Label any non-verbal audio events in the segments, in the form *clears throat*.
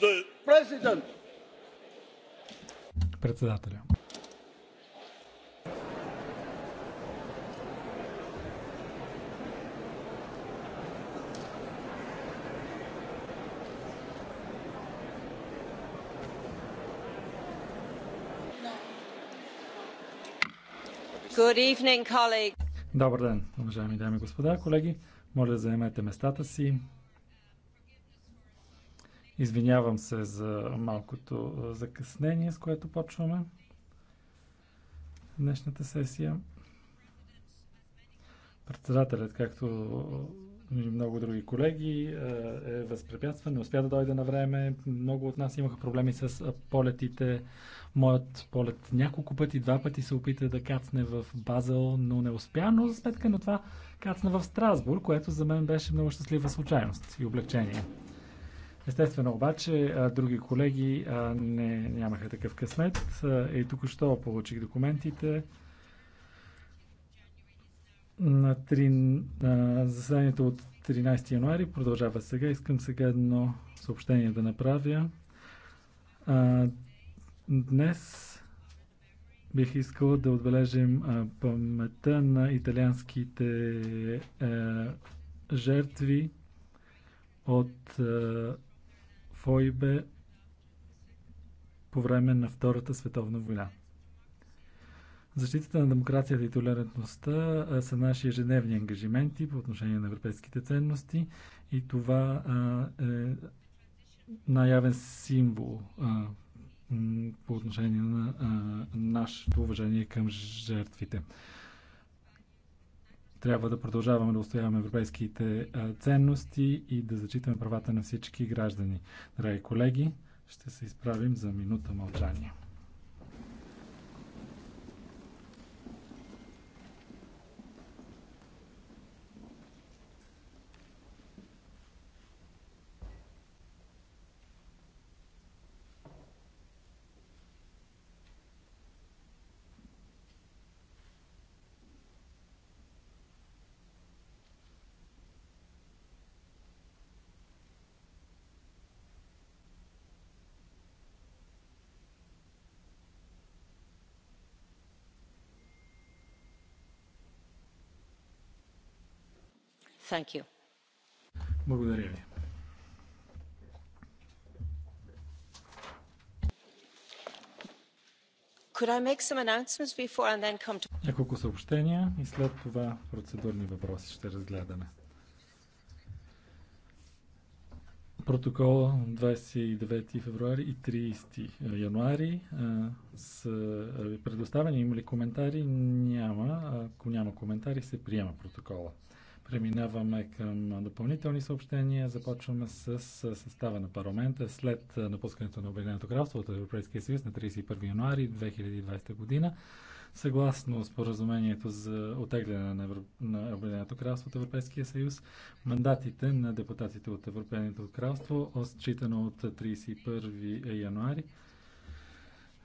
The president. Председателя. Evening, Добър ден, уважаеми дами и господа, колеги. Моля да заемете местата си. Извинявам се за малкото закъснение, с което почваме днешната сесия. Председателят, както и много други колеги, е възпрепятстван, не успя да дойде на време. Много от нас имаха проблеми с полетите. Моят полет няколко пъти, два пъти се опита да кацне в Базел, но не успя, но за сметка на това кацна в Страсбург, което за мен беше много щастлива случайност и облегчение. Естествено обаче, други колеги не, нямаха такъв късмет и току-що получих документите. На три, заседанието от 13 януари продължава сега. Искам сега едно съобщение да направя. А, днес бих искала да отбележим паметта на италианските а, жертви от кой бе по време на Втората световна война. Защитата на демокрацията и толерантността са наши ежедневни ангажименти по отношение на европейските ценности и това е най-явен символ по отношение на нашето уважение към жертвите. Трябва да продължаваме да устояваме европейските ценности и да зачитаме правата на всички граждани. Драги колеги, ще се изправим за минута мълчание. Thank you. Благодаря ви. To... Няколко съобщения и след това процедурни въпроси ще разгледаме. Протокола 29 февруари и 30 януари а, са предоставени. Има ли коментари? Няма. Ако няма коментари, се приема протокола. Преминаваме към допълнителни съобщения. Започваме с състава на парламента след напускането на Обединеното кралство от Европейския съюз на 31 януари 2020 година. Съгласно споразумението за отегляне на, Евро... на Обединеното кралство от Европейския съюз, мандатите на депутатите от Европейното кралство, считано от 31 януари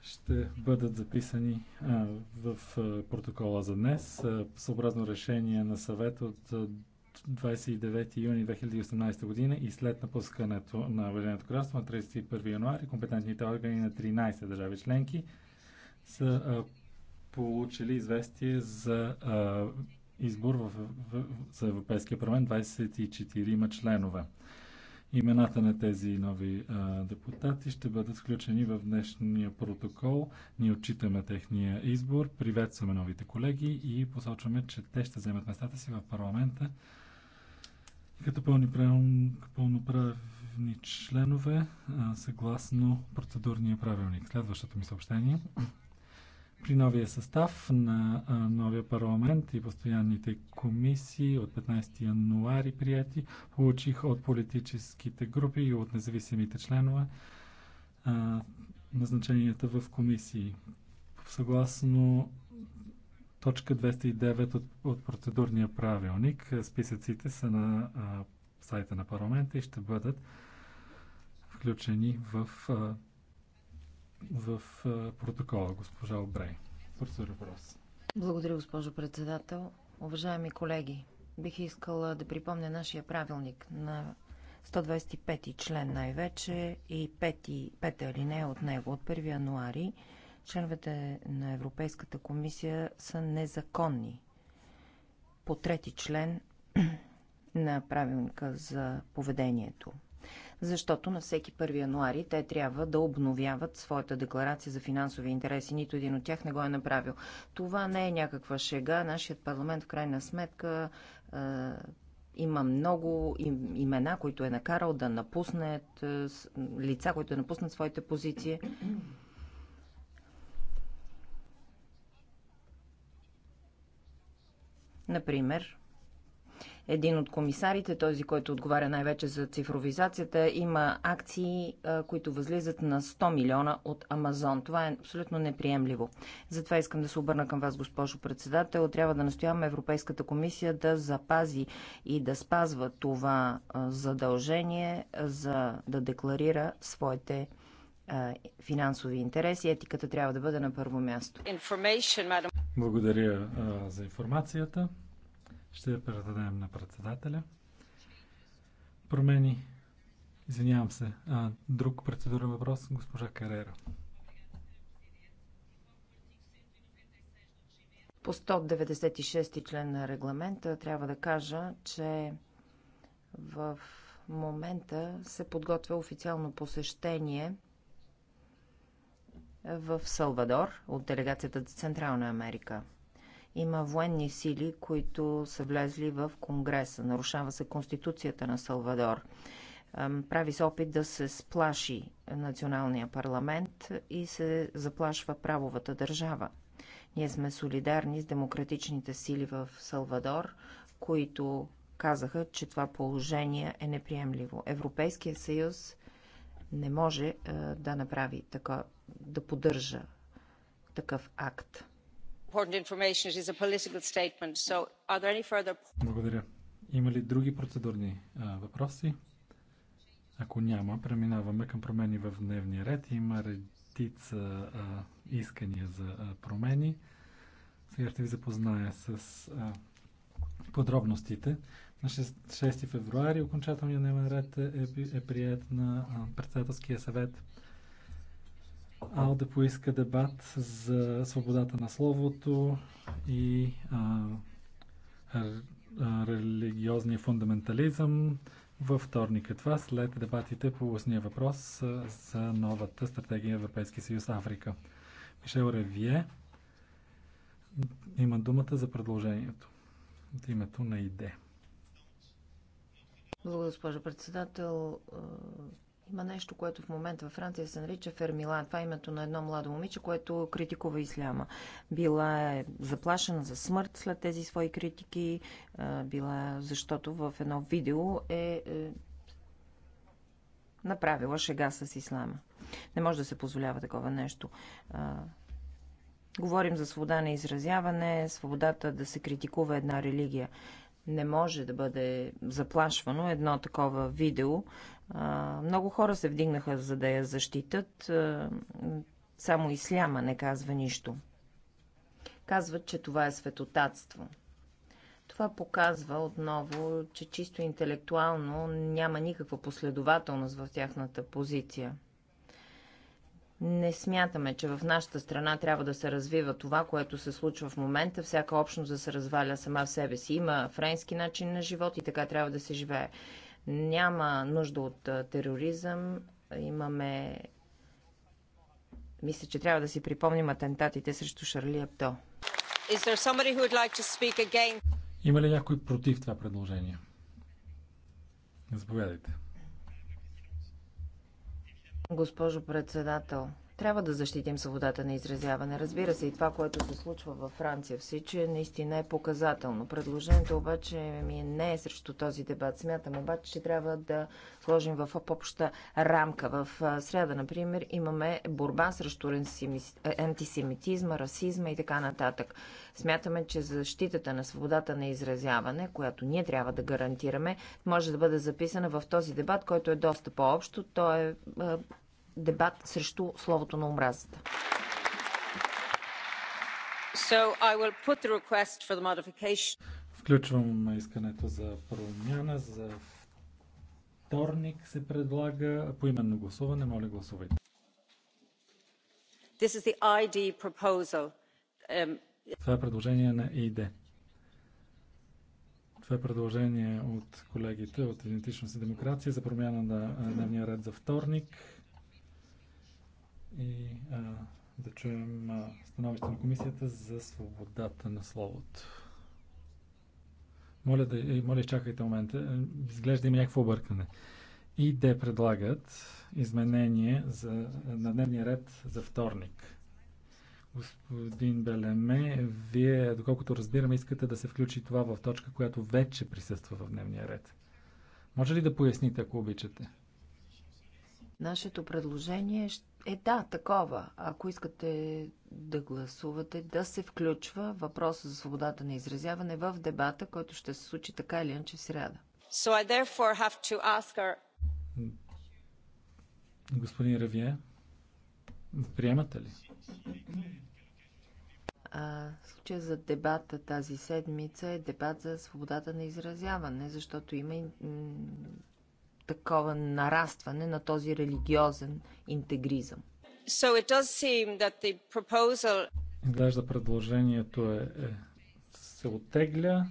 ще бъдат записани а, в а, протокола за днес. А, съобразно решение на съвет от 29 юни 2018 година и след напускането на Обединеното кралство на 31 януари, компетентните органи на 13 държави членки са а, получили известие за а, избор в, в, за Европейския парламент 24 има членове. Имената на тези нови а, депутати ще бъдат включени в днешния протокол. Ние отчитаме техния избор, приветстваме новите колеги и посочваме, че те ще вземат местата си в парламента като пълноправни членове, а, съгласно процедурния правилник. Следващото ми съобщение. При новия състав на новия парламент и постоянните комисии от 15 януари прияти получих от политическите групи и от независимите членове а, назначенията в комисии. Съгласно точка 209 от, от процедурния правилник, списъците са на а, сайта на парламента и ще бъдат включени в а, в протокола, госпожа Обрей. Първи е въпрос. Благодаря, госпожо председател. Уважаеми колеги, бих искала да припомня нашия правилник на 125 член най-вече и 5, 5 алинея от него. От 1 януари членовете на Европейската комисия са незаконни. По трети член *clears throat* на правилника за поведението защото на всеки 1 януари те трябва да обновяват своята декларация за финансови интереси. Нито един от тях не го е направил. Това не е някаква шега. Нашият парламент в крайна сметка е, има много имена, които е накарал да напуснат, е, лица, които е напуснат своите позиции. Например, един от комисарите, този, който отговаря най-вече за цифровизацията, има акции, които възлизат на 100 милиона от Амазон. Това е абсолютно неприемливо. Затова искам да се обърна към вас, госпожо председател. Трябва да настояваме Европейската комисия да запази и да спазва това задължение за да декларира своите финансови интереси. Етиката трябва да бъде на първо място. Благодаря а, за информацията. Ще я предадем на председателя. Промени. Извинявам се. А, друг процедурен въпрос, госпожа Карера. По 196 член на регламента трябва да кажа, че в момента се подготвя официално посещение в Салвадор от делегацията за Централна Америка. Има военни сили, които са влезли в Конгреса. Нарушава се Конституцията на Салвадор. Прави се опит да се сплаши националния парламент и се заплашва правовата държава. Ние сме солидарни с демократичните сили в Салвадор, които казаха, че това положение е неприемливо. Европейския съюз не може да направи така, да поддържа такъв акт. So further... Благодаря. Има ли други процедурни а, въпроси? Ако няма, преминаваме към промени в дневния ред. Има редица а, искания за а, промени. Сега ще ви запозная с а, подробностите. На 6, 6 февруари окончателният дневен ред е, е прият на а, председателския съвет. Алда поиска дебат за свободата на словото и а, религиозния фундаментализъм. Във вторник това, след дебатите по устния въпрос за новата стратегия Европейски съюз Африка. Мишел Ревие има думата за предложението от името на ИДЕ. Благодаря, госпожо председател. Има нещо, което в момента във Франция се нарича Фермилан. Това е името на едно младо момиче, което критикува исляма. Била е заплашена за смърт след тези свои критики. Била, защото в едно видео е, е направила шега с ислама. Не може да се позволява такова нещо. Говорим за свобода на изразяване, свободата да се критикува една религия не може да бъде заплашвано едно такова видео. Много хора се вдигнаха за да я защитат. Само исляма не казва нищо. Казват, че това е светотатство. Това показва отново, че чисто интелектуално няма никаква последователност в тяхната позиция. Не смятаме, че в нашата страна трябва да се развива това, което се случва в момента. Всяка общност да се разваля сама в себе си. Има френски начин на живот и така трябва да се живее. Няма нужда от тероризъм. Имаме. Мисля, че трябва да си припомним атентатите срещу Шарли Абдо. Има ли някой против това предложение? Заповядайте. Госпожо председател, трябва да защитим свободата на изразяване. Разбира се, и това, което се случва във Франция, е наистина е показателно. Предложението обаче ми не е срещу този дебат. Смятам обаче, че трябва да сложим в обща рамка. В среда, например, имаме борба срещу е, антисемитизма, расизма и така нататък. Смятаме, че защитата на свободата на изразяване, която ние трябва да гарантираме, може да бъде записана в този дебат, който е доста по-общо. Той е дебат срещу словото на омразата. So Включвам искането за промяна за вторник се предлага по именно гласуване. Моля гласувайте. This is the ID proposal. Um... Това е предложение на ИД. Това е предложение от колегите от Идентичност и демокрация за промяна на дневния ред за вторник и а, да чуем становище на комисията за свободата на словото. Моля, да, е, моля изчакайте момента. Е, изглежда има някакво объркане. И да предлагат изменение за, на дневния ред за вторник. Господин Белеме, вие, доколкото разбираме, искате да се включи това в точка, която вече присъства в дневния ред. Може ли да поясните, ако обичате? Нашето предложение ще е, да, такова. Ако искате да гласувате, да се включва въпроса за свободата на изразяване в дебата, който ще се случи така или иначе в среда. So I therefore have to ask her... Господин Равие, приемате ли? А, случая за дебата тази седмица е дебат за свободата на изразяване, защото има такова нарастване на този религиозен интегризъм. So proposal... Изглежда предложението е, е, се оттегля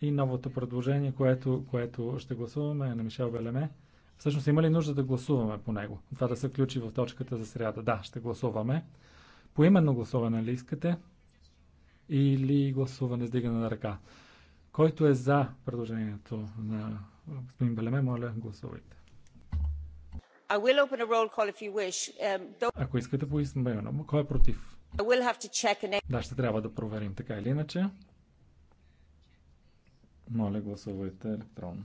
и новото предложение, което, което ще гласуваме е на Мишел Белеме. Всъщност има ли нужда да гласуваме по него? Това да се включи в точката за сряда. Да, ще гласуваме. По именно гласуване ли искате? Или гласуване с дигане на ръка? Който е за предложението на Господин Белеме, моля, гласувайте. Ако искате по измейно, кой е против? Да, ще трябва да проверим така или иначе. Моля, гласувайте електронно.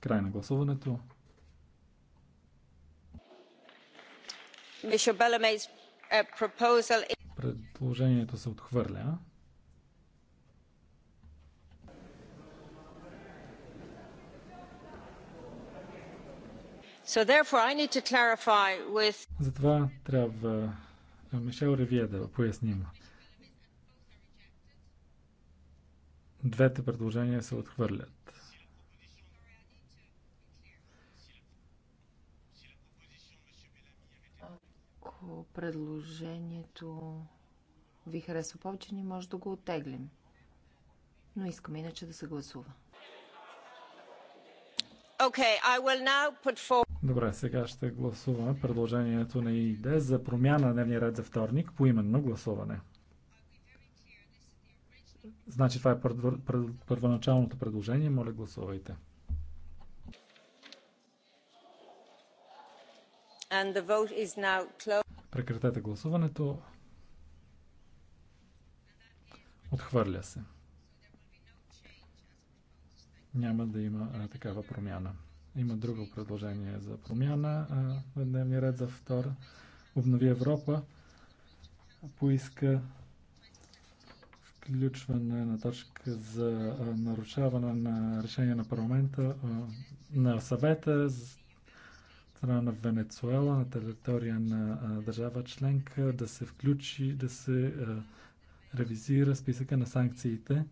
Край на гласуването. Uh, Предложението се отхвърля. So with... Затова трябва Мишел Ревие да поясним. Двете предложения се отхвърлят. Ако предложението ви харесва повече, ни може да го оттеглим. Но искам иначе да се гласува. Добре, сега ще гласуваме предложението на ИД за промяна на дневния ред за вторник по именно гласуване. Значи това е първоначалното предложение. Моля, гласувайте. And the vote is now Прекратете гласуването. Отхвърля се няма да има а, такава промяна. Има друго предложение за промяна в дневния ред за втора. Обнови Европа поиска включване на точка за а, нарушаване на решение на парламента, а, на съвета за страна на Венецуела, на територия на а, държава членка, да се включи, да се а, ревизира списъка на санкциите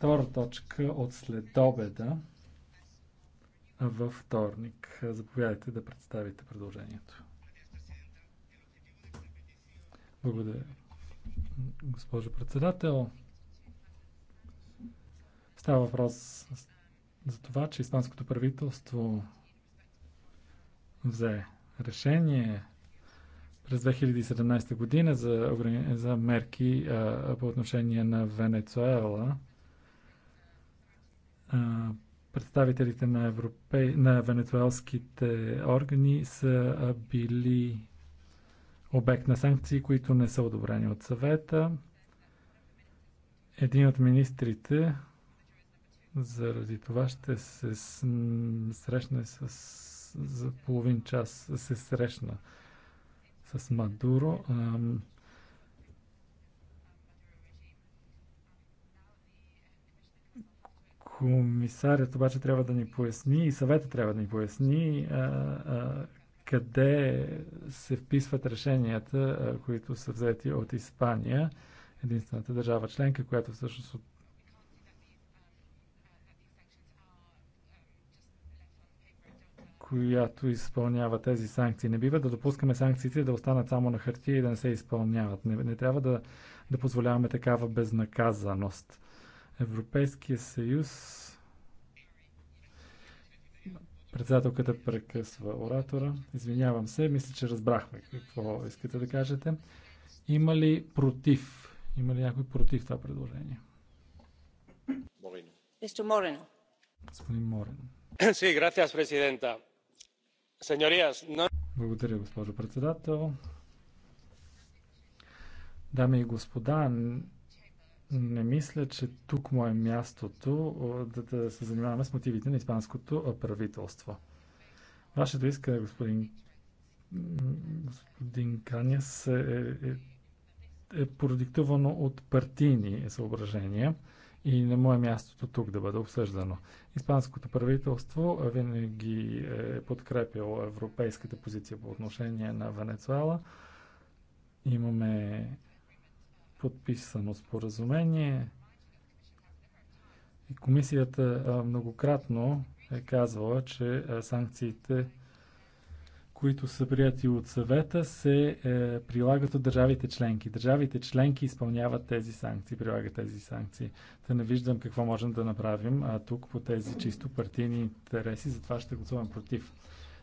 Втора точка от следобеда във вторник. Заповядайте да представите предложението. Благодаря. Госпожо председател, става въпрос за това, че Испанското правителство взе решение през 2017 година за, за мерки а, по отношение на Венецуела представителите на, европе... на венецуелските органи са били обект на санкции, които не са одобрени от съвета. Един от министрите заради това ще се срещне с за половин час се срещна с Мадуро. Комисарят обаче трябва да ни поясни и съвета трябва да ни поясни а, а, къде се вписват решенията, а, които са взети от Испания, единствената държава членка, която всъщност от която изпълнява тези санкции. Не бива да допускаме санкциите да останат само на хартия и да не се изпълняват. Не, не трябва да, да позволяваме такава безнаказаност. Европейския съюз. Председателката прекъсва оратора. Извинявам се, мисля, че разбрахме какво искате да кажете. Има ли против? Има ли някой против това предложение? Морено. Господин Морено. Sí, Благодаря, госпожо председател. Дами и господа, не мисля, че тук му е мястото да, да се занимаваме с мотивите на испанското правителство. Вашето искане, господин, господин Каняс, е, е, е, е продиктувано от партийни съображения и не му е мястото тук да бъде обсъждано. Испанското правителство винаги е подкрепило европейската позиция по отношение на Венецуела. Имаме подписано споразумение и комисията многократно е казвала, че санкциите, които са прияти от съвета, се е, прилагат от държавите членки. Държавите членки изпълняват тези санкции, прилагат тези санкции. Та не виждам какво можем да направим а, тук по тези чисто партийни интереси, затова ще гласувам против.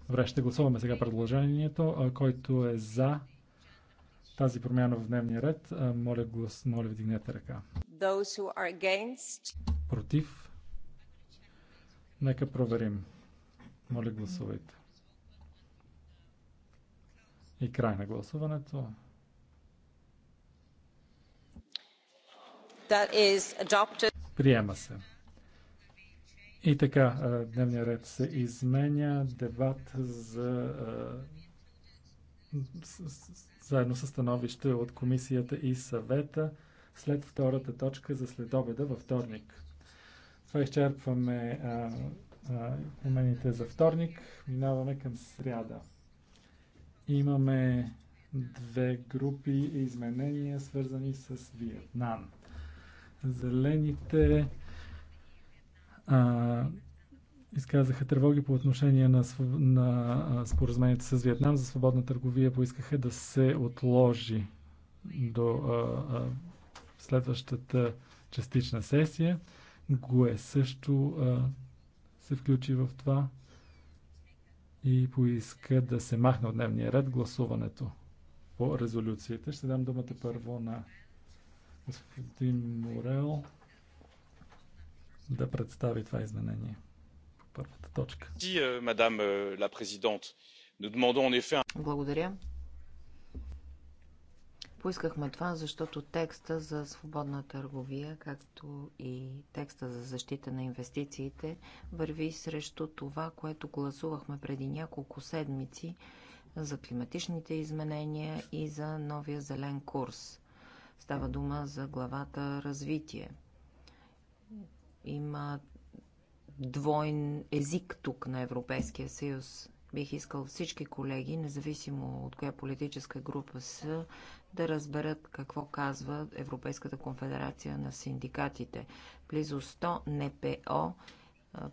Добре, ще гласуваме сега предложението, който е за тази промяна в дневния ред. Моля, глас, моля вдигнете ръка. Против? Нека проверим. Моля, гласувайте. И край на гласуването. Приема се. И така, дневния ред се изменя. Дебат за заедно с становище от комисията и съвета след втората точка за следобеда във вторник. Това изчерпваме промените за вторник. Минаваме към сряда. Имаме две групи изменения, свързани с Виетнам. Зелените а, изказаха тревоги по отношение на, на споразумението с Виетнам за свободна търговия, поискаха да се отложи до а, а, следващата частична сесия. ГУЕ също а, се включи в това и поиска да се махне от дневния ред гласуването по резолюциите. Ще дам думата първо на господин Морел да представи това изменение първата точка. Euh, euh, Благодаря. Поискахме това, защото текста за свободна търговия, както и текста за защита на инвестициите, върви срещу това, което гласувахме преди няколко седмици за климатичните изменения и за новия зелен курс. Става дума за главата развитие. Има двойн език тук на Европейския съюз. Бих искал всички колеги, независимо от коя политическа група са, да разберат какво казва Европейската конфедерация на синдикатите. Близо 100 НПО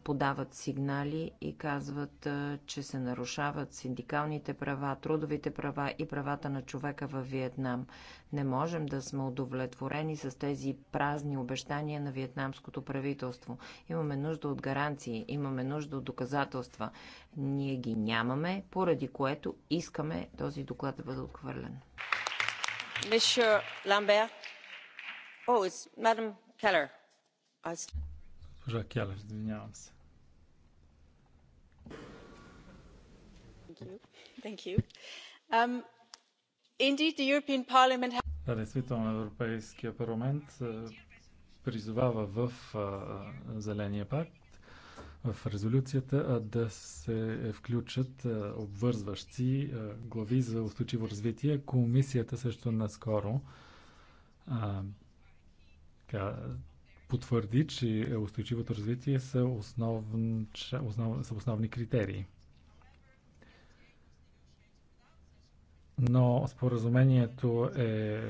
подават сигнали и казват, че се нарушават синдикалните права, трудовите права и правата на човека във Виетнам. Не можем да сме удовлетворени с тези празни обещания на виетнамското правителство. Имаме нужда от гаранции, имаме нужда от доказателства. Ние ги нямаме, поради което искаме този доклад да бъде отхвърлен. Мишер Ламбер. О, oh, Госпожа Келер, извинявам се. Um, да, действително Европейския парламент призовава в Зеления пакт в резолюцията да се включат обвързващи глави за устойчиво развитие. Комисията също наскоро потвърди, че устойчивото развитие са, основн, основ, са основни критерии. но споразумението е, е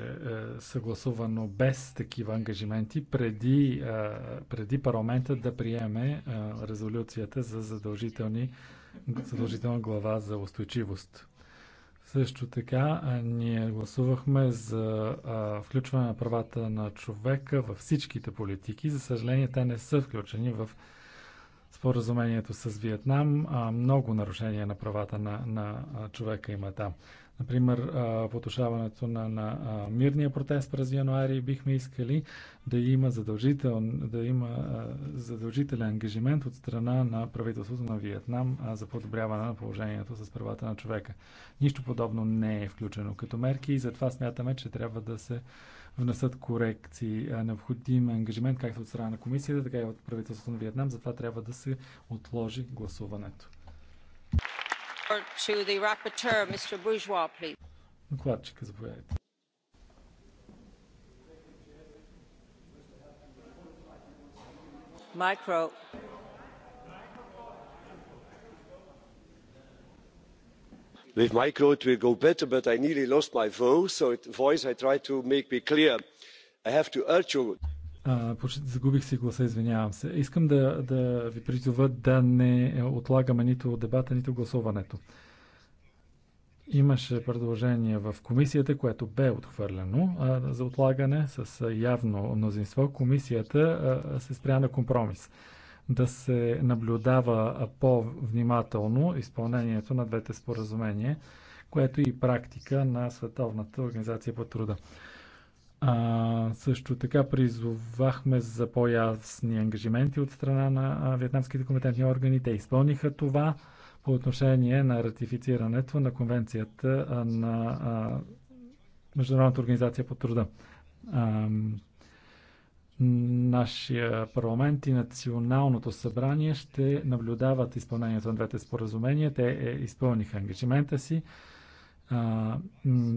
съгласувано без такива ангажименти преди, е, преди парламента да приеме е, резолюцията за задължителна глава за устойчивост. Също така, ние гласувахме за а, включване на правата на човека във всичките политики. За съжаление, те не са включени в споразумението с Виетнам. А, много нарушения на правата на, на човека има там. Например, потушаването на, на мирния протест през януари бихме искали да има, задължител, да има задължителен ангажимент от страна на правителството на Виетнам за подобряване на положението с правата на човека. Нищо подобно не е включено като мерки и затова смятаме, че трябва да се внесат корекции. Необходим е ангажимент както от страна на комисията, така и от правителството на Виетнам. Затова трябва да се отложи гласуването. Докладчика, заповядайте. with micro it will go better but i nearly lost my voice so voice i tried to make me clear. i have to urge you почти загубих си гласа, извинявам се. Искам да, да ви призова да не отлагаме нито дебата, нито гласуването. Имаше предложение в комисията, което бе отхвърлено а, за отлагане с явно мнозинство. Комисията а, се спря на компромис да се наблюдава по-внимателно изпълнението на двете споразумения, което е и практика на Световната организация по труда. А, също така призовахме за по-ясни ангажименти от страна на вьетнамските компетентни органи. Те изпълниха това по отношение на ратифицирането на конвенцията на а, Международната организация по труда. А, нашия парламент и националното събрание ще наблюдават изпълнението на двете споразумения. Те е, изпълниха ангажимента си. А,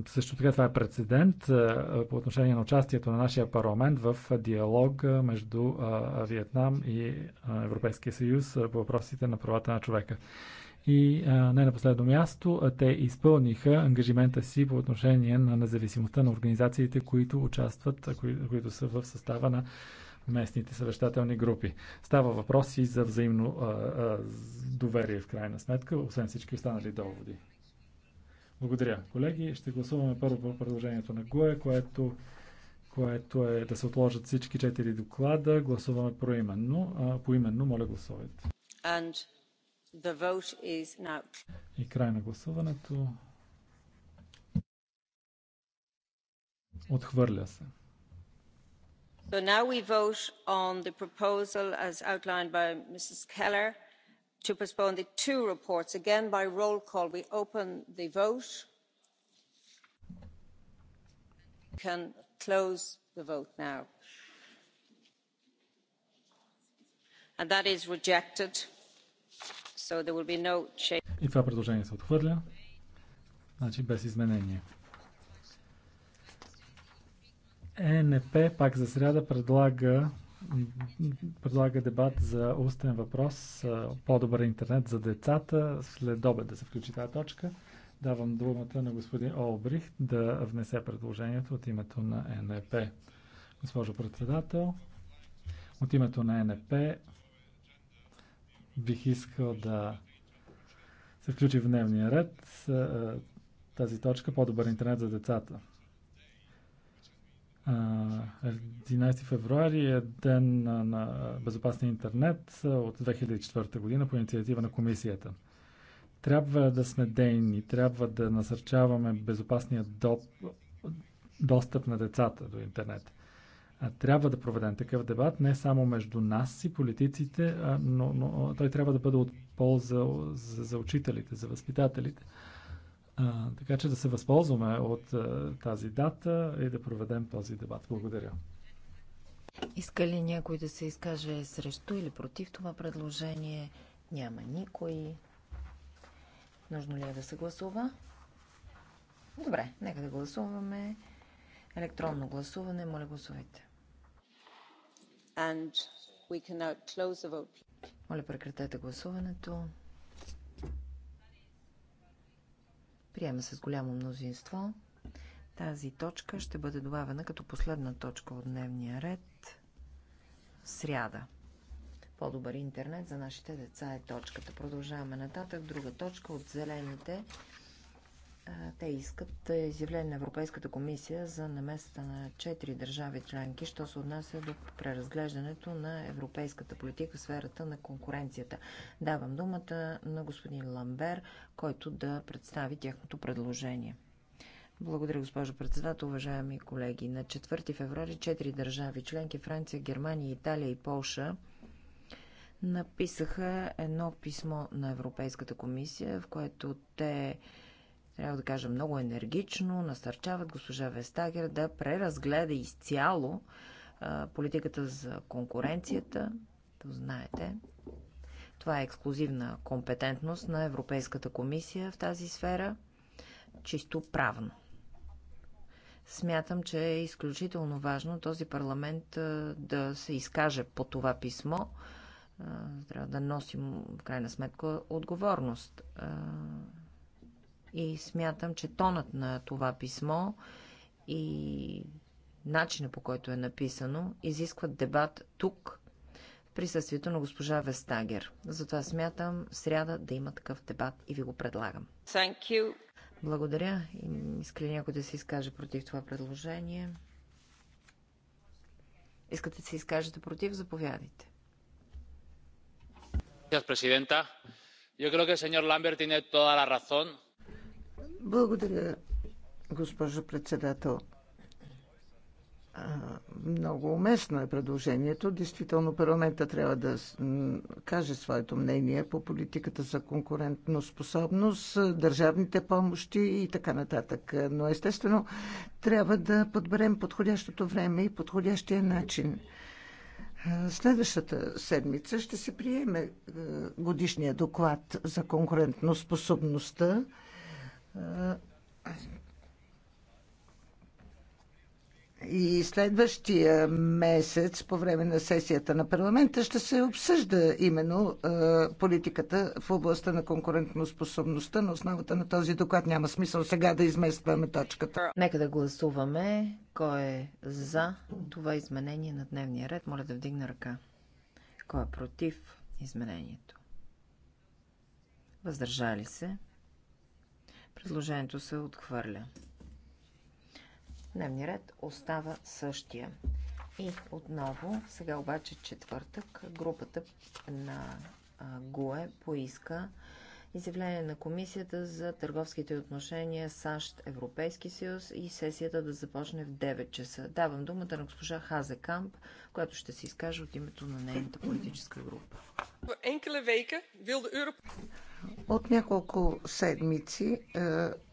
също така това е прецедент а, по отношение на участието на нашия парламент в диалог между а, Виетнам и а, Европейския съюз а, по въпросите на правата на човека. И а, не на последно място, а те изпълниха ангажимента си по отношение на независимостта на организациите, които участват, кои, които са в състава на местните съвещателни групи. Става въпрос и за взаимно а, а, доверие в крайна сметка, освен всички останали доводи. Благодаря, колеги. Ще гласуваме първо по предложението на ГУЕ, което, което е да се отложат всички четири доклада. Гласуваме поименно. а, поименно. Моля, гласувайте. And the vote is now. И край на гласуването. Отхвърля се. So now we vote on the proposal as outlined by Mrs. Keller to postpone the two reports again by roll call. We open the vote. Can close the vote now. And that is rejected. So there will be no change. И това предложение се отхвърля. Значи без изменение. ЕНП пак за сряда предлага предлага дебат за устен въпрос по-добър интернет за децата. След обед да се включи тази точка. Давам думата на господин Олбрих да внесе предложението от името на НЕП. Госпожо председател, от името на НЕП бих искал да се включи в дневния ред тази точка по-добър интернет за децата. 11 февруари е ден на, на безопасния интернет от 2004 година по инициатива на комисията. Трябва да сме дейни, трябва да насърчаваме безопасния до, достъп на децата до интернет. Трябва да проведем такъв дебат не само между нас и политиците, но, но той трябва да бъде от полза за, за учителите, за възпитателите. А, така че да се възползваме от а, тази дата и да проведем този дебат. Благодаря. Иска ли някой да се изкаже срещу или против това предложение? Няма никой. Нужно ли е да се гласува? Добре, нека да гласуваме. Електронно гласуване, моля гласувайте. And we close the vote. Моля прекратете гласуването. Приема се с голямо мнозинство. Тази точка ще бъде добавена като последна точка от дневния ред. Сряда. По-добър интернет за нашите деца е точката. Продължаваме нататък. Друга точка от зелените те искат е изявление на Европейската комисия за намесата на четири държави членки, що се отнася до преразглеждането на европейската политика в сферата на конкуренцията. Давам думата на господин Ламбер, който да представи тяхното предложение. Благодаря, госпожо председател. Уважаеми колеги, на 4 феврари четири държави членки Франция, Германия, Италия и Полша написаха едно писмо на Европейската комисия, в което те трябва да кажа много енергично, насърчават госпожа Вестагер да преразгледа изцяло политиката за конкуренцията. То знаете, това е ексклюзивна компетентност на Европейската комисия в тази сфера, чисто правно. Смятам, че е изключително важно този парламент да се изкаже по това писмо. Трябва да носим, в крайна сметка, отговорност и смятам, че тонът на това писмо и начина по който е написано изискват дебат тук, в присъствието на госпожа Вестагер. Затова смятам сряда да има такъв дебат и ви го предлагам. Thank you. Благодаря. Искали някой да се изкаже против това предложение? Искате да се изкажете против? Заповядайте. Gracias, presidenta. Yo creo que el señor Lambert tiene toda la razón. Благодаря, госпожо председател. Много уместно е предложението. Действително парламента трябва да каже своето мнение по политиката за конкурентно способност, държавните помощи и така нататък. Но естествено трябва да подберем подходящото време и подходящия начин. Следващата седмица ще се приеме годишния доклад за конкурентно способността и следващия месец, по време на сесията на парламента, ще се обсъжда именно е, политиката в областта на конкурентноспособността на основата на този доклад. Няма смисъл сега да изместваме точката. Нека да гласуваме кой е за това изменение на дневния ред. Моля да вдигна ръка. Кой е против изменението? Въздържали се? Предложението се отхвърля. Дневният ред остава същия. И отново, сега обаче четвъртък, групата на ГУЕ поиска изявление на Комисията за търговските отношения САЩ-Европейски съюз и сесията да започне в 9 часа. Давам думата на госпожа Хазе Камп, която ще се изкаже от името на нейната политическа група. От няколко седмици е,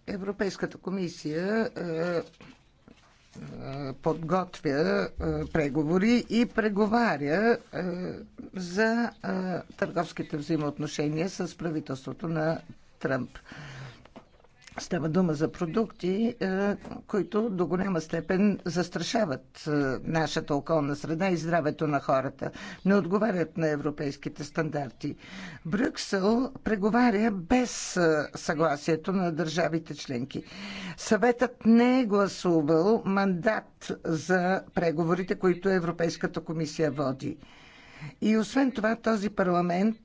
Европейската комисия е, е, подготвя преговори и преговаря за търговските взаимоотношения с правителството на Тръмп. Става дума за продукти, е, които до голяма степен застрашават е, нашата околна среда и здравето на хората. Не отговарят на европейските стандарти. Брюксел преговаря без е, съгласието на държавите членки. Съветът не е гласувал мандат за преговорите, които Европейската комисия води. И освен това, този парламент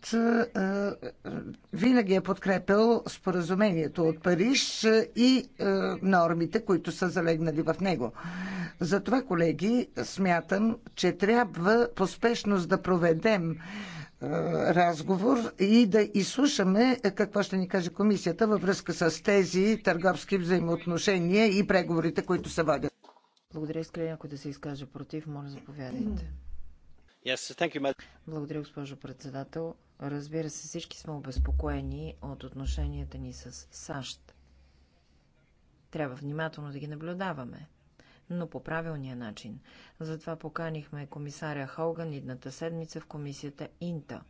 винаги е подкрепил споразумението от Париж и нормите, които са залегнали в него. Затова, колеги, смятам, че трябва поспешност да проведем разговор и да изслушаме какво ще ни каже комисията във връзка с тези търговски взаимоотношения и преговорите, които се водят. Благодаря искрено, ако да се изкаже против, моля заповядайте. Благодаря, госпожо председател. Разбира се, всички сме обезпокоени от отношенията ни с САЩ. Трябва внимателно да ги наблюдаваме, но по правилния начин. Затова поканихме комисаря Холган едната седмица в комисията Инта.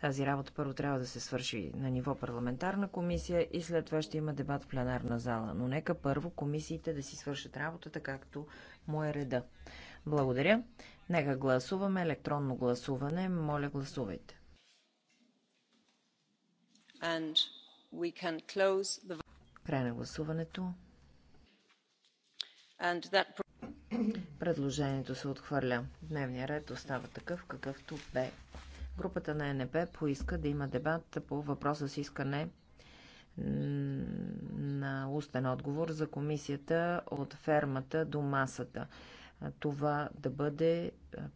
Тази работа първо трябва да се свърши на ниво парламентарна комисия и след това ще има дебат в пленарна зала. Но нека първо комисиите да си свършат работата, както му е реда. Благодаря. Нека гласуваме електронно гласуване. Моля, гласувайте. And we can close the... Край на гласуването. And that... Предложението се отхвърля. Дневният ред остава такъв, какъвто бе. Групата на НП поиска да има дебат по въпроса с искане на устен отговор за комисията от фермата до масата това да бъде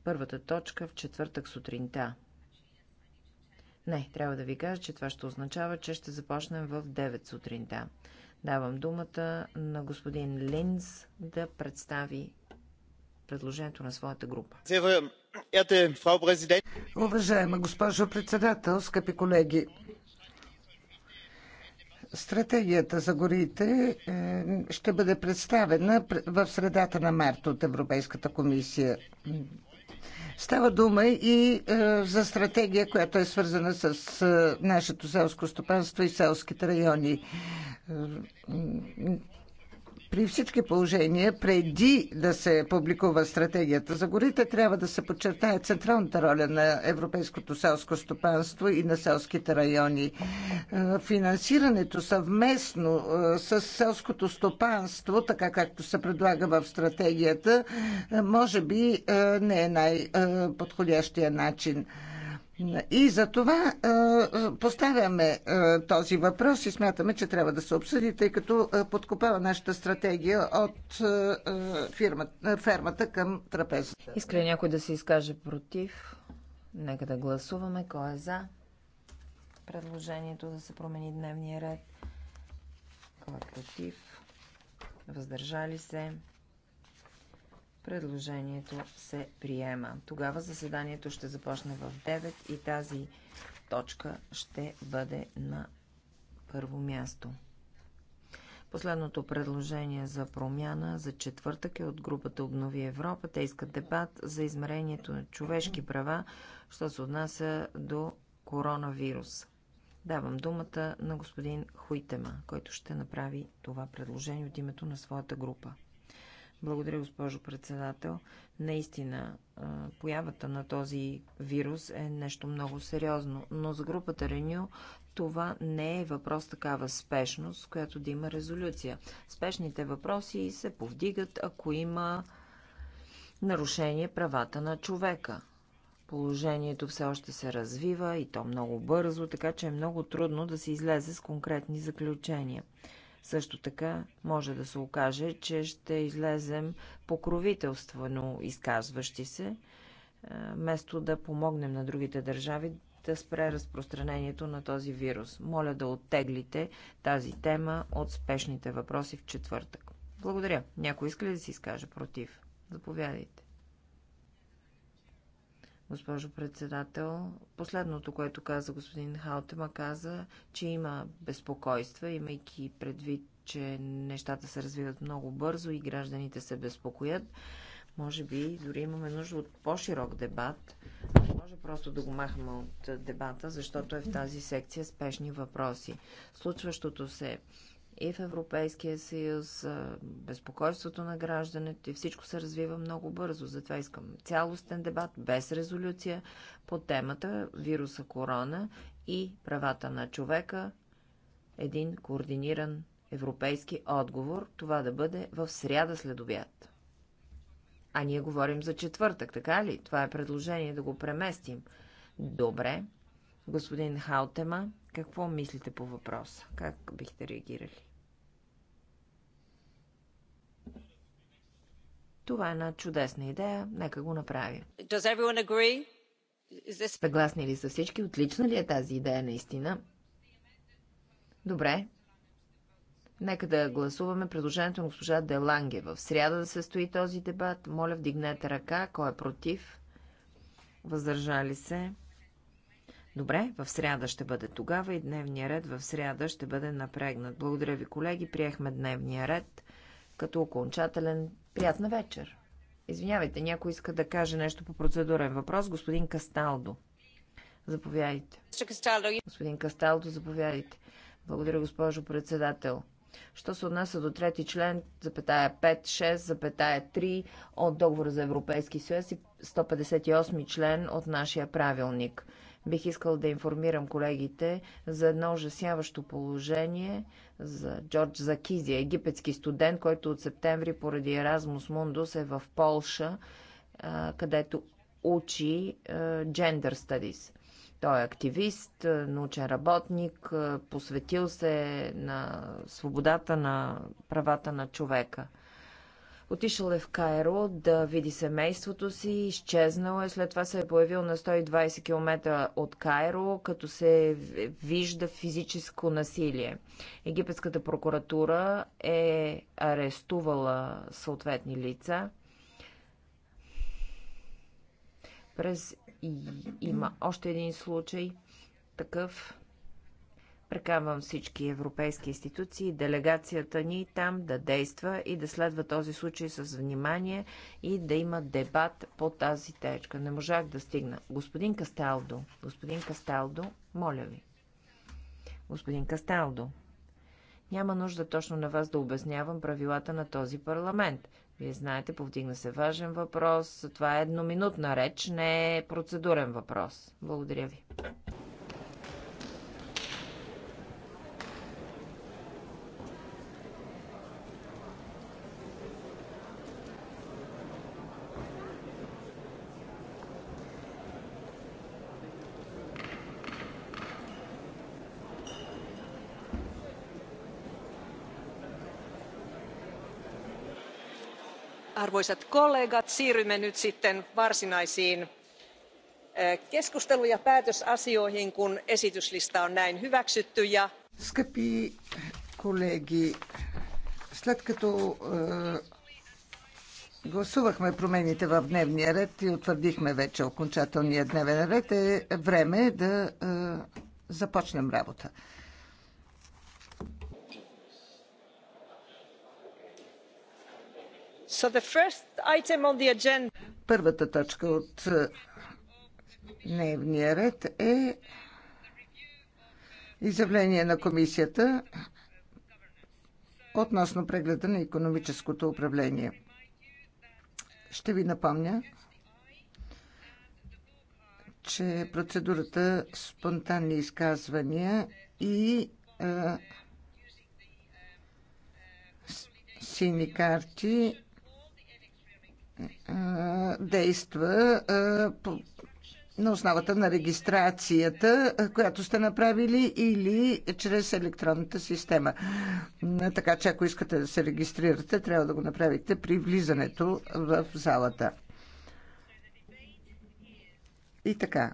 първата точка в четвъртък сутринта. Не, трябва да ви кажа, че това ще означава, че ще започнем в 9 сутринта. Давам думата на господин Линз да представи предложението на своята група. Уважаема госпожо председател, скъпи колеги, Стратегията за горите е, ще бъде представена в средата на март от Европейската комисия. Става дума и е, за стратегия, която е свързана с е, нашето селско стопанство и селските райони. При всички положения, преди да се публикува стратегията за горите, трябва да се подчертае централната роля на европейското селско стопанство и на селските райони. Е, финансирането съвместно е, с селското стопанство, така както се предлага в стратегията, е, може би не е най-подходящия начин. И за това а, поставяме а, този въпрос и смятаме, че трябва да се обсъди, тъй като а, подкопава нашата стратегия от а, фирма, а, фермата към трапезата. Искали някой да се изкаже против? Нека да гласуваме. Кой е за? Предложението да се промени дневния ред. Кой е против? Въздържали се? Предложението се приема. Тогава заседанието ще започне в 9 и тази точка ще бъде на първо място. Последното предложение за промяна за четвъртък е от групата Обнови Европа. Те искат дебат за измерението на човешки права, що се отнася до коронавирус. Давам думата на господин Хуйтема, който ще направи това предложение от името на своята група. Благодаря, госпожо председател. Наистина, появата на този вирус е нещо много сериозно, но за групата Реню това не е въпрос такава спешност, която да има резолюция. Спешните въпроси се повдигат, ако има нарушение правата на човека. Положението все още се развива и то много бързо, така че е много трудно да се излезе с конкретни заключения. Също така може да се окаже, че ще излезем покровителствено изказващи се, вместо да помогнем на другите държави да спре разпространението на този вирус. Моля да оттеглите тази тема от спешните въпроси в четвъртък. Благодаря. Някой иска ли да си изкаже против? Заповядайте госпожо председател. Последното, което каза господин Халтема, каза, че има безпокойства, имайки предвид, че нещата се развиват много бързо и гражданите се безпокоят. Може би дори имаме нужда от по-широк дебат. Не може просто да го махаме от дебата, защото е в тази секция спешни въпроси. Случващото се и в Европейския съюз, безпокойството на гражданите и всичко се развива много бързо. Затова искам цялостен дебат, без резолюция, по темата вируса корона и правата на човека, един координиран европейски отговор, това да бъде в сряда след обяд. А ние говорим за четвъртък, така ли? Това е предложение да го преместим. Добре. Господин Хаутема, какво мислите по въпроса? Как бихте реагирали? Това е една чудесна идея. Нека го направим. This... Съгласни ли са всички? Отлична ли е тази идея наистина? Добре. Нека да гласуваме предложението на госпожа Деланге. В сряда да се стои този дебат. Моля, вдигнете ръка. Кой е против? Въздържали се? Добре, в сряда ще бъде тогава и дневния ред в сряда ще бъде напрегнат. Благодаря ви, колеги. Приехме дневния ред като окончателен. Приятна вечер! Извинявайте, някой иска да каже нещо по процедурен въпрос. Господин Касталдо, заповядайте. Господин Касталдо, заповядайте. Благодаря, госпожо председател. Що се отнася до трети член, запетая 5, 6, запетая 3 от договора за Европейски съюз и 158 член от нашия правилник. Бих искал да информирам колегите за едно ужасяващо положение за Джордж Закизи, египетски студент, който от септември поради Еразмус Мундус е в Полша, където учи Gender Studies. Той е активист, научен работник, посветил се на свободата на правата на човека – Отишъл е в Кайро да види семейството си, изчезнал е, след това се е появил на 120 км от Кайро, като се вижда физическо насилие. Египетската прокуратура е арестувала съответни лица. През има още един случай такъв Прекамвам всички европейски институции, делегацията ни там да действа и да следва този случай с внимание и да има дебат по тази течка. Не можах да стигна. Господин Касталдо, господин Касталдо, моля ви. Господин Касталдо, няма нужда точно на вас да обяснявам правилата на този парламент. Вие знаете, повдигна се важен въпрос. Това е едноминутна реч, не е процедурен въпрос. Благодаря ви. arvoisat kollegat siirrymme nyt sitten varsinaisiin eh, keskustelu ja päätösasioihin kun esityslista on näin hyväksytty ja Скъпи колеги, след като е, гласувахме промените в дневния ред и утвърдихме вече окончателния дневен ред, е време да е, започнем работа. Първата точка от е, дневния ред е изявление на комисията относно прегледа на економическото управление. Ще ви напомня, че процедурата спонтанни изказвания и а, е, сини карти действа на основата на регистрацията, която сте направили или чрез електронната система. Така че ако искате да се регистрирате, трябва да го направите при влизането в залата. И така,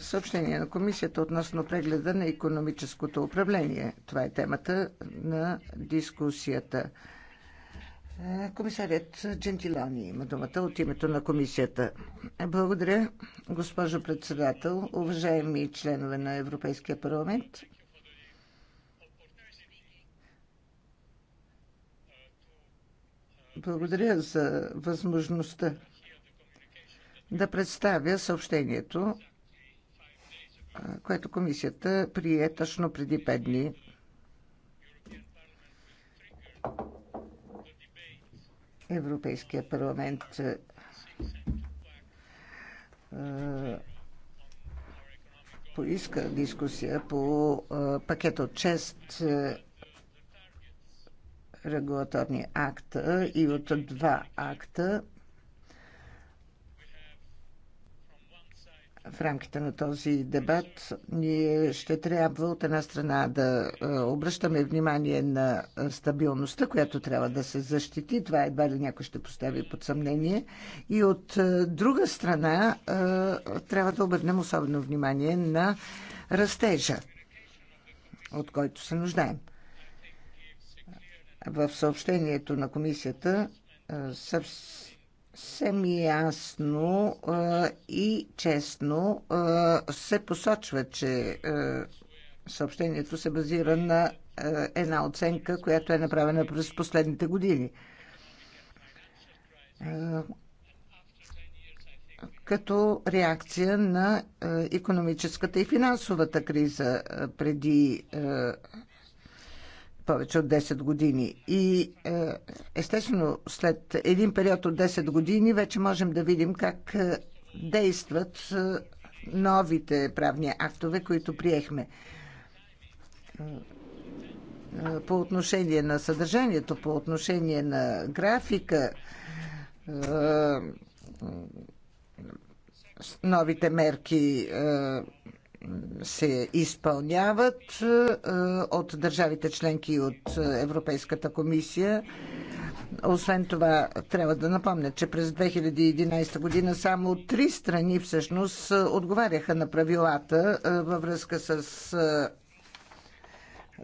Съобщение на комисията относно прегледа на економическото управление. Това е темата на дискусията. Комисарят Джентилани има думата от името на комисията. Благодаря, госпожо председател, уважаеми членове на Европейския парламент. Благодаря за възможността да представя съобщението което комисията прие точно преди 5 дни. Европейския парламент е, поиска дискусия по е, пакет от 6 е, регулаторни акта и от два акта в рамките на този дебат ние ще трябва от една страна да е, обръщаме внимание на стабилността, която трябва да се защити. Това едва ли някой ще постави под съмнение. И от е, друга страна е, трябва да обърнем особено внимание на растежа, от който се нуждаем. В съобщението на комисията съвсем съвсем ясно и честно се посочва, че съобщението се базира на една оценка, която е направена през последните години. Като реакция на економическата и финансовата криза преди повече от 10 години. И е, естествено, след един период от 10 години вече можем да видим как е, действат е, новите правни актове, които приехме. По отношение на съдържанието, по отношение на графика, новите мерки се изпълняват е, от държавите членки и от Европейската комисия. Освен това, трябва да напомня, че през 2011 година само три страни всъщност отговаряха на правилата е, във връзка с е,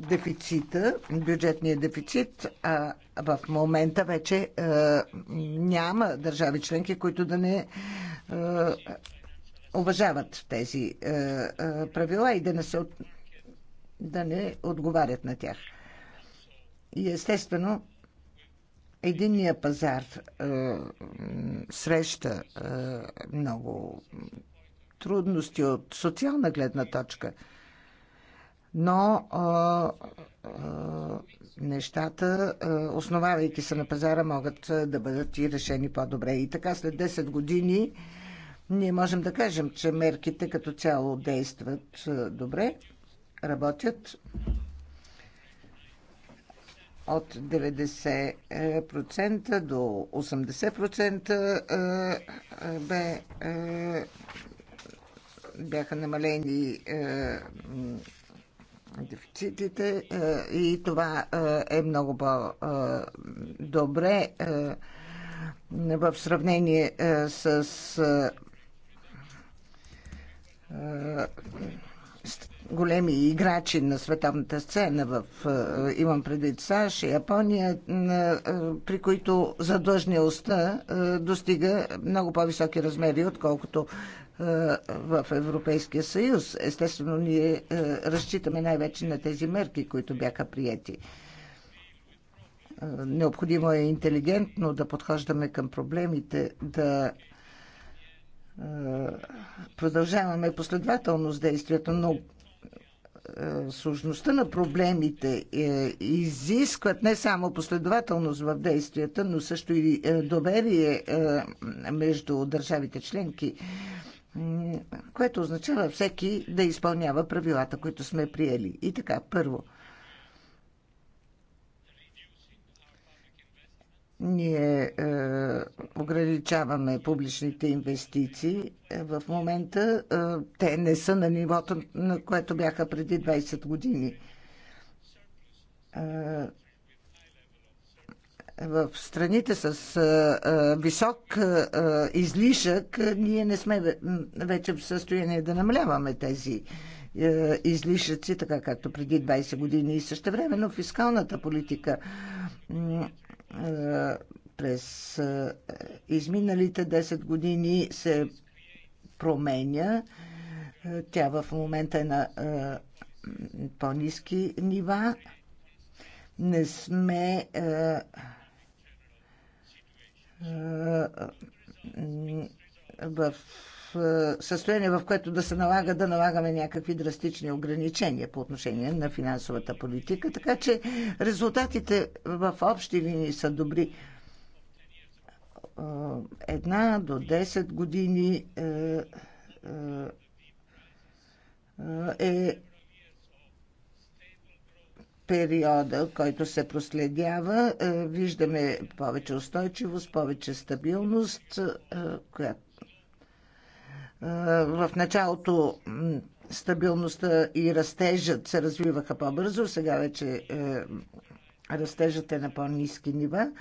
дефицита, бюджетния дефицит, а в момента вече няма държави членки, които да не уважават тези е, е, правила и да не, се, да не отговарят на тях. И естествено, единния пазар е, среща е, много трудности от социална гледна точка. Но е, е, нещата, е, основавайки се на пазара, могат е, да бъдат и решени по-добре. И така след 10 години ние можем да кажем, че мерките като цяло действат е, добре, работят. От 90% до 80% е, е, бе, бяха намалени дефицитите и това е много по-добре в сравнение с е, големи играчи на световната сцена, в, е, имам предвид САЩ и Япония, е, при които задлъжнялостта достига много по-високи размери, отколкото в Европейския съюз. Естествено, ние разчитаме най-вече на тези мерки, които бяха прияти. Необходимо е интелигентно да подхождаме към проблемите, да продължаваме последователно с действията, но е, сложността на проблемите е, изискват не само последователност в действията, но също и е, доверие между държавите членки, което означава всеки да изпълнява правилата, които сме приели. И така, първо – Ние е, ограничаваме публичните инвестиции. Е, в момента е, те не са на нивото, на което бяха преди 20 години. Е, в страните с е, е висок е, е излишък, ние не сме вече в състояние да намаляваме тези а, излишъци, така както преди 20 години. И същевременно фискалната политика е, през е, изминалите 10 години се променя. Е, тя в момента е на по-низки нива. Не сме в е, състояние, в което да се налага да налагаме някакви драстични ограничения по отношение на финансовата политика. Така че резултатите в общи линии са добри. Е, една до 10 години е, е периода, който се проследява, виждаме повече устойчивост, повече стабилност, която е, в началото стабилността и растежът се развиваха по-бързо, сега вече е, растежът е на по-низки нива.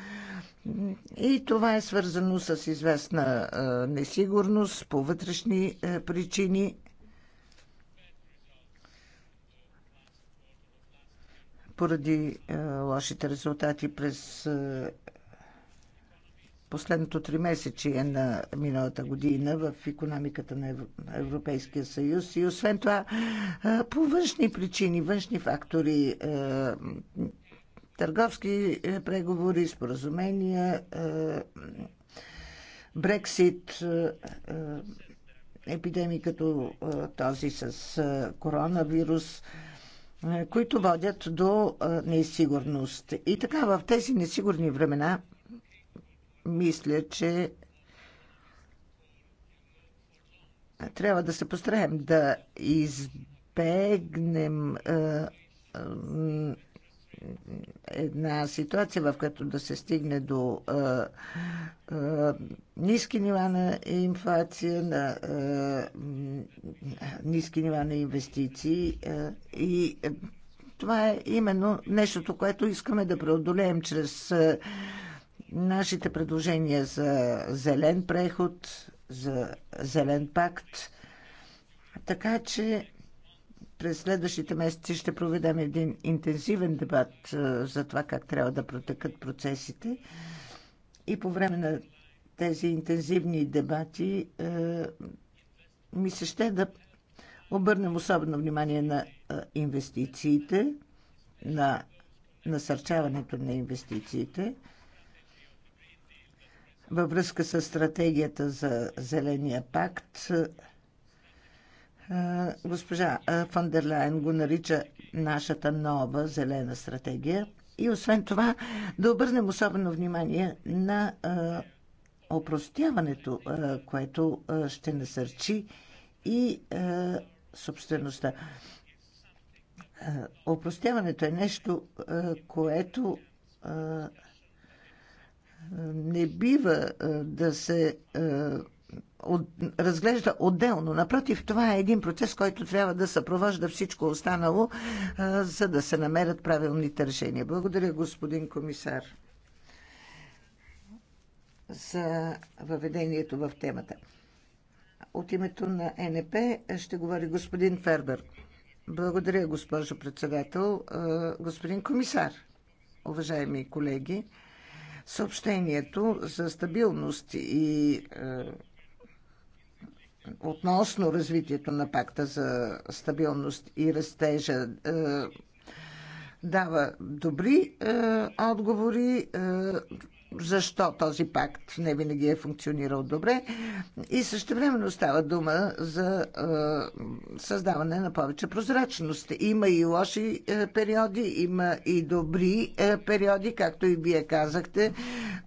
И това е свързано с известна е, несигурност по вътрешни причини. Поради лошите резултати през последното три месече на миналата година в економиката на Европейския съюз и освен това по външни причини, външни фактори, търговски преговори, споразумения, Брексит, епидемии като този с коронавирус, които водят до несигурност. И така в тези несигурни времена мисля, че трябва да се постараем да избегнем една ситуация, в която да се стигне до а, а, ниски нива на инфлация, на а, ниски нива на инвестиции. А, и а, това е именно нещото, което искаме да преодолеем чрез а, нашите предложения за зелен преход, за зелен пакт. Така че през следващите месеци ще проведем един интензивен дебат е, за това как трябва да протекат процесите. И по време на тези интензивни дебати е, ми се ще да обърнем особено внимание на е, инвестициите, на насърчаването на инвестициите във връзка с стратегията за Зеления пакт. Госпожа Фандерлайн го нарича нашата нова зелена стратегия. И освен това да обърнем особено внимание на опростяването, което ще насърчи и собствеността. Опростяването е нещо, което не бива да се от, разглежда отделно. Напротив, това е един процес, който трябва да съпровожда всичко останало, за да се намерят правилните решения. Благодаря, господин комисар, за въведението в темата. От името на НП ще говори господин Фербер. Благодаря, госпожо председател. Господин комисар, уважаеми колеги, Съобщението за стабилност и е, относно развитието на пакта за стабилност и растежа е, дава добри е, отговори. Е, защо този пакт не винаги е функционирал добре. И също времено става дума за е, създаване на повече прозрачност. Има и лоши е, периоди, има и добри е, периоди, както и вие казахте,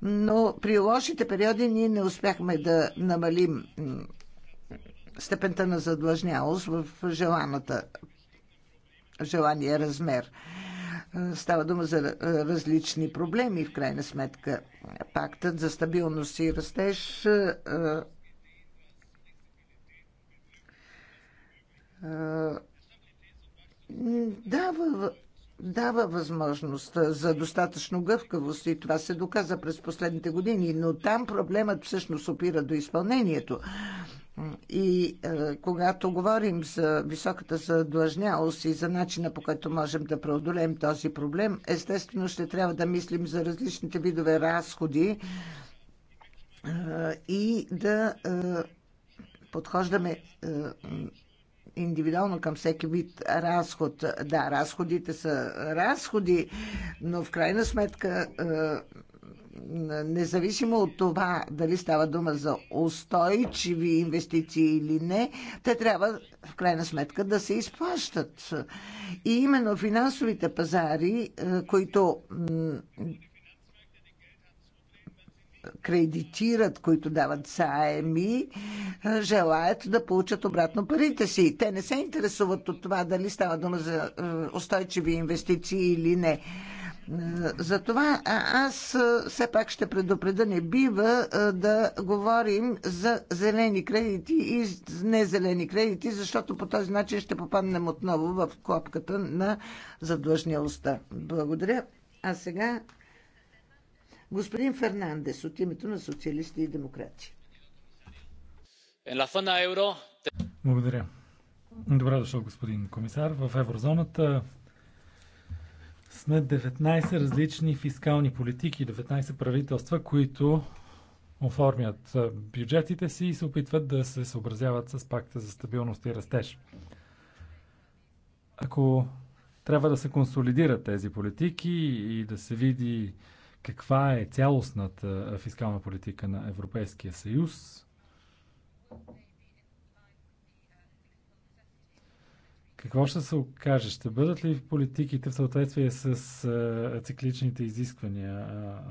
но при лошите периоди ние не успяхме да намалим степента на задлъжнялост в желаната желания размер. Става дума за различни проблеми, в крайна сметка. Пактът за стабилност и растеж дава, дава възможност за достатъчно гъвкавост и това се доказа през последните години, но там проблемът всъщност опира до изпълнението. И е, когато говорим за високата задлъжнялост и за начина по който можем да преодолеем този проблем, естествено ще трябва да мислим за различните видове разходи е, и да е, подхождаме е, индивидуално към всеки вид разход. Да, разходите са разходи, но в крайна сметка. Е, независимо от това дали става дума за устойчиви инвестиции или не, те трябва в крайна сметка да се изплащат. И именно финансовите пазари, е, които кредитират, които дават заеми, е, желаят да получат обратно парите си. Те не се интересуват от това дали става дума за е, устойчиви инвестиции или не. Затова аз все пак ще предупреда, не бива да говорим за зелени кредити и незелени кредити, защото по този начин ще попаднем отново в клопката на задлъжнялостта. Благодаря. А сега господин Фернандес от името на социалисти и демократи. Благодаря. Добре дошъл, господин комисар. В еврозоната сме 19 различни фискални политики, 19 правителства, които оформят бюджетите си и се опитват да се съобразяват с пакта за стабилност и растеж. Ако трябва да се консолидират тези политики и да се види каква е цялостната фискална политика на Европейския съюз, Какво ще се окаже? Ще бъдат ли политиките в съответствие с а, цикличните изисквания,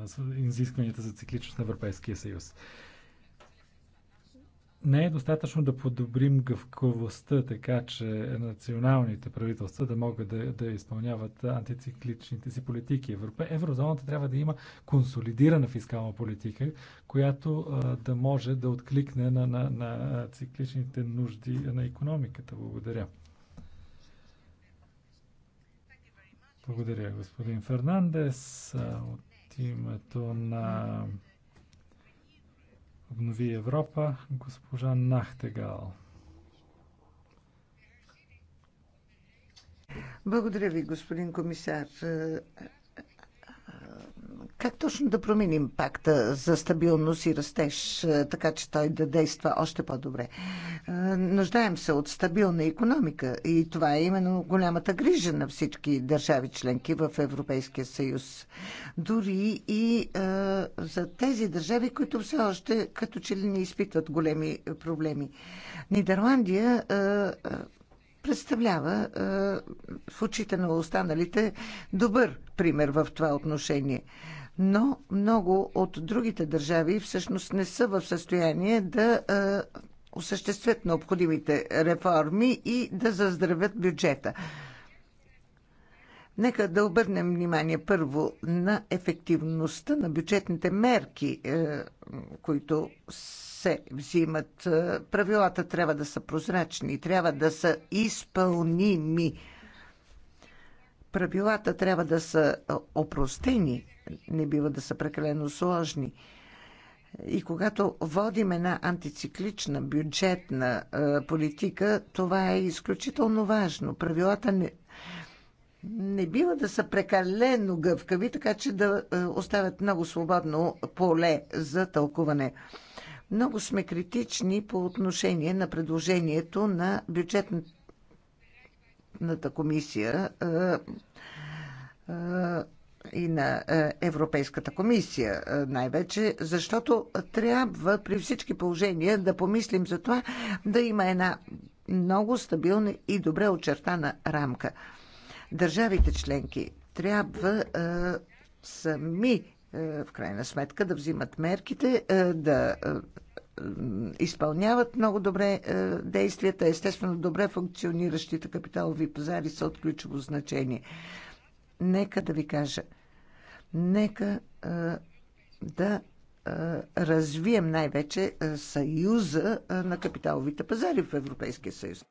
а, с изискванията за цикличност на Европейския съюз? Не е достатъчно да подобрим гъвкавостта, така че националните правителства да могат да, да изпълняват антицикличните си политики. Европе, еврозоната трябва да има консолидирана фискална политика, която а, да може да откликне на, на, на цикличните нужди на економиката. Благодаря. Благодаря, господин Фернандес. От името на Обнови Европа, госпожа Нахтегал. Благодаря ви, господин комисар. Как точно да променим пакта за стабилност и растеж, е, така че той да действа още по-добре? Е, нуждаем се от стабилна економика и това е именно голямата грижа на всички държави членки в Европейския съюз. Дори и е, за тези държави, които все още като че ли не изпитват големи проблеми. Нидерландия е, е представлява е, в очите на останалите добър пример в това отношение но много от другите държави всъщност не са в състояние да осъществят необходимите реформи и да заздравят бюджета. Нека да обърнем внимание първо на ефективността на бюджетните мерки, е, които се взимат. Е, правилата трябва да са прозрачни, трябва да са изпълними. Правилата трябва да са опростени, не бива да са прекалено сложни. И когато водим една антициклична бюджетна е, политика, това е изключително важно. Правилата не, не бива да са прекалено гъвкави, така че да е, оставят много свободно поле за тълкуване. Много сме критични по отношение на предложението на бюджетната Европейската комисия и на Европейската комисия най-вече, защото трябва при всички положения да помислим за това да има една много стабилна и добре очертана рамка. Държавите членки трябва сами в крайна сметка да взимат мерките, да изпълняват много добре е, действията. Естествено, добре функциониращите капиталови пазари са от ключово значение. Нека да ви кажа, нека е, да е, развием най-вече съюза на капиталовите пазари в Европейския съюз.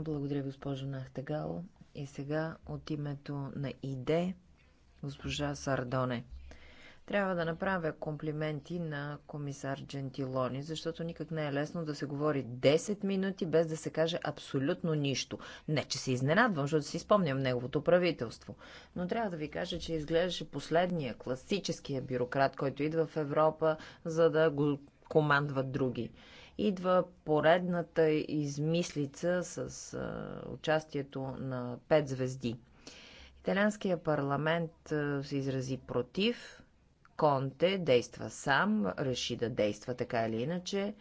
Благодаря, госпожо Нахтегал. И сега от името на ИДЕ, госпожа Сардоне. Трябва да направя комплименти на комисар Джентилони, защото никак не е лесно да се говори 10 минути без да се каже абсолютно нищо. Не, че се изненадвам, защото си спомням неговото правителство. Но трябва да ви кажа, че изглеждаше последния, класическия бюрократ, който идва в Европа, за да го командват други идва поредната измислица с а, участието на пет звезди. Италианския парламент а, се изрази против, Конте действа сам, реши да действа така или иначе,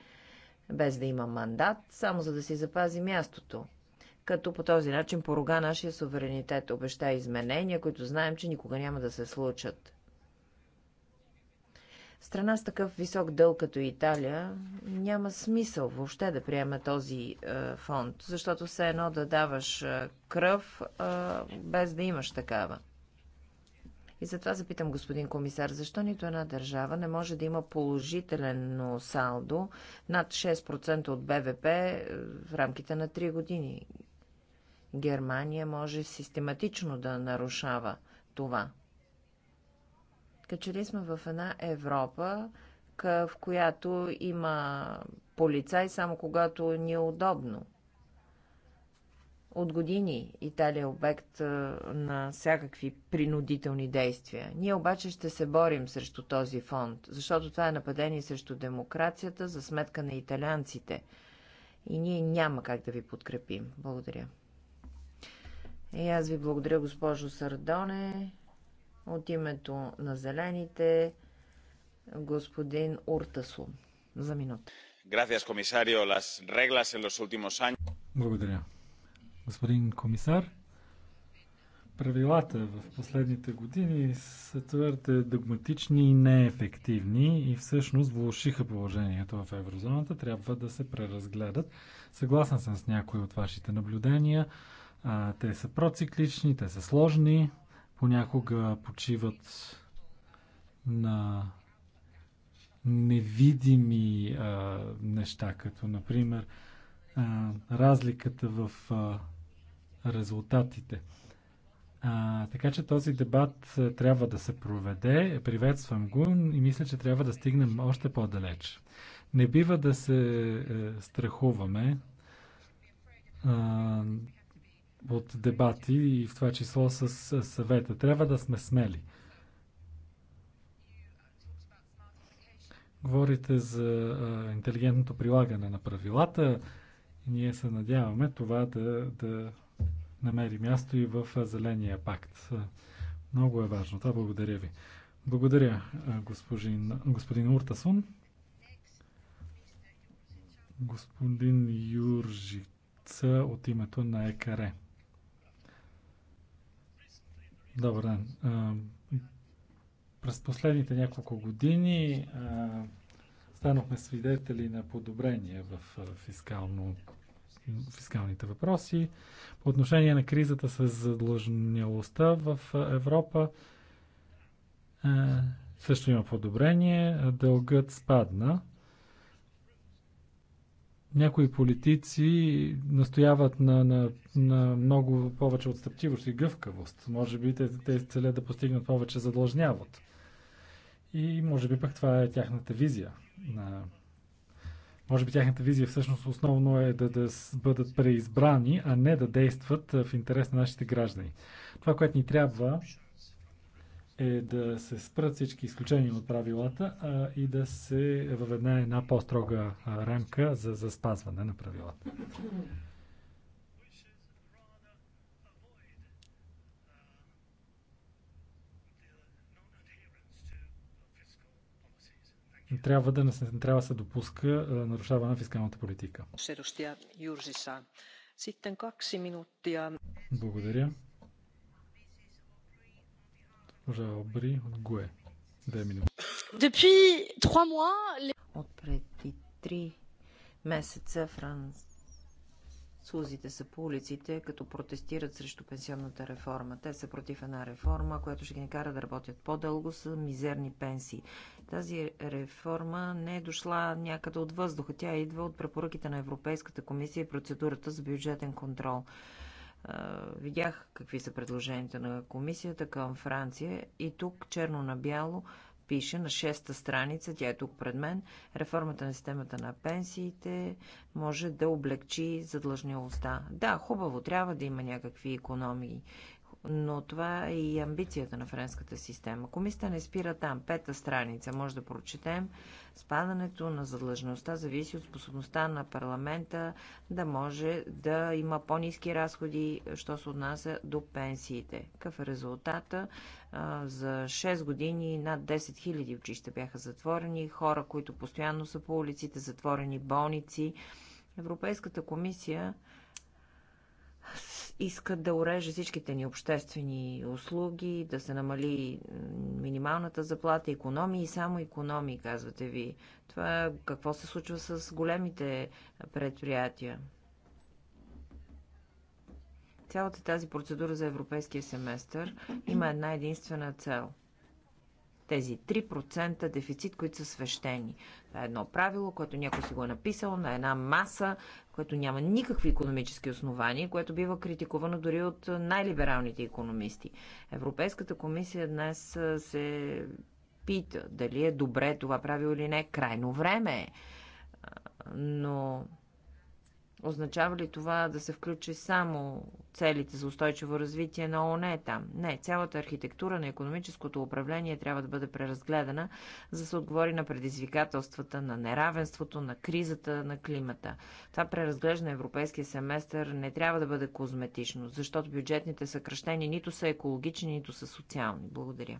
без да има мандат, само за да си запази мястото. Като по този начин порога нашия суверенитет, обеща изменения, които знаем, че никога няма да се случат. Страна с такъв висок дъл като Италия няма смисъл въобще да приема този е, фонд, защото все едно да даваш е, кръв е, без да имаш такава. И затова запитам, господин комисар, защо нито една държава не може да има положително салдо над 6% от БВП е, в рамките на 3 години? Германия може систематично да нарушава това. Качели сме в една Европа, в която има полицай само когато ни е удобно. От години Италия е обект на всякакви принудителни действия. Ние обаче ще се борим срещу този фонд, защото това е нападение срещу демокрацията за сметка на италианците. И ние няма как да ви подкрепим. Благодаря. И аз ви благодаря, госпожо Сардоне. От името на зелените, господин Уртасу. За минута. комисарио. Las reglas en los últimos años. Благодаря. Господин комисар, правилата в последните години са твърде догматични и неефективни и всъщност влушиха положението в еврозоната. Трябва да се преразгледат. Съгласен съм с някои от вашите наблюдения. А, те са проциклични, те са сложни, понякога почиват на невидими а, неща, като например а, разликата в а, резултатите. А, така че този дебат е, трябва да се проведе. Приветствам го и мисля, че трябва да стигнем още по-далеч. Не бива да се е, страхуваме а, е, от дебати и в това число с, с съвета. Трябва да сме смели. Говорите за а, е, интелигентното прилагане на правилата. Ние се надяваме това да, да намери място и в Зеления пакт. Много е важно. Това благодаря ви. Благодаря, господин, господин Уртасун. Господин Юржица от името на ЕКАРЕ. Добър ден. През последните няколко години станахме свидетели на подобрение в фискално фискалните въпроси. По отношение на кризата с задлъжнялостта в Европа също има подобрение. Дългът спадна. Някои политици настояват на, на, на много повече отстъптивост и гъвкавост. Може би те, те целят да постигнат повече задлъжняват. И може би пък това е тяхната визия на може би тяхната визия всъщност основно е да, да бъдат преизбрани, а не да действат в интерес на нашите граждани. Това, което ни трябва е да се спрат всички изключения от правилата а, и да се въведне една по-строга рамка за, за спазване на правилата. трябва да не, се, не трябва да се допуска а, нарушаване на фискалната политика. Благодаря. Госпожа Обри от ГУЕ. Две минути. От преди три месеца Франс Слузите са по улиците, като протестират срещу пенсионната реформа. Те са против една реформа, която ще ги накара да работят по-дълго с мизерни пенсии. Тази реформа не е дошла някъде от въздуха. Тя идва от препоръките на Европейската комисия и процедурата за бюджетен контрол. Видях какви са предложенията на комисията към Франция и тук черно на бяло пише на шеста страница, тя е тук пред мен, реформата на системата на пенсиите може да облегчи задлъжнялостта. Да, хубаво, трябва да има някакви економии но това е и амбицията на френската система. Комисията не спира там. Пета страница може да прочетем. Спадането на задлъжността зависи от способността на парламента да може да има по-низки разходи, що се отнася до пенсиите. Какъв е резултата? За 6 години над 10 000 училища бяха затворени, хора, които постоянно са по улиците, затворени болници. Европейската комисия иска да уреже всичките ни обществени услуги, да се намали минималната заплата, економии и само економии, казвате ви. Това е какво се случва с големите предприятия. Цялата тази процедура за европейския семестър има една единствена цел – тези 3% дефицит, които са свещени. Това е едно правило, което някой си го е написал на една маса което няма никакви економически основания, което бива критикувано дори от най-либералните економисти. Европейската комисия днес се пита дали е добре това правило или не. Крайно време е. Но Означава ли това да се включи само целите за устойчиво развитие на ООН е там? Не, цялата архитектура на економическото управление трябва да бъде преразгледана, за да се отговори на предизвикателствата, на неравенството, на кризата, на климата. Това преразглеждане на европейския семестър не трябва да бъде козметично, защото бюджетните съкръщения нито са екологични, нито са социални. Благодаря.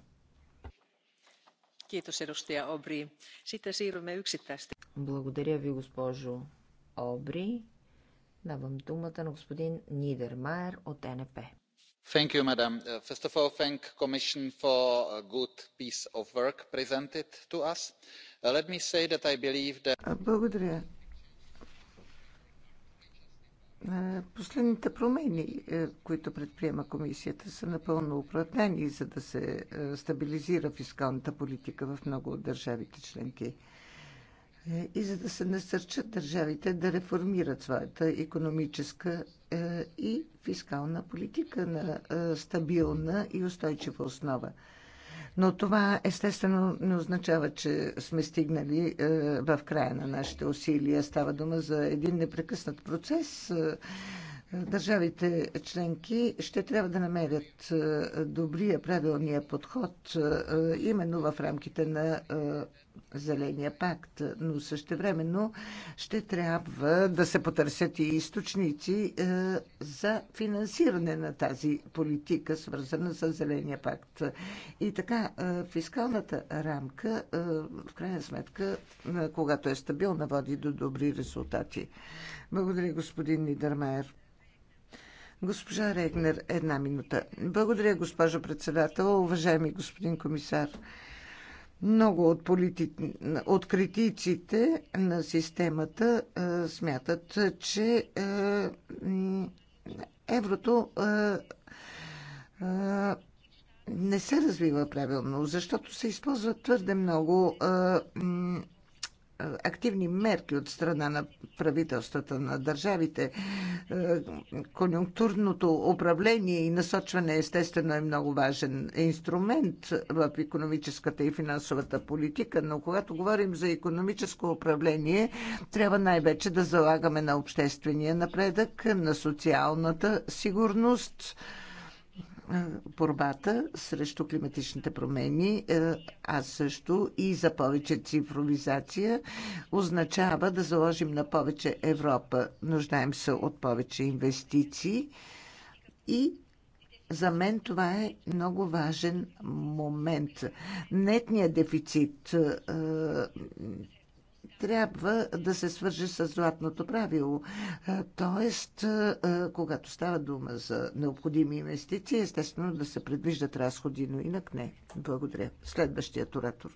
Благодаря ви, госпожо Обри. Давам думата на господин Нидермайер от НП. Thank you, madam. Uh, First of all, thank Commission for a good piece of work presented to us. Uh, Let me say that I believe that... Uh, благодаря. Uh, последните промени, uh, които предприема комисията, са напълно оправдани, за да се стабилизира фискалната политика в много от държавите членки. Е, и за да се насърчат държавите да реформират своята економическа е, и фискална политика на е, стабилна и устойчива основа. Но това естествено не означава, че сме стигнали в края на нашите усилия. Става дума за един непрекъснат процес Държавите членки ще трябва да намерят е, добрия, правилния подход е, именно в рамките на е, Зеления пакт, но същевременно ще трябва да се потърсят и източници за финансиране на тази политика, свързана с Зеления пакт. И така, фискалната рамка, в крайна сметка, когато е стабилна, води до добри резултати. Благодаря, господин Нидермайер. Госпожа Регнер, една минута. Благодаря, госпожо председател, уважаеми господин комисар. Много от, полити... от критиците на системата а, смятат, че а, еврото а, а, не се развива правилно, защото се използват твърде много а, активни мерки от страна на правителствата на държавите. Е, конюнктурното управление и насочване естествено е много важен инструмент в економическата и финансовата политика, но когато говорим за економическо управление, трябва най-вече да залагаме на обществения напредък, на социалната сигурност, борбата срещу климатичните промени, а също и за повече цифровизация, означава да заложим на повече Европа. Нуждаем се от повече инвестиции и за мен това е много важен момент. Нетният дефицит трябва да се свържи с златното правило. Е, тоест, е, е, когато става дума за необходими инвестиции, естествено да се предвиждат разходи, но инак не. Благодаря. Следващият оратор.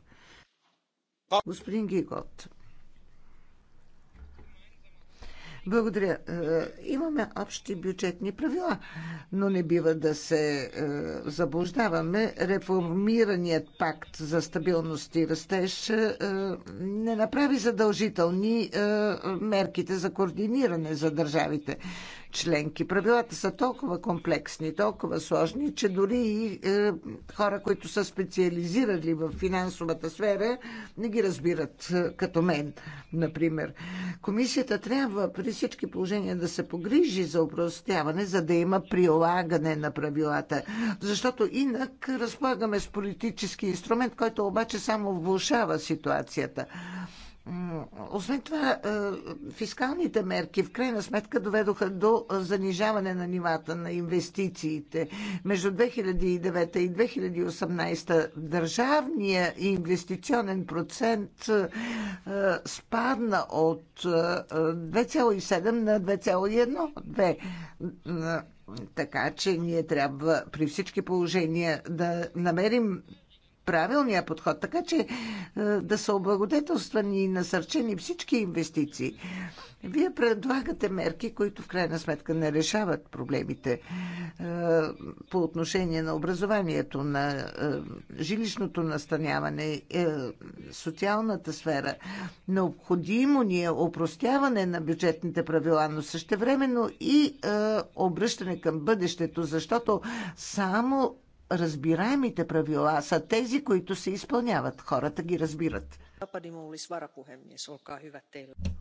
Господин Гигот. Благодаря. Е, имаме общи бюджетни правила, но не бива да се е, заблуждаваме. Реформираният пакт за стабилност и растеж е, не направи задължителни мерките за координиране за държавите членки. Правилата са толкова комплексни, толкова сложни, че дори и е, хора, които са специализирали в финансовата сфера, не ги разбират, е, като мен, например. Комисията трябва при всички положения да се погрижи за упростяване, за да има прилагане на правилата. Защото инак разполагаме с политически инструмент, който обаче само влушава ситуацията. Освен това, е, фискалните мерки в крайна сметка доведоха до занижаване на нивата на инвестициите. Между 2009 и 2018 държавния инвестиционен процент е, спадна от 2,7 е, на 2,1. Така че ние трябва при всички положения да намерим правилния подход, така че е, да са облагодетелствани и насърчени всички инвестиции. Вие предлагате мерки, които в крайна сметка не решават проблемите е, по отношение на образованието, на е, жилищното настаняване, социалната сфера. Необходимо ни е опростяване на бюджетните правила, но същевременно и обръщане към бъдещето, защото само разбираемите правила са тези, които се изпълняват. Хората ги разбират.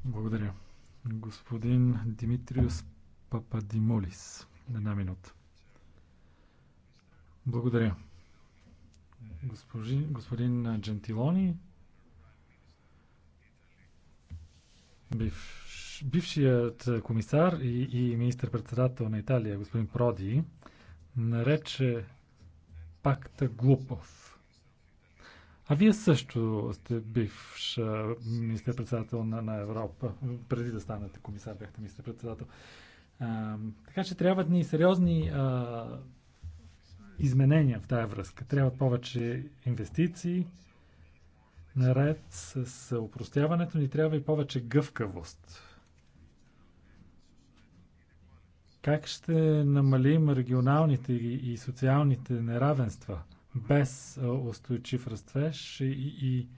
Благодаря. Господин Димитриус Пападимолис. Една минута. Благодаря. Госпожи, господин Джентилони, Бив, бившият комисар и, и министър-председател на Италия, господин Проди, нарече пакта Глупов. А вие също сте бивш министър-председател на, на Европа. Преди да станете комисар, бяхте министър-председател. така че трябват ни сериозни а, изменения в тази връзка. Трябват повече инвестиции, наред с упростяването ни трябва и повече гъвкавост Как ще намалим регионалните и социалните неравенства без устойчив растеж и, и,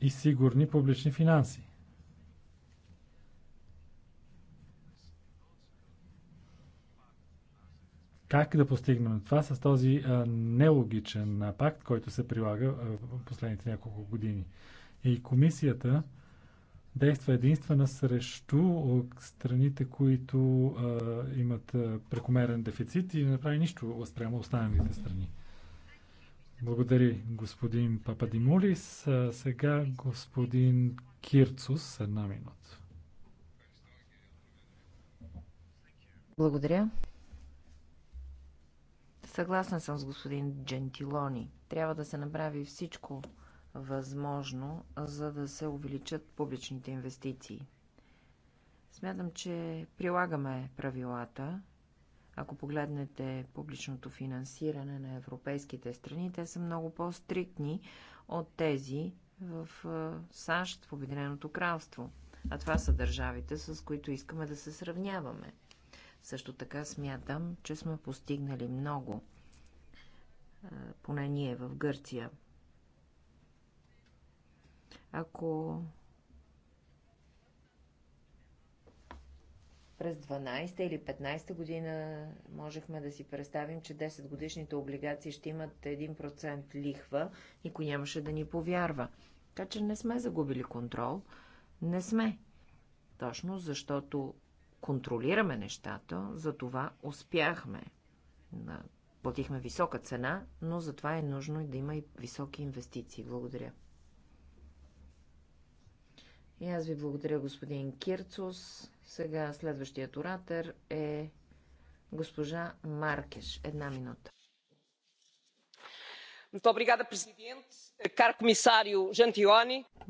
и сигурни публични финанси? Как да постигнем това с този а, нелогичен а, пакт, който се прилага а, в последните няколко години? И комисията действа единствена срещу страните, които а, имат а, прекомерен дефицит и не прави нищо спрямо останалите страни. Благодари, господин Пападимулис. А, сега господин Кирцус, една минута. Благодаря. Съгласна съм с господин Джентилони. Трябва да се направи всичко, възможно, за да се увеличат публичните инвестиции. Смятам, че прилагаме правилата. Ако погледнете публичното финансиране на европейските страни, те са много по-стриктни от тези в САЩ, в Обединеното кралство. А това са държавите, с които искаме да се сравняваме. Също така смятам, че сме постигнали много, поне ние в Гърция – ако през 12 или 15 година можехме да си представим, че 10 годишните облигации ще имат 1% лихва, никой нямаше да ни повярва. Така че не сме загубили контрол. Не сме. Точно защото контролираме нещата, за това успяхме. Платихме висока цена, но за това е нужно и да има и високи инвестиции. Благодаря. И аз ви благодаря, господин Кирцус. Сега следващият оратор е госпожа Маркеш. Една минута.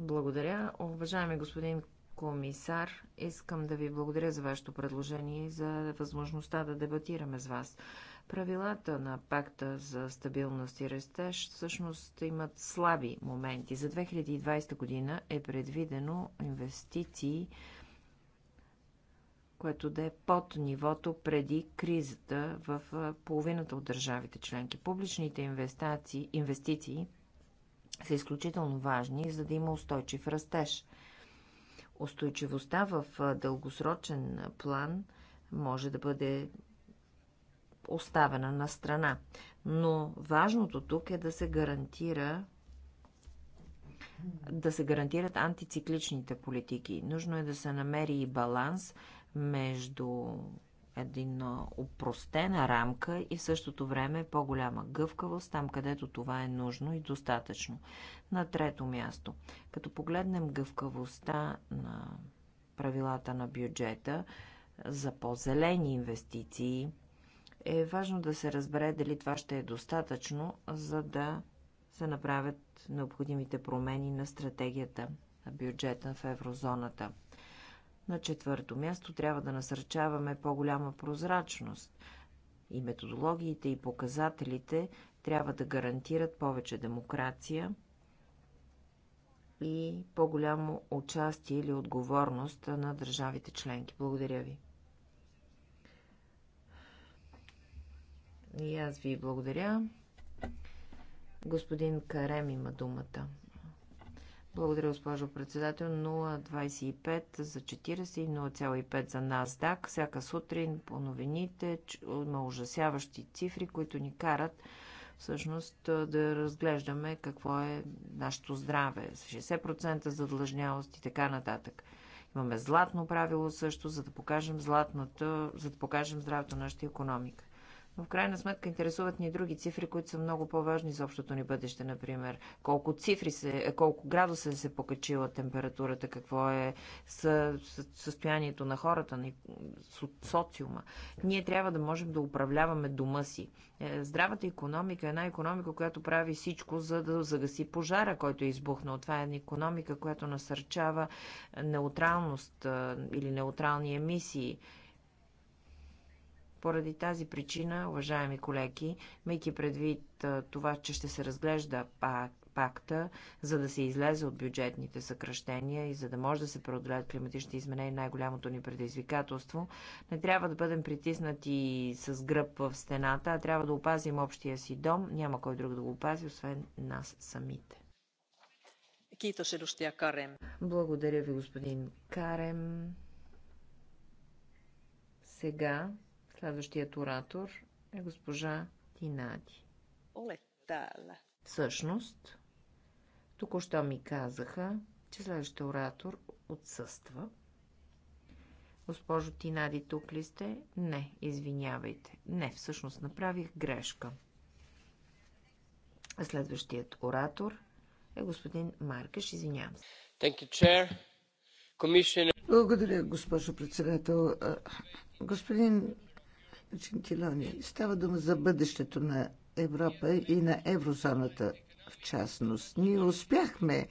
Благодаря. Уважаеми господин комисар, искам да ви благодаря за вашето предложение и за възможността да дебатираме с вас. Правилата на пакта за стабилност и растеж всъщност имат слаби моменти. За 2020 година е предвидено инвестиции, което да е под нивото преди кризата в половината от държавите членки. Публичните инвестиции, инвестиции са изключително важни, за да има устойчив растеж. Устойчивостта в дългосрочен план може да бъде оставена на страна. Но важното тук е да се гарантира да се гарантират антицикличните политики. Нужно е да се намери и баланс между една упростена рамка и в същото време по-голяма гъвкавост там, където това е нужно и достатъчно. На трето място, като погледнем гъвкавостта на правилата на бюджета за по-зелени инвестиции, е важно да се разбере дали това ще е достатъчно, за да се направят необходимите промени на стратегията на бюджета в еврозоната. На четвърто място трябва да насърчаваме по-голяма прозрачност и методологиите и показателите трябва да гарантират повече демокрация и по-голямо участие или отговорност на държавите членки. Благодаря ви. И аз ви благодаря. Господин Карем има думата. Благодаря, госпожо председател. 0,25 за 40 и 0,5 за NASDAQ. Всяка сутрин по новините има ужасяващи цифри, които ни карат всъщност да разглеждаме какво е нашето здраве. 60% задлъжнялост и така нататък. Имаме златно правило също, за да покажем, златната, за да покажем здравето на нашата економика. Но в крайна сметка интересуват ни други цифри, които са много по-важни за общото ни бъдеще, например. Колко цифри се, колко градуса се е покачила температурата, какво е състоянието на хората, на социума. Ние трябва да можем да управляваме дома си. Е, здравата економика е една економика, която прави всичко, за да загаси пожара, който е избухнал. Това е една економика, която насърчава е, неутралност или неутрални емисии поради тази причина, уважаеми колеги, мейки предвид това, че ще се разглежда пак пакта, за да се излезе от бюджетните съкръщения и за да може да се преодолеят климатичните изменения, най-голямото ни предизвикателство. Не трябва да бъдем притиснати с гръб в стената, а трябва да опазим общия си дом. Няма кой друг да го опази, освен нас самите. Карем. Благодаря ви, господин Карем. Сега Следващият оратор е госпожа Тинади. Всъщност, току-що ми казаха, че следващия оратор отсъства. Госпожо Тинади, тук ли сте? Не, извинявайте. Не, всъщност направих грешка. Следващият оратор е господин Маркеш. Извинявам се. Thank you, chair. Commissioner... Благодаря, госпожо председател. Господин Джентилони. Става дума за бъдещето на Европа и на еврозоната в частност. Ние успяхме е,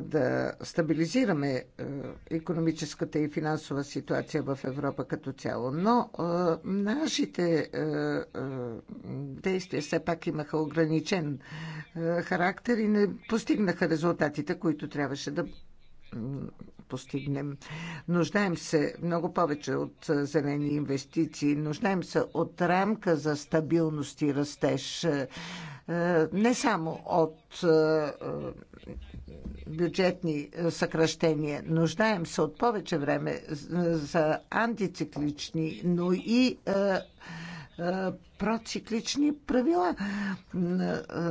да стабилизираме економическата и финансова ситуация в Европа като цяло. Но е, нашите е, действия все пак имаха ограничен характер и не постигнаха резултатите, които трябваше да постигнем. Нуждаем се много повече от зелени инвестиции, нуждаем се от рамка за стабилност и растеж, не само от бюджетни съкръщения. Нуждаем се от повече време за антициклични, но и е, проциклични правила. Е,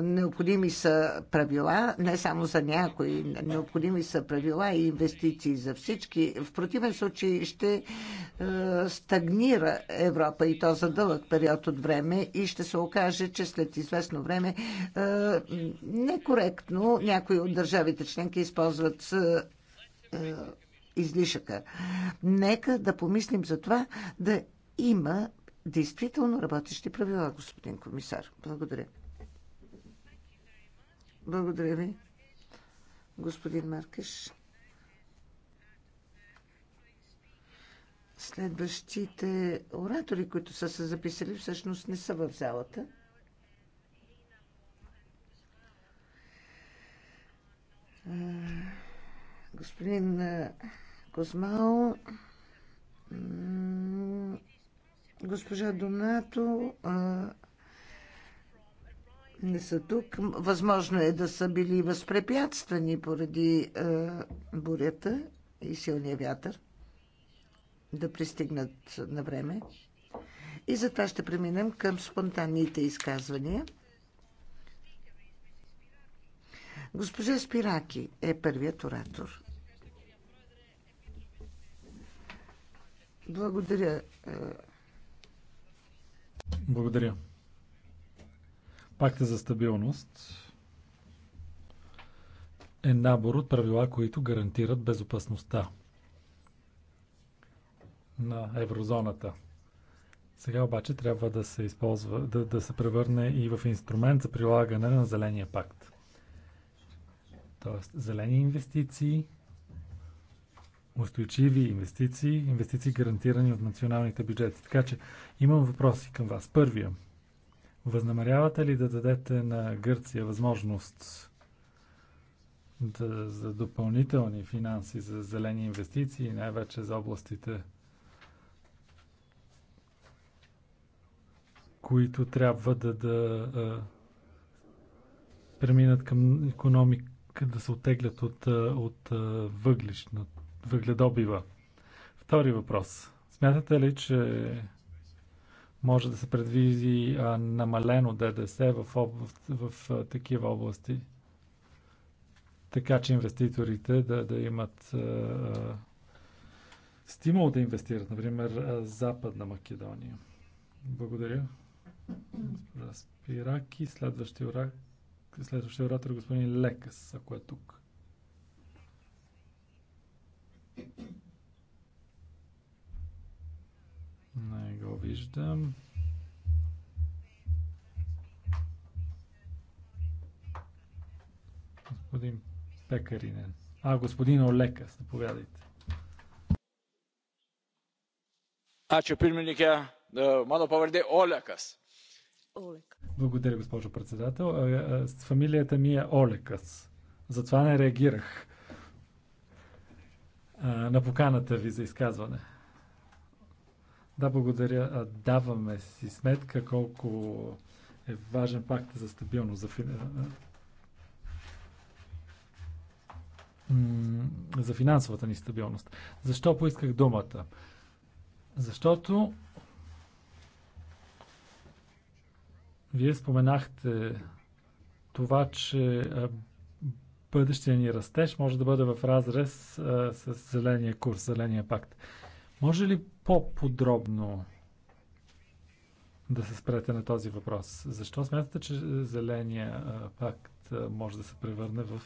необходими са правила, не само за някои, необходими са правила и инвестиции за всички. В противен случай ще е, стагнира Европа и то за дълъг период от време и ще се окаже, че след известно време некоректно някои от държавите членки използват излишъка. Нека да помислим за това да има действително работещи правила, господин комисар. Благодаря. Благодаря ви, господин Маркеш. Следващите оратори, които са се записали, всъщност не са в залата. Господин Козмао, Госпожа Донато а, не са тук. Възможно е да са били възпрепятствани поради а, бурята и силния вятър да пристигнат на време. И затова ще преминем към спонтанните изказвания. Госпожа Спираки е първият оратор. Благодаря, благодаря. Пакта за стабилност е набор от правила, които гарантират безопасността на еврозоната. Сега обаче трябва да се използва, да, да се превърне и в инструмент за прилагане на Зеления пакт. Тоест, зелени инвестиции, устойчиви инвестиции, инвестиции гарантирани от националните бюджети. Така че имам въпроси към вас. Първия. Възнамерявате ли да дадете на Гърция възможност да, за допълнителни финанси за зелени инвестиции, най-вече за областите, които трябва да, да а, преминат към економика, да се отеглят от, от, от въгледобива. Втори въпрос. Смятате ли, че може да се предвиди а, намалено ДДС в, област, в, в а, такива области, така че инвеститорите да, да имат а, а, стимул да инвестират, например, а, Западна Македония. Благодаря. Спираки, следващия, следващия оратор е господин Лекас, ако е тук. Не го виждам. Господин Пекаринен. А, господин Олека, заповядайте. че pirmininkė, е, mano мало Olekas. Олекас. Благодаря, госпожо председател. Е, е, фамилията ми е Олекас. Затова не реагирах на поканата ви за изказване. Да, благодаря. Даваме си сметка колко е важен пакт за стабилност, за, за финансовата ни стабилност. Защо поисках думата? Защото вие споменахте това, че бъдещия ни растеж може да бъде в разрез а, с зеления курс, зеления пакт. Може ли по-подробно да се спрете на този въпрос? Защо смятате, че зеления а, пакт а, може да се превърне в,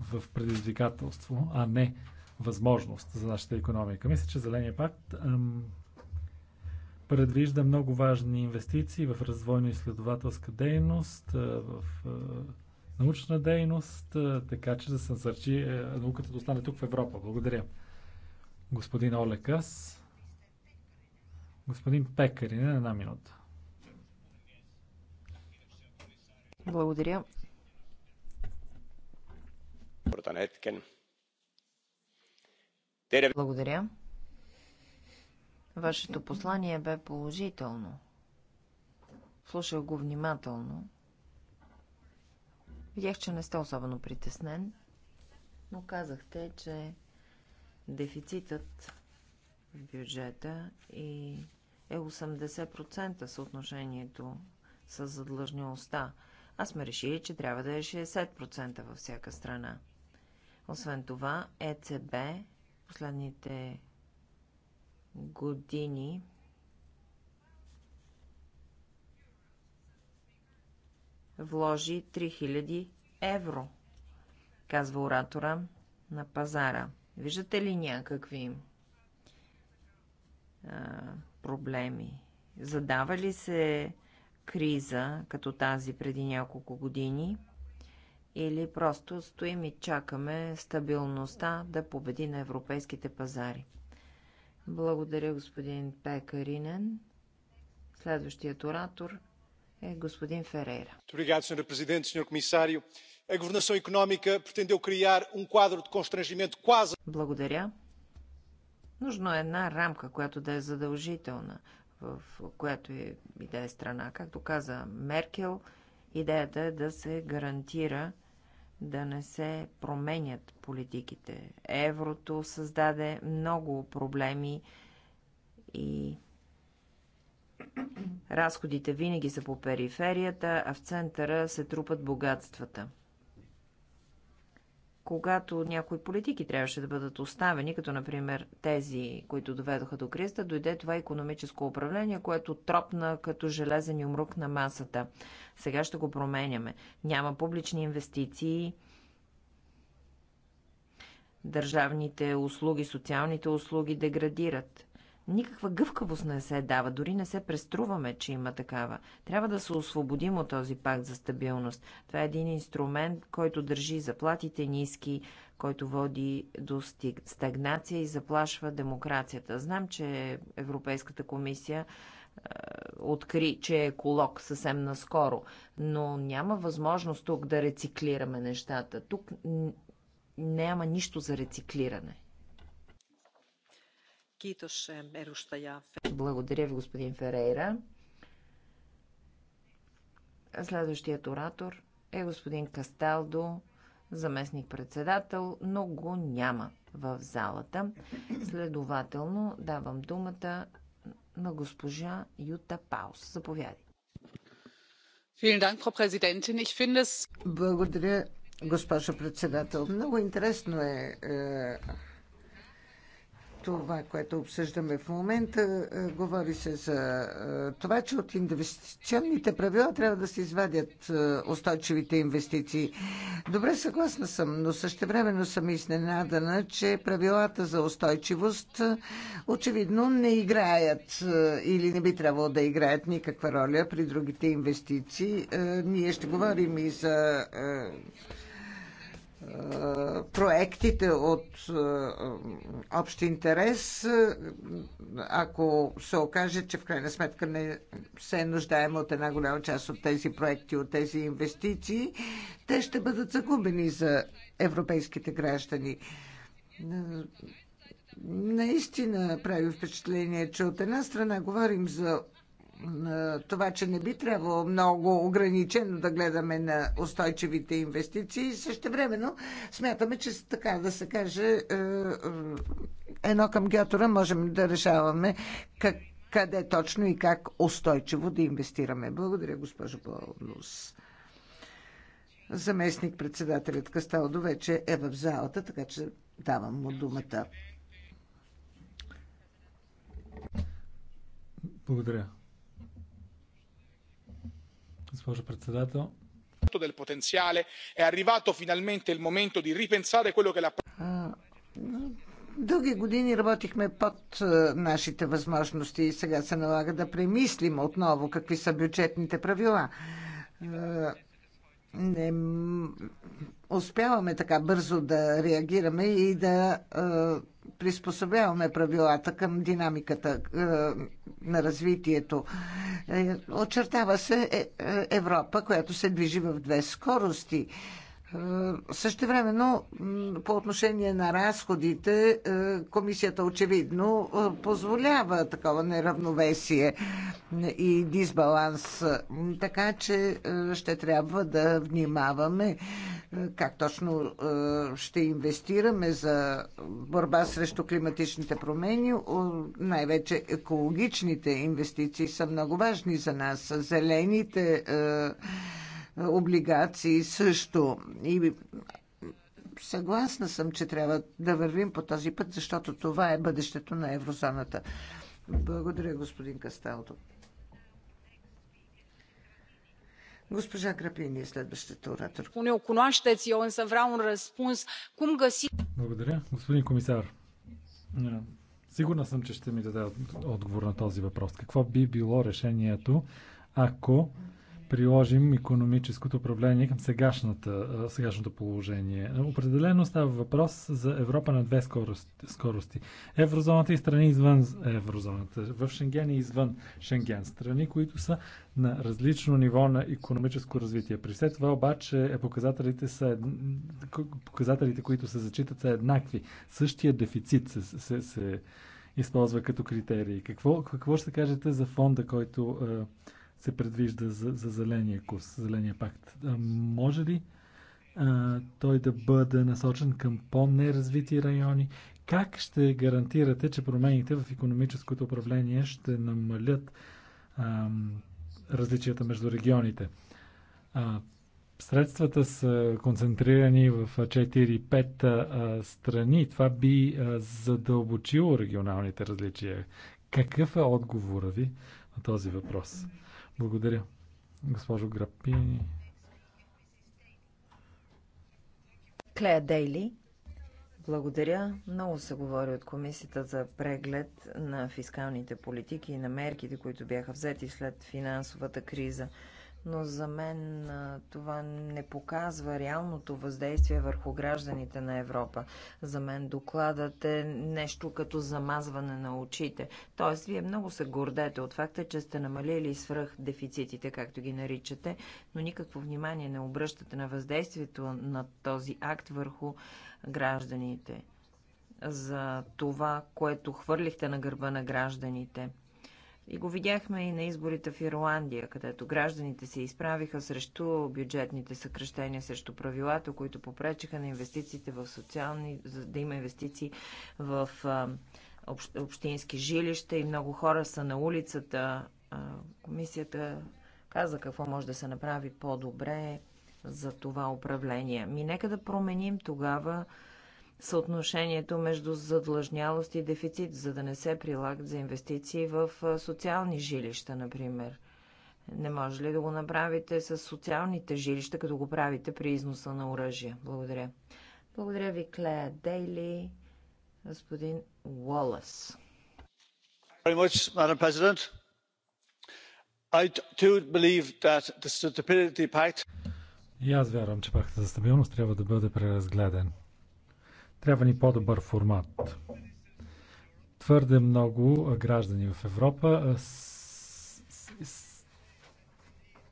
в предизвикателство, а не възможност за нашата економика? Мисля, че зеления пакт ам, предвижда много важни инвестиции в развойно-изследователска дейност, а, в. А, научна дейност, така че да се насърчи е, науката да остане тук в Европа. Благодаря. Господин Олекас. Господин Пекарин, една минута. Благодаря. Благодаря. Вашето послание бе положително. Слушах го внимателно. Видях, че не сте особено притеснен, но казахте, че дефицитът в бюджета и е 80% съотношението с задлъжнилостта. Аз сме решили, че трябва да е 60% във всяка страна. Освен това, ЕЦБ последните години вложи 3000 евро, казва оратора на пазара. Виждате ли някакви а, проблеми? Задава ли се криза, като тази преди няколко години, или просто стоим и чакаме стабилността да победи на европейските пазари? Благодаря, господин Пекаринен. Следващият оратор е господин Ферейра. Presidente, Comissário. A governação económica pretendeu criar um quadro de constrangimento quase... Благодаря. Нужно е една рамка, която да е задължителна, в която е, и е, да е страна. Както каза Меркел, идеята е да се гарантира да не се променят политиките. Еврото създаде много проблеми и Разходите винаги са по периферията, а в центъра се трупат богатствата. Когато някои политики трябваше да бъдат оставени, като например тези, които доведоха до кризата, дойде това економическо управление, което тропна като железен умрук на масата. Сега ще го променяме. Няма публични инвестиции, държавните услуги, социалните услуги деградират. Никаква гъвкавост не се дава, дори не се преструваме, че има такава. Трябва да се освободим от този пакт за стабилност. Това е един инструмент, който държи заплатите ниски, който води до стагнация и заплашва демокрацията. Знам, че Европейската комисия е, откри, че е еколог съвсем наскоро, но няма възможност тук да рециклираме нещата. Тук няма нищо за рециклиране. Благодаря ви, господин Ферейра. Следващият оратор е господин Касталдо, заместник-председател, но го няма в залата. Следователно давам думата на госпожа Юта Паус. Заповядайте. Благодаря, госпожа председател. Много интересно е, е това, което обсъждаме в момента, е, говори се за е, това, че от инвестиционните правила трябва да се извадят е, устойчивите инвестиции. Добре, съгласна съм, но същевременно съм изненадана, че правилата за устойчивост очевидно не играят или не би трябвало да играят никаква роля при другите инвестиции. Ние ще говорим и за проектите от е, общ интерес, е, ако се окаже, че в крайна сметка не се нуждаем от една голяма част от тези проекти, от тези инвестиции, те ще бъдат загубени за европейските граждани. Е, наистина прави впечатление, че от една страна говорим за е, това, че не би трябвало много ограничено да гледаме на устойчивите инвестиции. Също времено смятаме, че така да се каже е, е, едно към геотора можем да решаваме как, къде точно и как устойчиво да инвестираме. Благодаря, госпожо Пълнус. Заместник председателят Касталдо вече е в залата, така че давам му думата. Благодаря, Госпожо председател. Del potenziale è arrivato finalmente il momento di ripensare quello che la... Дълги години работихме под нашите възможности и сега се налага да премислим отново какви са бюджетните правила не успяваме така бързо да реагираме и да е, приспособяваме правилата към динамиката е, на развитието. Е, очертава се Европа, която се движи в две скорости. Е, Също времено, по отношение на разходите, е, комисията очевидно е, позволява такова неравновесие и дисбаланс. Така че ще трябва да внимаваме как точно ще инвестираме за борба срещу климатичните промени. Най-вече екологичните инвестиции са много важни за нас. Зелените облигации също. И съгласна съм, че трябва да вървим по този път, защото това е бъдещето на еврозоната. Благодаря, господин Касталдо. Госпожа Крапини е следващата оратор. Благодаря, господин комисар. Е, сигурна съм, че ще ми даде отговор на този въпрос. Какво би било решението, ако приложим економическото управление към сегашната, сегашното положение. Определено става въпрос за Европа на две скорости. Еврозоната и страни извън еврозоната. В Шенген и извън Шенген. Страни, които са на различно ниво на економическо развитие. При все това обаче е, показателите, са, показателите които се зачитат, са еднакви. Същия дефицит се, се, се използва като критерии. Какво, какво ще кажете за фонда, който е, се предвижда за, за зеления курс, зеления пакт. А, може ли а, той да бъде насочен към по-неразвити райони? Как ще гарантирате, че промените в економическото управление ще намалят а, различията между регионите? А, средствата са концентрирани в 4-5 страни. Това би а, задълбочило регионалните различия. Какъв е отговора ви на този въпрос? Благодаря, госпожо Грапини. Клея Дейли. Благодаря. Много се говори от комисията за преглед на фискалните политики и на мерките, които бяха взети след финансовата криза но за мен това не показва реалното въздействие върху гражданите на Европа. За мен докладът е нещо като замазване на очите. Тоест, вие много се гордете от факта, че сте намалили свръх дефицитите, както ги наричате, но никакво внимание не обръщате на въздействието на този акт върху гражданите. За това, което хвърлихте на гърба на гражданите – и го видяхме и на изборите в Ирландия, където гражданите се изправиха срещу бюджетните съкръщения, срещу правилата, които попречиха на инвестициите в социални, за да има инвестиции в общ, общински жилища и много хора са на улицата. комисията каза какво може да се направи по-добре за това управление. Ми нека да променим тогава съотношението между задлъжнялост и дефицит, за да не се прилагат за инвестиции в социални жилища, например. Не може ли да го направите с социалните жилища, като го правите при износа на оръжие? Благодаря. Благодаря ви, Клея Дейли, господин Уолъс. И аз вярвам, че пакта за стабилност трябва да бъде преразгледан. Трябва ни по-добър формат. Твърде много граждани в Европа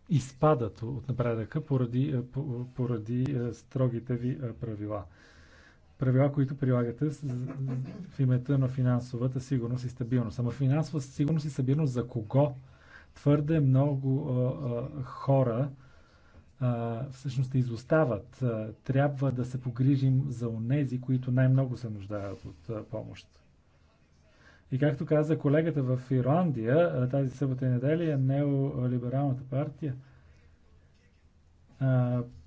изпадат от напредъка поради, поради строгите ви правила. Правила, които прилагате в името на финансовата сигурност и стабилност. Ама финансова сигурност и стабилност за кого? Твърде много хора всъщност изостават. Трябва да се погрижим за онези, които най-много се нуждаят от помощ. И както каза колегата в Ирландия, тази събота и неделя е неолибералната партия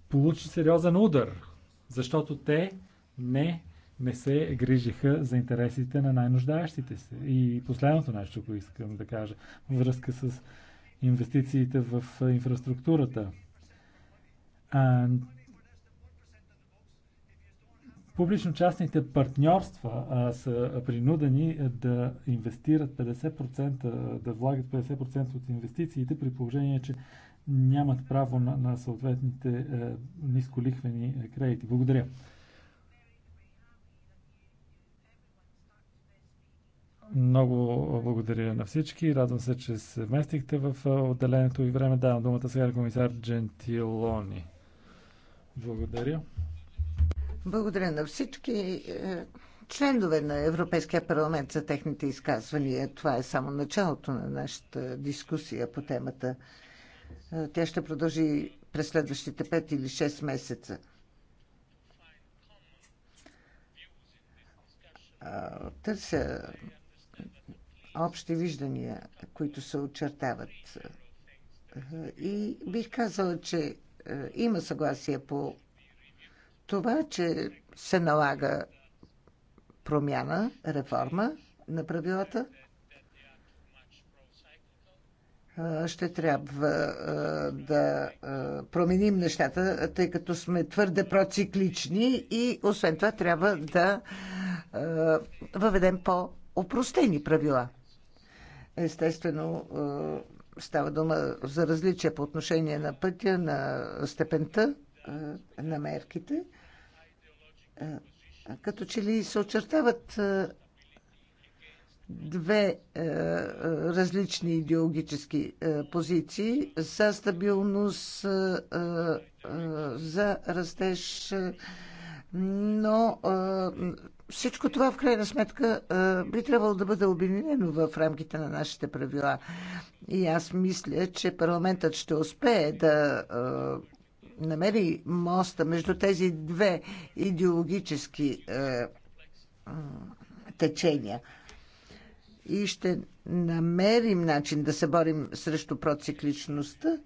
получи сериозен удар, защото те не, не се грижиха за интересите на най-нуждаещите се. И последното нещо, което искам да кажа, във връзка с инвестициите в инфраструктурата – Публично-частните партньорства а, са принудени е, да инвестират 50%, да влагат 50% от инвестициите при положение, че нямат право на, на съответните а, е, нисколихвени е, кредити. Благодаря. Много благодаря на всички. Радвам се, че се вместихте в отделението и време. Давам думата сега на комисар Джентилони. Благодаря. Благодаря на всички е, членове на Европейския парламент за техните изказвания. Това е само началото на нашата дискусия по темата. Е, тя ще продължи през следващите 5 или 6 месеца. Е, търся общи виждания, които се очертават. И бих казала, че е, има съгласие по това, че се налага промяна, реформа на правилата. Е, ще трябва е, да променим нещата, тъй като сме твърде проциклични и освен това трябва да въведем по-опростени правила. Естествено, Става дума за различия по отношение на пътя, на степента е, на мерките. Е, като че ли се очертават е, две различни идеологически позиции за стабилност, за растеж, но всичко това в крайна сметка би трябвало да бъде обединено в рамките на нашите правила. И аз мисля, че парламентът ще успее да намери моста между тези две идеологически течения. И ще намерим начин да се борим срещу процикличността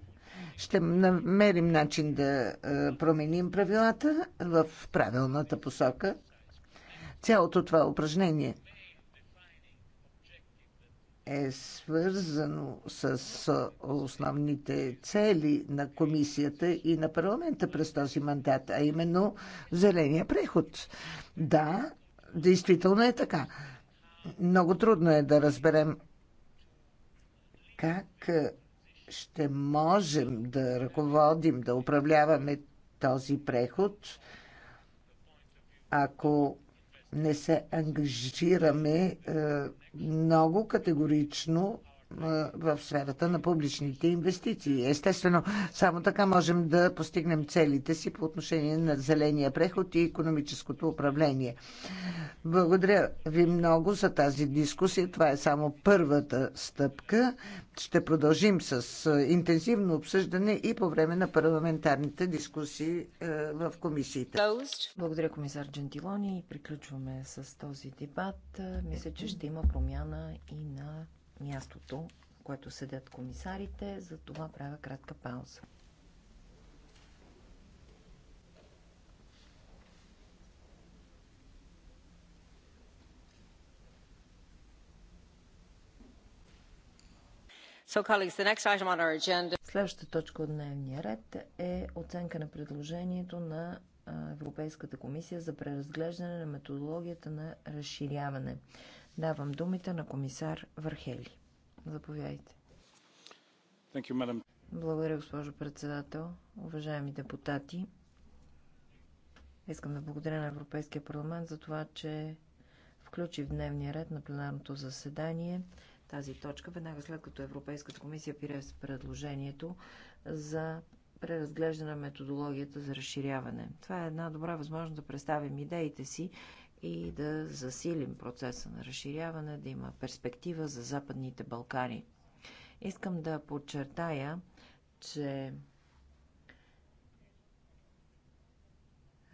ще намерим начин да променим правилата в правилната посока. Цялото това упражнение е свързано с основните цели на комисията и на парламента през този мандат, а именно зеления преход. Да, действително е така. Много трудно е да разберем как ще можем да ръководим, да управляваме този преход, ако не се ангажираме е, много категорично в сферата на публичните инвестиции. Естествено, само така можем да постигнем целите си по отношение на зеления преход и економическото управление. Благодаря ви много за тази дискусия. Това е само първата стъпка. Ще продължим с интензивно обсъждане и по време на парламентарните дискусии в комисиите. Благодаря, комисар Джентилони. Приключваме с този дебат. Мисля, че ще има промяна и на мястото, което седят комисарите, за това правя кратка пауза. Следващата точка от дневния ред е оценка на предложението на Европейската комисия за преразглеждане на методологията на разширяване. Давам думите на комисар Върхели. Заповядайте. You, Благодаря, госпожо председател. Уважаеми депутати, Искам да благодаря на Европейския парламент за това, че включи в дневния ред на пленарното заседание тази точка, веднага след като Европейската комисия пире с предложението за преразглеждане на методологията за разширяване. Това е една добра възможност да представим идеите си и да засилим процеса на разширяване, да има перспектива за Западните Балкани. Искам да подчертая, че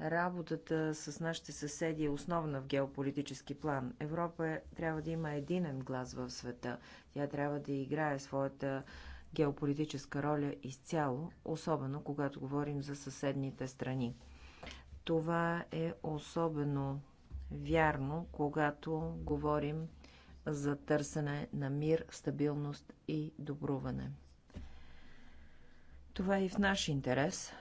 работата с нашите съседи е основна в геополитически план. Европа е, трябва да има единен глас в света. Тя трябва да играе своята геополитическа роля изцяло, особено когато говорим за съседните страни. Това е особено вярно, когато говорим за търсене на мир, стабилност и добруване. Това е и в наш интерес,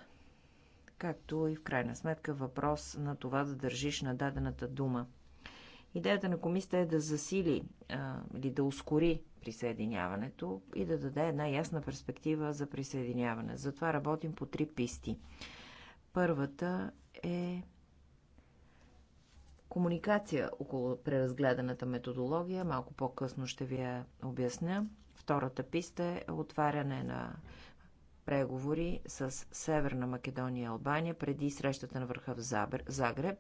както и в крайна сметка въпрос на това да държиш на дадената дума. Идеята на комисията е да засили а, или да ускори присъединяването и да даде една ясна перспектива за присъединяване. Затова работим по три писти. Първата е комуникация около преразгледаната методология. Малко по-късно ще ви я обясня. Втората писта е отваряне на преговори с Северна Македония и Албания преди срещата на върха в Загреб.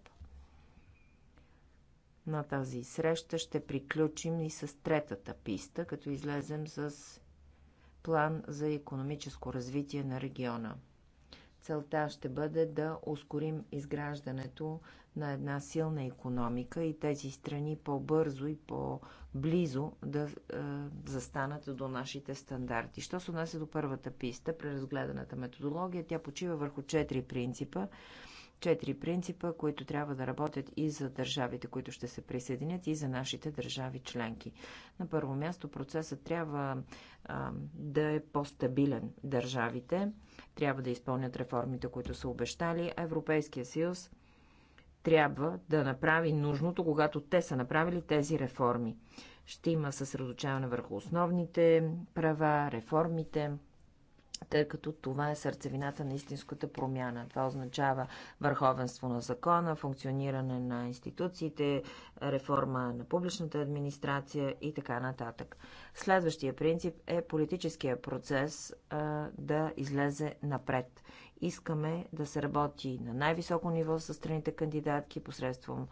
На тази среща ще приключим и с третата писта, като излезем с план за економическо развитие на региона. Целта ще бъде да ускорим изграждането на една силна економика и тези страни по-бързо и по-близо да е, застанат до нашите стандарти. Що се отнася до първата писта, преразгледаната методология, тя почива върху четири принципа. Четири принципа, които трябва да работят и за държавите, които ще се присъединят, и за нашите държави членки. На първо място процесът трябва а, да е по-стабилен. Държавите трябва да изпълнят реформите, които са обещали. Европейския съюз трябва да направи нужното, когато те са направили тези реформи. Ще има съсредоточаване върху основните права, реформите, тъй като това е сърцевината на истинската промяна. Това означава върховенство на закона, функциониране на институциите, реформа на публичната администрация и така нататък. Следващия принцип е политическия процес а, да излезе напред. Искаме да се работи на най-високо ниво с страните кандидатки посредством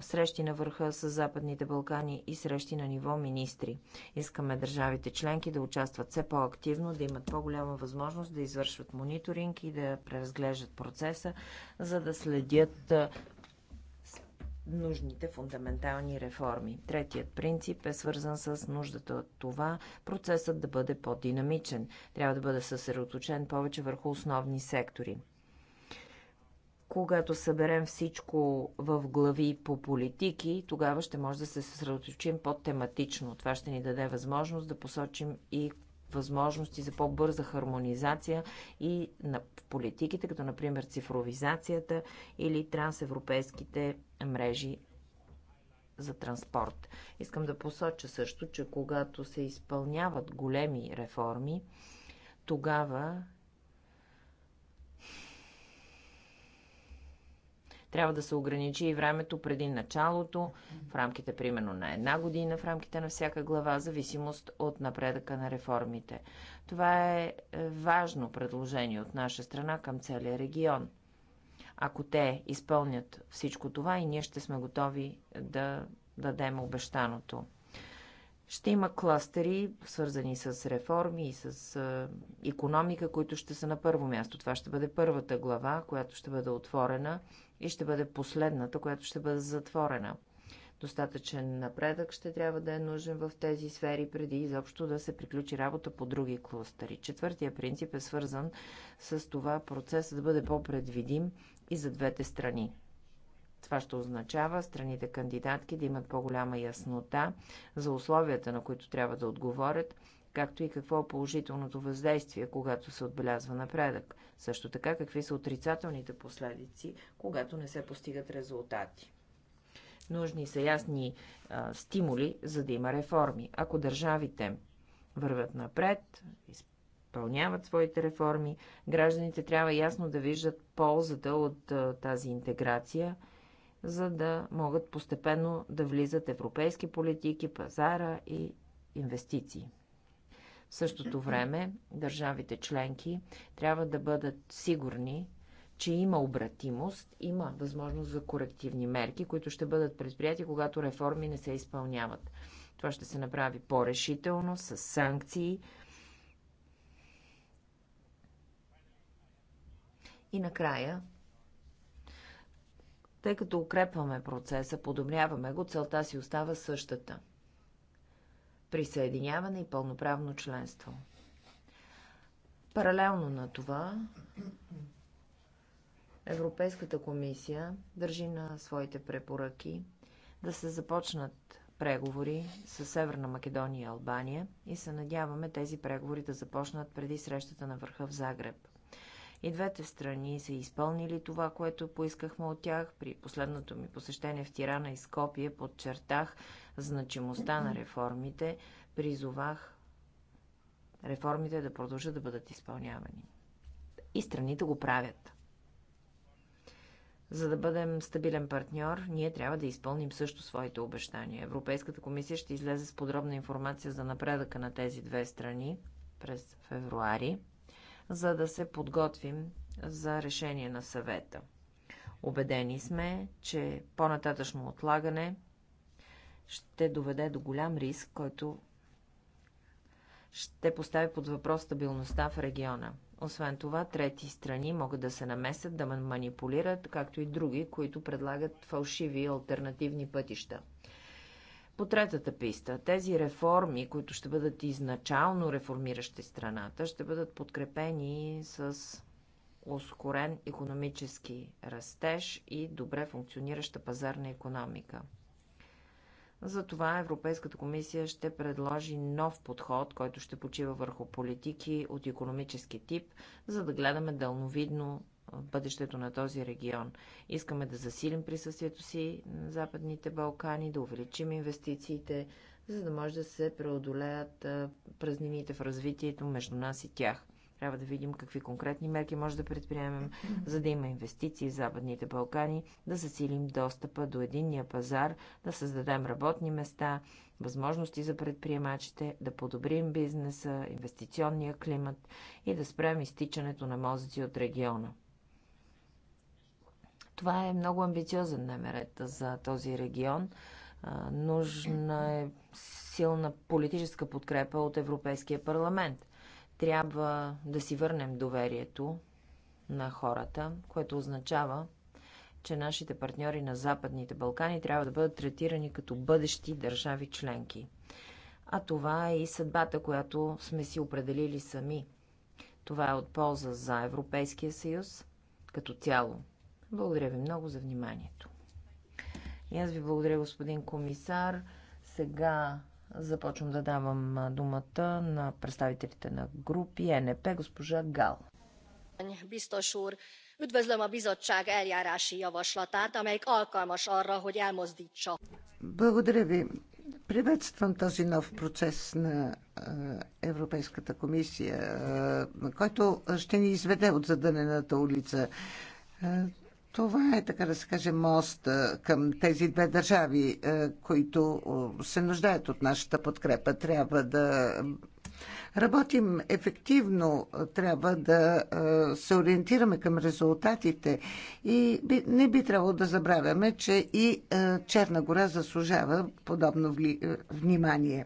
срещи на върха с Западните Балкани и срещи на ниво министри. Искаме държавите членки да участват все по-активно, да имат по-голяма възможност да извършват мониторинг и да преразглеждат процеса, за да следят нужните фундаментални реформи. Третият принцип е свързан с нуждата от това процесът да бъде по-динамичен. Трябва да бъде съсредоточен повече върху основни сектори. Когато съберем всичко в глави по политики, тогава ще може да се съсредоточим по-тематично. Това ще ни даде възможност да посочим и възможности за по-бърза хармонизация и на политиките, като например цифровизацията или трансевропейските мрежи за транспорт. Искам да посоча също, че когато се изпълняват големи реформи, тогава Трябва да се ограничи и времето преди началото, в рамките примерно на една година, в рамките на всяка глава, зависимост от напредъка на реформите. Това е, е важно предложение от наша страна към целия регион. Ако те изпълнят всичко това и ние ще сме готови да дадем обещаното. Ще има кластери, свързани с реформи и с економика, които ще са на първо място. Това ще бъде първата глава, която ще бъде отворена и ще бъде последната, която ще бъде затворена. Достатъчен напредък ще трябва да е нужен в тези сфери, преди изобщо да се приключи работа по други кластери. Четвъртия принцип е свързан с това процесът да бъде по-предвидим и за двете страни. Това ще означава страните кандидатки да имат по-голяма яснота за условията, на които трябва да отговорят, както и какво е положителното въздействие, когато се отбелязва напредък. Също така, какви са отрицателните последици, когато не се постигат резултати. Нужни са ясни а, стимули, за да има реформи. Ако държавите вървят напред, изпълняват своите реформи, гражданите трябва ясно да виждат ползата от а, тази интеграция – за да могат постепенно да влизат европейски политики, пазара и инвестиции. В същото време държавите членки трябва да бъдат сигурни, че има обратимост, има възможност за корективни мерки, които ще бъдат предприяти, когато реформи не се изпълняват. Това ще се направи по-решително, с санкции. И накрая тъй като укрепваме процеса, подобряваме го, целта си остава същата. Присъединяване и пълноправно членство. Паралелно на това, Европейската комисия държи на своите препоръки да се започнат преговори с Северна Македония и Албания и се надяваме тези преговори да започнат преди срещата на върха в Загреб. И двете страни са изпълнили това, което поискахме от тях. При последното ми посещение в Тирана и Скопие подчертах значимостта на реформите, призовах реформите да продължат да бъдат изпълнявани. И страните го правят. За да бъдем стабилен партньор, ние трябва да изпълним също своите обещания. Европейската комисия ще излезе с подробна информация за напредъка на тези две страни през февруари за да се подготвим за решение на съвета. Обедени сме, че по-нататъчно отлагане ще доведе до голям риск, който ще постави под въпрос стабилността в региона. Освен това, трети страни могат да се намесят, да манипулират, както и други, които предлагат фалшиви альтернативни пътища. По третата писта, тези реформи, които ще бъдат изначално реформиращи страната, ще бъдат подкрепени с ускорен економически растеж и добре функционираща пазарна економика. Затова Европейската комисия ще предложи нов подход, който ще почива върху политики от економически тип, за да гледаме дълновидно бъдещето на този регион. Искаме да засилим присъствието си на Западните Балкани, да увеличим инвестициите, за да може да се преодолеят празнините в развитието между нас и тях. Трябва да видим какви конкретни мерки може да предприемем, за да има инвестиции в Западните Балкани, да засилим достъпа до единния пазар, да създадем работни места, възможности за предприемачите, да подобрим бизнеса, инвестиционния климат и да спрем изтичането на мозъци от региона. Това е много амбициозен намерет за този регион. Нужна е силна политическа подкрепа от Европейския парламент. Трябва да си върнем доверието на хората, което означава, че нашите партньори на Западните Балкани трябва да бъдат третирани като бъдещи държави членки. А това е и съдбата, която сме си определили сами. Това е от полза за Европейския съюз като цяло. Благодаря ви много за вниманието. И аз ви благодаря, господин комисар. Сега започвам да давам думата на представителите на групи е НП, госпожа Гал. üdvözlöm a bizottság eljárási javaslatát, amelyik alkalmas arra, hogy elmozdítsa. Благодаря ви. Приветствам този нов процес на Европейската комисия, който ще ни изведе от задънената улица. Това е, така да се каже, мост към тези две държави, е, които е, се нуждаят от нашата подкрепа. Трябва да работим ефективно, трябва да е, се ориентираме към резултатите и не би трябвало да забравяме, че и Черна гора заслужава подобно внимание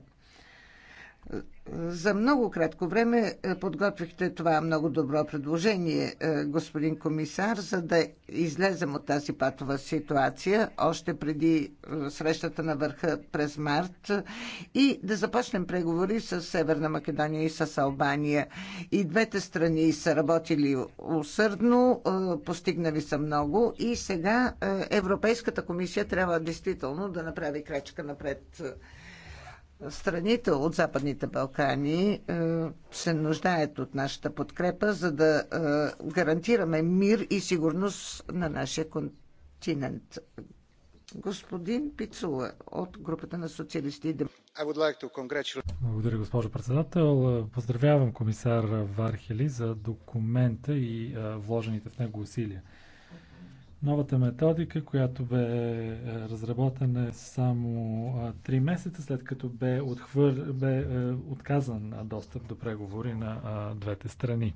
за много кратко време е, подготвихте това много добро предложение, е, господин комисар, за да излезем от тази патова ситуация още преди е, срещата на върха през март и да започнем преговори с Северна Македония и с Албания. И двете страни са работили усърдно, постигнали са много и сега Европейската комисия трябва действително да направи крачка напред страните от Западните Балкани е, се нуждаят от нашата подкрепа, за да е, гарантираме мир и сигурност на нашия континент. Господин Пицула от групата на социалисти и like Благодаря, госпожо председател. Поздравявам комисар Вархели за документа и е, вложените в него усилия. Новата методика, която бе е, разработена само 3 месеца след като бе, отхвър... бе е, отказан достъп до преговори на двете страни.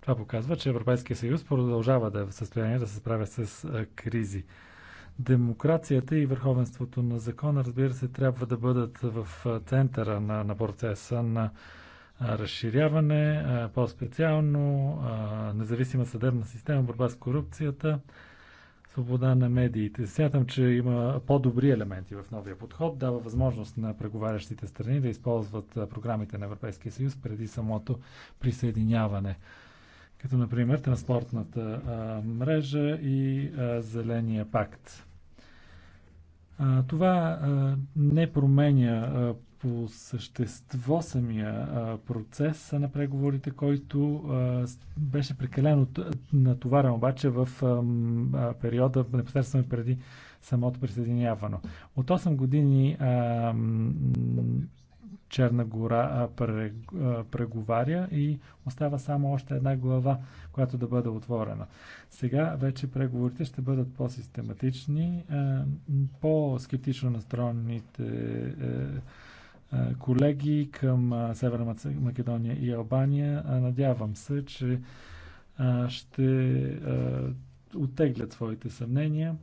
Това показва, че Европейския съюз продължава да е в състояние да се справя с кризи. Демокрацията и върховенството на закона, разбира се, трябва да бъдат в центъра на, на процеса на разширяване, по-специално независима съдебна система, борба с корупцията – свобода на медиите. Смятам, че има по-добри елементи в новия подход. Дава възможност на преговарящите страни да използват програмите на Европейския съюз преди самото присъединяване. Като, например, транспортната а, мрежа и а, зеления пакт. А, това а, не променя а, по същество самия процес на преговорите, който беше прекалено натоварен обаче в периода непосредствено преди самото присъединяване. От 8 години Черна гора преговаря и остава само още една глава, която да бъде отворена. Сега вече преговорите ще бъдат по-систематични, по-скептично настроените е, колеги към Северна Македония и Албания. Надявам се, че ще оттеглят своите съмнения.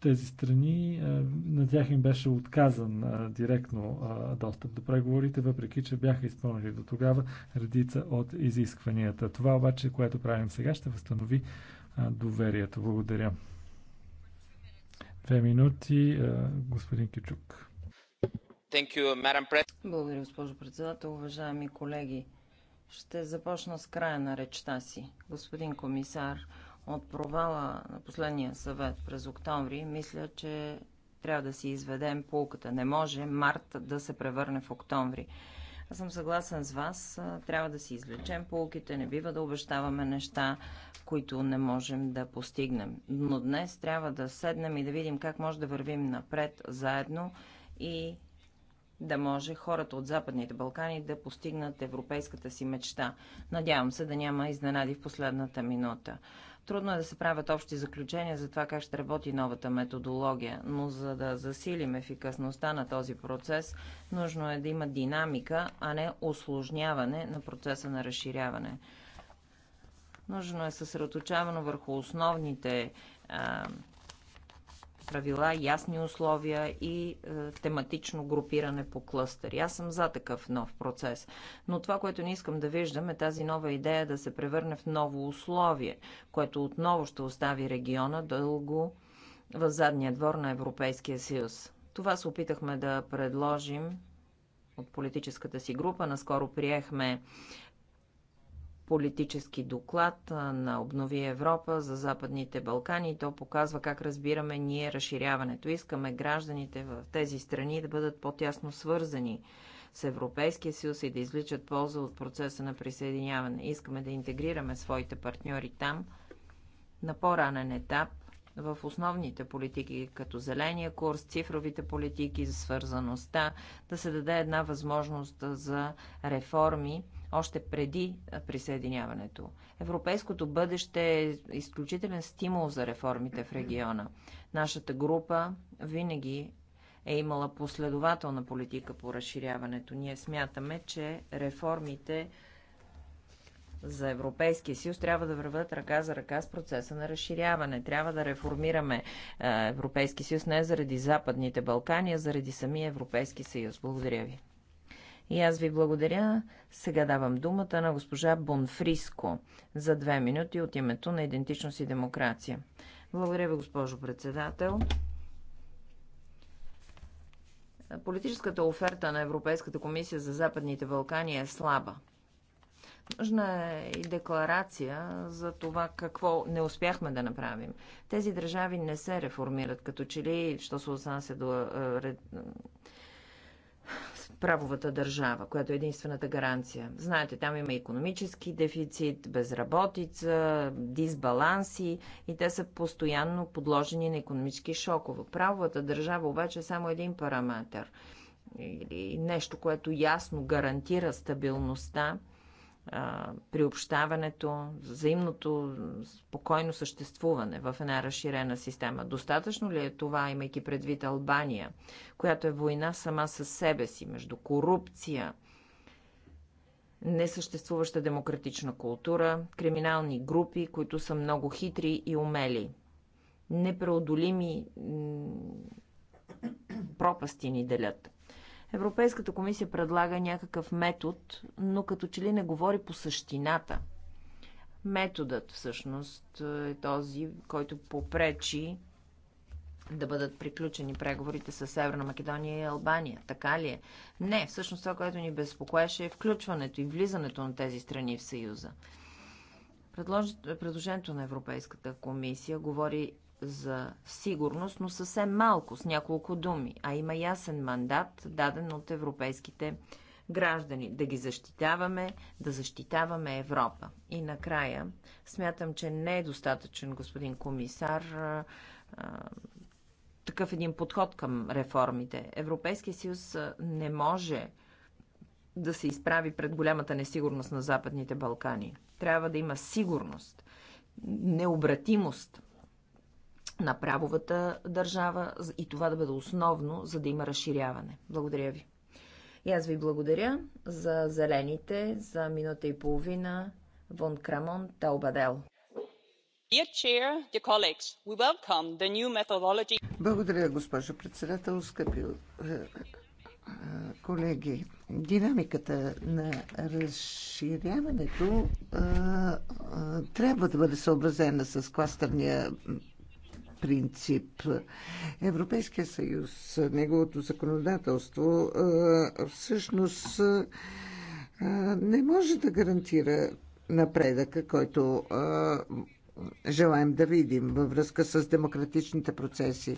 Тези страни, на тях им беше отказан директно достъп до преговорите, въпреки че бяха изпълнили до тогава редица от изискванията. Това обаче, което правим сега, ще възстанови доверието. Благодаря. Две минути, е, господин Кичук. Благодаря, госпожо председател. Уважаеми колеги, ще започна с края на речта си. Господин комисар, от провала на последния съвет през октомври, мисля, че трябва да си изведем полката. Не може март да се превърне в октомври. Аз съм съгласен с вас. Трябва да си извлечем полуките. Не бива да обещаваме неща, които не можем да постигнем. Но днес трябва да седнем и да видим как може да вървим напред заедно и да може хората от Западните Балкани да постигнат европейската си мечта. Надявам се да няма изненади в последната минута. Трудно е да се правят общи заключения за това как ще работи новата методология, но за да засилим ефикасността на този процес, нужно е да има динамика, а не осложняване на процеса на разширяване. Нужно е съсредоточавано върху основните а, правила, ясни условия и е, тематично групиране по клъстър. Аз съм за такъв нов процес. Но това, което не искам да виждам е тази нова идея да се превърне в ново условие, което отново ще остави региона дълго в задния двор на Европейския съюз. Това се опитахме да предложим от политическата си група. Наскоро приехме политически доклад на Обнови Европа за Западните Балкани. То показва как разбираме ние разширяването. Искаме гражданите в тези страни да бъдат по-тясно свързани с Европейския съюз и да изличат полза от процеса на присъединяване. Искаме да интегрираме своите партньори там на по-ранен етап в основните политики, като зеления курс, цифровите политики, свързаността, да се даде една възможност за реформи още преди присъединяването. Европейското бъдеще е изключителен стимул за реформите в региона. Нашата група винаги е имала последователна политика по разширяването. Ние смятаме, че реформите за Европейския съюз трябва да върват ръка за ръка с процеса на разширяване. Трябва да реформираме е, Европейския съюз не заради Западните Балкани, а заради самия Европейски съюз. Благодаря ви. И аз ви благодаря. Сега давам думата на госпожа Бонфриско за две минути от името на Идентичност и демокрация. Благодаря ви, госпожо председател. Политическата оферта на Европейската комисия за Западните Балкани е слаба. Нужна е и декларация за това какво не успяхме да направим. Тези държави не се реформират, като че ли, що се отнася до е, правовата държава, която е единствената гаранция. Знаете, там има економически дефицит, безработица, дисбаланси и те са постоянно подложени на економически шокове. Правовата държава обаче е само един параметр или нещо, което ясно гарантира стабилността а, приобщаването, взаимното спокойно съществуване в една разширена система. Достатъчно ли е това, имайки предвид Албания, която е война сама със себе си, между корупция, несъществуваща демократична култура, криминални групи, които са много хитри и умели, непреодолими пропасти ни делят. Европейската комисия предлага някакъв метод, но като че ли не говори по същината. Методът всъщност е този, който попречи да бъдат приключени преговорите с Северна Македония и Албания. Така ли е? Не, всъщност това, което ни безпокоеше е включването и влизането на тези страни в Съюза. Предложението на Европейската комисия говори за сигурност, но съвсем малко, с няколко думи, а има ясен мандат, даден от европейските граждани, да ги защитаваме, да защитаваме Европа. И накрая, смятам, че не е достатъчен, господин комисар, такъв един подход към реформите. Европейския съюз не може да се изправи пред голямата несигурност на Западните Балкани. Трябва да има сигурност, необратимост на правовата държава и това да бъде основно, за да има разширяване. Благодаря ви. И аз ви благодаря за зелените, за минута и половина, Вон Крамон Талбадел. Благодаря, госпожо председател, скъпи е, е, колеги. Динамиката на разширяването а, е, а, трябва да бъде съобразена с кластърния принцип. Европейския съюз, неговото законодателство всъщност не може да гарантира напредъка, който желаем да видим във връзка с демократичните процеси.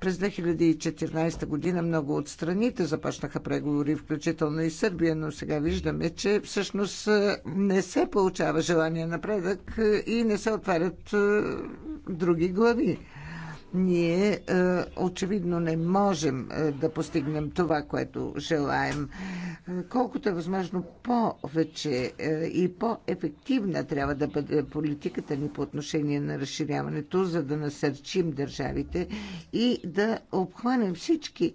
През 2014 година много от страните започнаха преговори, включително и Сърбия, но сега виждаме, че всъщност не се получава желание напредък и не се отварят други глави ние е, очевидно не можем е, да постигнем това, което желаем. Е, колкото е възможно повече и по-ефективна трябва да бъде политиката ни по отношение на разширяването, за да насърчим държавите и да обхванем всички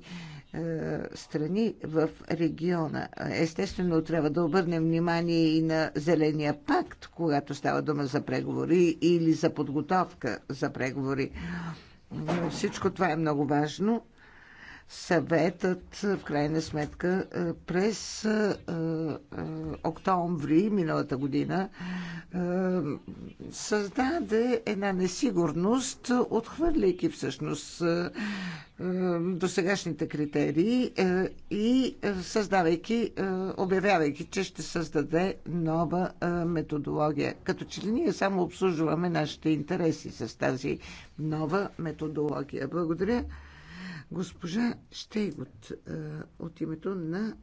страни в региона. Естествено, трябва да обърнем внимание и на Зеления пакт, когато става дума за преговори или за подготовка за преговори. Всичко това е много важно съветът в крайна сметка е, през е, е, октомври миналата година създаде една несигурност, отхвърляйки всъщност досегашните критерии и създавайки, обявявайки, че ще създаде нова методология. Като че ли ние само обслужваме нашите интереси с тази нова методология. Благодаря. Госпожа Штейгот е, от името на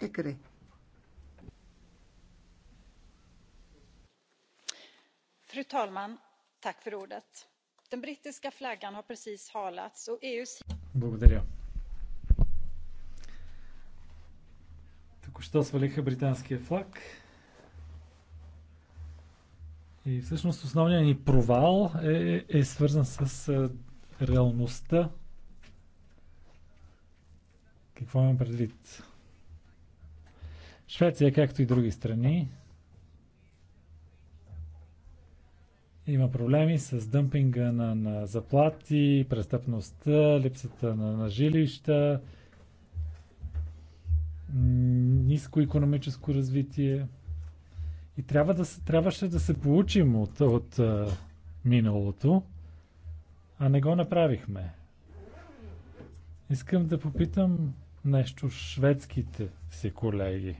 е, ЕКРЕ. Fru Талман, так för ordet. Den brittiska flaggan har precis halats och EUs... Благодаря. Току-що свалиха британския флаг. И всъщност основният ни провал е, е свързан с е, реалността. Какво имам предвид? Швеция, както и други страни, има проблеми с дъмпинга на, на заплати, престъпността, липсата на, на жилища, ниско економическо развитие. И трябва да, трябваше да се получим от, от миналото а не го направихме. Искам да попитам нещо шведските си колеги.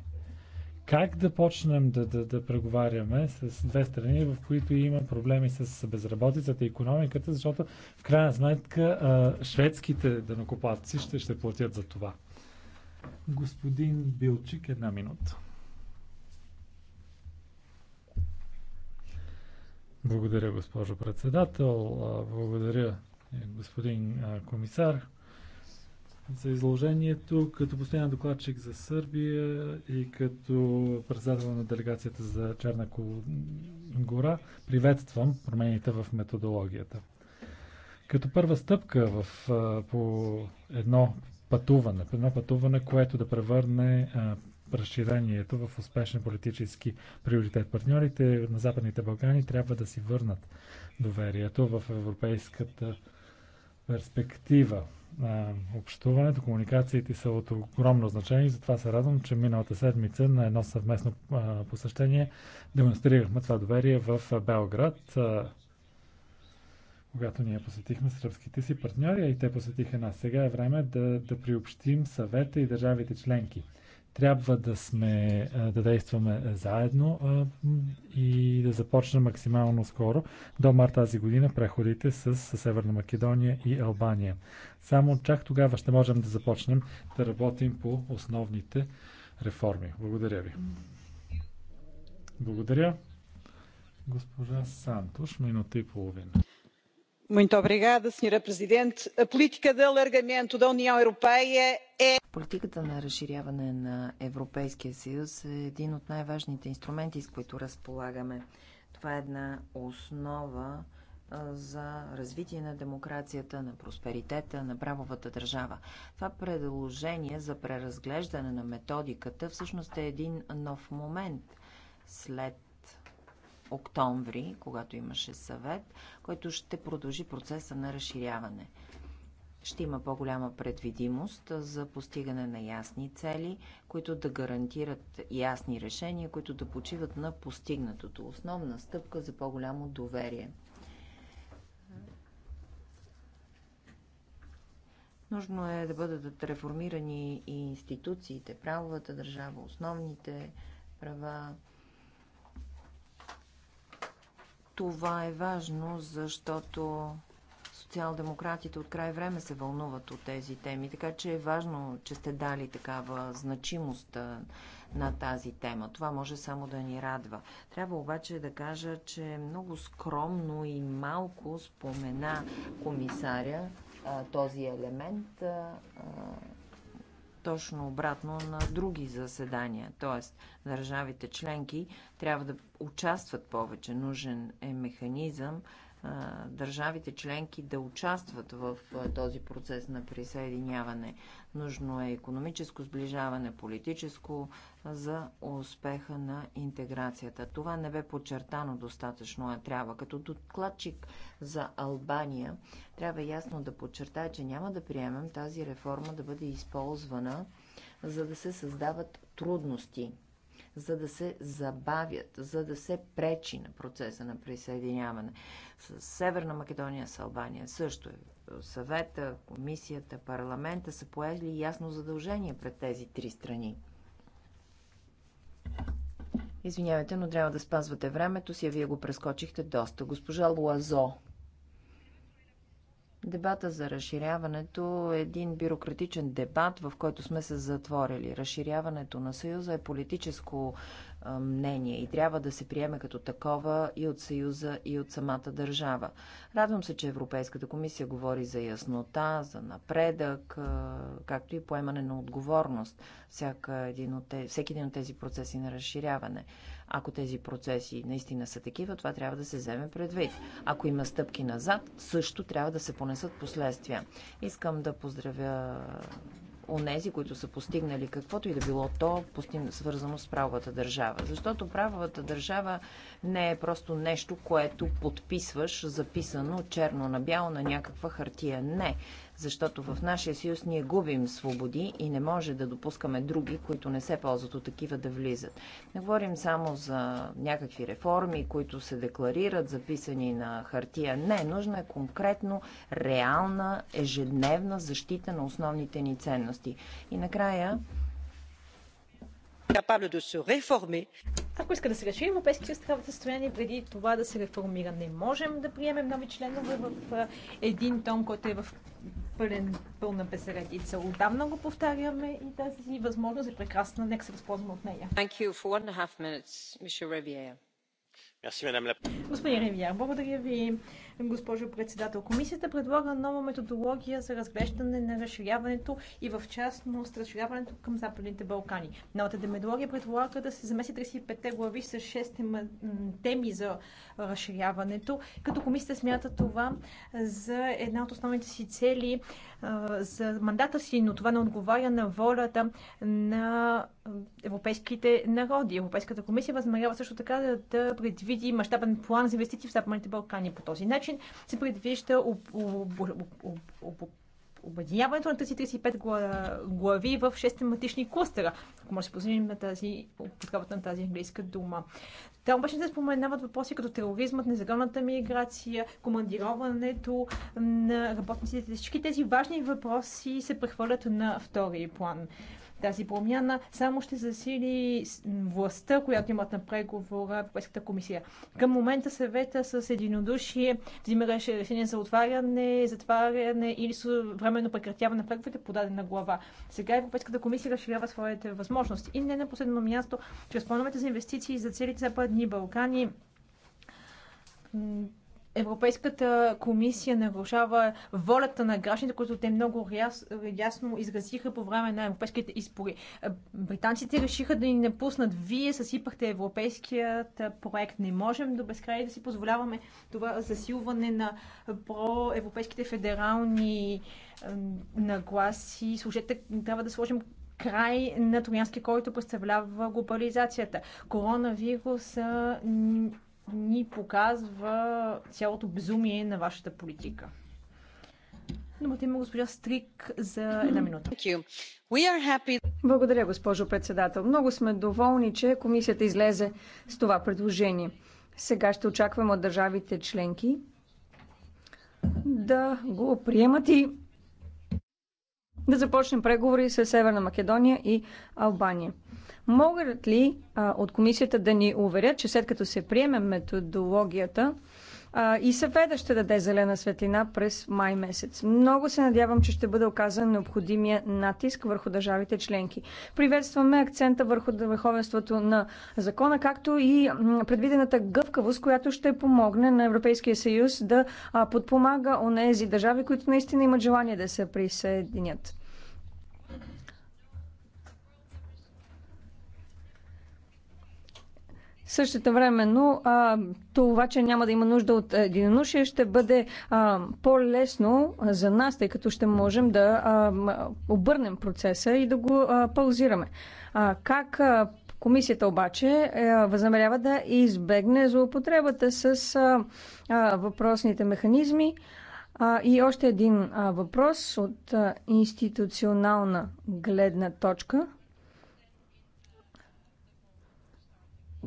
Как да почнем да, да, да преговаряме с две страни, в които има проблеми с безработицата и економиката, защото в крайна сметка шведските данокоплатци ще, ще платят за това. Господин Билчик, една минута. Благодаря, госпожо председател. Благодаря, е, господин комисар, за изложението. Като постоянен докладчик за Сърбия и като председател на делегацията за Черна гора, приветствам промените в методологията. Като първа стъпка в, по едно пътуване, едно пътуване, което да превърне разширението в успешен политически приоритет. Партньорите на Западните Балкани трябва да си върнат доверието в европейската перспектива. Общуването, комуникациите са от огромно значение, затова се радвам, че миналата седмица на едно съвместно посещение демонстрирахме това доверие в Белград когато ние посетихме сръбските си партньори, и те посетиха нас. Сега е време да, да приобщим съвета и държавите членки. Трябва да сме, да действаме заедно и да започнем максимално скоро, до март тази година, преходите с Северна Македония и Албания. Само чак тогава ще можем да започнем да работим по основните реформи. Благодаря ви. Благодаря. Госпожа Сантош, минута и половина. Señora Presidente, a política de alargamento da União е... Политиката на разширяване на Европейския съюз е един от най-важните инструменти, с които разполагаме. Това е една основа за развитие на демокрацията, на просперитета, на правовата държава. Това предложение за преразглеждане на методиката всъщност е един нов момент след октомври, когато имаше съвет, който ще продължи процеса на разширяване. Ще има по-голяма предвидимост за постигане на ясни цели, които да гарантират ясни решения, които да почиват на постигнатото. Основна стъпка за по-голямо доверие. Нужно е да бъдат реформирани и институциите, правовата държава, основните права, това е важно, защото социал-демократите от край време се вълнуват от тези теми, така че е важно, че сте дали такава значимост на тази тема. Това може само да ни радва. Трябва обаче да кажа, че много скромно и малко спомена комисаря този елемент точно обратно на други заседания. Тоест, държавите членки трябва да участват повече. Нужен е механизъм, държавите членки да участват в този процес на присъединяване. Нужно е економическо сближаване, политическо за успеха на интеграцията. Това не бе подчертано достатъчно, а трябва. Като докладчик за Албания трябва ясно да подчертая, че няма да приемем тази реформа да бъде използвана за да се създават трудности за да се забавят, за да се пречи на процеса на присъединяване. С Северна Македония, с Албания също е. Съвета, комисията, парламента са поели ясно задължение пред тези три страни. Извинявайте, но трябва да спазвате времето си, а вие го прескочихте доста. Госпожа Луазо. Дебата за разширяването е един бюрократичен дебат, в който сме се затворили. Разширяването на Съюза е политическо мнение и трябва да се приеме като такова и от Съюза, и от самата държава. Радвам се, че Европейската комисия говори за яснота, за напредък, както и поемане на отговорност всеки един от тези процеси на разширяване. Ако тези процеси наистина са такива, това трябва да се вземе предвид. Ако има стъпки назад, също трябва да се понесат последствия. Искам да поздравя онези, които са постигнали каквото и да било то, свързано с правовата държава. Защото правовата държава не е просто нещо, което подписваш записано черно на бяло на някаква хартия. Не защото в нашия съюз ние губим свободи и не може да допускаме други, които не се ползват от такива да влизат. Не говорим само за някакви реформи, които се декларират, записани на хартия. Не, нужна е конкретно реална, ежедневна защита на основните ни ценности. И накрая ако иска да се реши, Европейския съюз трябва да състояние преди това да се реформира. Не можем да приемем нови членове в един том, който е в пълен, пълна безредица. Отдавна го повтаряме и тази възможност е прекрасна. Нека се възползваме от нея. Minutes, Господин Ревияр, благодаря ви госпожо председател. Комисията предлага нова методология за разглеждане на разширяването и в частност разширяването към Западните Балкани. Новата демедология предлага да се замеси 35-те глави с 6 теми за разширяването, като комисията смята това за една от основните си цели за мандата си, но това не отговаря на волята на европейските народи. Европейската комисия възмерява също така да, да предвиди мащабен план за инвестиции в Западните Балкани. По този начин се предвижда об, об, об, обединяването на тези 35 глави в 6 тематични кластера, ако може да се позволим на тази, подкрепата на тази английска дума. Там обаче се споменават въпроси като тероризмът, незаконната миграция, командироването на работниците. Всички тези важни въпроси се прехвърлят на втори план. Тази промяна само ще засили властта, която имат на преговора Европейската комисия. Към момента съвета с единодушие взима решение за отваряне, затваряне или временно прекратяване на преговорите по дадена глава. Сега Европейската комисия разширява своите възможности. И не на последно място, чрез плановете за инвестиции за целите Западни Балкани, Европейската комисия нарушава волята на гражданите, които те много ясно изразиха по време на европейските избори. Британците решиха да ни напуснат. Вие съсипахте европейският проект. Не можем до безкрай да си позволяваме това засилване на проевропейските федерални нагласи. Служете, трябва да сложим край на Троянски, който представлява глобализацията. Коронавирус ни показва цялото безумие на вашата политика. Думата има госпожа Стрик за една минута. Благодаря, госпожо председател. Много сме доволни, че комисията излезе с това предложение. Сега ще очакваме от държавите членки да го приемат и да започнем преговори с Северна Македония и Албания. Могат ли а, от комисията да ни уверят, че след като се приеме методологията, и съведа ще даде зелена светлина през май месец. Много се надявам, че ще бъде оказан необходимия натиск върху държавите членки. Приветстваме акцента върху върховенството на закона, както и предвидената гъвкавост, която ще помогне на Европейския съюз да подпомага онези държави, които наистина имат желание да се присъединят. Същото времено, това, че няма да има нужда от единодушие, ще бъде по-лесно за нас, тъй като ще можем да обърнем процеса и да го паузираме. Как Комисията обаче е, възнамерява да избегне злоупотребата с въпросните механизми. И още един въпрос от институционална гледна точка.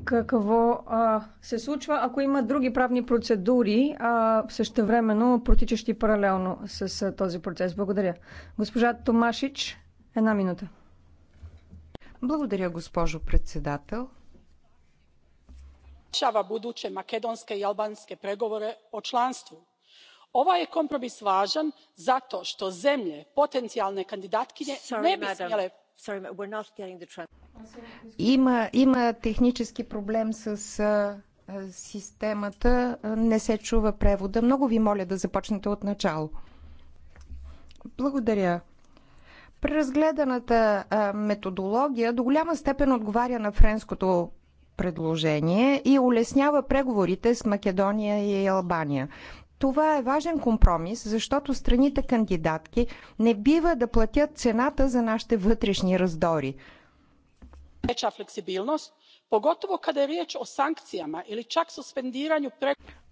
какво а, се случва, ако има други правни процедури, а, същевременно протичащи паралелно с а, този процес. Благодаря. Госпожа Томашич, една минута. Благодаря, госпожо председател. Шава будуче македонске и албанске преговоре о членству. Ова е компромис важен зато што земље потенцијалне кандидаткиње не би смеле... smjele има, технически проблем с системата. Не се чува превода. Много ви моля да започнете от начало. Благодаря. Преразгледаната методология до голяма степен отговаря на френското предложение и улеснява преговорите с Македония и Албания. Това е важен компромис, защото страните кандидатки не бива да платят цената за нашите вътрешни раздори.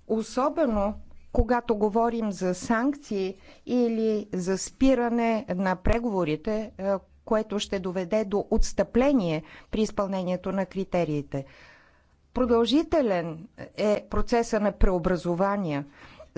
Особено когато говорим за санкции или за спиране на преговорите, е, което ще доведе до отстъпление при изпълнението на критериите. Продължителен е процеса на преобразования.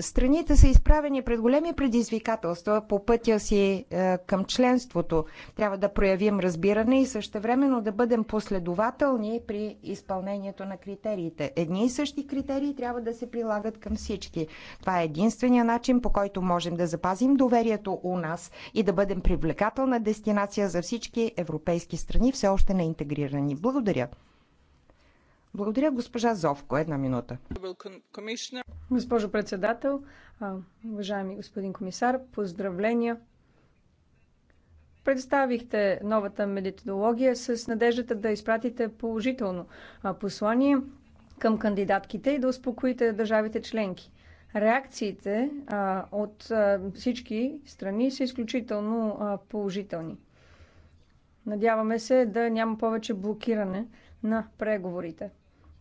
Страните са изправени пред големи предизвикателства по пътя си е, към членството. Трябва да проявим разбиране и същевременно да бъдем последователни при изпълнението на критериите. Едни и същи критерии трябва да се прилагат към всички. Това е единствения начин, по който можем да запазим доверието у нас и да бъдем привлекателна дестинация за всички европейски страни, все още не интегрирани. Благодаря. Благодаря, госпожа Зовко. Една минута. Госпожо председател, уважаеми господин комисар, поздравления. Представихте новата методология с надеждата да изпратите положително послание към кандидатките и да успокоите държавите членки. Реакциите а, от а, всички страни са изключително а, положителни. Надяваме се да няма повече блокиране на преговорите.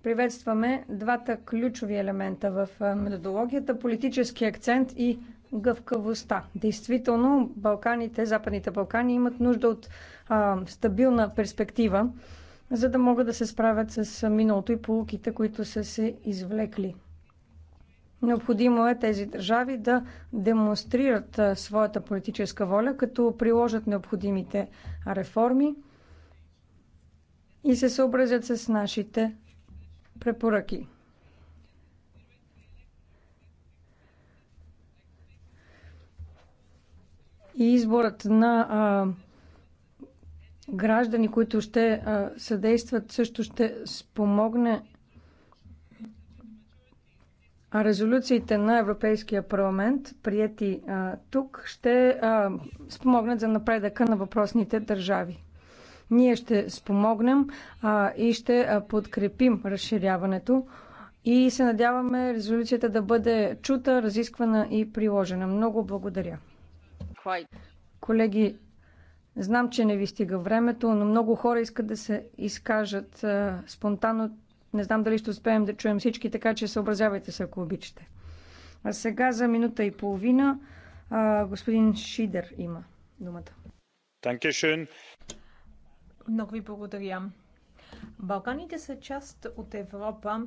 Приветстваме двата ключови елемента в методологията политически акцент и гъвкавостта. Действително, Балканите, Западните Балкани имат нужда от а, стабилна перспектива, за да могат да се справят с миналото и полуките, които са се извлекли. Необходимо е тези държави да демонстрират своята политическа воля, като приложат необходимите реформи и се съобразят с нашите препоръки. И изборът на а, граждани, които ще а, съдействат, също ще спомогне а резолюциите на Европейския парламент, прияти а, тук, ще а, спомогнат за напредъка на въпросните държави. Ние ще спомогнем а, и ще подкрепим разширяването и се надяваме резолюцията да бъде чута, разисквана и приложена. Много благодаря. Колеги, знам, че не ви стига времето, но много хора искат да се изкажат а, спонтанно. Не знам дали ще успеем да чуем всички, така че съобразявайте се, ако обичате. А сега за минута и половина а, господин Шидер има думата. Много ви благодаря. Балканите са част от Европа,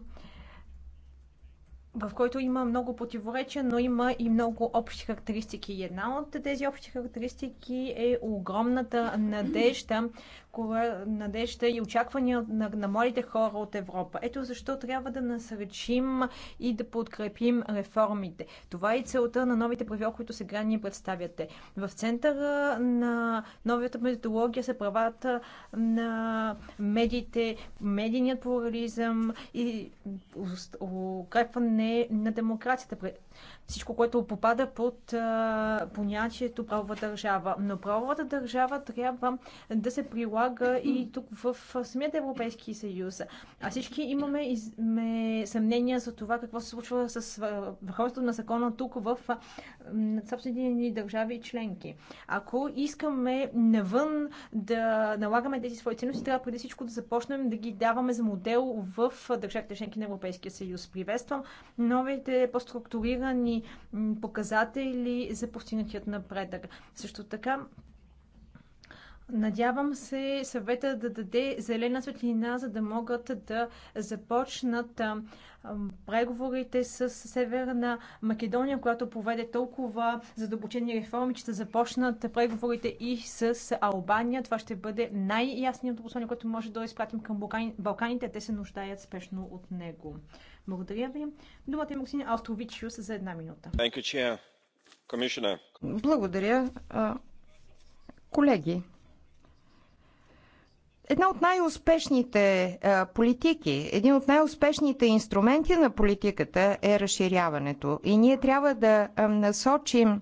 в който има много противоречия, но има и много общи характеристики. Една от тези общи характеристики е огромната надежда, такова надежда и очаквания на, на младите хора от Европа. Ето защо трябва да насречим и да подкрепим реформите. Това е и целта на новите правила, които сега ни представяте. В центъра на новата методология са правата на медиите, медийният плурализъм и укрепване на демокрацията. Всичко, което попада под понятието правова държава. Но правовата държава трябва да се прилага прилага и тук в самият Европейски съюз. А всички имаме из... ме... съмнения за това какво се случва с върховенството на закона тук в собствените ни държави и членки. Ако искаме навън да налагаме тези свои ценности, трябва преди всичко да започнем да ги даваме за модел в държавите членки на Европейския съюз. Приветствам новите по-структурирани показатели за постигнатият напредък. Също така, Надявам се съвета да даде зелена светлина, за да могат да започнат преговорите с Северна Македония, която поведе толкова задълбочени реформи, че ще започнат преговорите и с Албания. Това ще бъде най-ясният послание, което може да изпратим към Балканите. Те се нуждаят спешно от него. Благодаря ви. Думата е Максим Алтовичиус за една минута. Благодаря. Колеги, една от най-успешните е, политики, един от най-успешните инструменти на политиката е разширяването. И ние трябва да е, насочим е,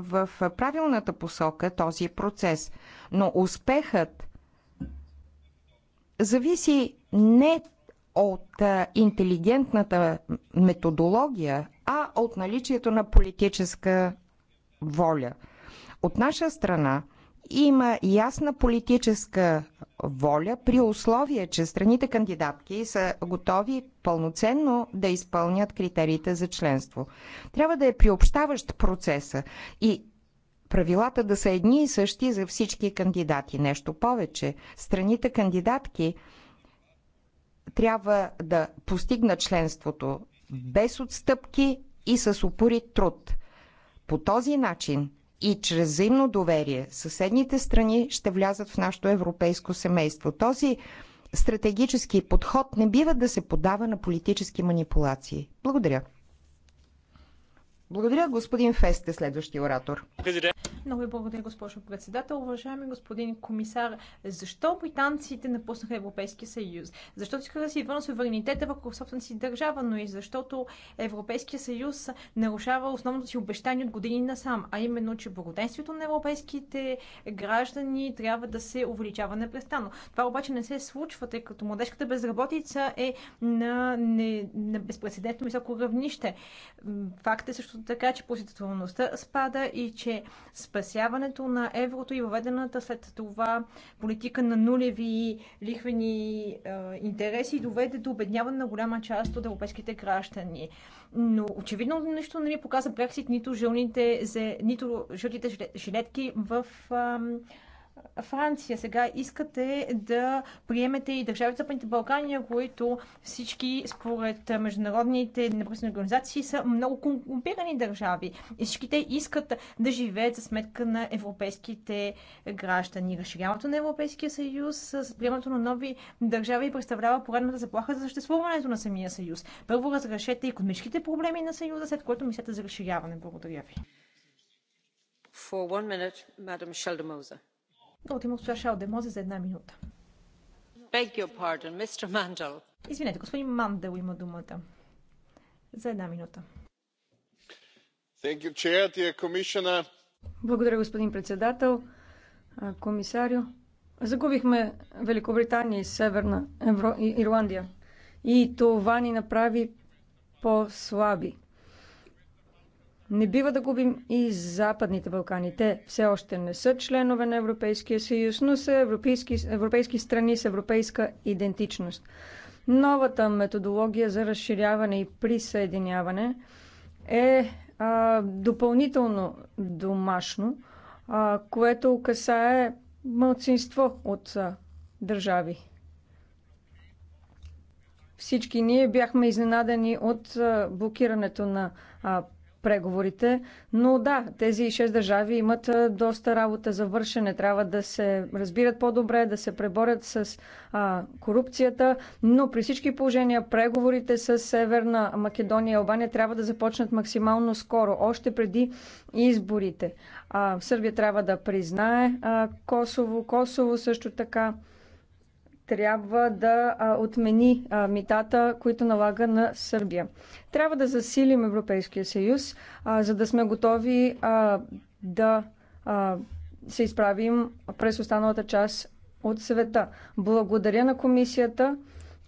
в правилната посока този процес. Но успехът зависи не от интелигентната методология, а от наличието на политическа воля. От наша страна има ясна политическа воля, при условие, че страните кандидатки са готови пълноценно да изпълнят критериите за членство. Трябва да е приобщаващ процеса и правилата да са едни и същи за всички кандидати. Нещо повече, страните кандидатки трябва да постигнат членството без отстъпки и с упорит труд. По този начин и чрез взаимно доверие съседните страни ще влязат в нашето европейско семейство. Този стратегически подход не бива да се подава на политически манипулации. Благодаря. Благодаря, господин Фесте, следващия оратор. Много ви благодаря, госпожо председател. Уважаеми господин комисар, защо британците напуснаха Европейския съюз? Защо искаха да си върна суверенитета върху собствената си държава, но и защото Европейския съюз нарушава основното си обещание от години насам, а именно, че благоденствието на европейските граждани трябва да се увеличава непрестанно. Това обаче не се случва, тъй като младежката безработица е на, не, на безпредседентно високо равнище. Факт е също така, че посетителността спада и че спасяването на еврото и въведената след това политика на нулеви лихвени е, интереси доведе до обедняване на голяма част от европейските граждани. Но очевидно нещо не ни нали, показа Брексит, нито, жълните, нито жълтите жилетки в е, Франция. Сега искате да приемете и държавите Западните Балкани, които всички според международните неправителствени организации са много конкурирани държави. И всички те искат да живеят за сметка на европейските граждани. Разширяването на Европейския съюз с приемането на нови държави представлява поредната заплаха за съществуването на самия съюз. Първо разрешете економическите проблеми на съюза, след което мислете за разширяване. Благодаря ви. For one minute, Madam Sheldon Думата има госпожа Шал Демозе за една минута. Извинете, господин Мандел има думата. За една минута. Благодаря, господин председател, комисарио. Загубихме Великобритания и Северна Евро... Ирландия. И това ни направи по-слаби. Не бива да губим и Западните Балкани. Те все още не са членове на Европейския съюз, но са европейски, европейски страни с европейска идентичност. Новата методология за разширяване и присъединяване е а, допълнително домашно, а, което касае мълцинство от а, държави. Всички ние бяхме изненадани от а, блокирането на а, преговорите. Но да, тези шест държави имат доста работа за вършене. Трябва да се разбират по-добре, да се преборят с а, корупцията, но при всички положения преговорите с Северна Македония и Албания трябва да започнат максимално скоро, още преди изборите. А, Сърбия трябва да признае а, Косово, Косово също така трябва да отмени митата, които налага на Сърбия. Трябва да засилим Европейския съюз, за да сме готови да се изправим през останалата част от света. Благодаря на комисията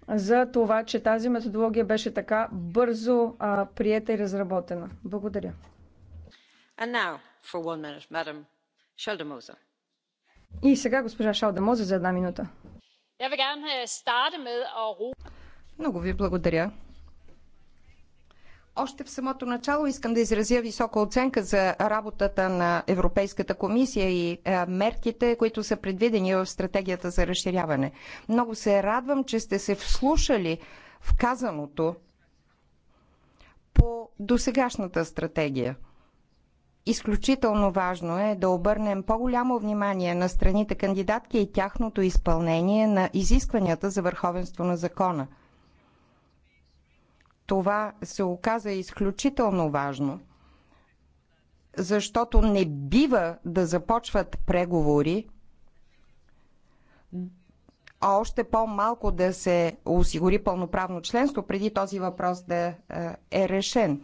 за това, че тази методология беше така бързо а, приета и разработена. Благодаря. And now for one minute, madam И сега госпожа Шалдемоза за една минута. Øh, Много ви благодаря. Още в самото начало искам да изразя висока оценка за работата на Европейската комисия и е, мерките, които са предвидени в стратегията за разширяване. Много се радвам, че сте се вслушали в казаното по досегашната стратегия. Изключително важно е да обърнем по-голямо внимание на страните кандидатки и тяхното изпълнение на изискванията за върховенство на закона. Това се оказа изключително важно, защото не бива да започват преговори, а още по-малко да се осигури пълноправно членство преди този въпрос да е, е решен.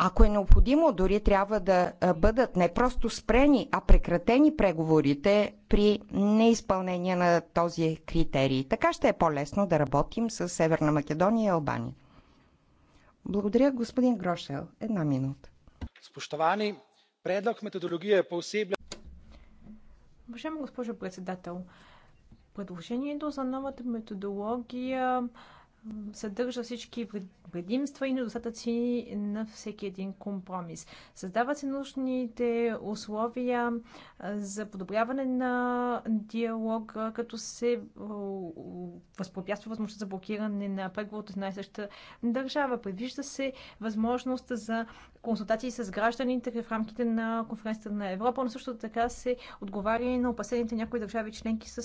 Ако е необходимо, дори трябва да бъдат не просто спрени, а прекратени преговорите при неизпълнение на този критерий. Така ще е по-лесно да работим с Северна Македония и Албания. Благодаря, господин Грошел. Една минута. Спощавани, предлог методология е по по-усебля. Уважаема госпожо председател, предложението за новата методология съдържа всички предимства и недостатъци на всеки един компромис. Създават се нужните условия за подобряване на диалога, като се възпрепятства възможността за блокиране на преговор от една и съща държава. Предвижда се възможност за консултации с гражданите в рамките на конференцията на Европа, но също така се отговаря и на опасените някои държави членки с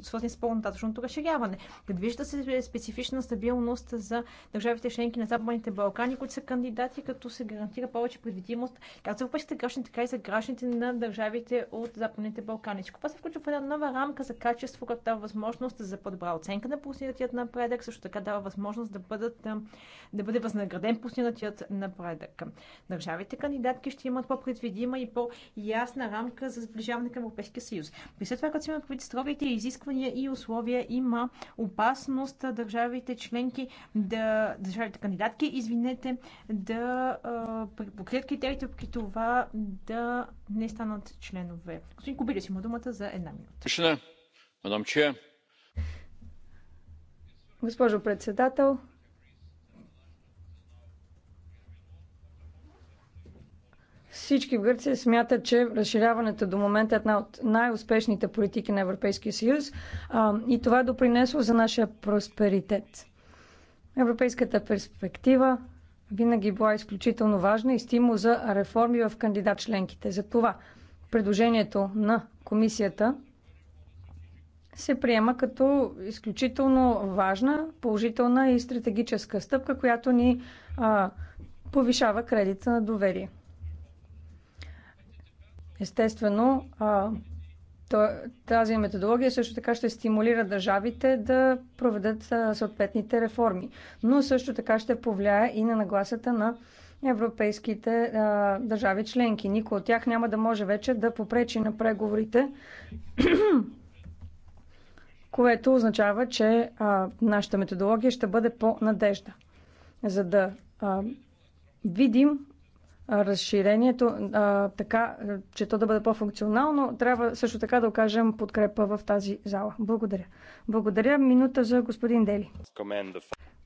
свързани с по-нататъчното разширяване. Предвижда се специфично парична стабилност за държавите членки на Западните Балкани, които са кандидати, като се гарантира повече предвидимост както за европейските граждани, така и за гражданите на държавите от Западните Балкани. Всичко това се включва в една нова рамка за качество, която дава възможност за по-добра оценка на постигнатият напредък, също така дава възможност да, бъдат, да бъде възнаграден постигнатият напредък. Държавите кандидатки ще имат по-предвидима и по-ясна рамка за сближаване към Европейския съюз. При след това, като се имат предстровите изисквания и условия, има опасност държави държавите членки да, държавите кандидатки, извинете, да покрият критериите, при това да не станат членове. Господин си има думата за една минута. Мадам Че. Госпожо председател, Всички в Гърция смятат, че разширяването до момента е една от най-успешните политики на Европейския съюз а, и това е допринесло за нашия просперитет. Европейската перспектива винаги била изключително важна и стимул за реформи в кандидат членките. Затова предложението на комисията се приема като изключително важна, положителна и стратегическа стъпка, която ни а, повишава кредита на доверие. Естествено, тази методология също така ще стимулира държавите да проведат съответните реформи, но също така ще повлияе и на нагласата на европейските а, държави членки. Никой от тях няма да може вече да попречи на преговорите, *clears throat* което означава, че а, нашата методология ще бъде по-надежда. За да а, видим разширението, а, така че то да бъде по-функционално, трябва също така да окажем подкрепа в тази зала. Благодаря. Благодаря. Минута за господин Дели.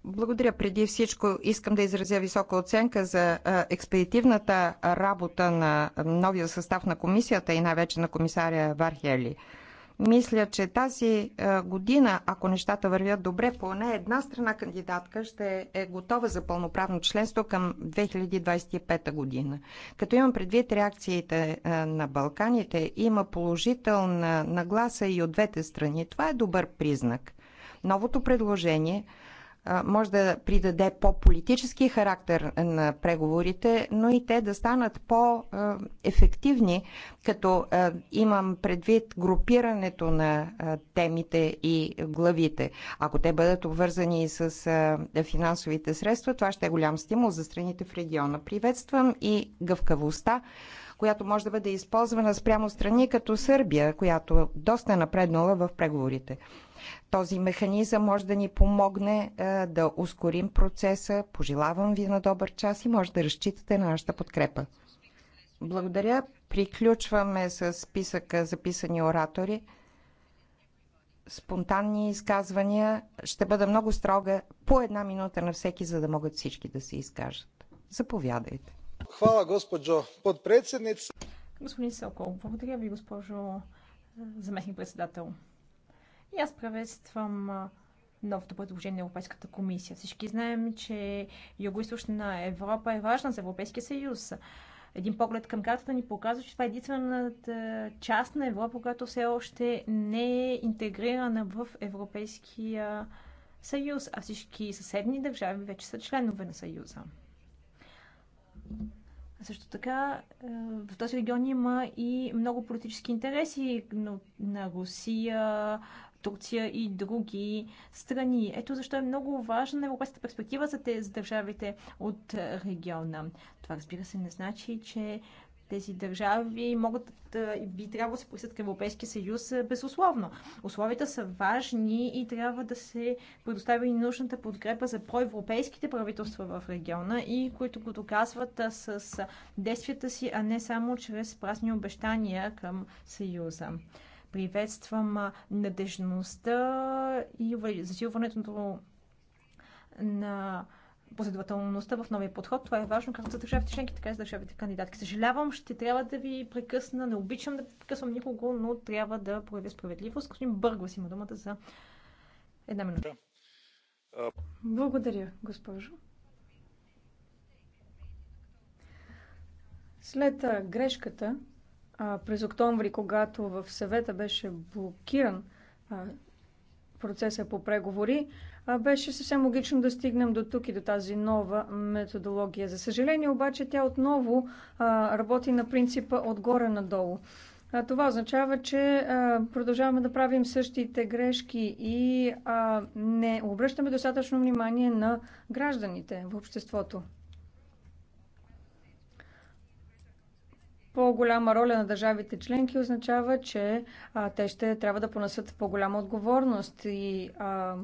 Благодаря. Преди всичко искам да изразя висока оценка за експедитивната работа на новия състав на комисията и най-вече на комисаря Вархели. Мисля, че тази е, година, ако нещата вървят добре, поне една страна кандидатка ще е готова за пълноправно членство към 2025 година. Като имам предвид реакциите е, на Балканите, има положителна нагласа и от двете страни. Това е добър признак. Новото предложение – може да придаде по-политически характер на преговорите, но и те да станат по-ефективни, като имам предвид групирането на темите и главите. Ако те бъдат обвързани с финансовите средства, това ще е голям стимул за страните в региона. Приветствам и гъвкавостта която може да бъде използвана спрямо страни като Сърбия, която доста е напреднала в преговорите. Този механизъм може да ни помогне да ускорим процеса. Пожелавам ви на добър час и може да разчитате на нашата подкрепа. Благодаря. Приключваме с списъка записани оратори. Спонтанни изказвания. Ще бъда много строга. По една минута на всеки, за да могат всички да се изкажат. Заповядайте. Хвала, госпожо подпредседница. Господин Селков, благодаря ви, госпожо заместник председател. И аз приветствам новото предложение на Европейската комисия. Всички знаем, че Юго-Источна Европа е важна за Европейския съюз. Един поглед към картата ни показва, че това е единствената част на Европа, която все още не е интегрирана в Европейския съюз, а всички съседни държави вече са членове на съюза. Също така е, в този регион има и много политически интереси на Русия, Турция и други страни. Ето защо е много важна европейската перспектива за, те, за държавите от е, региона. Това разбира се не значи, че тези държави могат да, би трябвало да се присъдят към Европейския съюз е, безусловно. Условията са важни и трябва да се предостави и нужната подкрепа за проевропейските правителства в региона и които го доказват с действията си, а не само чрез празни обещания към съюза. Приветствам надежността и засилването на последователността в новия подход. Това е важно както за държавите членки, така и за държавите кандидатки. Съжалявам, ще трябва да ви прекъсна. Не обичам да прекъсвам никого, но трябва да проявя справедливост. Господин си има думата за една минута. Благодаря, госпожо. След грешката, през октомври, когато в съвета беше блокиран процеса по преговори, беше съвсем логично да стигнем до тук и до тази нова методология. За съжаление обаче тя отново работи на принципа отгоре надолу. Това означава, че продължаваме да правим същите грешки и не обръщаме достатъчно внимание на гражданите в обществото. по-голяма роля на държавите членки означава, че а, те ще трябва да понесат по-голяма отговорност и а,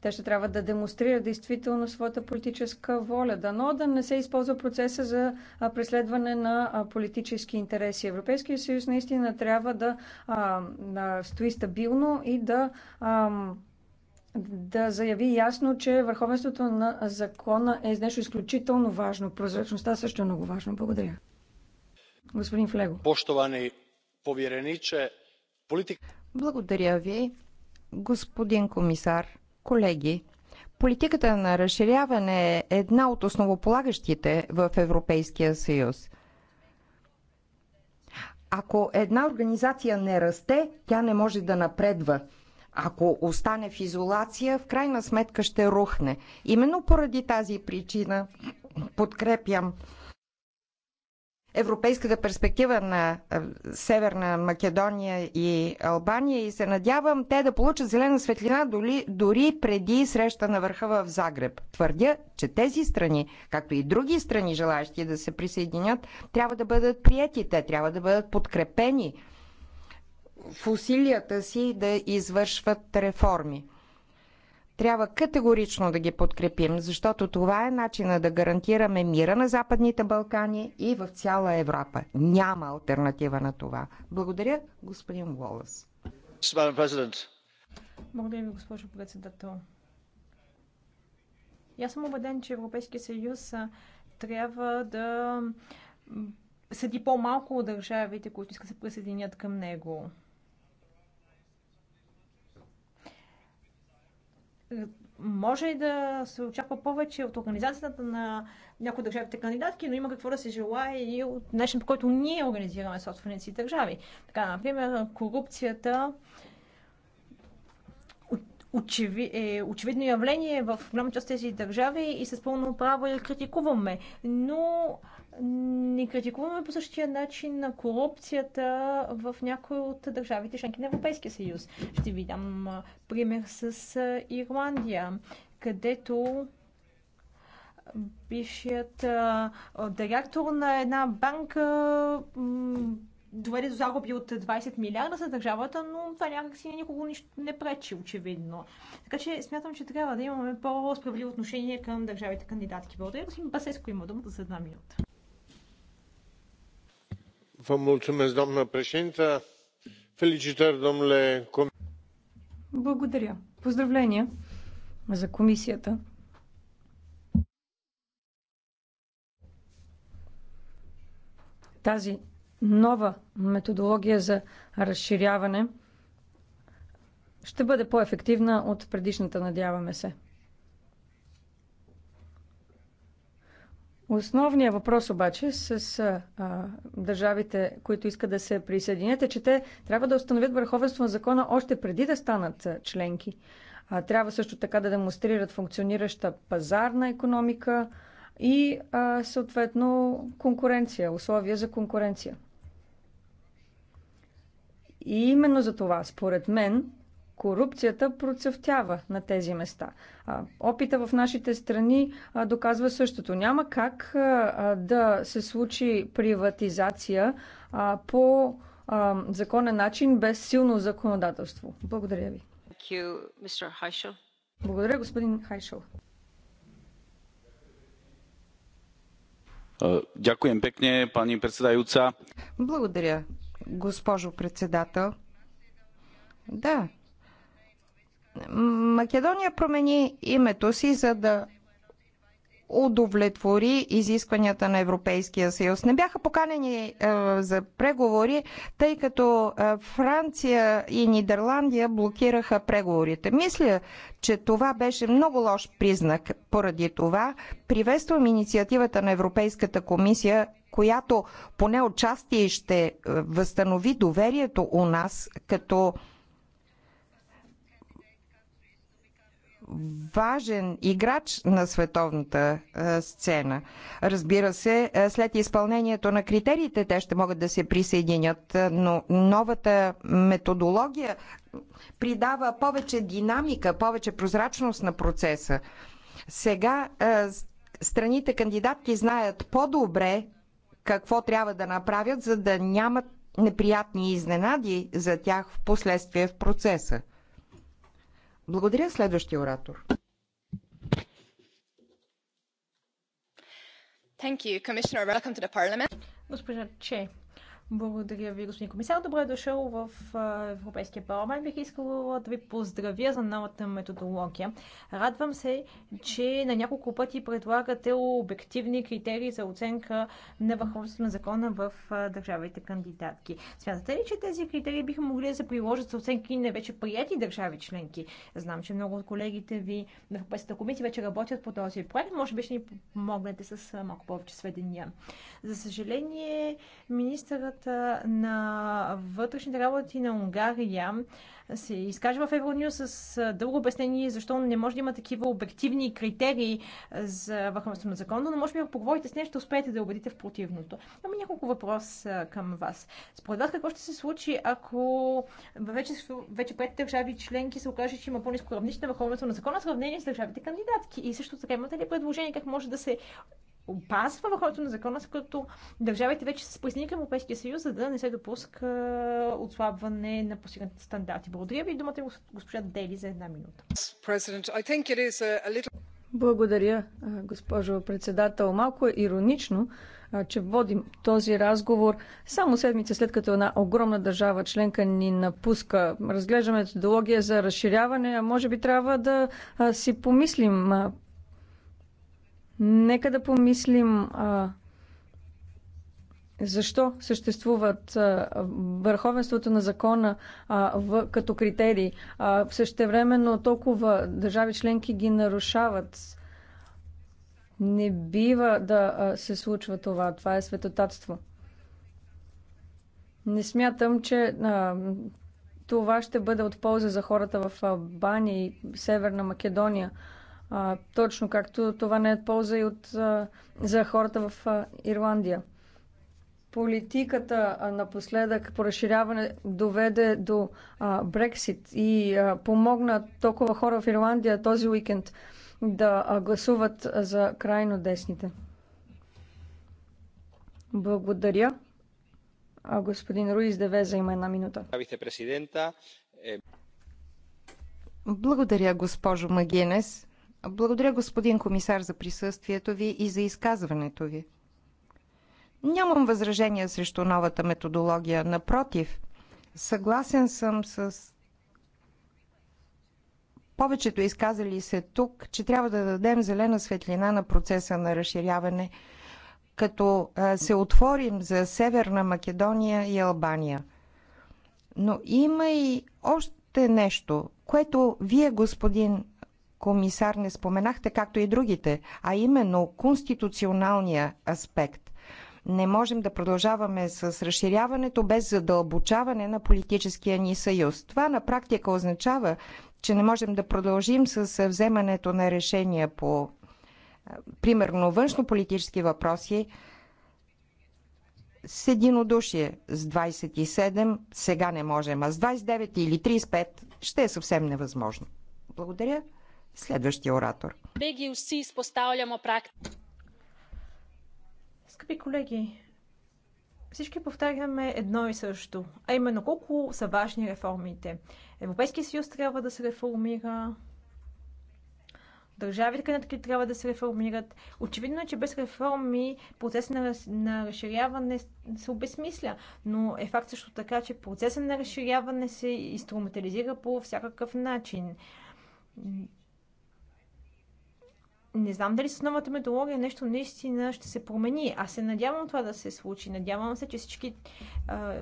те ще трябва да демонстрират действително своята политическа воля. Дано да не се използва процеса за преследване на политически интереси. Европейския съюз наистина трябва да а, да стои стабилно и да. А, да заяви ясно, че върховенството на закона е нещо изключително важно. Прозрачността също е много важно. Благодаря. Господин Флего. Благодаря ви, господин комисар, колеги. Политиката на разширяване е една от основополагащите в Европейския съюз. Ако една организация не расте, тя не може да напредва. Ако остане в изолация, в крайна сметка ще рухне. Именно поради тази причина подкрепям европейската перспектива на Северна Македония и Албания и се надявам те да получат зелена светлина дори, дори преди среща на върха в Загреб. Твърдя, че тези страни, както и други страни, желаящи да се присъединят, трябва да бъдат прияти, те трябва да бъдат подкрепени в усилията си да извършват реформи трябва категорично да ги подкрепим, защото това е начина да гарантираме мира на Западните Балкани и в цяла Европа. Няма альтернатива на това. Благодаря, господин Уолъс. Благодаря ви, госпожо председател. Аз съм убеден, че Европейския съюз трябва да съди по-малко от държавите, които искат да се присъединят към него. може да се очаква повече от организацията на някои държавите кандидатки, но има какво да се желая и от начин, по който ние организираме собствените си държави. Така, например, корупцията е очевидно явление в голяма част от тези държави и с пълно право я критикуваме. Но не критикуваме по същия начин на корупцията в някои от държавите членки на Европейския съюз. Ще ви дам пример с Ирландия, където бившият директор на една банка доведе до загуби от 20 милиарда за държавата, но това някакси никого нищо не пречи, очевидно. Така че смятам, че трябва да имаме по-справедливо отношение към държавите кандидатки. Благодаря, господин Басеско има думата за една минута. Благодаря. Поздравления за комисията. Тази нова методология за разширяване ще бъде по-ефективна от предишната, надяваме се. Основният въпрос обаче с а, държавите, които искат да се присъединят, е, че те трябва да установят върховенство на закона още преди да станат членки. А, трябва също така да демонстрират функционираща пазарна економика и а, съответно конкуренция, условия за конкуренция. И именно за това, според мен, корупцията процъфтява на тези места. Опита в нашите страни доказва същото. Няма как да се случи приватизация по законен начин без силно законодателство. Благодаря ви. Благодаря, господин Хайшел. Дякуем пекне, пани председателца. Благодаря, госпожо председател. Да, Македония промени името си, за да удовлетвори изискванията на Европейския съюз. Не бяха поканени е, за преговори, тъй като е, Франция и Нидерландия блокираха преговорите. Мисля, че това беше много лош признак. Поради това приветствам инициативата на Европейската комисия, която поне отчасти ще е, възстанови доверието у нас като важен играч на световната е, сцена. Разбира се, е, след изпълнението на критериите те ще могат да се присъединят, е, но новата методология придава повече динамика, повече прозрачност на процеса. Сега страните кандидатки знаят по-добре какво трябва да направят, за да нямат неприятни изненади за тях в последствие в процеса. Благодаря следващия оратор. Thank you, Commissioner. Welcome to the Parliament. Госпожа Че, благодаря ви, господин комисар. Добре е дошъл в Европейския парламент. Бих искала да ви поздравя за новата методология. Радвам се, че на няколко пъти предлагате обективни критерии за оценка на върховенството на закона в държавите кандидатки. Смятате ли, че тези критерии биха могли да се приложат за оценки на вече прияти държави членки? Знам, че много от колегите ви на Европейската комисия вече работят по този проект. Може би ще ни помогнете с малко повече сведения. За съжаление, министърът министърката на вътрешните работи на Унгария се изкаже в Евроню с дълго обяснение защо не може да има такива обективни критерии за върховенство на закона, но може би поговорите с нея, ще успеете да убедите в противното. Имам няколко въпроса към вас. Според вас какво ще се случи, ако вече, вече пред държави членки се окаже, че има по-низко равнище на върховенство на закона в сравнение с държавите кандидатки? И също така имате ли предложение как може да се опазва върховето на закона, с като държавите вече са присъединени към Европейския съюз, за да не се допуска е, отслабване на постигнатите стандарти. Благодаря ви. Думата е госпожа Дели за една минута. Благодаря, е, госпожо председател. Малко е иронично, е, че водим този разговор само седмица след като една огромна държава членка ни напуска. Разглеждаме методология за разширяване, а може би трябва да си помислим Нека да помислим а, защо съществуват а, върховенството на закона а, в, като критерии. А, но толкова държави членки ги нарушават. Не бива да а, се случва това. Това е светотатство. Не смятам, че а, това ще бъде от полза за хората в Албания и Северна Македония а, точно както това не е полза и от, а, за хората в а, Ирландия. Политиката а, напоследък по разширяване доведе до а, Брексит и а, помогна толкова хора в Ирландия този уикенд да а, гласуват за крайно десните. Благодаря. А, господин деве Девеза има една минута. Е- Благодаря, госпожо Магинес. Благодаря, господин комисар, за присъствието ви и за изказването ви. Нямам възражения срещу новата методология. Напротив, съгласен съм с повечето изказали се тук, че трябва да дадем зелена светлина на процеса на разширяване, като се отворим за Северна Македония и Албания. Но има и още нещо, което вие, господин комисар, не споменахте, както и другите, а именно конституционалния аспект. Не можем да продължаваме с разширяването без задълбочаване на политическия ни съюз. Това на практика означава, че не можем да продължим с вземането на решения по, примерно, политически въпроси с единодушие. С 27 сега не можем, а с 29 или 35 ще е съвсем невъзможно. Благодаря. Следващия оратор. Скъпи колеги, всички повтаряме едно и също, а именно колко са важни реформите. Европейския съюз трябва да се реформира, държавите канадки трябва да се реформират. Очевидно е, че без реформи процесът на, раз... на разширяване се обесмисля, но е факт също така, че процесът на разширяване се инструментализира по всякакъв начин не знам дали с новата методология нещо наистина ще се промени. Аз се надявам това да се случи. Надявам се, че всички а,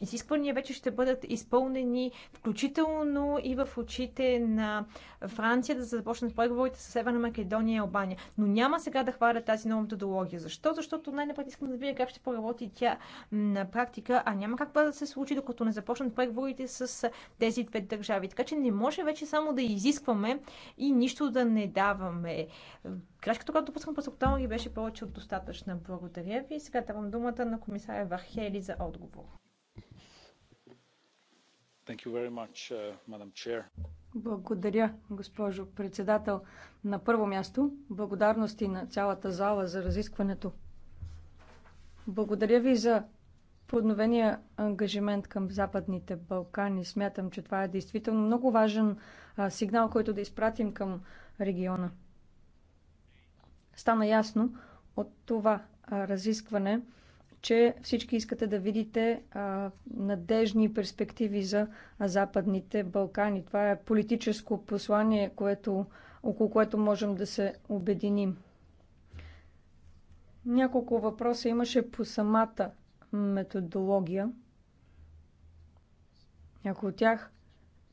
изисквания вече ще бъдат изпълнени, включително и в очите на Франция да започнат преговорите с Северна Македония и Албания. Но няма сега да хваля тази нова методология. Защо? Защото най-напред искам да видя как ще поработи тя на практика, а няма как да се случи, докато не започнат преговорите с тези две държави. Така че не може вече само да изискваме и нищо да не даваме. Крачката, която допускам през октомври, беше повече от достатъчна. Благодаря ви. Сега давам думата на комисаря Вархели за отговор. Much, uh, Благодаря, госпожо председател. На първо място, благодарности на цялата зала за разискването. Благодаря ви за подновения ангажимент към Западните Балкани. Смятам, че това е действително много важен сигнал, който да изпратим към региона. Стана ясно от това разискване, че всички искате да видите а, надежни перспективи за Западните Балкани. Това е политическо послание, което, около което можем да се обединим. Няколко въпроса имаше по самата методология. Някои от тях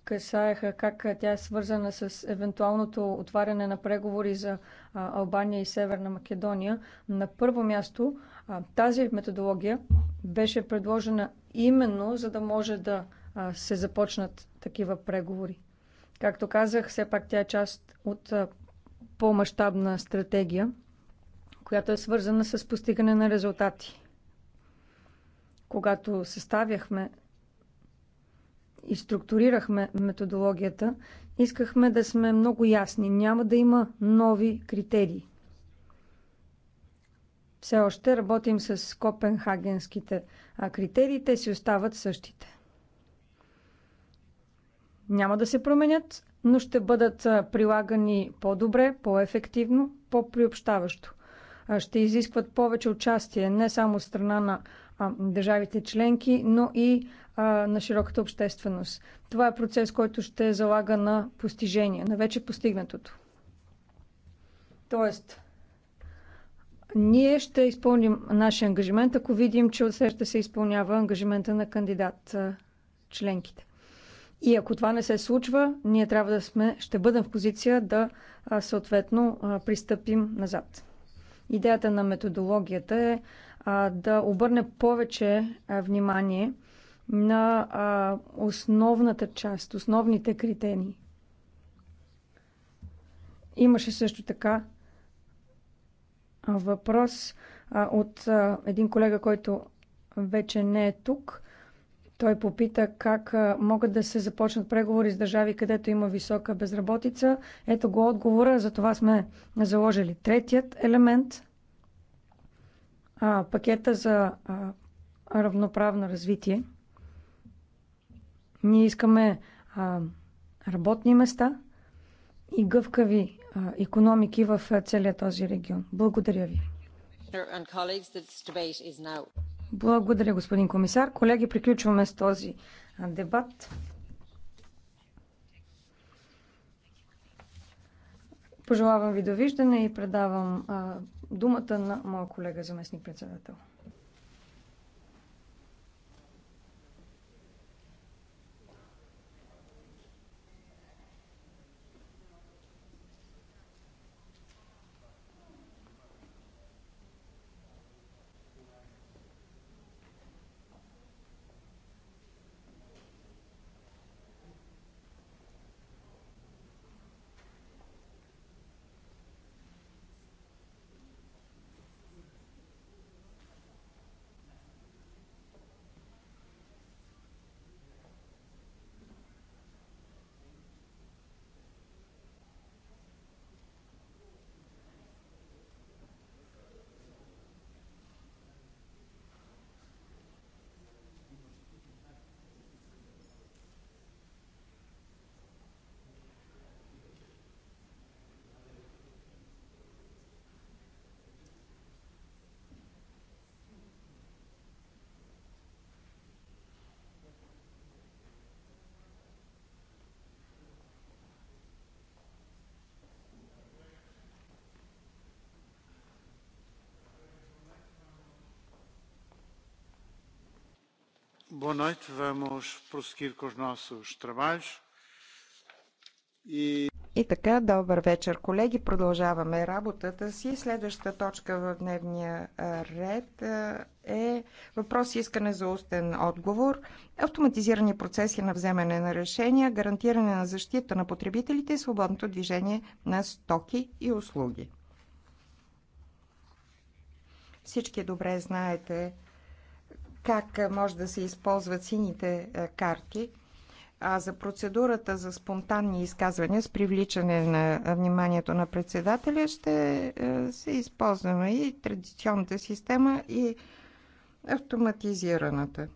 касаеха как тя е свързана с евентуалното отваряне на преговори за Албания и Северна Македония. На първо място тази методология беше предложена именно за да може да се започнат такива преговори. Както казах, все пак тя е част от по-масштабна стратегия, която е свързана с постигане на резултати. Когато съставяхме и структурирахме методологията, искахме да сме много ясни. Няма да има нови критерии. Все още работим с копенхагенските критерии, те си остават същите. Няма да се променят, но ще бъдат прилагани по-добре, по-ефективно, по-приобщаващо. Ще изискват повече участие не само страна на държавите членки, но и на широката общественост. Това е процес, който ще залага на постижение, на вече постигнатото. Тоест, ние ще изпълним нашия ангажимент, ако видим, че от се изпълнява ангажимента на кандидат членките. И ако това не се случва, ние трябва да сме, ще бъдем в позиция да съответно пристъпим назад. Идеята на методологията е да обърне повече внимание на основната част, основните критерии. Имаше също така въпрос от един колега, който вече не е тук. Той попита как могат да се започнат преговори с държави, където има висока безработица. Ето го отговора, за това сме заложили третият елемент а, пакета за а, равноправно развитие. Ние искаме а, работни места и гъвкави економики в целия този регион. Благодаря ви. Благодаря, господин комисар. Колеги, приключваме с този дебат. Пожелавам ви довиждане и предавам а, думата на моя колега заместник председател. Boa noite, vamos prosseguir com os nossos trabalhos. И... E и така, добър вечер, колеги. Продължаваме работата си. Следващата точка в дневния ред е въпрос и искане за устен отговор, автоматизирани процеси на вземане на решения, гарантиране на защита на потребителите и свободното движение на стоки и услуги. Всички добре знаете, как може да се използват сините карти. А за процедурата за спонтанни изказвания с привличане на вниманието на председателя ще се използваме и традиционната система, и автоматизираната.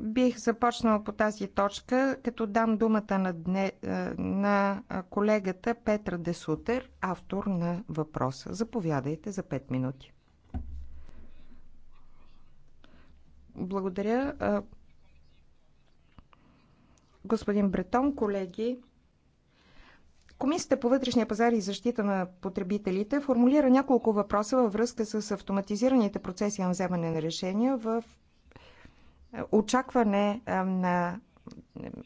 Бих започнала по тази точка, като дам думата на, дне, на колегата Петра Десутер, автор на въпроса. Заповядайте за 5 минути. Благодаря. Господин Бретон, колеги, Комисията по вътрешния пазар и защита на потребителите формулира няколко въпроса във връзка с автоматизираните процеси на вземане на решения в очакване на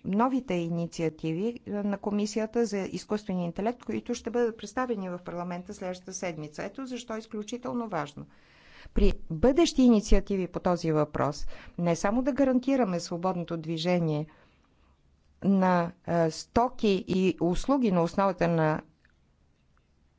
новите инициативи на Комисията за изкуствения интелект, които ще бъдат представени в парламента следващата седмица. Ето защо е изключително важно при бъдещи инициативи по този въпрос не само да гарантираме свободното движение на стоки и услуги на основата на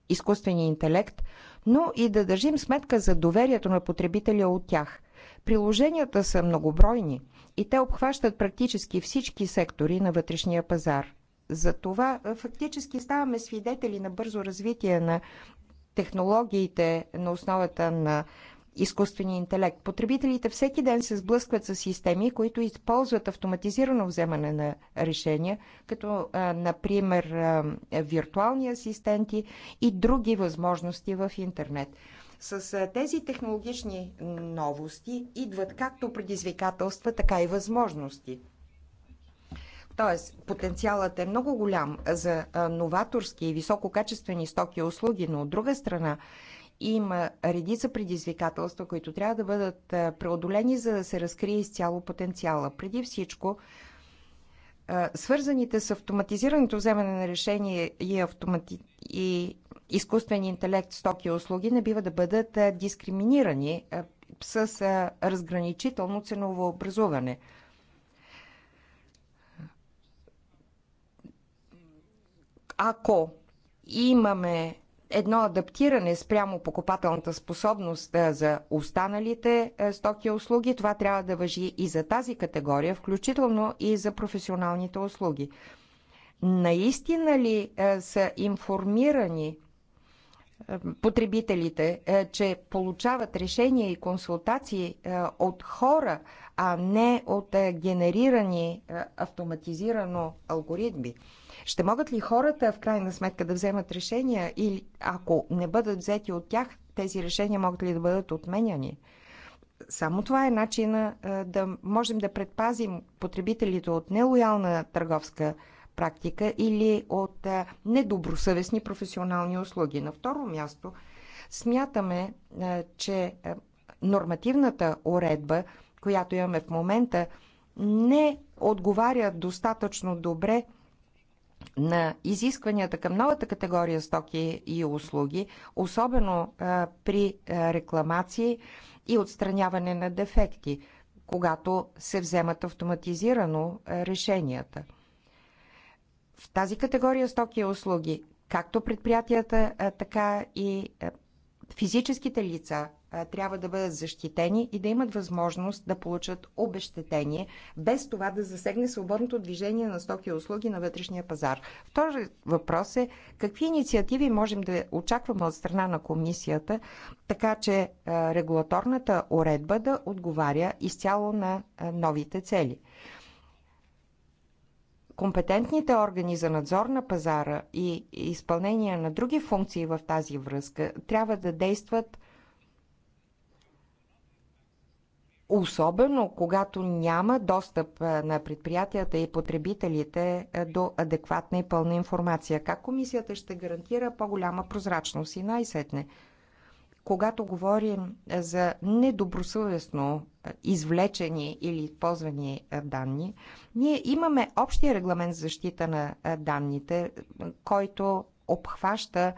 изкуствения интелект, но и да държим сметка за доверието на потребителя от тях. Приложенията са многобройни и те обхващат практически всички сектори на вътрешния пазар. Затова фактически ставаме свидетели на бързо развитие на технологиите на основата на изкуствения интелект. Потребителите всеки ден се сблъскват с системи, които използват автоматизирано вземане на решения, като например виртуални асистенти и други възможности в интернет. С тези технологични новости идват както предизвикателства, така и възможности. Тоест, потенциалът е много голям за новаторски и висококачествени стоки и услуги, но от друга страна има редица предизвикателства, които трябва да бъдат преодолени, за да се разкрие изцяло потенциала. Преди всичко, свързаните с автоматизираното вземане на решение и, автомати... и изкуствен интелект, стоки и услуги не бива да бъдат дискриминирани с разграничително ценово образуване. Ако имаме едно адаптиране спрямо покупателната способност за останалите стоки и услуги. Това трябва да въжи и за тази категория, включително и за професионалните услуги. Наистина ли са информирани потребителите, че получават решения и консултации от хора, а не от генерирани автоматизирано алгоритми? Ще могат ли хората в крайна сметка да вземат решения или ако не бъдат взети от тях, тези решения могат ли да бъдат отменяни? Само това е начина да можем да предпазим потребителите от нелоялна търговска практика или от недобросъвестни професионални услуги. На второ място, смятаме, че нормативната уредба, която имаме в момента, не отговаря достатъчно добре на изискванията към новата категория стоки и услуги, особено а, при а, рекламации и отстраняване на дефекти, когато се вземат автоматизирано а, решенията. В тази категория стоки и услуги, както предприятията, а, така и а, физическите лица трябва да бъдат защитени и да имат възможност да получат обещетение, без това да засегне свободното движение на стоки и услуги на вътрешния пазар. Втори въпрос е какви инициативи можем да очакваме от страна на комисията, така че регулаторната уредба да отговаря изцяло на новите цели. Компетентните органи за надзор на пазара и изпълнение на други функции в тази връзка трябва да действат особено когато няма достъп на предприятията и потребителите до адекватна и пълна информация. Как комисията ще гарантира по-голяма прозрачност и най-сетне? Когато говорим за недобросъвестно извлечени или използвани данни, ние имаме общия регламент за защита на данните, който обхваща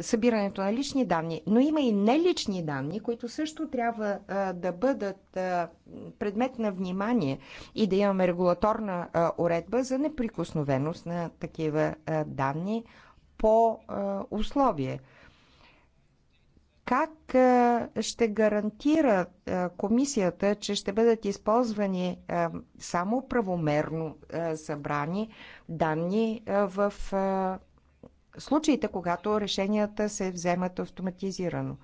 събирането на лични данни, но има и нелични данни, които също трябва а, да бъдат а, предмет на внимание и да имаме регулаторна а, уредба за неприкосновеност на такива а, данни по а, условие. Как а, ще гарантира а, комисията, че ще бъдат използвани а, само правомерно а, събрани данни а, в а, случаите, когато решенията се вземат автоматизирано.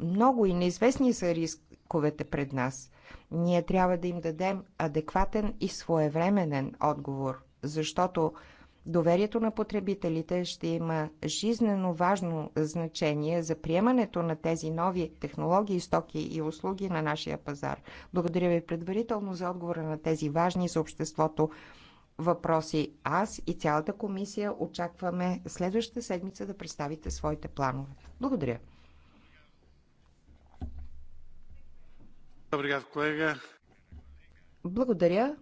Много и неизвестни са рисковете пред нас. Ние трябва да им дадем адекватен и своевременен отговор, защото доверието на потребителите ще има жизнено важно значение за приемането на тези нови технологии, стоки и услуги на нашия пазар. Благодаря ви предварително за отговора на тези важни за обществото въпроси. Аз и цялата комисия очакваме следващата седмица да представите своите планове. Благодаря. Добре, колега. Благодаря.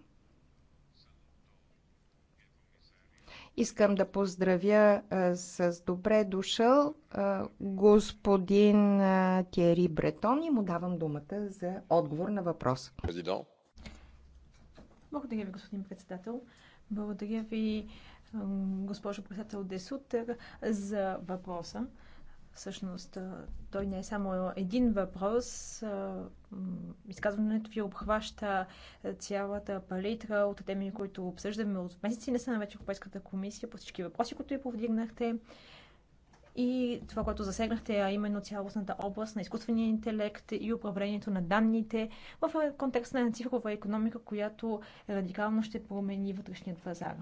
Искам да поздравя а, с добре дошъл а, господин а, Тиери Бретон и му давам думата за отговор на въпроса. Благодаря ви, господин председател. Благодаря ви, госпожо председател Десутер, за въпроса. Всъщност, той не е само един въпрос. Изказването ви обхваща цялата палитра от теми, които обсъждаме от месеци. Не вече Европейската комисия по всички въпроси, които я повдигнахте и това, което засегнахте, а именно цялостната област на изкуствения интелект и управлението на данните в контекст на цифрова економика, която радикално ще промени вътрешният пазар.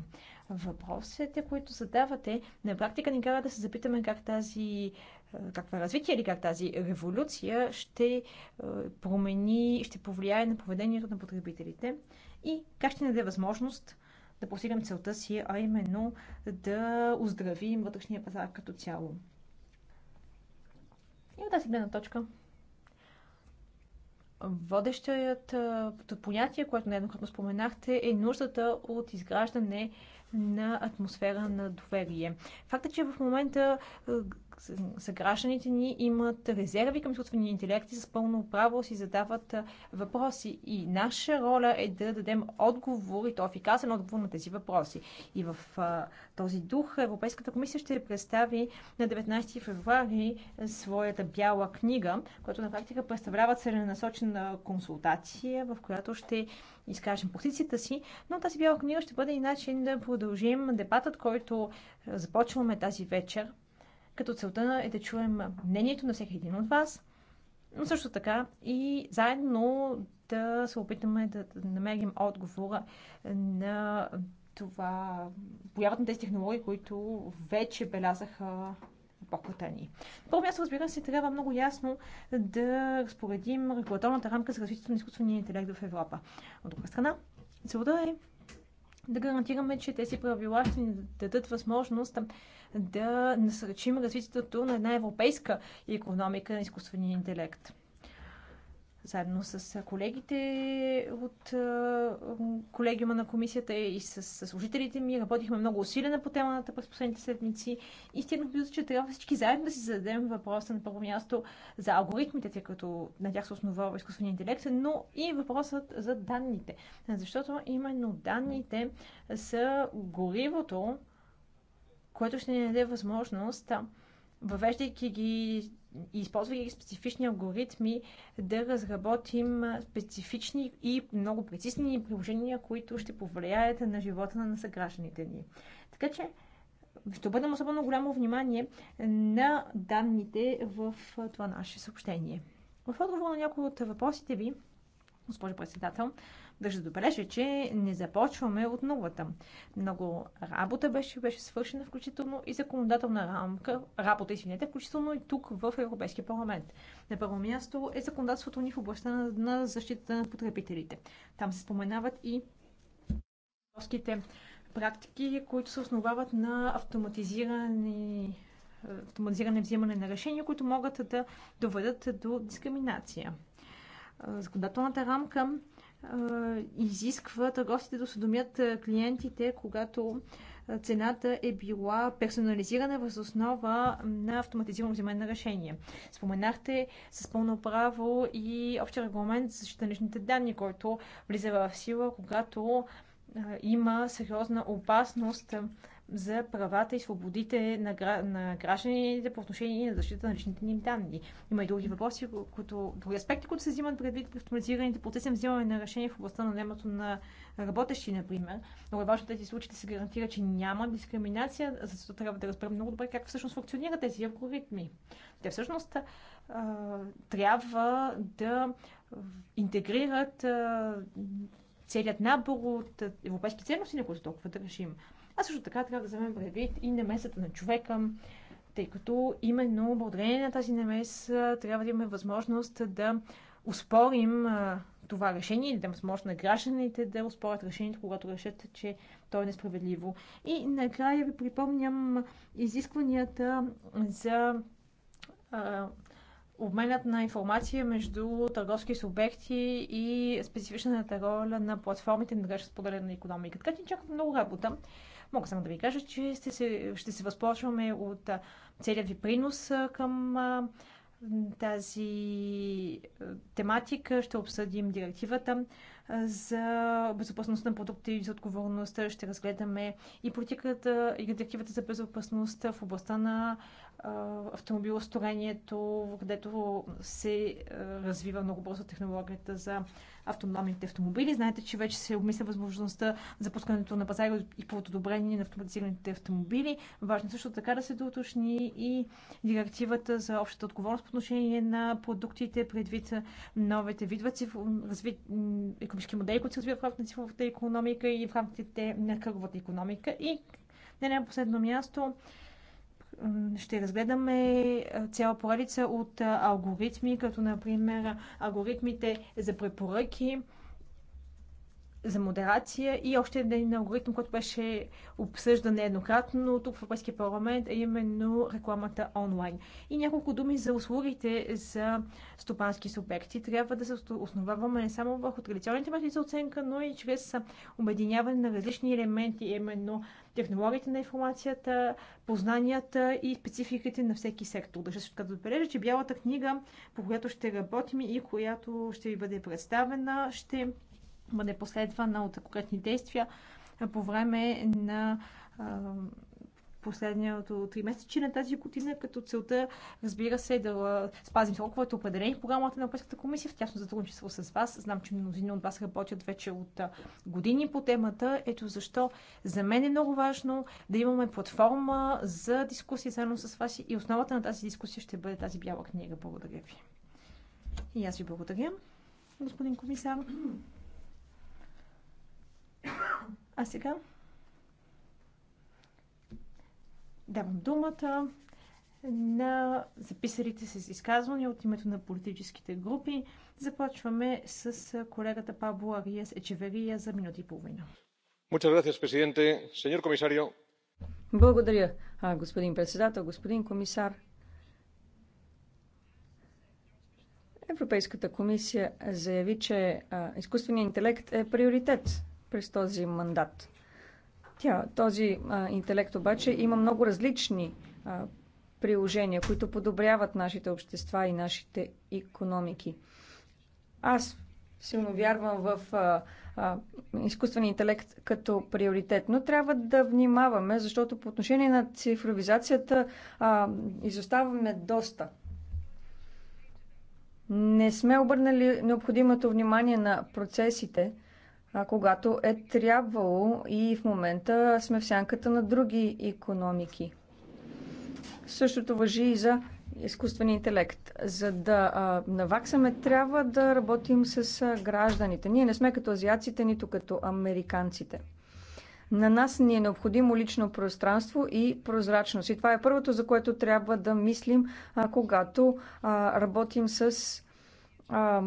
Въпросите, които задавате, на практика ни кара да се запитаме как тази е, как това развитие или как тази революция ще е, промени, ще повлияе на поведението на потребителите и как ще даде възможност да постигнем целта си, а именно да оздравим вътрешния пазар като цяло. И от тази гледна точка Водещият понятие, което нееднократно споменахте, е нуждата от изграждане на атмосфера на доверие. Факта, че в момента съгражданите ни имат резерви към изкуствения интелект и с пълно право си задават въпроси. И наша роля е да дадем отговор, и то ефикасен отговор на тези въпроси. И в а, този дух Европейската комисия ще представи на 19 февруари своята бяла книга, която на практика представлява целенасочена консултация, в която ще изкажем позицията си, но тази бяла книга ще бъде и начин да продължим дебатът, който започваме тази вечер като целта е да чуем мнението на всеки един от вас, но също така и заедно да се опитаме да намерим отговора на това, появата на тези технологии, които вече белязаха епохата ни. Първо място, разбира се, трябва много ясно да разпоредим регулаторната рамка за развитието на изкуствения интелект в Европа. От друга страна, целта е да гарантираме, че тези правила ще ни дадат възможност да насръчим развитието на една европейска економика на изкуствения интелект заедно с колегите от колегиума на комисията и с служителите ми. Работихме много усилено по темата през последните седмици и стигнах до че трябва всички заедно да си зададем въпроса на първо място за алгоритмите, тъй като на тях се основава изкуствения интелект, но и въпросът за данните. Защото именно данните са горивото, което ще ни даде възможност въвеждайки ги и използвайки специфични алгоритми, да разработим специфични и много прецизни приложения, които ще повлияят на живота на съгражданите ни. Така че ще обърнем особено голямо внимание на данните в това наше съобщение. В отговор на някои от въпросите ви, госпожо председател, Държа да добележа, че не започваме от нулата. Много работа беше, беше свършена, включително и законодателна рамка, работа, извинете, включително и тук в Европейския парламент. На първо място е законодателството ни в областта на, на защита на потребителите. Там се споменават и търговските практики, които се основават на автоматизирани автоматизиране взимане на решения, които могат да доведат до дискриминация. Законодателната рамка изисква търговците да осведомят клиентите, когато цената е била персонализирана въз основа на автоматизирано вземане на решение. Споменахте с пълно право и общия регламент за защита на личните данни, който влиза в сила, когато има сериозна опасност за правата и свободите на, гра... на гражданите по отношение на защита на личните ни данни. Има и други въпроси, които, други аспекти, които се взимат предвид при автоматизираните процеси взимаме на решение в областта на немато на работещи, например. Но е важно тези случаи да се гарантира, че няма дискриминация, защото трябва да разберем много добре как всъщност функционират тези алгоритми. Те всъщност трябва да интегрират целият набор от европейски ценности, на които толкова държим. А също така трябва да вземем предвид и намесата на човека, тъй като именно благодарение на тази намеса трябва да имаме възможност да успорим това решение или да възможност на гражданите да успорят решението, когато решат, че то е несправедливо. И накрая ви припомням изискванията за а, обменът на информация между търговски субекти и специфичната роля на платформите на с споделена економика. Така че чакам много работа. Мога само да ви кажа, че ще се, ще се възползваме от целият ви принос към тази тематика. Ще обсъдим директивата за безопасността на продукти и за отговорността. Ще разгледаме и политиката и директивата за безопасност в областта на автомобилостроението, където се развива много бързо технологията за автономните автомобили. Знаете, че вече се обмисля възможността за пускането на пазари и по на автоматизираните автомобили. Важно е също така да се доуточни и директивата за общата отговорност по отношение на продуктите, предвид новите видове развит економически модели, които се развиват в рамките на цифровата економика и в рамките на кръговата економика. И не на последно място ще разгледаме цяла поредица от алгоритми, като например алгоритмите за препоръки, за модерация и още един алгоритм, който беше обсъждан нееднократно тук в Европейския парламент, е именно рекламата онлайн. И няколко думи за услугите за стопански субекти. Трябва да се основаваме не само върху традиционните методи за оценка, но и чрез обединяване на различни елементи, именно технологията на информацията, познанията и спецификите на всеки сектор. Държа също така да отбележа, че бялата книга, по която ще работим и която ще ви бъде представена, ще бъде последвана от конкретни действия по време на последното три месечи на тази година, като целта, разбира се, е да спазим сроковете определени в програмата на Европейската комисия в тясно сътрудничество с вас. Знам, че мнозина от вас работят вече от години по темата. Ето защо за мен е много важно да имаме платформа за дискусия заедно с вас и основата на тази дискусия ще бъде тази бяла книга. Благодаря ви. И аз ви благодаря, господин комисар. А сега давам думата на записалите се с изказвания от името на политическите групи. Започваме с колегата Пабло Ариас Ечеверия за минути и половина. Благодаря, господин председател, господин комисар. Европейската комисия заяви, че изкуственият интелект е приоритет през този мандат. Тя, този а, интелект обаче има много различни а, приложения, които подобряват нашите общества и нашите економики. Аз силно вярвам в а, а, изкуствения интелект като приоритет, но трябва да внимаваме, защото по отношение на цифровизацията а, изоставаме доста. Не сме обърнали необходимото внимание на процесите, когато е трябвало и в момента сме в сянката на други економики. Същото въжи и за изкуствен интелект. За да а, наваксаме, трябва да работим с а, гражданите. Ние не сме като азиаците, нито като американците. На нас ни е необходимо лично пространство и прозрачност. И това е първото, за което трябва да мислим, а, когато а, работим с а,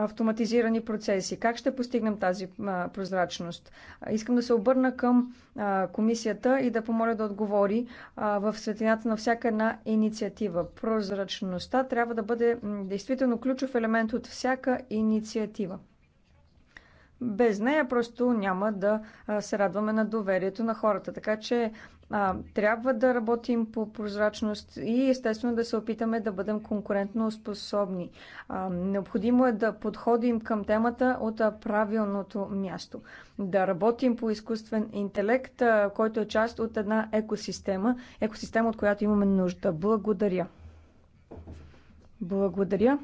автоматизирани процеси. Как ще постигнем тази а, прозрачност? Искам да се обърна към а, комисията и да помоля да отговори а, в светлината на всяка една инициатива. Прозрачността трябва да бъде действително ключов елемент от всяка инициатива. Без нея просто няма да се радваме на доверието на хората. Така че а, трябва да работим по прозрачност и естествено да се опитаме да бъдем конкурентно способни. А, необходимо е да подходим към темата от правилното място. Да работим по изкуствен интелект, а, който е част от една екосистема, екосистема, от която имаме нужда. Благодаря. Благодаря.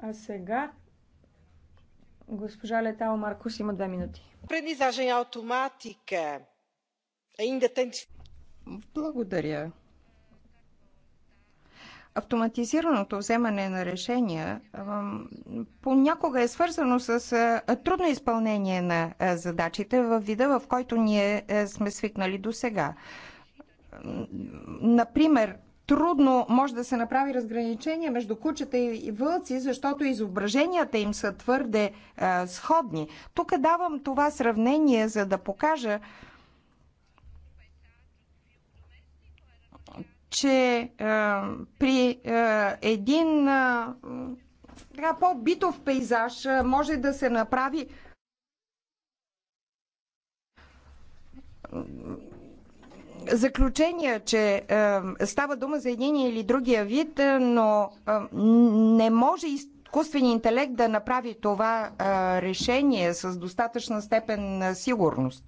А сега госпожа Летао Маркус има две минути. Предизажен автоматика. Благодаря. Автоматизираното вземане на решения понякога е свързано с трудно изпълнение на задачите в вида, в който ние е, сме свикнали до сега. Например, трудно може да се направи разграничение между кучета и вълци, защото изображенията им са твърде сходни. Тук давам това сравнение, за да покажа, че а, при а, един а, по-битов пейзаж а, може да се направи заключение, че а, става дума за един или другия вид, а, но а, не може изкуственият интелект да направи това а, решение с достатъчна степен на сигурност.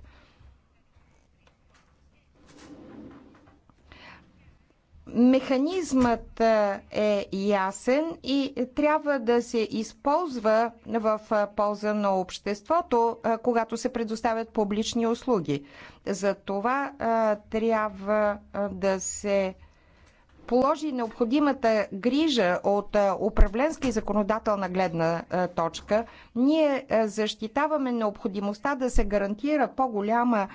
Механизмът е, е ясен и трябва да се използва в е, полза на обществото, е, когато се предоставят публични услуги. За това трябва да се положи необходимата грижа от управленска и законодателна гледна точка, ние защитаваме необходимостта да се гарантира по-голяма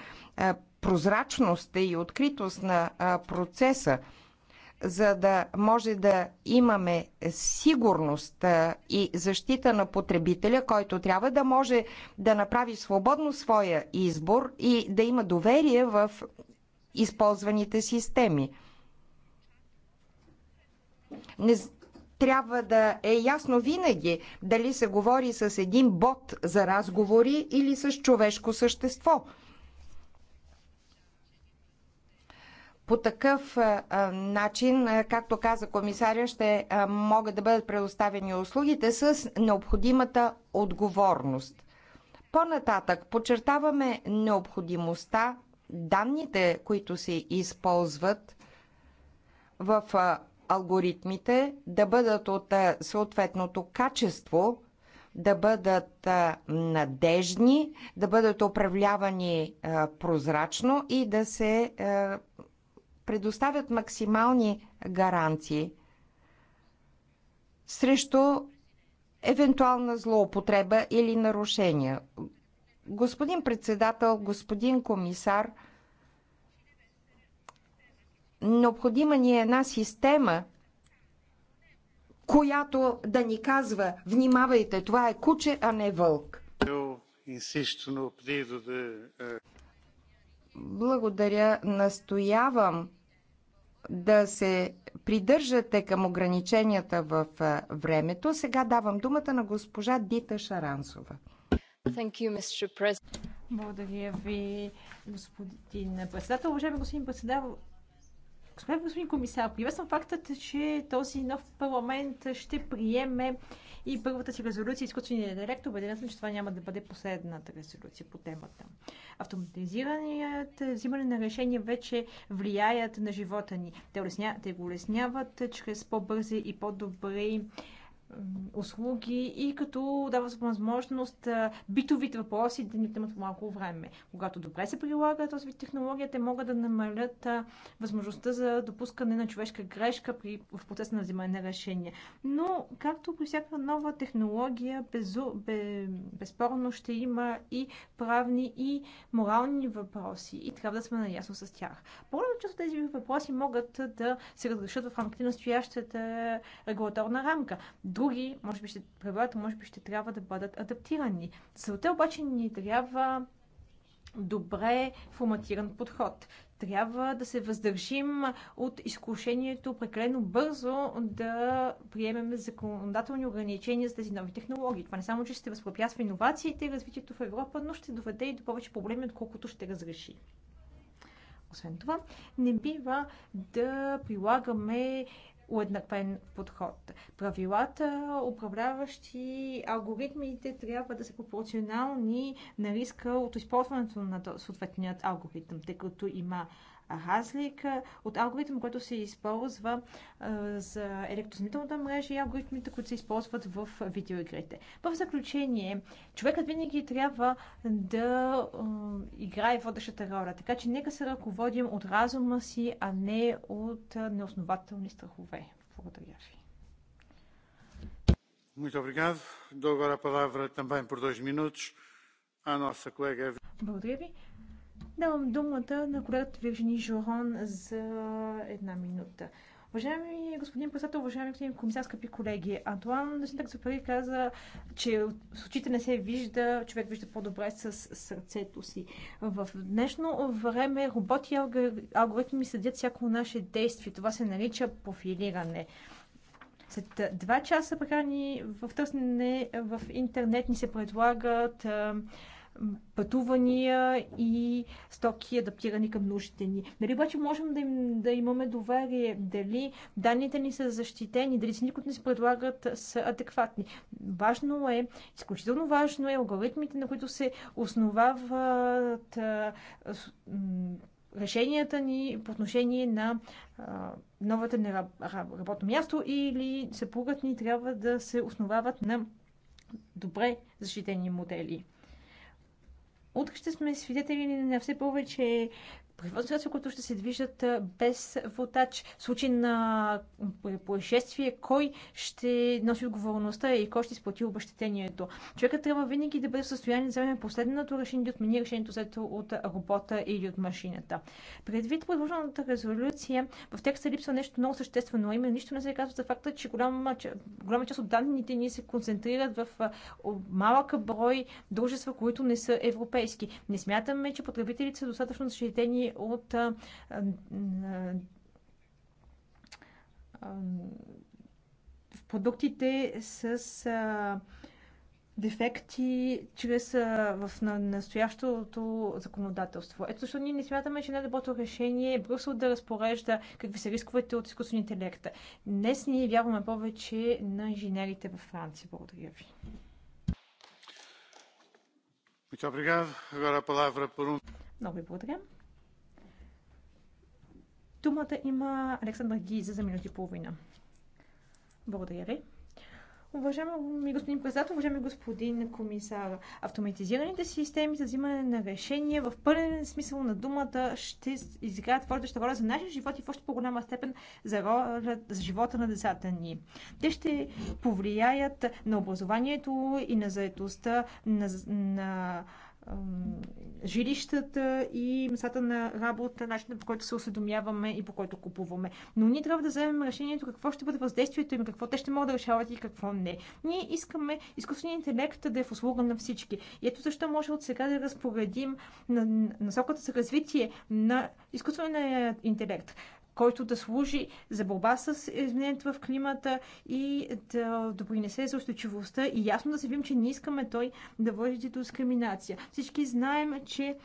прозрачност и откритост на процеса за да може да имаме сигурност и защита на потребителя, който трябва да може да направи свободно своя избор и да има доверие в използваните системи. Не трябва да е ясно винаги дали се говори с един бот за разговори или с човешко същество – По такъв начин, както каза комисаря, ще могат да бъдат предоставени услугите с необходимата отговорност. По-нататък подчертаваме необходимостта данните, които се използват в алгоритмите, да бъдат от съответното качество, да бъдат надежни, да бъдат управлявани прозрачно и да се предоставят максимални гаранции срещу евентуална злоупотреба или нарушения. Господин председател, господин комисар, необходима ни е една система, която да ни казва, внимавайте, това е куче, а не вълк. Благодаря. Настоявам да се придържате към ограниченията в времето. Сега давам думата на госпожа Дита Шарансова. Thank you, Mr. President. Благодаря ви, господин председател. Уважаеми господин председател, господин, господин комисар, приветствам фактът, че този нов парламент ще приеме и първата си резолюция изкуствения интелект. Убедена съм, че това няма да бъде последната резолюция по темата. Автоматизираният е, взимане на решения вече влияят на живота ни. Те, улесня, те го улесняват е, чрез по-бързи и по-добри услуги и като дава възможност битовите въпроси да ни отнемат малко време. Когато добре се прилага този вид технология, те могат да намалят възможността за допускане на човешка грешка при, в процеса на взимане на решения. Но, както при всяка нова технология, без, бе, безспорно ще има и правни и морални въпроси и трябва да сме наясно с тях. по част от тези въпроси могат да се разрешат в рамките на настоящата регулаторна рамка. Друг други, може би ще правилата, може би ще трябва да бъдат адаптирани. Целта обаче ни трябва добре форматиран подход. Трябва да се въздържим от изкушението прекалено бързо да приемем законодателни ограничения за тези нови технологии. Това не само, че ще възпрепятства иновациите и развитието в Европа, но ще доведе и до повече проблеми, отколкото ще разреши. Освен това, не бива да прилагаме уеднаквен подход. Правилата, управляващи алгоритмите трябва да са пропорционални на риска от използването на съответният алгоритъм, тъй като има разлика от алгоритъм, който се използва за електрозмителната мрежа и алгоритмите, които се използват в видеоигрите. В заключение, човекът винаги трябва да играе водещата роля, така че нека се ръководим от разума си, а не от неоснователни страхове. Благодаря ви. Muito obrigado. Dou agora a palavra também por dois minutos à nossa colega. Благодаря ви. Давам думата на колегата Вирджини Жорон за една минута. Уважаеми господин председател, уважаеми господин комисар, скъпи колеги, Антуан за Сапари каза, че с очите не се вижда, човек вижда по-добре с сърцето си. В днешно време роботи и алгоритми следят всяко наше действие. Това се нарича профилиране. След два часа прекарани в търсене в интернет ни се предлагат пътувания и стоки, адаптирани към нуждите ни. Нали обаче можем да, им, да имаме доверие дали данните ни са защитени, дали цените, които ни се предлагат, са адекватни. Важно е, изключително важно е алгоритмите, на които се основават а, решенията ни по отношение на а, новата ни работно място или съпругът ни трябва да се основават на добре защитени модели. Утре ще сме свидетели на все повече средства, които ще се движат без водач. В случай на происшествие, кой ще носи отговорността и кой ще изплати обещетението. Човекът трябва винаги да бъде в състояние да вземе последното решение да отмени решението след от робота или от машината. Предвид предложената резолюция, в текста липсва нещо много съществено, а именно нищо не се казва за факта, че голяма, голяма част от данните ни се концентрират в малък брой дружества, които не са европейски. Не смятаме, че потребителите са достатъчно защитени от в продуктите с а, дефекти чрез а, в на, настоящото законодателство. Ето защо ние не смятаме, че най-доброто решение е Брюсел да разпорежда какви са рисковете от изкуствен интелекта. Днес ние вярваме повече на инженерите във Франция. Благодаря ви. Um Много ви благодаря. Думата има Александър Гиза за минути и половина. Благодаря ви. Уважаеми господин председател, уважаеми господин комисар, автоматизираните системи за взимане на решения в пълен смисъл на думата ще изиграят водеща роля за нашия живот и в още по-голяма степен за, роля, за живота на децата ни. Те ще повлияят на образованието и на заедостта, на, на жилищата и местата на работа, начинът по който се осведомяваме и по който купуваме. Но ние трябва да вземем решението какво ще бъде въздействието им, какво те ще могат да решават и какво не. Ние искаме изкуственият интелект да е в услуга на всички. И ето защо може от сега да разпоредим на насоката за развитие на изкуствения интелект който да служи за борба с изменението в климата и да допринесе за устойчивостта и ясно да се видим, че не искаме той да води до дискриминация. Всички знаем, че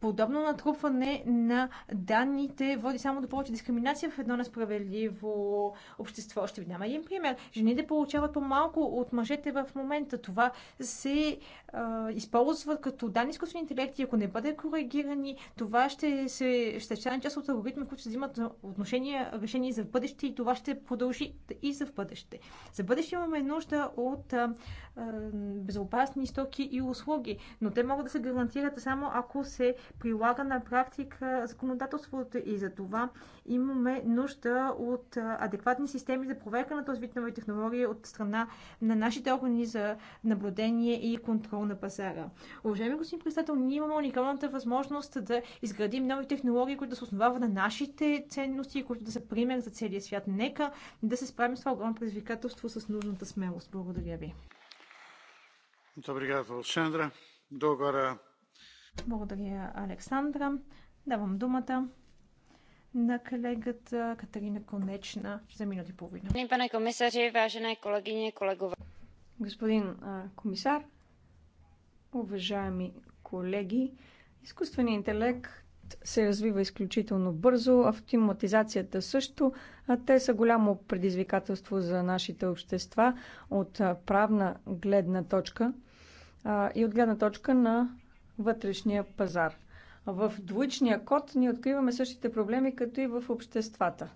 подобно натрупване на данните води само до повече дискриминация в едно несправедливо общество. Ще ви дам един пример. Жените получават по-малко от мъжете в момента. Това се а, използва като данни изкуствени интелект ако не бъде коригирани, това ще, се, ще стане част от алгоритми, които ще взимат отношения, решения за в бъдеще и това ще продължи и за в бъдеще. За бъдеще имаме нужда от а, а, безопасни стоки и услуги, но те могат да се гарантират само ако се прилага на практика законодателството и за това имаме нужда от адекватни системи за проверка на този вид нови технологии от страна на нашите органи за наблюдение и контрол на пазара. Уважаеми господин председател, ние имаме уникалната възможност да изградим нови технологии, които да се основават на нашите ценности, които да са пример за целия свят. Нека да се справим с това огромно предизвикателство с нужната смелост. Благодаря ви. Добре, Шандра. Добре. Благодаря, Александра. Давам думата на колегата Катерина Конечна за минути и половина. Пане комисаři, vážené и колегове. Господин комисар, уважаеми колеги, изкуственият интелект се развива изключително бързо, автоматизацията също. А те са голямо предизвикателство за нашите общества от правна гледна точка и от гледна точка на вътрешния пазар. В двоичния код ние откриваме същите проблеми, като и в обществата.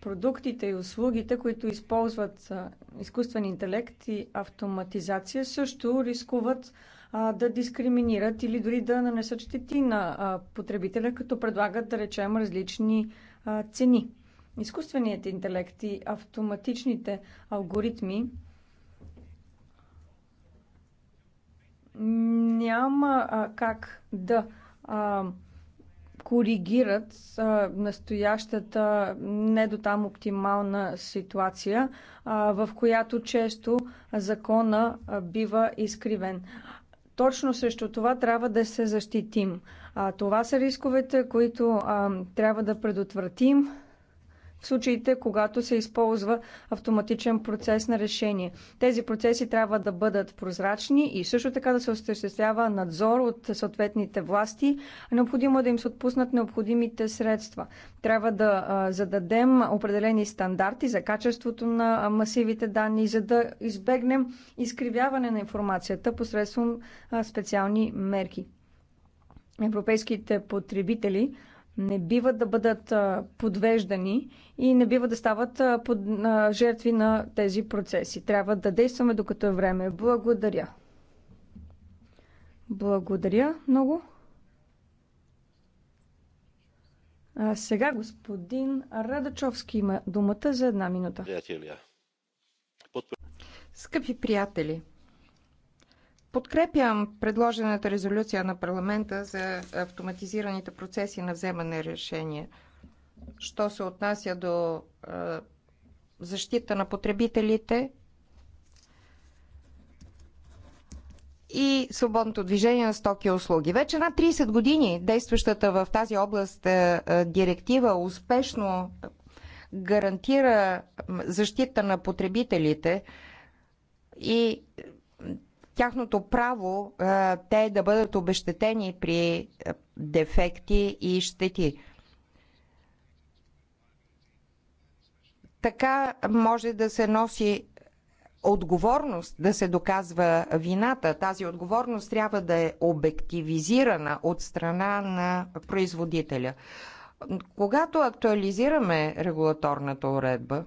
Продуктите и услугите, които използват изкуствен интелект и автоматизация, също рискуват да дискриминират или дори да нанесат щети на потребителя, като предлагат, да речем, различни цени. Изкуственият интелект и автоматичните алгоритми няма а, как да а, коригират а, настоящата не до там оптимална ситуация, а, в която често закона а, бива изкривен. Точно срещу това трябва да се защитим. А, това са рисковете, които а, трябва да предотвратим в случаите, когато се използва автоматичен процес на решение. Тези процеси трябва да бъдат прозрачни и също така да се осъществява надзор от съответните власти. Необходимо е да им се отпуснат необходимите средства. Трябва да зададем определени стандарти за качеството на масивите данни, за да избегнем изкривяване на информацията посредством специални мерки. Европейските потребители – не бива да бъдат подвеждани и не бива да стават под, жертви на тези процеси. Трябва да действаме докато е време. Благодаря. Благодаря много. А сега господин Радачовски има думата за една минута. Скъпи приятели, Подкрепям предложената резолюция на парламента за автоматизираните процеси на вземане решения. Що се отнася до защита на потребителите и свободното движение на стоки и услуги. Вече на 30 години действащата в тази област директива успешно гарантира защита на потребителите и тяхното право а, те да бъдат обещетени при дефекти и щети. Така може да се носи отговорност, да се доказва вината. Тази отговорност трябва да е обективизирана от страна на производителя. Когато актуализираме регулаторната уредба,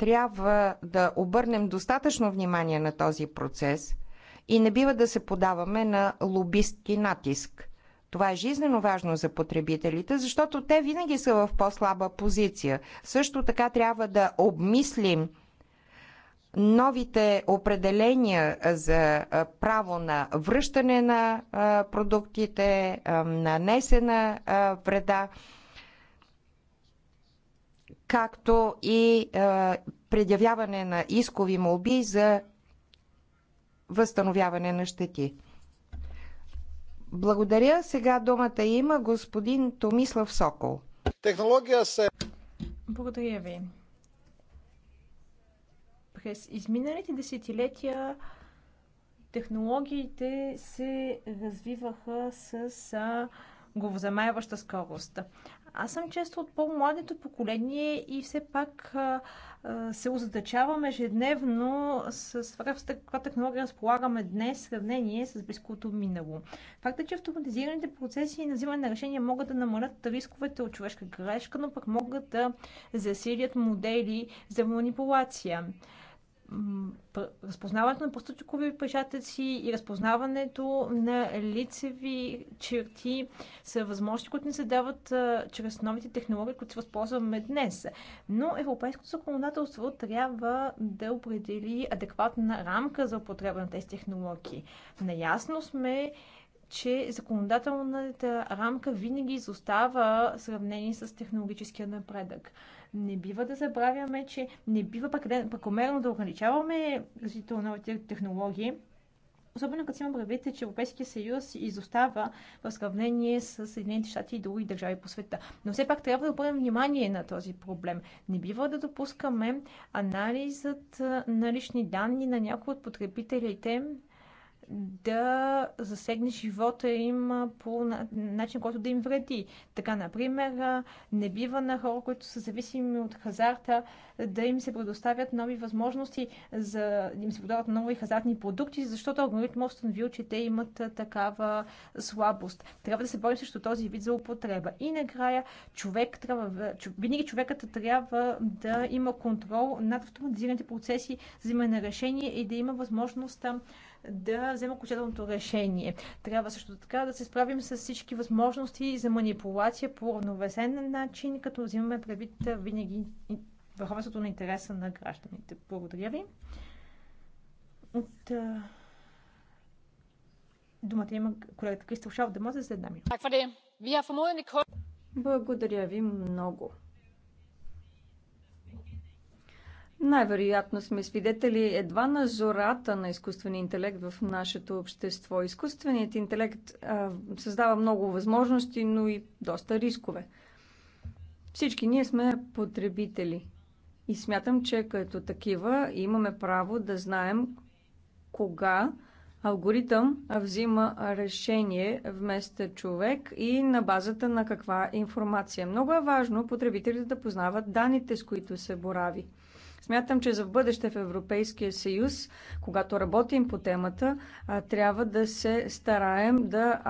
трябва да обърнем достатъчно внимание на този процес и не бива да се подаваме на лобистки натиск. Това е жизнено важно за потребителите, защото те винаги са в по-слаба позиция. Също така трябва да обмислим новите определения за право на връщане на продуктите, нанесена вреда както и е, предявяване на искови молби за възстановяване на щети. Благодаря. Сега думата има господин Томислав Сокол. Технология се... Благодаря ви. През изминалите десетилетия технологиите се развиваха с говозамайваща скорост. Аз съм често от по младето поколение и все пак се озадачаваме ежедневно с това каква технология разполагаме днес в сравнение с близкото минало. Факта, че автоматизираните процеси на взимане на решения могат да намалят рисковете от човешка грешка, но пък могат да засилят модели за манипулация разпознаването на пръсточкови печатъци и разпознаването на лицеви черти са възможности, които ни се дават а, чрез новите технологии, които се възползваме днес. Но европейското законодателство трябва да определи адекватна рамка за употреба на тези технологии. Наясно сме, че законодателната рамка винаги изостава в сравнение с технологическия напредък. Не бива да забравяме, че не бива прекомерно да ограничаваме развитието на новите технологии, Особено като имам предвид, е, че Европейския съюз изостава в сравнение с Съединените щати и други държави по света. Но все пак трябва да обърнем внимание на този проблем. Не бива да допускаме анализът на лични данни на някои от потребителите да засегне живота им по начин, който да им вреди. Така, например, не бива на хора, които са зависими от хазарта, да им се предоставят нови възможности, за, да им се продават нови хазартни продукти, защото алгоритмът установил, че те имат такава слабост. Трябва да се борим срещу този вид за употреба. И накрая, човек трябва, винаги човекът трябва да има контрол над автоматизираните процеси взимане на решение и да има възможност да взема окончателното решение. Трябва също така да се справим с всички възможности за манипулация по равновесен начин, като взимаме предвид винаги върховенството на интереса на гражданите. Благодаря ви. От думата има колегата Кристал Шалдемозе за една минута. Благодаря ви много. Най-вероятно сме свидетели едва на зората на изкуствения интелект в нашето общество. Изкуственият интелект а, създава много възможности, но и доста рискове. Всички ние сме потребители. И смятам, че като такива имаме право да знаем кога алгоритъм взима решение вместо човек и на базата на каква информация. Много е важно потребителите да познават данните, с които се борави. Смятам, че за в бъдеще в Европейския съюз, когато работим по темата, трябва да се стараем да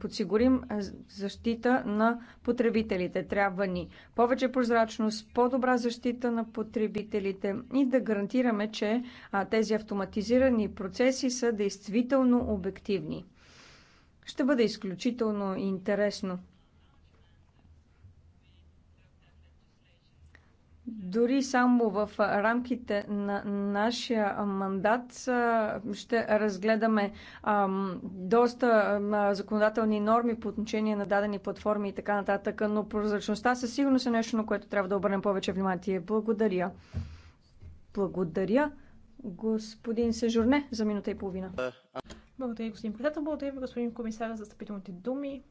подсигурим защита на потребителите. Трябва ни повече прозрачност, по-добра защита на потребителите и да гарантираме, че тези автоматизирани процеси са действително обективни. Ще бъде изключително интересно дори само в рамките на нашия мандат ще разгледаме доста законодателни норми по отношение на дадени платформи и така нататък, но прозрачността със сигурност е нещо, на което трябва да обърнем повече внимание. Благодаря. Благодаря. Господин Сежурне, за минута и половина. Благодаря, господин председател. Благодаря господин комисар, за стъпителните думи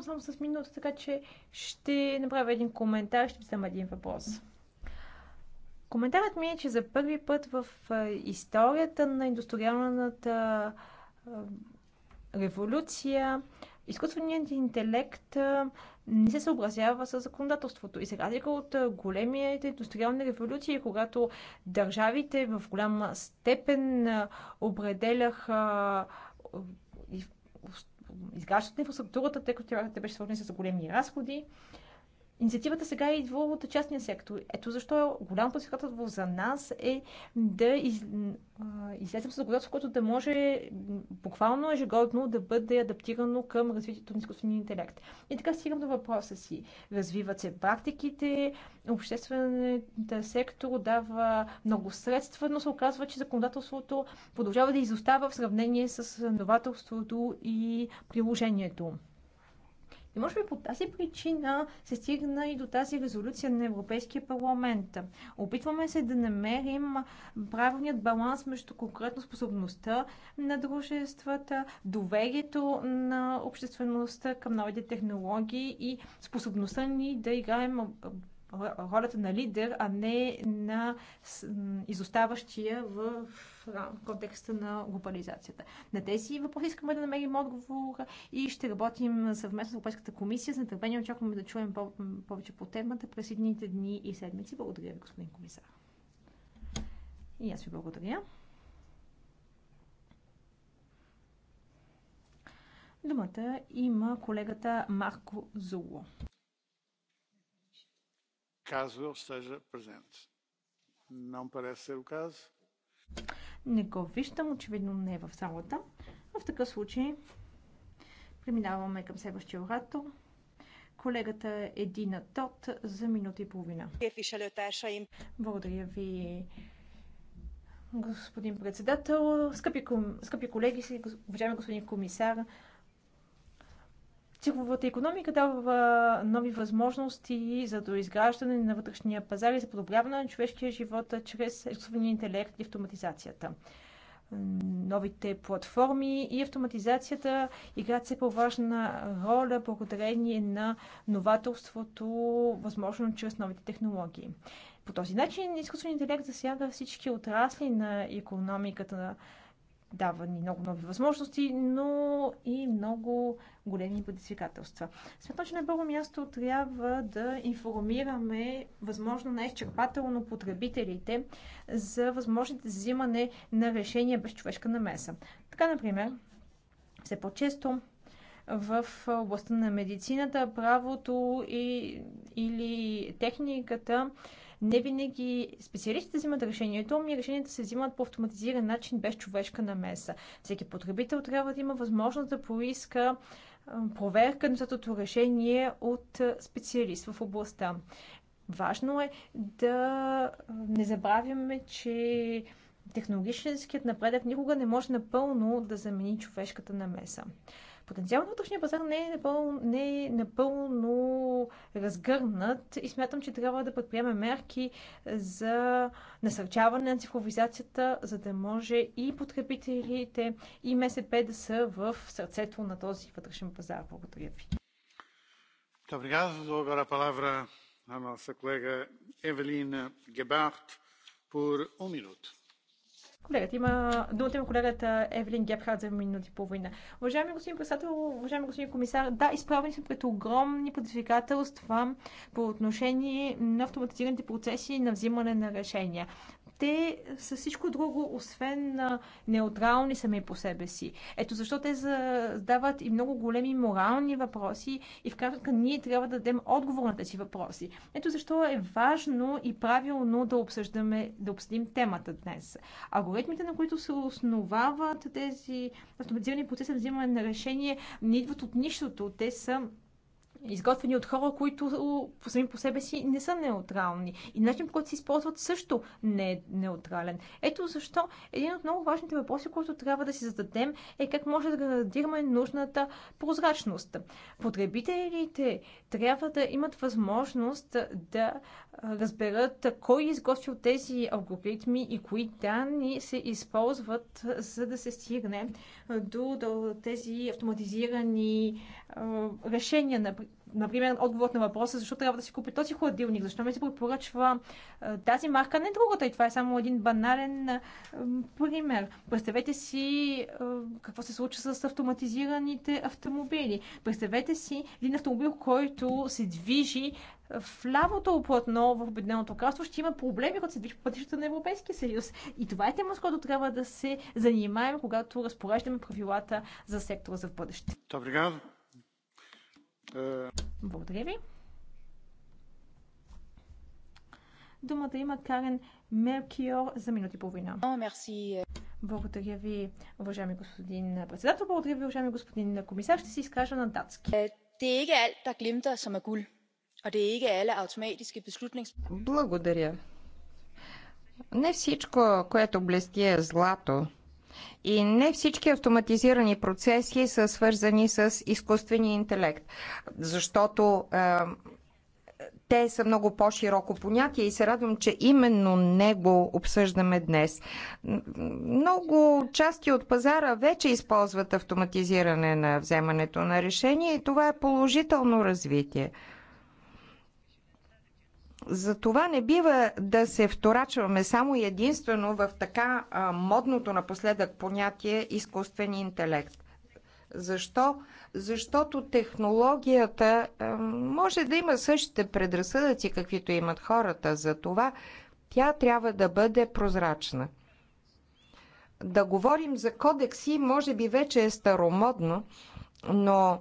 само с минута, така че ще направя един коментар, ще взема един въпрос. Коментарът ми е, че за първи път в историята на индустриалната революция изкуственият интелект не се съобразява с законодателството. И се разлика от големите индустриални революции, когато държавите в голяма степен определяха изграждат инфраструктурата, тъй като тя беше свързана с големи разходи Инициативата сега е идва от частния сектор. Ето защо голямо предизвикателство за нас е да из, излезем с законодателство, което да може буквално ежегодно да бъде адаптирано към развитието на изкуствения интелект. И така стигам до въпроса си. Развиват се практиките, обществената сектор дава много средства, но се оказва, че законодателството продължава да изостава в сравнение с новаторството и приложението. И може би по тази причина се стигна и до тази резолюция на Европейския парламент. Опитваме се да намерим правилният баланс между конкретно способността на дружествата, доверието на обществеността към новите технологии и способността ни да играем ролята на лидер, а не на изоставащия в контекста на глобализацията. На тези въпроси искаме да намерим отговор и ще работим съвместно с Европейската комисия. С нетърпение очакваме да чуем повече по темата през едните дни и седмици. Благодаря ви, господин комисар. И аз ви благодаря. Думата има колегата Марко Зуло caso esteja presente. Não parece ser o caso. Не го виждам, очевидно не е в залата. В такъв случай преминаваме към следващия оратор. Колегата Едина Тот за минута и половина. Благодаря ви, господин председател. Скъпи, скъпи колеги, уважаеми господин комисар, Цифровата економика дава нови възможности за доизграждане на вътрешния пазар и за подобряване на човешкия живот чрез изкуствения интелект и автоматизацията новите платформи и автоматизацията играят все по-важна роля благодарение на новаторството, възможно чрез новите технологии. По този начин изкуственият интелект засяга всички отрасли на економиката дава ни много нови възможности, но и много големи предизвикателства. Смятам, че на първо място трябва да информираме възможно най-изчерпателно потребителите за възможните взимане на решения без човешка намеса. Така, например, все по-често в областта на медицината, правото и, или техниката не винаги специалистите взимат решението, ами решенията се взимат по автоматизиран начин, без човешка намеса. Всеки потребител трябва да има възможност да поиска проверка на същото решение от специалист в областта. Важно е да не забравяме, че технологическият напредък никога не може напълно да замени човешката намеса. Потенциално вътрешния пазар не е напълно, не е напълно разгърнат и смятам, че трябва да предприемем мерки за насърчаване на цифровизацията, за да може и потребителите, и МСП да са в сърцето на този вътрешен пазар. Благодаря ви. Благодаря. Dou agora a palavra à Колегата има думата има колегата Евелин Гепхард за минути и половина. Уважаеми господин председател, уважаеми господин комисар, да, изправени сме пред огромни предизвикателства по отношение на автоматизираните процеси на взимане на решения те са всичко друго, освен неутрални сами по себе си. Ето защо те задават и много големи морални въпроси и в крайна сметка ние трябва да дадем отговор на тези въпроси. Ето защо е важно и правилно да обсъждаме, да обсъдим темата днес. Алгоритмите, на които се основават тези автоматизирани процеси на взимане на решение, не идват от нищото. Те са изготвени от хора, които сами по себе си не са неутрални. И начин, по който се използват, също не е неутрален. Ето защо един от много важните въпроси, които трябва да си зададем, е как може да гарантираме нужната прозрачност. Потребителите трябва да имат възможност да разберат кой е изготвил тези алгоритми и кои данни се използват, за да се стигне до, до тези автоматизирани решения на например, отговор на въпроса защо трябва да си купи този хладилник, защо ми се препоръчва тази марка, не другата. И това е само един банален пример. Представете си какво се случва с автоматизираните автомобили. Представете си един автомобил, който се движи в лявото платно в Обединеното кралство ще има проблеми, когато се движи по пътищата на Европейския съюз. И това е тема, с която трябва да се занимаем, когато разпореждаме правилата за сектора за в бъдеще. Добре, благодаря ви. Думата има Карен Меркиор за минути и половина. Благодаря ви, уважаеми господин председател. Благодаря ви, уважаеми господин комисар. Ще се изкажа на датски. Е, er er er Благодаря. Не всичко, което блести е злато, и не всички автоматизирани процеси са свързани с изкуствения интелект, защото е, те са много по-широко понятие и се радвам, че именно него обсъждаме днес. Много части от пазара вече използват автоматизиране на вземането на решение и това е положително развитие. Затова не бива да се вторачваме само и единствено в така модното напоследък понятие изкуствен интелект. Защо? Защото технологията може да има същите предразсъдъци, каквито имат хората. Затова тя трябва да бъде прозрачна. Да говорим за кодекси може би вече е старомодно, но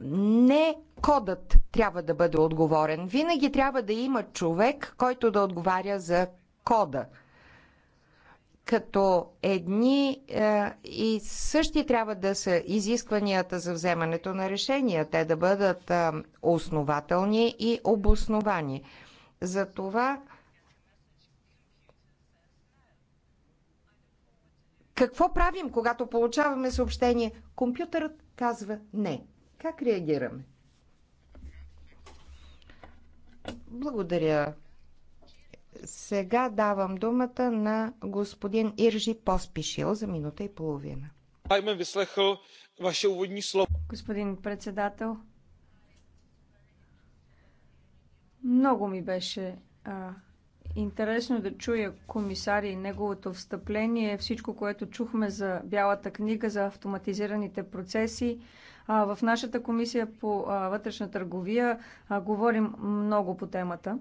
не кодът трябва да бъде отговорен. Винаги трябва да има човек, който да отговаря за кода. Като едни е, и същи трябва да са изискванията за вземането на решения. Те да бъдат е, основателни и обосновани. Затова какво правим, когато получаваме съобщение? Компютърът казва не. Как реагираме? Благодаря. Сега давам думата на господин Иржи Поспишил за минута и половина. Господин председател, много ми беше а, интересно да чуя комисари и неговото встъпление, всичко, което чухме за Бялата книга, за автоматизираните процеси. В нашата комисия по вътрешна търговия говорим много по темата.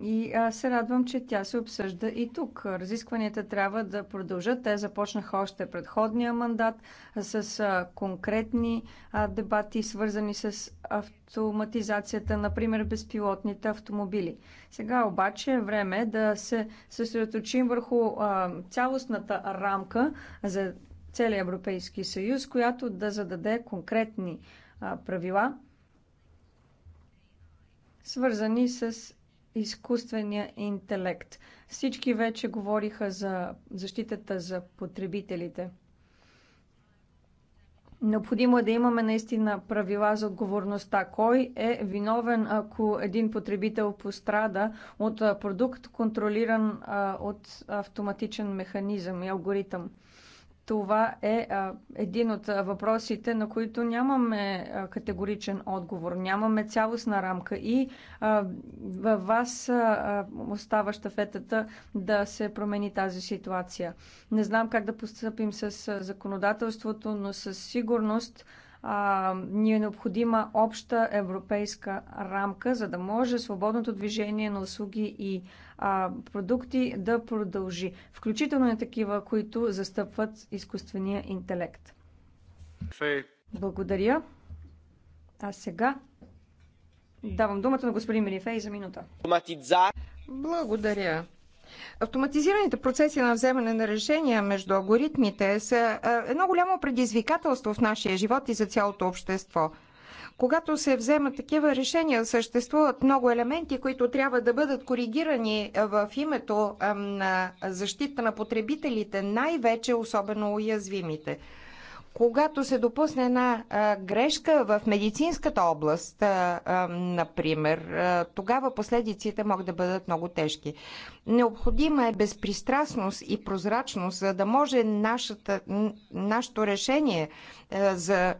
И а, се радвам, че тя се обсъжда и тук. Разискванията трябва да продължат. Те започнаха още предходния мандат с конкретни дебати, свързани с автоматизацията, например, безпилотните автомобили. Сега обаче е време да се съсредоточим върху цялостната рамка за целия Европейски съюз, която да зададе конкретни правила, свързани с изкуствения интелект. Всички вече говориха за защитата за потребителите. Необходимо е да имаме наистина правила за отговорността. Кой е виновен, ако един потребител пострада от продукт, контролиран от автоматичен механизъм и алгоритъм? Това е а, един от въпросите, на които нямаме а, категоричен отговор, нямаме цялостна рамка и а, във вас а, остава щафетата да се промени тази ситуация. Не знам как да постъпим с законодателството, но със сигурност а, ни е необходима обща европейска рамка, за да може свободното движение на услуги и а, продукти да продължи, включително на такива, които застъпват изкуствения интелект. Фей. Благодаря. А сега давам думата на господин Мерифей за минута. Благодаря. Автоматизираните процеси на вземане на решения между алгоритмите са едно голямо предизвикателство в нашия живот и за цялото общество – когато се вземат такива решения, съществуват много елементи, които трябва да бъдат коригирани в името на защита на потребителите, най-вече особено уязвимите когато се допусне една а, грешка в медицинската област, а, а, например, а, тогава последиците могат да бъдат много тежки. Необходима е безпристрастност и прозрачност, за да може нашата, нашето решение а, за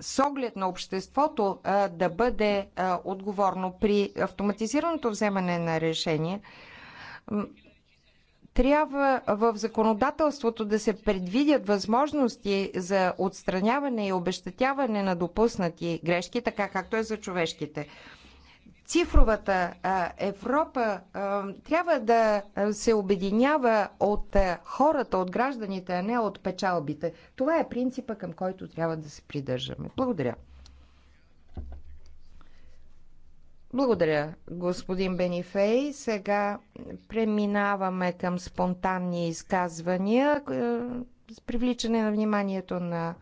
с оглед на обществото да бъде отговорно при автоматизираното вземане на решение, трябва в законодателството да се предвидят възможности за отстраняване и обещатяване на допуснати грешки, така както е за човешките цифровата Европа трябва да се обединява от хората, от гражданите, а не от печалбите. Това е принципа, към който трябва да се придържаме. Благодаря. Благодаря, господин Бенифей. Сега преминаваме към спонтанни изказвания с привличане на вниманието на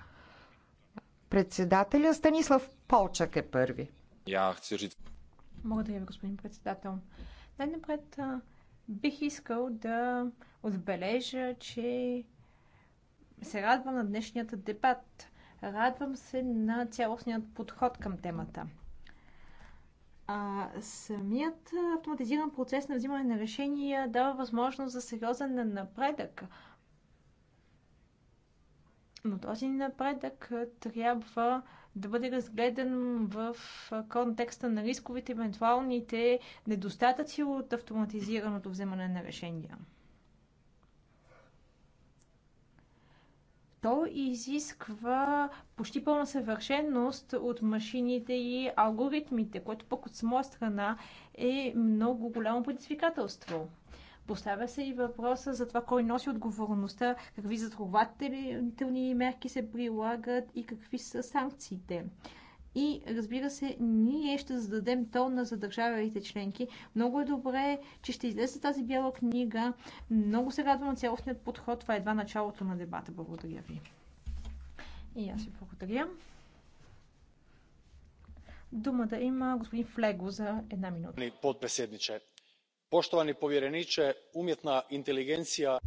председателя. Станислав Полчак е първи. Я хочу благодаря ви, господин председател. Най-напред бих искал да отбележа, че се радвам на днешният дебат. Радвам се на цялостният подход към темата. А, самият автоматизиран процес на взимане на решения дава възможност за сериозен напредък. Но този напредък трябва да бъде разгледан в контекста на рисковите, евентуалните недостатъци от автоматизираното вземане на решения. то изисква почти пълна съвършенност от машините и алгоритмите, което пък от своя страна е много голямо предизвикателство. Поставя се и въпроса за това кой носи отговорността, какви затрувателни мерки се прилагат и какви са санкциите. И разбира се, ние ще зададем тона за държавите членки. Много е добре, че ще излезе тази бяла книга. Много се радвам на цялостният подход. Това е едва началото на дебата. Благодаря ви. И аз ви благодаря. Думата има господин Флего за една минута. Подпреседниче, Poštovani povjereniče, umjetna inteligencija...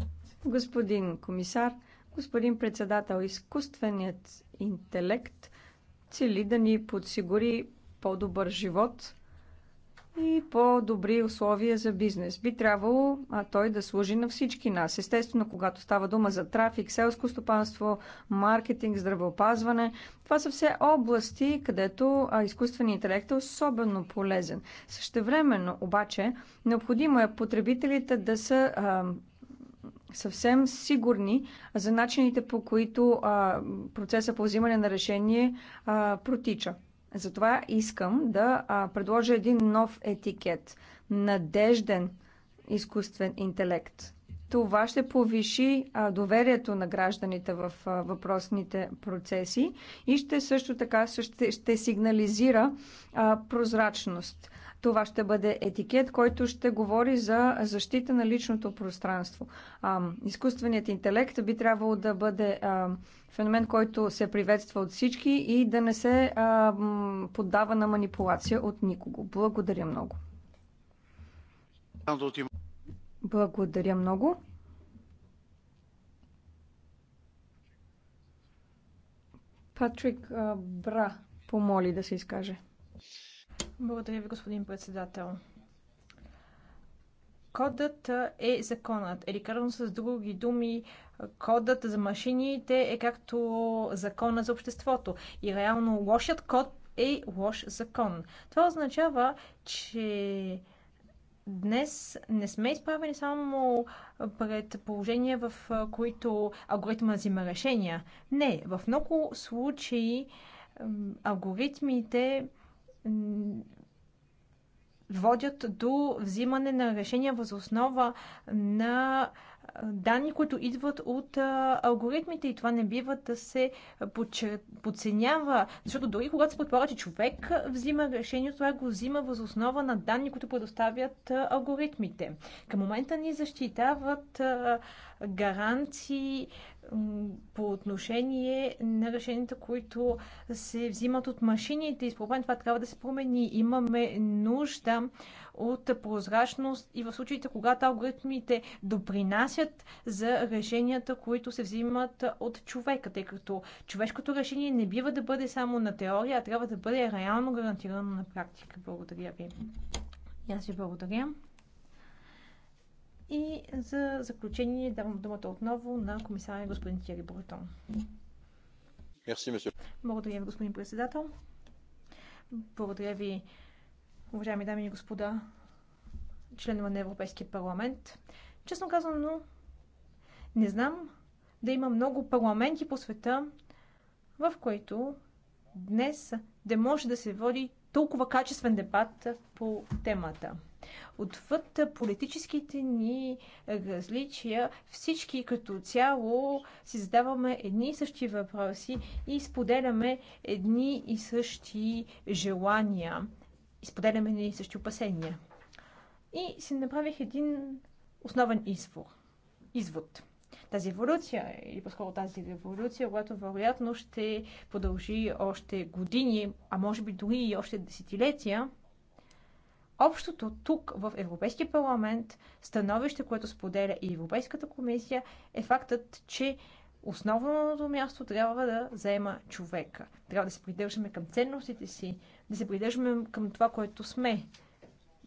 Господин комисар, господин председател, изкуственият интелект цели да ни подсигури по-добър живот, и по-добри условия за бизнес. Би трябвало а, той да служи на всички нас. Естествено, когато става дума за трафик, селско стопанство, маркетинг, здравеопазване, това са все области, където а, изкуственият интелект е особено полезен. Същевременно, обаче, необходимо е потребителите да са а, съвсем сигурни за начините по които а, процеса по взимане на решение а, протича. Затова искам да а, предложа един нов етикет надежден изкуствен интелект. Това ще повиши а, доверието на гражданите в а, въпросните процеси и ще също така ще, ще сигнализира а, прозрачност. Това ще бъде етикет, който ще говори за защита на личното пространство. А, изкуственият интелект би трябвало да бъде а, феномен, който се приветства от всички и да не се а, поддава на манипулация от никого. Благодаря много. Благодаря много. Патрик Бра помоли да се изкаже. Благодаря ви, господин председател. Кодът е законът. Или е казано с други думи, кодът за машините е както закона за обществото. И реално лошият код е лош закон. Това означава, че днес не сме изправени само пред положения, в които алгоритъмът взима решения. Не, в много случаи алгоритмите водят до взимане на решения въз основа на данни, които идват от алгоритмите и това не бива да се подценява, защото дори когато се предполага, че човек взима решение, това го взима въз основа на данни, които предоставят алгоритмите. Към момента ни защитават гаранции по отношение на решенията, които се взимат от машините. И според това трябва да се промени. Имаме нужда от прозрачност и в случаите, когато алгоритмите допринасят за решенията, които се взимат от човека, тъй като човешкото решение не бива да бъде само на теория, а трябва да бъде реално гарантирано на практика. Благодаря ви. И аз ви благодаря. И за заключение давам думата отново на комисаря господин Тири Бретон. Благодаря ви, господин председател. Благодаря ви, уважаеми дами и господа, членове на Европейския парламент. Честно казано, не знам да има много парламенти по света, в които днес да може да се води толкова качествен дебат по темата. Отвъд политическите ни различия, всички като цяло си задаваме едни и същи въпроси и споделяме едни и същи желания, и споделяме едни и същи опасения. И си направих един основен извор. извод тази еволюция, или по-скоро тази революция, която вероятно ще продължи още години, а може би дори и още десетилетия, общото тук в Европейския парламент становище, което споделя и Европейската комисия, е фактът, че основното място трябва да заема човека. Трябва да се придържаме към ценностите си, да се придържаме към това, което сме,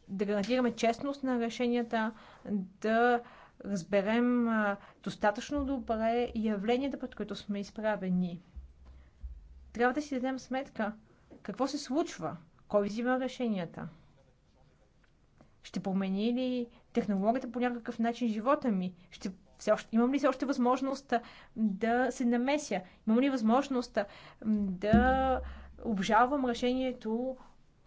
да гарантираме честност на решенията, да разберем достатъчно добре явленията, пред които сме изправени. Трябва да си дадем сметка какво се случва, кой взима решенията. Ще промени ли технологията по някакъв начин живота ми? Ще все още, имам ли все още възможност да се намеся? Имам ли възможност да обжалвам решението,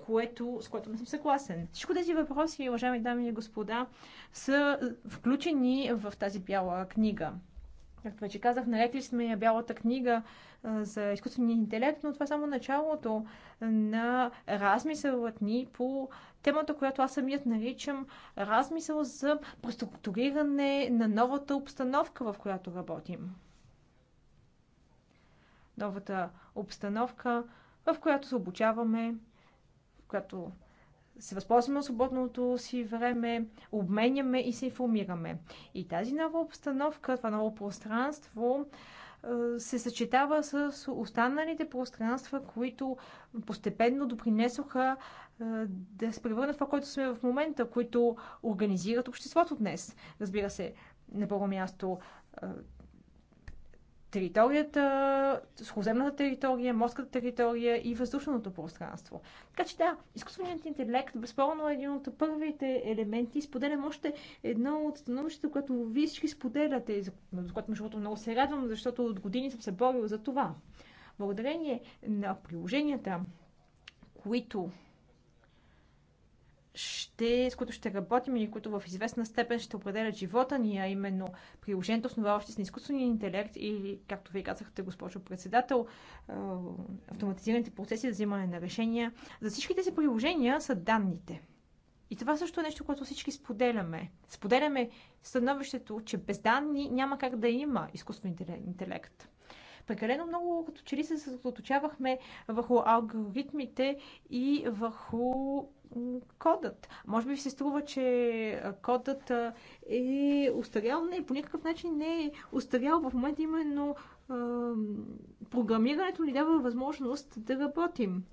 което, с което не съм съгласен? Всичко тези въпроси, уважаеми дами и господа, са включени в тази бяла книга. Както вече казах, нарекли сме я Бялата книга за изкуствения интелект, но това е само началото на размисълът ни по темата, която аз самият наричам размисъл за преструктуриране на новата обстановка, в която работим. Новата обстановка, в която се обучаваме, в която се възползваме от свободното си време, обменяме и се информираме. И тази нова обстановка, това ново пространство, се съчетава с останалите пространства, които постепенно допринесоха да се превърнат в това, което сме в момента, които организират обществото днес. Разбира се, на първо място територията, сухоземната територия, морската територия и въздушното пространство. Така че да, изкуственият интелект безспорно е един от първите елементи. Споделям още едно от становищата, което вие всички споделяте, за което между другото много се радвам, защото от години съм се борил за това. Благодарение на приложенията, които ще, с които ще работим и които в известна степен ще определят живота ни, а именно приложението, основаващи се на изкуствения интелект или, както вие казахте, госпожо председател, е, автоматизираните процеси за взимане на решения. За всички тези приложения са данните. И това също е нещо, което всички споделяме. Споделяме становището, че без данни няма как да има изкуствен интелект прекалено много като че ли се съсредоточавахме върху алгоритмите и върху кодът. Може би се струва, че кодът е устарял. Не, по никакъв начин не е устарял. В момента именно е, програмирането ни дава възможност да работим.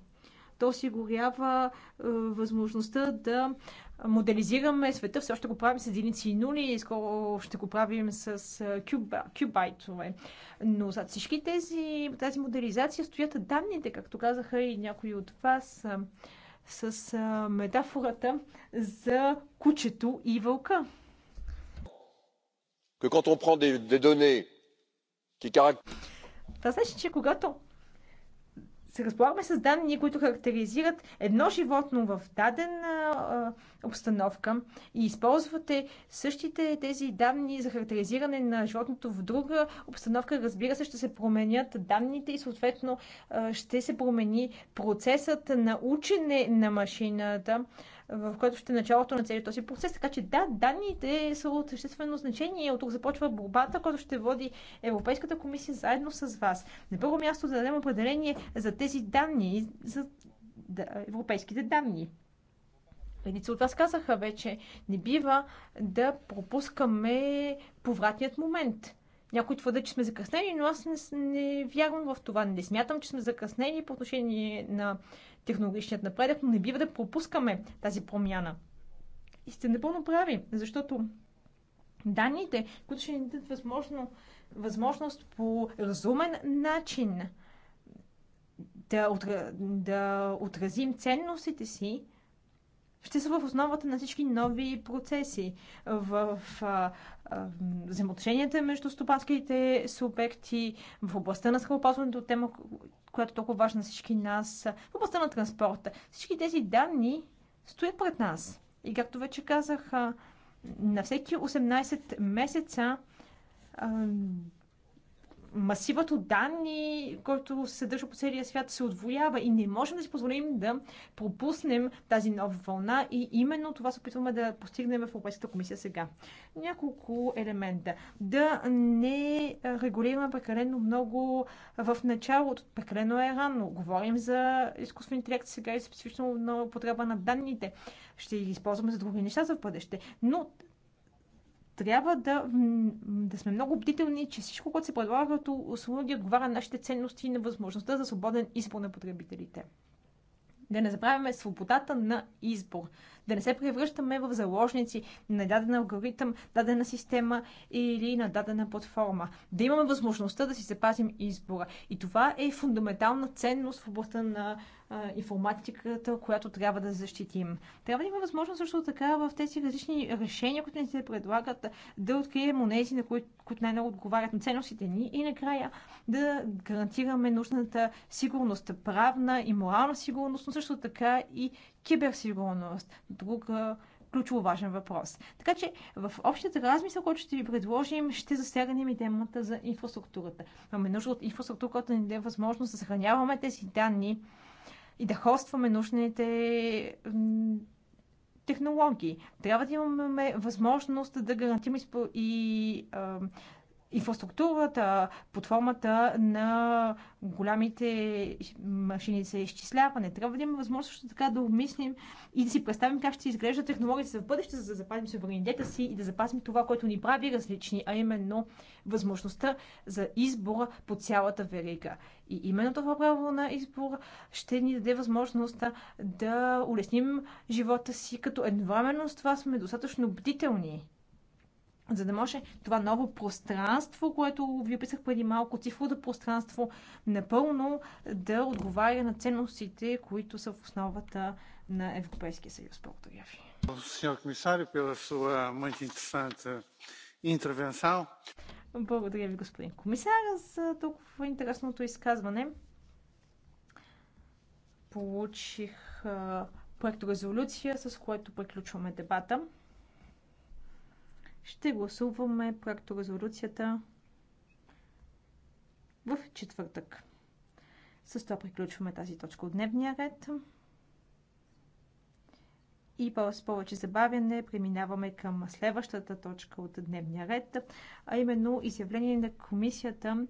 То осигурява е, възможността да моделизираме света. Все още го правим с единици и нули и скоро ще го правим с кюба, кюбайтове. Но зад всички тези, тази моделизация стоят данните, както казаха и някои от вас. Е, с а, метафората за кучето и вълка. Que quand on prend des, des Това значи, че когато се разполагаме с данни, които характеризират едно животно в дадена обстановка и използвате същите тези данни за характеризиране на животното в друга обстановка, разбира се, ще се променят данните и съответно ще се промени процесът на учене на машината, в което ще е началото на целият този процес. Така че да, данните са от съществено значение. От тук започва борбата, която ще води Европейската комисия заедно с вас. На първо място да дадем определение за тези данни, за да, европейските данни. Редица от вас казаха вече, не бива да пропускаме повратният момент. Някой твърдят, че сме закъснени, но аз не, не вярвам в това. Не смятам, че сме закъснени по отношение на технологичният напредък, но не бива да пропускаме тази промяна. И сте напълно прави, защото данните, които ще ни дадат възможно, възможност по разумен начин да, да отразим ценностите си, ще са в основата на всички нови процеси в взаимоотношенията между стопанските субекти, в областта на здравеопазването, тема, която е толкова важна на всички нас, в областта на транспорта. Всички тези данни стоят пред нас. И както вече казах, на всеки 18 месеца масивът от данни, който се съдържа по целия свят, се отвоява и не можем да си позволим да пропуснем тази нова вълна и именно това се опитваме да постигнем в Европейската комисия сега. Няколко елемента. Да не регулираме прекалено много в началото. Прекалено е рано. Говорим за изкуствен интелект сега и специфично на потреба на данните. Ще ги използваме за други неща за бъдеще. Но трябва да, да сме много бдителни, че всичко, което се предлага като услуги, отговаря на нашите ценности и на възможността за свободен избор на потребителите. Да не забравяме свободата на избор да не се превръщаме в заложници на даден алгоритъм, дадена система или на дадена платформа. Да имаме възможността да си запазим избора. И това е фундаментална ценност в областта на информатиката, която трябва да защитим. Трябва да има възможност също така в тези различни решения, които ни се предлагат, да открием онези, на които, които най-много отговарят на ценностите ни и накрая да гарантираме нужната сигурност, правна и морална сигурност, но също така и киберсигурност, Друг ключово важен въпрос. Така че в общата размисъл, който ще ви предложим, ще засегнем и темата за инфраструктурата. Имаме нужда от инфраструктура, която ни даде възможност да съхраняваме тези данни и да хостваме нужните технологии. Трябва да имаме възможност да гарантираме и инфраструктурата под формата на голямите машини за изчисляване. Трябва да имаме възможност също така да обмислим и да си представим как ще изглежда технологията за в бъдеще, за да запазим суверенитета си и да запазим това, което ни прави различни, а именно възможността за избора по цялата верига. И именно това право на избор ще ни даде възможност да улесним живота си, като едновременно с това сме достатъчно бдителни за да може това ново пространство, което ви описах преди малко, цифрово пространство, напълно да отговаря на ценностите, които са в основата на Европейския съюз. Благодаря ви. Senhor Comissário, pela sua muito Благодаря ви, господин комисар, за толкова интересното изказване. Получих резолюция, с което приключваме дебата ще гласуваме проекторезолюцията в четвъртък. С това приключваме тази точка от дневния ред. И с повече забавяне преминаваме към следващата точка от дневния ред, а именно изявление на комисията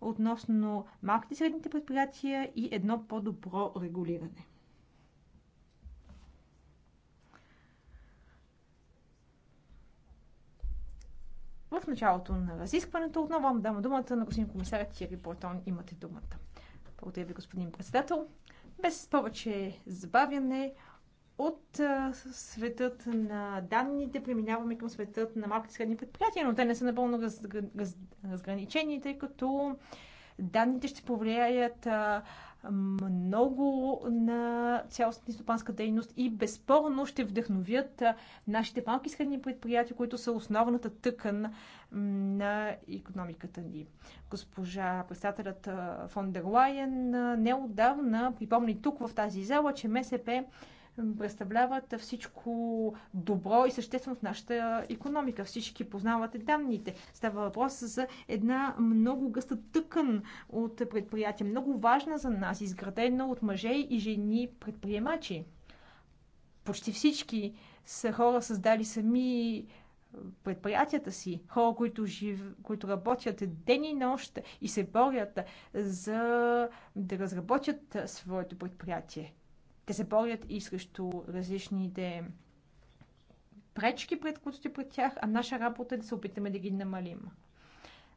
относно малките и средните предприятия и едно по-добро регулиране. В началото на разискването отново вам дам думата на господин комисар Тири Бортон. Имате думата. Благодаря ви, господин председател. Без повече забавяне, от светът на данните преминаваме към светът на малките и средни предприятия, но те не са напълно раз, раз, разграничени, тъй като Данните ще повлияят много на цялостната стопанска дейност и безспорно ще вдъхновят нашите малки и средни предприятия, които са основната тъкан на економиката ни. Госпожа председателят фон дер Лайен неодавна припомни тук в тази зала, че МСП представляват всичко добро и съществено в нашата економика. Всички познавате данните. Става въпрос за една много гъста тъкан от предприятия, много важна за нас, изградена от мъже и жени предприемачи. Почти всички са хора създали сами предприятията си, хора, които, жив... които работят ден и нощ и се борят за да разработят своето предприятие. Те се борят и срещу различните пречки, пред които стоят пред тях, а наша работа е да се опитаме да ги намалим.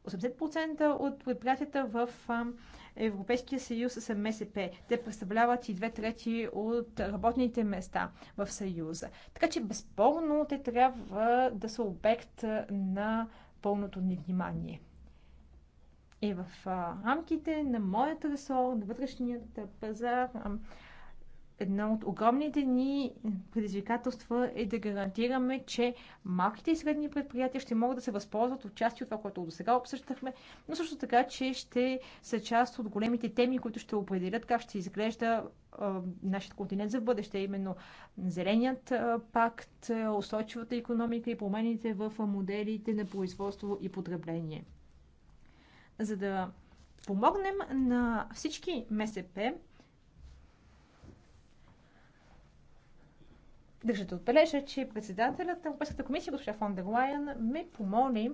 80% от предприятията в Европейския съюз са МСП. Те представляват и две трети от работните места в съюза. Така че безспорно те трябва да са обект на пълното ни внимание. И в рамките на моят ресор, на вътрешният пазар, едно от огромните ни предизвикателства е да гарантираме, че малките и средни предприятия ще могат да се възползват от части от това, което до сега обсъждахме, но също така, че ще са част от големите теми, които ще определят как ще изглежда нашия континент за бъдеще, именно зеленият пакт, устойчивата економика и промените в моделите на производство и потребление. За да помогнем на всички МСП, Държа да отбележа, че председателят на Европейската комисия, госпожа фон де Лайен, ме помоли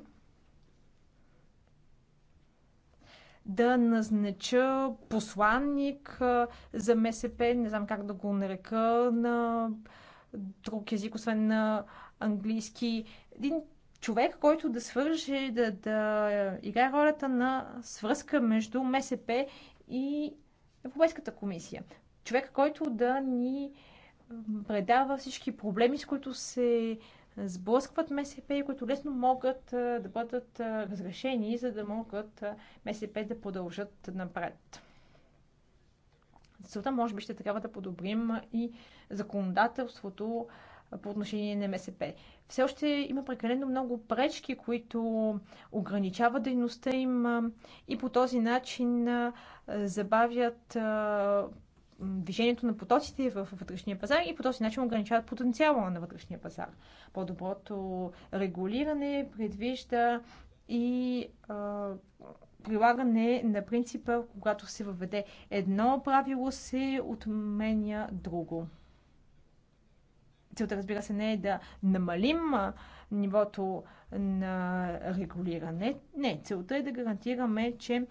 да назнача посланник за МСП, не знам как да го нарека, на друг език, освен на английски. Един човек, който да свърже, да, да играе ролята на свръзка между МСП и Европейската комисия. Човек, който да ни предава всички проблеми, с които се сблъскват МСП и които лесно могат да бъдат разрешени, за да могат МСП да продължат напред. Целта може би ще трябва да подобрим и законодателството по отношение на МСП. Все още има прекалено много пречки, които ограничават дейността им и по този начин забавят движението на потоците в вътрешния пазар и по този начин ограничават потенциала на вътрешния пазар. По-доброто регулиране предвижда и а, прилагане на принципа, когато се въведе едно правило, се отменя друго. Целта, разбира се, не е да намалим нивото на регулиране. Не, целта е да гарантираме, че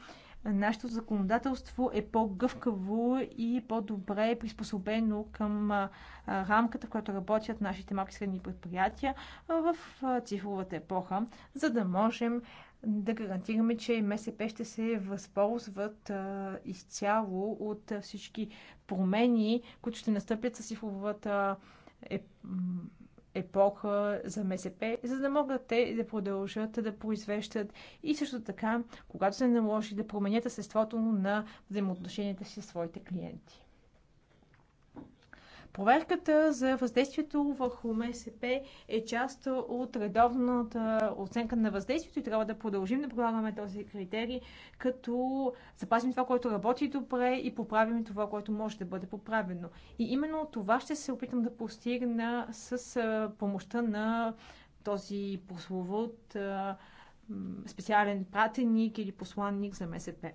нашето законодателство е по-гъвкаво и по-добре приспособено към рамката, в която работят нашите малки средни предприятия в цифровата епоха, за да можем да гарантираме, че МСП ще се възползват а, изцяло от всички промени, които ще настъпят с цифровата епоха епоха за МСП, за да могат те да продължат да произвеждат и също така, когато се наложи да променят естеството на взаимоотношенията си с своите клиенти. Проверката за въздействието върху МСП е част от редовната оценка на въздействието и трябва да продължим да прилагаме този критерий, като запазим това, което работи добре и поправим това, което може да бъде поправено. И именно това ще се опитам да постигна с помощта на този прословут специален пратеник или посланник за МСП.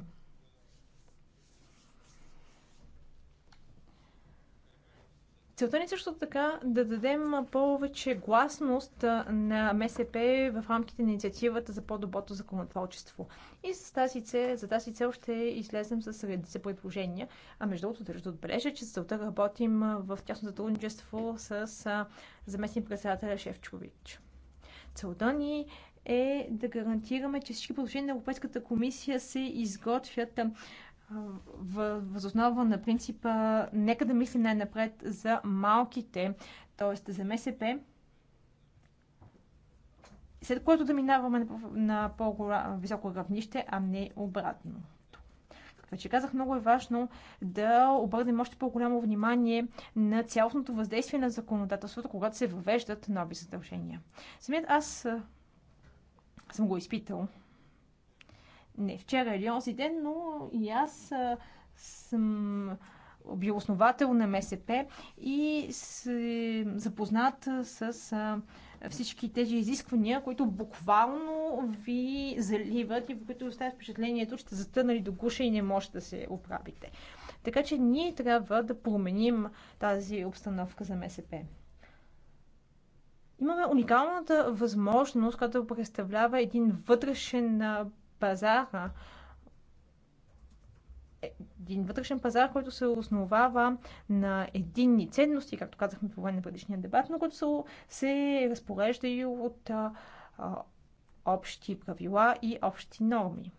Целта ни също така да дадем повече гласност на МСП в рамките на инициативата за по-доброто законотворчество. И с тази цел, за тази цел ще излезем с редица предложения. А между другото, държа да отбележа, че за целта работим в тясно сътрудничество с заместник председателя Шефчович. Целта ни е да гарантираме, че всички предложения на Европейската комисия се изготвят възоснова на принципа нека да мислим най-напред за малките, т.е. за МСП, след което да минаваме на по-високо равнище, а не обратно. Вече казах, много е важно да обърнем още по-голямо внимание на цялостното въздействие на законодателството, когато се въвеждат нови задължения. Самият аз съм го изпитал не вчера или е онзи ден, но и аз съм бил основател на МСП и се запознат с всички тези изисквания, които буквално ви заливат и в които оставят впечатлението, че сте затънали до гуша и не можете да се оправите. Така че ние трябва да променим тази обстановка за МСП. Имаме уникалната възможност, която представлява един вътрешен пазар, Един вътрешен пазар, който се основава на единни ценности, както казахме по време на предишния дебат, но който се, се разпорежда и от а, а, общи правила и общи норми.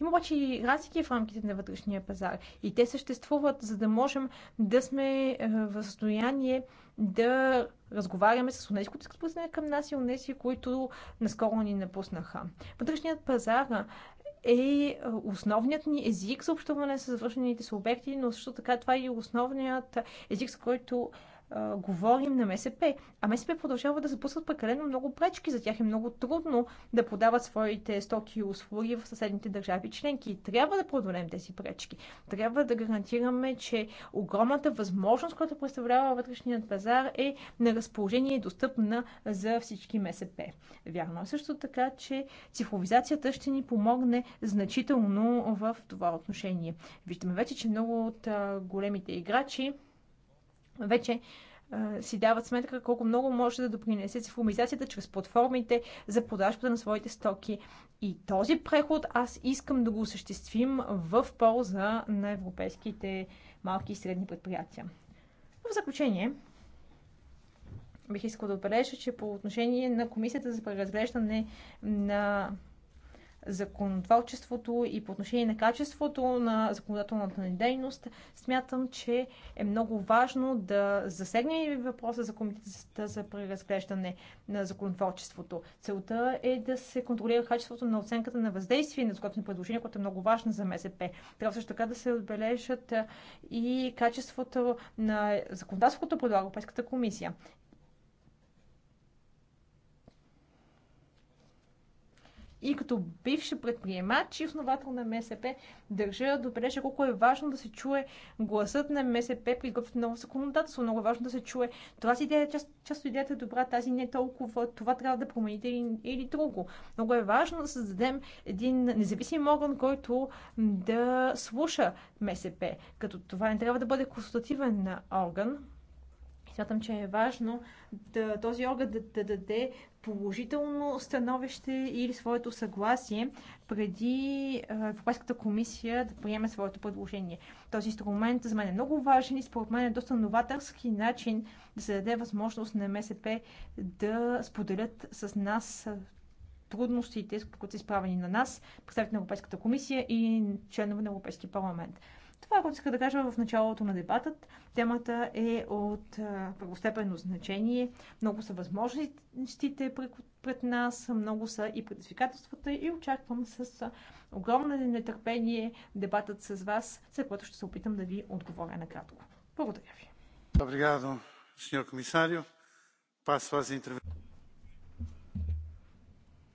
Има обаче и разлики в рамките на вътрешния пазар. И те съществуват, за да можем да сме в състояние да разговаряме с онези, които искат да към нас и онези, които наскоро ни напуснаха. Вътрешният пазар е основният ни език за общуване с завършените субекти, но също така това е и основният език, с който а, говорим на МСП. А МСП продължава да запускат прекалено много пречки. За тях е много трудно да подават своите стоки и услуги в съседните държави членки. И трябва да преодолеем тези пречки. Трябва да гарантираме, че огромната възможност, която представлява вътрешният пазар е на разположение и достъпна за всички МСП. Вярно е също така, че цифровизацията ще ни помогне значително в това отношение. Виждаме вече, че много от големите играчи вече си дават сметка колко много може да допринесе цифровизацията чрез платформите за продажбата на своите стоки. И този преход аз искам да го осъществим в полза на европейските малки и средни предприятия. В заключение, бих искала да отбележа, че по отношение на Комисията за преразглеждане на законотворчеството и по отношение на качеството на законодателната ни дейност, смятам, че е много важно да засегне въпроса за комитета за преразглеждане на законотворчеството. Целта е да се контролира качеството на оценката на въздействие на законодателни предложения, което е много важно за МСП. Трябва също така да се отбележат и качеството на законодателството предлага Европейската комисия. И като бивши предприемач и основател на МСП, държа да отбележа колко е важно да се чуе гласът на МСП при готвят ново законодателство. Много е важно да се чуе. Това си идея, част, част от идеята е добра, тази не е толкова. Това трябва да промените или, или друго. Много е важно да създадем един независим орган, който да слуша МСП. Като това не трябва да бъде консултативен орган, Смятам, че е важно да, този орган да, да даде положително становище или своето съгласие преди Европейската комисия да приеме своето предложение. Този инструмент за мен е много важен и според мен е доста новаторски начин да се даде възможност на МСП да споделят с нас трудностите, с които са изправени на нас, представители на Европейската комисия и членове на Европейския парламент. Това, е, което иска да кажа в началото на дебатът, темата е от първостепенно значение. Много са възможностите пред нас, много са и предизвикателствата и очаквам с огромно нетърпение дебатът с вас, за което ще се опитам да ви отговоря накратко. Благодаря ви. комисарио. Пас вас за às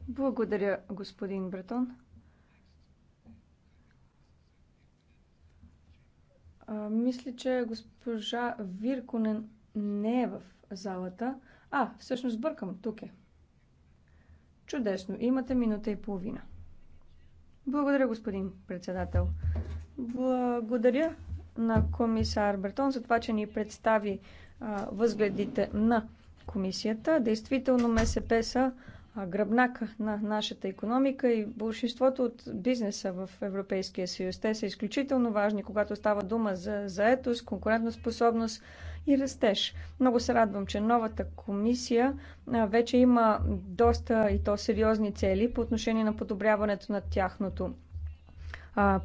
Благодаря, господин Бретон. мисля, че госпожа Вирконен не е в залата. А, всъщност бъркам, тук е. Чудесно, имате минута и половина. Благодаря, господин председател. Благодаря на комисар Бертон за това, че ни представи а, възгледите на комисията. Действително МСП са гръбнака на нашата економика и большинството от бизнеса в Европейския съюз. Те са изключително важни, когато става дума за заетост, конкурентоспособност и растеж. Много се радвам, че новата комисия вече има доста и то сериозни цели по отношение на подобряването на тяхното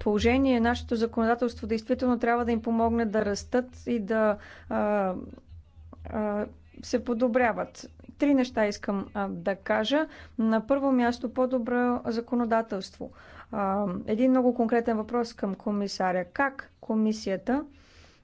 положение. Нашето законодателство действително трябва да им помогне да растат и да се подобряват. Три неща искам а, да кажа. На първо място по-добро законодателство. А, един много конкретен въпрос към комисаря. Как комисията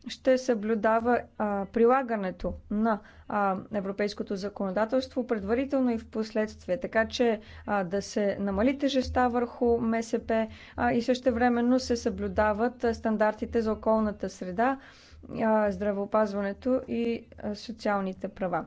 ще съблюдава а, прилагането на а, европейското законодателство предварително и в последствие, така че а, да се намали тежеста върху МСП а, и времено се съблюдават а, стандартите за околната среда, а, здравеопазването и а, социалните права.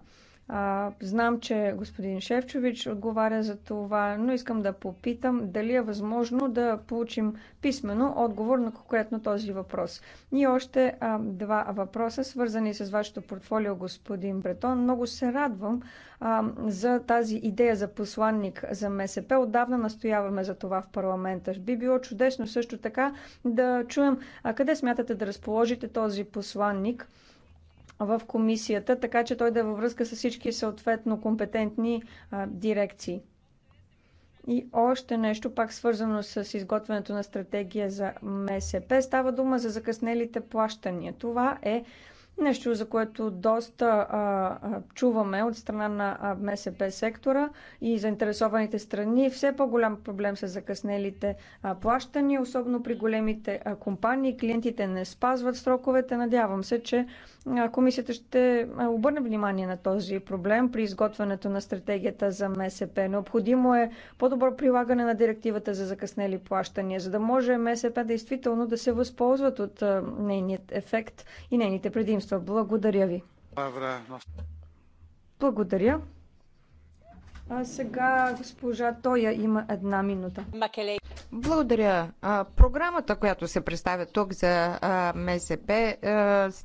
А, знам, че господин Шевчович отговаря за това, но искам да попитам дали е възможно да получим писменно отговор на конкретно този въпрос. И още а, два въпроса, свързани с вашето портфолио, господин Бретон. Много се радвам а, за тази идея за посланник за МСП. Отдавна настояваме за това в парламента. Би било чудесно също така да чуем а къде смятате да разположите този посланник в комисията, така че той да е във връзка с всички съответно компетентни а, дирекции. И още нещо, пак свързано с изготвянето на стратегия за МСП, става дума за закъснелите плащания. Това е нещо, за което доста а, а, чуваме от страна на МСП сектора и заинтересованите страни. Все по-голям проблем с закъснелите а, плащания, особено при големите а, компании. Клиентите не спазват сроковете. Надявам се, че Комисията ще обърне внимание на този проблем при изготвянето на стратегията за МСП. Необходимо е по-добро прилагане на директивата за закъснели плащания, за да може МСП действително да се възползват от нейният ефект и нейните предимства. Благодаря ви. Благодаря. А сега госпожа Тоя има една минута. Благодаря. Програмата, която се представя тук за МСП,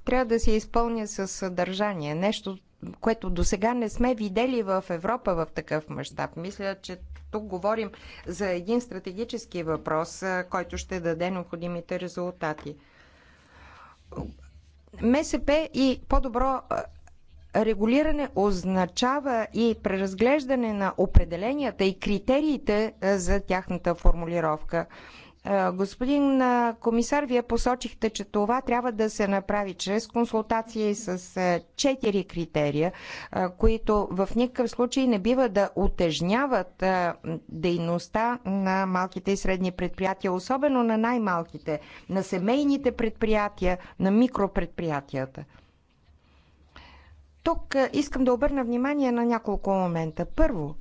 трябва да се изпълня с съдържание. Нещо, което до сега не сме видели в Европа в такъв мащаб. Мисля, че тук говорим за един стратегически въпрос, който ще даде необходимите резултати. МСП и по-добро регулиране означава и преразглеждане на определенията и критериите е, за тяхната формулировка. Е, господин е, комисар, вие посочихте, че това трябва да се направи чрез и с четири критерия, които в никакъв случай не бива да утежняват дейността на малките и средни предприятия, особено на най-малките, на семейните предприятия, на микропредприятията. Тук искам да обърна внимание на няколко момента. Първо,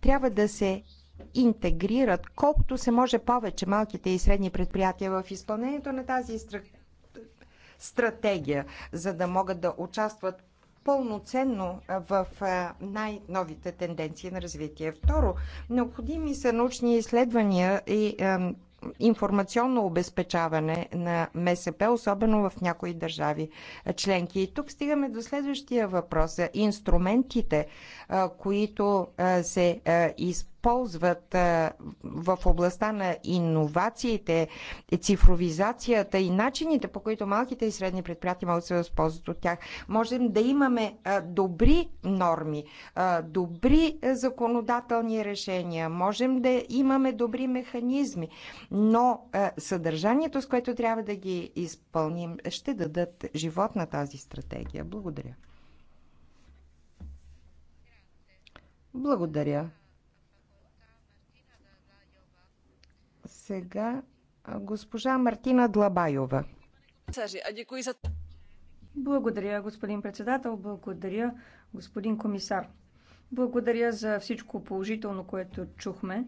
трябва да се интегрират колкото се може повече малките и средни предприятия в изпълнението на тази стратегия, за да могат да участват пълноценно в най-новите тенденции на развитие. Второ, необходими са научни изследвания и информационно обезпечаване на МСП, особено в някои държави членки. И тук стигаме до следващия въпрос. Инструментите, които се използват ползват в областта на иновациите, цифровизацията и начините по които малките и средни предприятия могат да се възползват от тях. Можем да имаме добри норми, добри законодателни решения, можем да имаме добри механизми, но съдържанието, с което трябва да ги изпълним, ще дадат живот на тази стратегия. Благодаря. Благодаря. Сега госпожа Мартина Длабайова. Благодаря, господин председател. Благодаря, господин комисар. Благодаря за всичко положително, което чухме.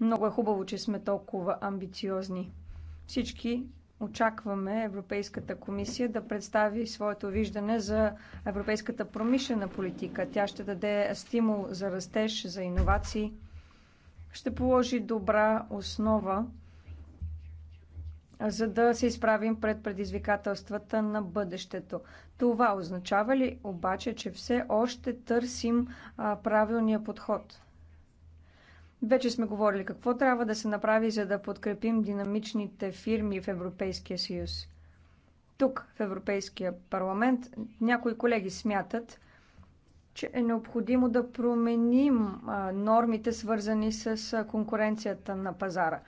Много е хубаво, че сме толкова амбициозни. Всички очакваме Европейската комисия да представи своето виждане за европейската промишлена политика. Тя ще даде стимул за растеж, за иновации, ще положи добра основа за да се изправим пред предизвикателствата на бъдещето. Това означава ли обаче, че все още търсим а, правилния подход? Вече сме говорили какво трябва да се направи, за да подкрепим динамичните фирми в Европейския съюз. Тук, в Европейския парламент, някои колеги смятат, че е необходимо да променим а, нормите, свързани с а, конкуренцията на пазара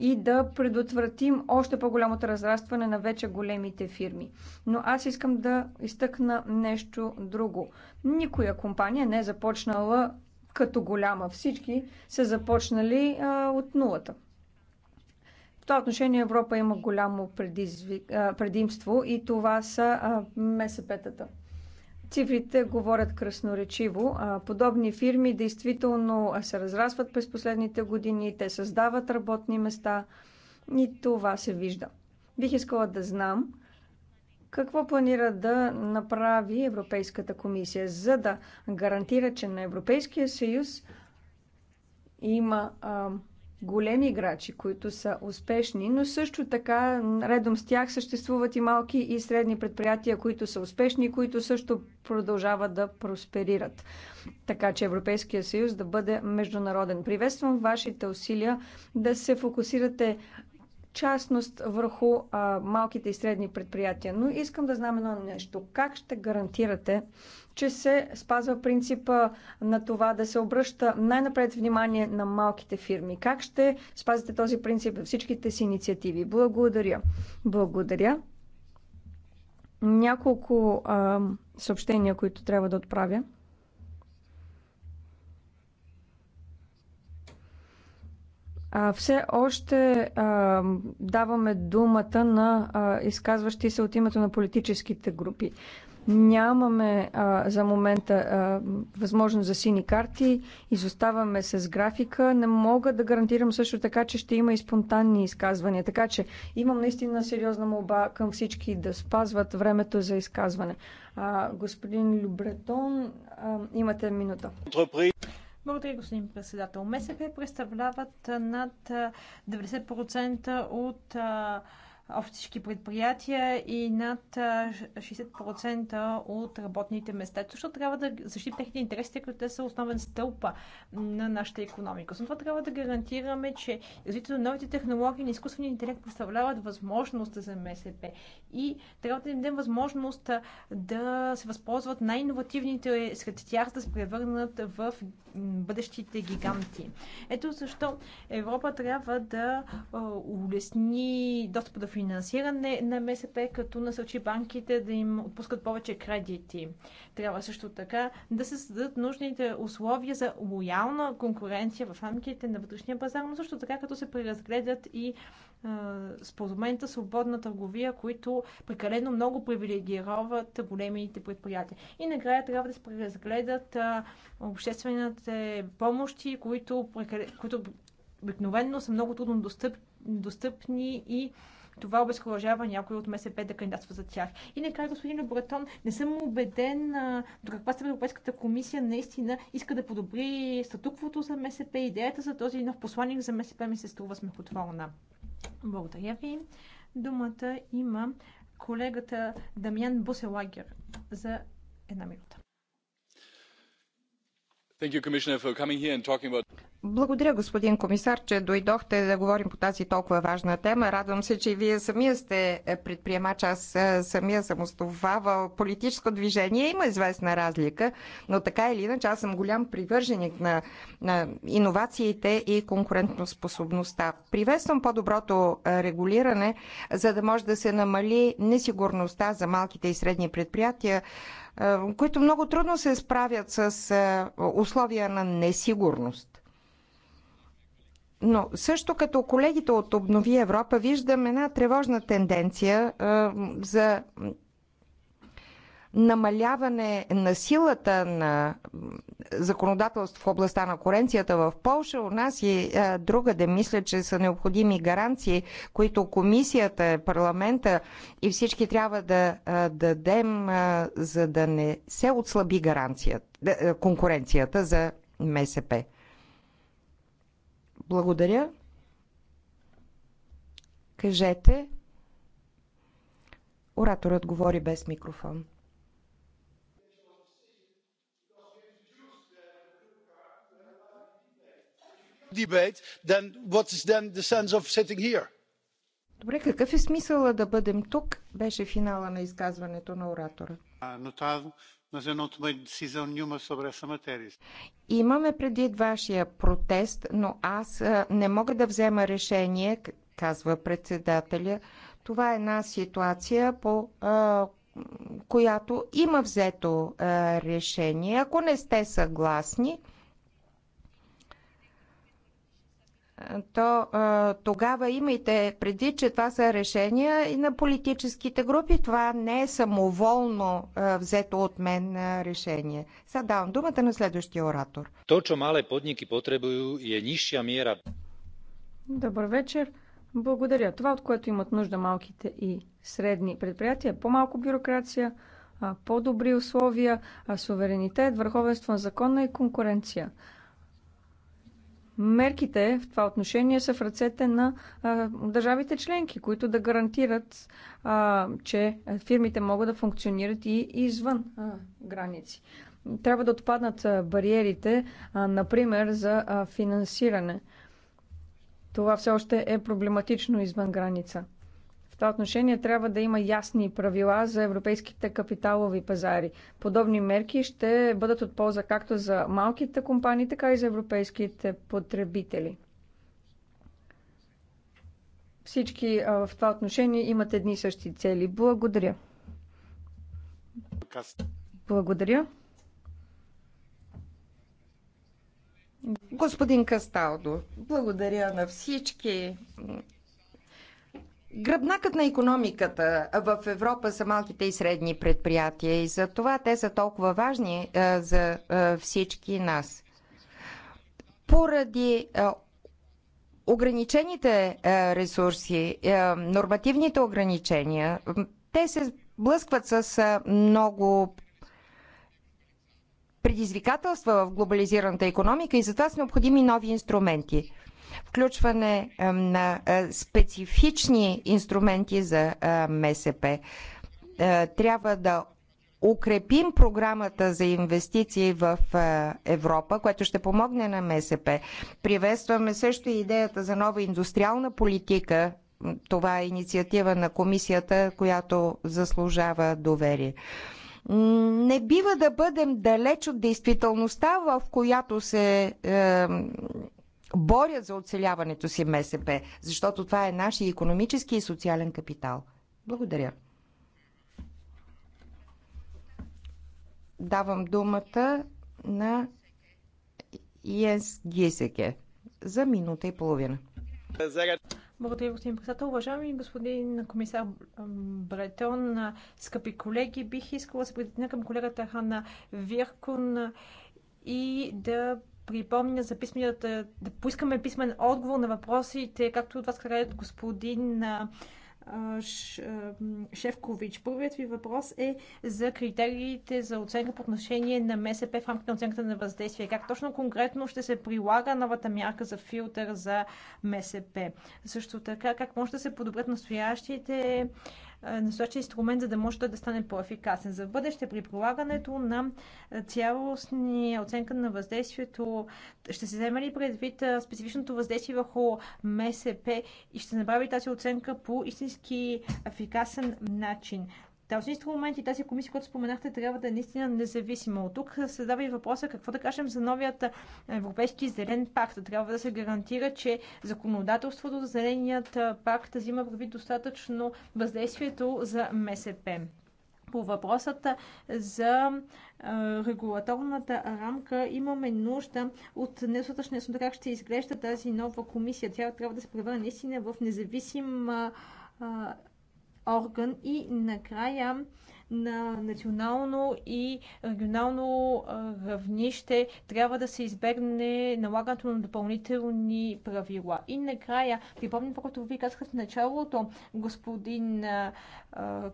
и да предотвратим още по-голямото разрастване на вече големите фирми. Но аз искам да изтъкна нещо друго. Никоя компания не е започнала като голяма. Всички са започнали а, от нулата. В това отношение Европа има голямо предизви... а, предимство и това са а, МСП-тата. Цифрите говорят красноречиво. Подобни фирми действително се разрастват през последните години, те създават работни места и това се вижда. Бих искала да знам какво планира да направи Европейската комисия, за да гарантира, че на Европейския съюз има а, големи играчи, които са успешни, но също така редом с тях съществуват и малки и средни предприятия, които са успешни и които също продължават да просперират. Така че Европейския съюз да бъде международен. Приветствам вашите усилия да се фокусирате частност върху а, малките и средни предприятия. Но искам да знам едно нещо. Как ще гарантирате че се спазва принципа на това да се обръща най-напред внимание на малките фирми. Как ще спазите този принцип във всичките си инициативи? Благодаря. Благодаря. Няколко а, съобщения, които трябва да отправя. А, все още а, даваме думата на а, изказващи се от името на политическите групи. Нямаме а, за момента а, възможност за сини карти, изоставаме с графика. Не мога да гарантирам също така, че ще има и спонтанни изказвания. Така че имам наистина сериозна молба към всички да спазват времето за изказване. А, господин Любретон, а, имате минута. Благодаря, господин председател. МСП представляват над 90% от всички предприятия и над 60% от работните места. Защото трябва да защитим техните интереси, тъй като те са основен стълпа на нашата економика. Освен това трябва да гарантираме, че развитието на новите технологии на изкуствения интелект представляват възможност за МСП. И трябва да им дадем възможност да се възползват най-инновативните сред тях, да се превърнат в бъдещите гиганти. Ето защо Европа трябва да улесни достъпа до финансиране на МСП, като насочи банките да им отпускат повече кредити. Трябва също така да се създадат нужните условия за лоялна конкуренция в рамките на вътрешния пазар, но също така като се преразгледат и споразуменията свободна търговия, които прекалено много привилегироват големите предприятия. И накрая трябва да се преразгледат обществените помощи, които, прекале... които обикновенно са много трудно достъп... достъпни и това обезкуражава някой от МСП да кандидатства за тях. И накрая, господин Бретон, не съм убеден до каква степен Европейската комисия наистина иска да подобри статуквото за МСП. Идеята за този нов посланник за МСП ми се струва смехотворна. Благодаря ви. Думата има колегата Дамян Буселагер за една минута. Благодаря, господин комисар, че дойдохте да говорим по тази толкова важна тема. Радвам се, че и вие самия сте предприемач. Аз самия съм основавал политическо движение. Има известна разлика, но така или иначе аз съм голям привърженик на, на иновациите и конкурентоспособността. Приветствам по-доброто регулиране, за да може да се намали несигурността за малките и средни предприятия е, които много трудно се справят с е, условия на несигурност. Но също като колегите от Обнови Европа виждам една тревожна тенденция е, за намаляване на силата на законодателство в областта на коренцията в Польша, у нас и е, другаде. Мисля, че са необходими гаранции, които комисията, парламента и всички трябва да е, дадем, е, за да не се отслаби гаранцията, конкуренцията за МСП. Благодаря. Кажете. Ораторът говори без микрофон. debate, then what is then the sense of sitting here? Добре, какъв е смисъла да бъдем тук, беше финала на изказването на оратора. Имаме предвид вашия протест, но аз не мога да взема решение, казва председателя. Това е една ситуация, по а, която има взето а, решение. Ако не сте съгласни, то а, тогава имайте преди, че това са решения и на политическите групи. Това не е самоволно а, взето от мен а, решение. Сега давам думата на следващия оратор. То, че мале подники потребую, е нищия мера. Добър вечер. Благодаря. Това, от което имат нужда малките и средни предприятия, е по-малко бюрокрация, по-добри условия, суверенитет, върховенство на закона и конкуренция мерките в това отношение са в ръцете на а, държавите членки, които да гарантират, а, че фирмите могат да функционират и извън а, граници. Трябва да отпаднат бариерите, а, например, за а, финансиране. Това все още е проблематично извън граница това отношение трябва да има ясни правила за европейските капиталови пазари. Подобни мерки ще бъдат от полза както за малките компании, така и за европейските потребители. Всички в това отношение имат едни и същи цели. Благодаря. Благодаря. Господин Касталдо, благодаря на всички Гръбнакът на економиката в Европа са малките и средни предприятия и за това те са толкова важни е, за е, всички нас. Поради е, ограничените ресурси, нормативните ограничения, те се блъскват с много предизвикателства в глобализираната економика и затова са необходими нови инструменти – включване на специфични инструменти за МСП. Трябва да укрепим програмата за инвестиции в Европа, което ще помогне на МСП. Приветстваме също и идеята за нова индустриална политика. Това е инициатива на комисията, която заслужава доверие. Не бива да бъдем далеч от действителността, в която се е, борят за оцеляването си МСП, защото това е нашия економически и социален капитал. Благодаря. Давам думата на Йенс Гисеке за минута и половина. Благодаря, господин председател. Уважаеми господин комисар Бретон, скъпи колеги, бих искала да се към колегата Хана Виркун и да припомня за писмената, да поискаме писмен отговор на въпросите, както от вас краят господин Шефкович. Първият ви въпрос е за критериите за оценка по отношение на МСП в рамките на оценката на въздействие. Как точно конкретно ще се прилага новата мярка за филтър за МСП? Също така, как може да се подобрят настоящите е, насочен инструмент, за да може да стане по-ефикасен. За бъдеще при прилагането на е, цялостни оценка на въздействието ще се вземе ли предвид е, специфичното въздействие върху МСП и ще направи тази оценка по истински ефикасен начин? Този инструмент и тази комисия, която споменахте, трябва да е наистина независима. От тук се дава и въпроса какво да кажем за новият Европейски зелен пакт. Трябва да се гарантира, че законодателството за зеленият пакт взима предвид достатъчно въздействието за МСП по въпросата за регулаторната рамка имаме нужда от недостатъчно яснота как ще изглежда тази нова комисия. Тя трябва да се превърне наистина в независим орган и накрая на национално и регионално равнище трябва да се избегне налагането на допълнителни правила. И накрая, припомням това, което ви казах в началото, господин а,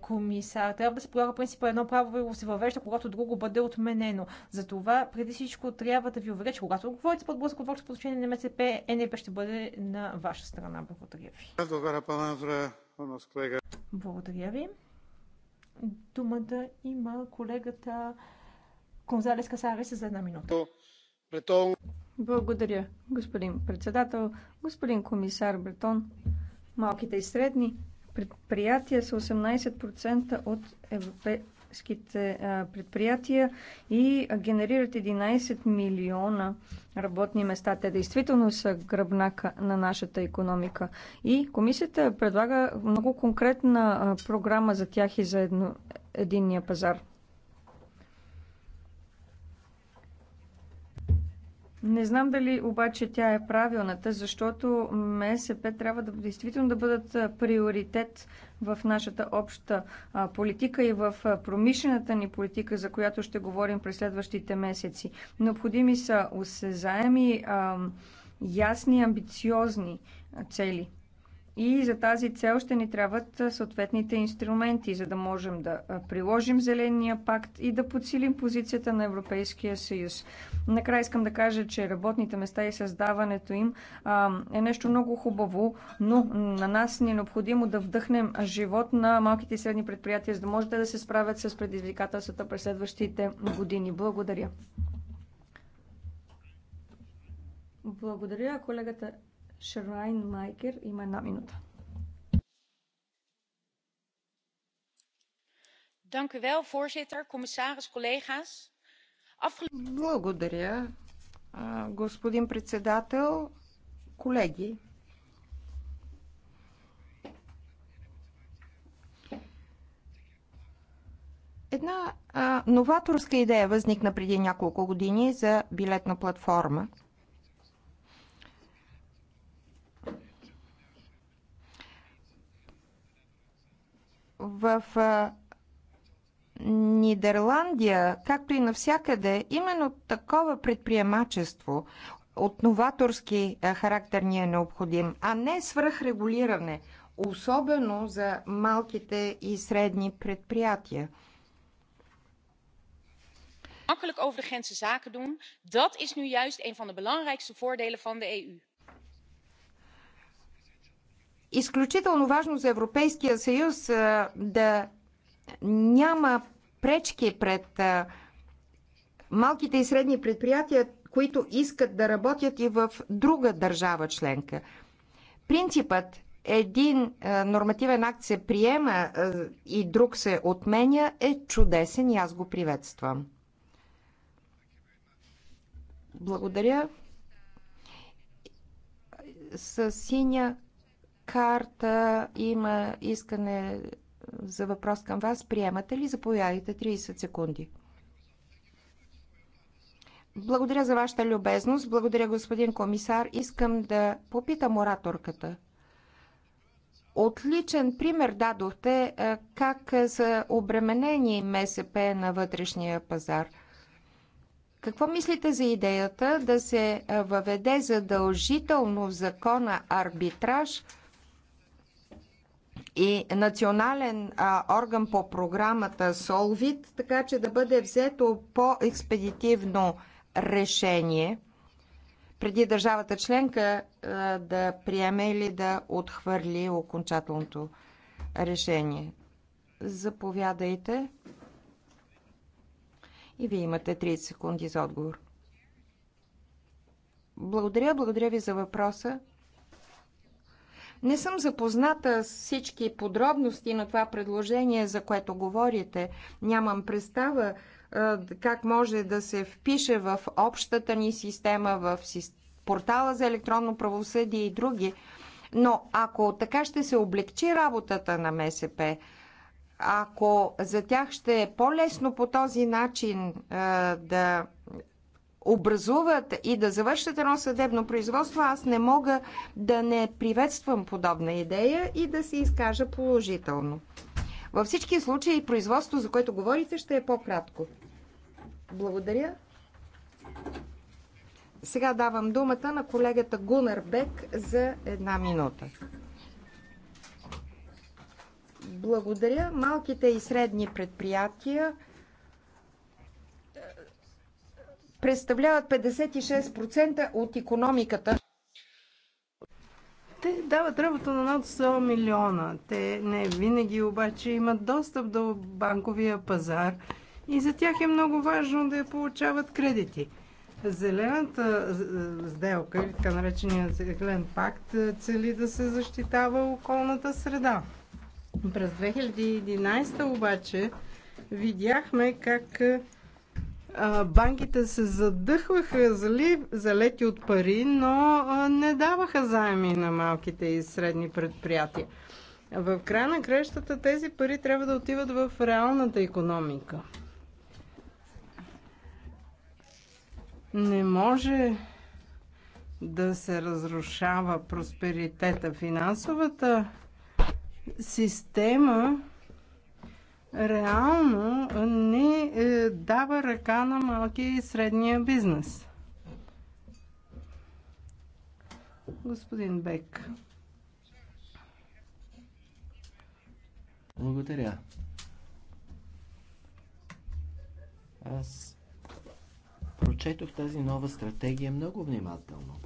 комисар, трябва да се прилага принципа едно правило се въвежда, когато друго бъде отменено. Затова преди всичко трябва да ви уверя, че когато говорите под блъско творчество по отношение на МСП, НЕП ще бъде на ваша страна. Благодаря ви. Благодаря ви. Думата има колегата Конзалес Касарес за една минута. Благодаря, господин председател, господин комисар Бретон. Малките и средни предприятия са 18% от, европе българските предприятия и генерират 11 милиона работни места. Те действително са гръбнака на нашата економика. И комисията предлага много конкретна програма за тях и за едно, единния пазар. Не знам дали обаче тя е правилната, защото МСП трябва да действително да бъдат приоритет в нашата обща политика и в промишлената ни политика, за която ще говорим през следващите месеци. Необходими са осезаеми, ясни, амбициозни цели. И за тази цел ще ни трябват съответните инструменти, за да можем да приложим Зеления пакт и да подсилим позицията на Европейския съюз. Накрая искам да кажа, че работните места и създаването им а, е нещо много хубаво, но на нас ни е необходимо да вдъхнем живот на малките и средни предприятия, за да можете да се справят с предизвикателствата през следващите години. Благодаря. Благодаря, колегата Шрайн Майкер има една минута. voorzitter, commissaris, collega's. Благодаря, господин председател, колеги. Една а, новаторска идея възникна преди няколко години за билетна платформа – в а, Нидерландия, както и навсякъде, именно такова предприемачество от новаторски а, характер ни е необходим, а не свръхрегулиране, особено за малките и средни предприятия. Makkelijk over de grenzen zaken doen, dat is nu juist een van de belangrijkste voordelen van de EU изключително важно за Европейския съюз да няма пречки пред малките и средни предприятия, които искат да работят и в друга държава членка. Принципът един нормативен акт се приема и друг се отменя е чудесен и аз го приветствам. Благодаря. С синя карта. Има искане за въпрос към вас. Приемате ли? Заповядайте 30 секунди. Благодаря за вашата любезност. Благодаря, господин комисар. Искам да попитам ораторката. Отличен пример дадохте е, как са обременени МСП на вътрешния пазар. Какво мислите за идеята да се е, въведе задължително в закона арбитраж – и национален а, орган по програмата Солвит, така че да бъде взето по-експедитивно решение преди държавата членка а, да приеме или да отхвърли окончателното решение. Заповядайте. И вие имате 30 секунди за отговор. Благодаря, благодаря ви за въпроса. Не съм запозната с всички подробности на това предложение, за което говорите. Нямам представа как може да се впише в общата ни система, в портала за електронно правосъдие и други. Но ако така ще се облегчи работата на МСП, ако за тях ще е по-лесно по този начин да образуват и да завършат едно съдебно производство, аз не мога да не приветствам подобна идея и да се изкажа положително. Във всички случаи производство, за което говорите, ще е по-кратко. Благодаря. Сега давам думата на колегата Гунар Бек за една минута. Благодаря. Малките и средни предприятия представляват 56% от економиката. Те дават работа на над 100 милиона. Те не винаги обаче имат достъп до банковия пазар и за тях е много важно да я получават кредити. Зелената сделка, така наречения зелен пакт, е, цели да се защитава околната среда. През 2011 обаче видяхме как е, банките се задъхваха залети от пари, но не даваха заеми на малките и средни предприятия. В края на крещата тези пари трябва да отиват в реалната економика. Не може да се разрушава просперитета. Финансовата система реално не е, дава ръка на малкия и средния бизнес. Господин Бек. Благодаря. Аз прочетох тази нова стратегия много внимателно.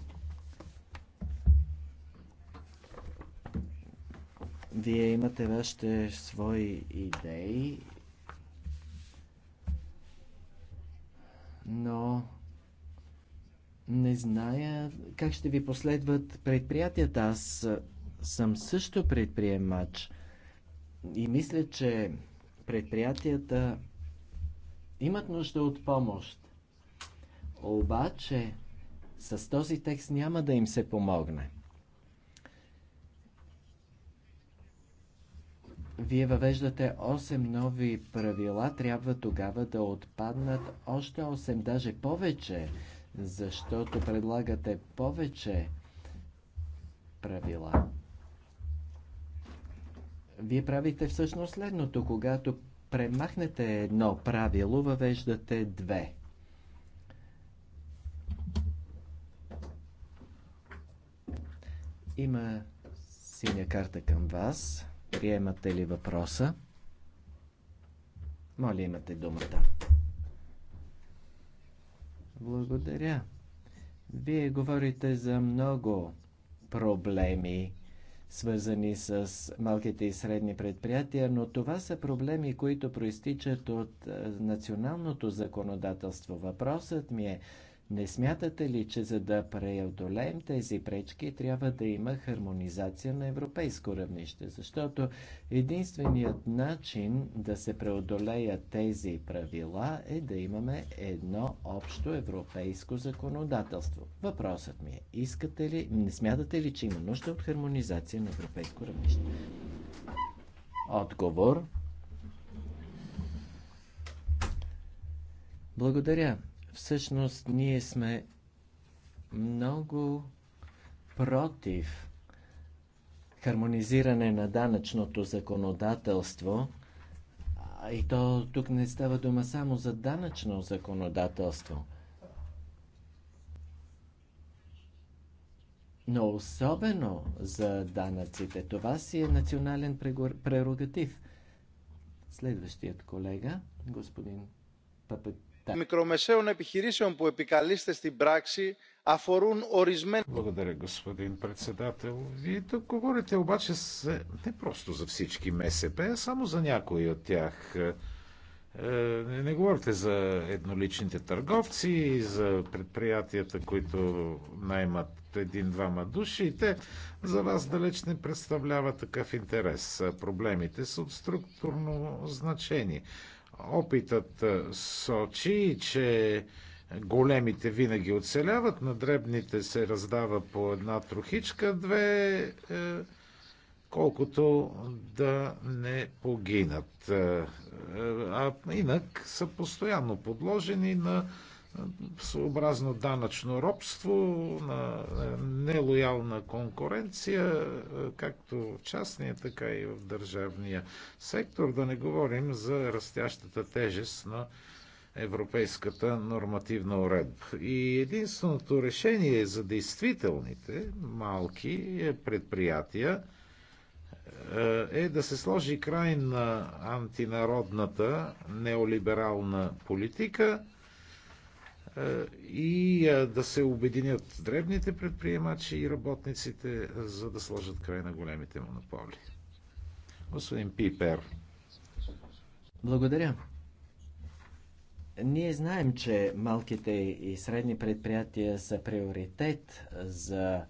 Вие имате вашите свои идеи, но не зная как ще ви последват предприятията. Аз съм също предприемач и мисля, че предприятията имат нужда от помощ. Обаче с този текст няма да им се помогне. вие въвеждате 8 нови правила, трябва тогава да отпаднат още 8, даже повече, защото предлагате повече правила. Вие правите всъщност следното, когато премахнете едно правило, въвеждате две. Има синя карта към вас. Приемате ли въпроса? Моля, имате думата. Благодаря. Вие говорите за много проблеми, свързани с малките и средни предприятия, но това са проблеми, които проистичат от националното законодателство. Въпросът ми е не смятате ли, че за да преодолеем тези пречки, трябва да има хармонизация на европейско равнище? Защото единственият начин да се преодолеят тези правила е да имаме едно общо европейско законодателство. Въпросът ми е, искате ли, не смятате ли, че има нужда от хармонизация на европейско равнище? Отговор. Благодаря. Всъщност ние сме много против хармонизиране на данъчното законодателство. И то тук не става дума само за данъчно законодателство. Но особено за данъците. Това си е национален прерогатив. Следващият колега, господин Папет благодаря, господин председател. Вие тук говорите обаче не просто за всички МСП, а само за някои от тях. Е, не, не говорите за едноличните търговци, за предприятията, които наймат един-двама души и те за вас далеч не представляват такъв интерес. Проблемите са от структурно значение. Опитът сочи, че големите винаги оцеляват, на дребните се раздава по една трохичка, две, колкото да не погинат. А инак са постоянно подложени на съобразно данъчно робство, на нелоялна конкуренция, е, както в частния, така и в държавния сектор. Да не говорим за растящата тежест на европейската нормативна уредба. И единственото решение за действителните малки е предприятия е, е да се сложи край на антинародната неолиберална политика – е, и е, да се обединят дребните предприемачи и работниците, за да сложат край на големите монополи. Господин Пипер. Благодаря. Ние знаем, че малките и средни предприятия са приоритет за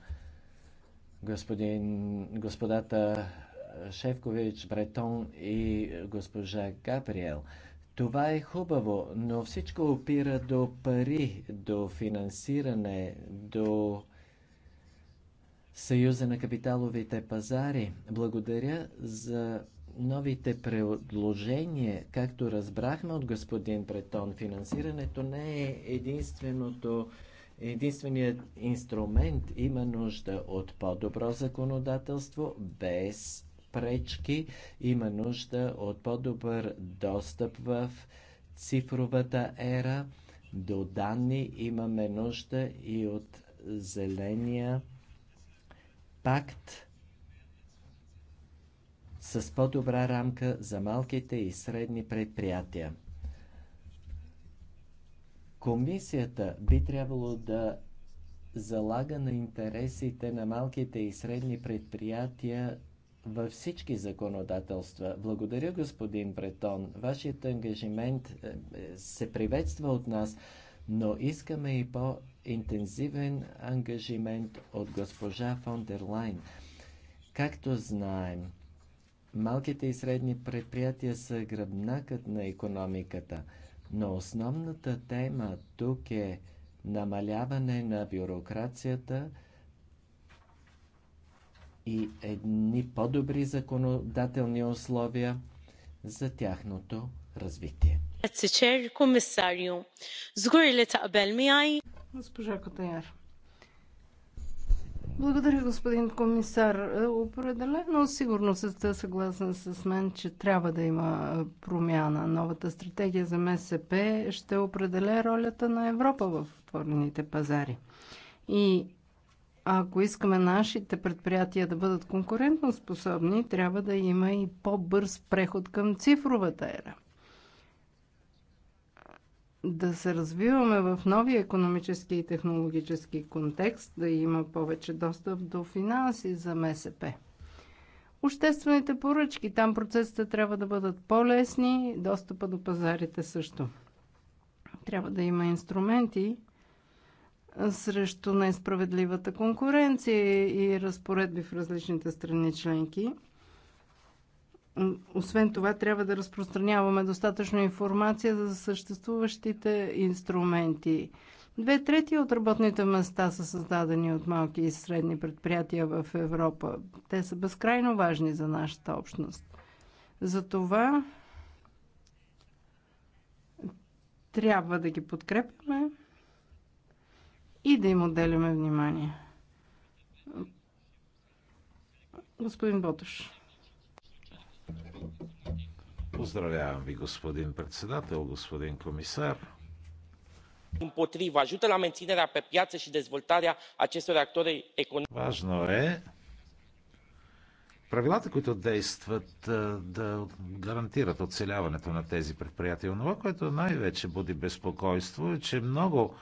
господин, господата Шевкович, Бретон и госпожа Габриел – това е хубаво, но всичко опира до пари, до финансиране, до Съюза на капиталовите пазари. Благодаря за новите предложения. Както разбрахме от господин Бретон, финансирането не е единственото единственият инструмент има нужда от по-добро законодателство без пречки, има нужда от по-добър достъп в цифровата ера до данни, имаме нужда и от зеления пакт с по-добра рамка за малките и средни предприятия. Комисията би трябвало да залага на интересите на малките и средни предприятия във всички законодателства. Благодаря, господин Бретон. Вашият ангажимент е, е, се приветства от нас, но искаме и по-интензивен ангажимент от госпожа фон дер Лайн. Както знаем, малките и средни предприятия са гръбнакът на економиката, но основната тема тук е намаляване на бюрокрацията – и едни по-добри законодателни условия за тяхното развитие. Госпожа Котаяр. Благодаря, господин комисар. Е, определено сигурно сте съгласен с мен, че трябва да има е, промяна. Новата стратегия за МСП ще определя ролята на Европа в отворените пазари. И ако искаме нашите предприятия да бъдат конкурентно способни, трябва да има и по-бърз преход към цифровата ера. Да се развиваме в нови економически и технологически контекст, да има повече достъп до финанси за МСП. Обществените поръчки, там процесите трябва да бъдат по-лесни, достъпа до пазарите също. Трябва да има инструменти, срещу несправедливата конкуренция и разпоредби в различните страни членки. Освен това, трябва да разпространяваме достатъчно информация за съществуващите инструменти. Две трети от работните места са създадени от малки и средни предприятия в Европа. Те са безкрайно важни за нашата общност. Затова трябва да ги подкрепяме и да им отделяме внимание. Господин Ботош. Поздравявам ви, господин председател, господин комисар. Împotriva, ajută la menținerea pe piață și dezvoltarea acestor actori economici. Важно е правилата, които действат да гарантират оцеляването на тези предприятия. Онова, което най-вече буди безпокойство е, че много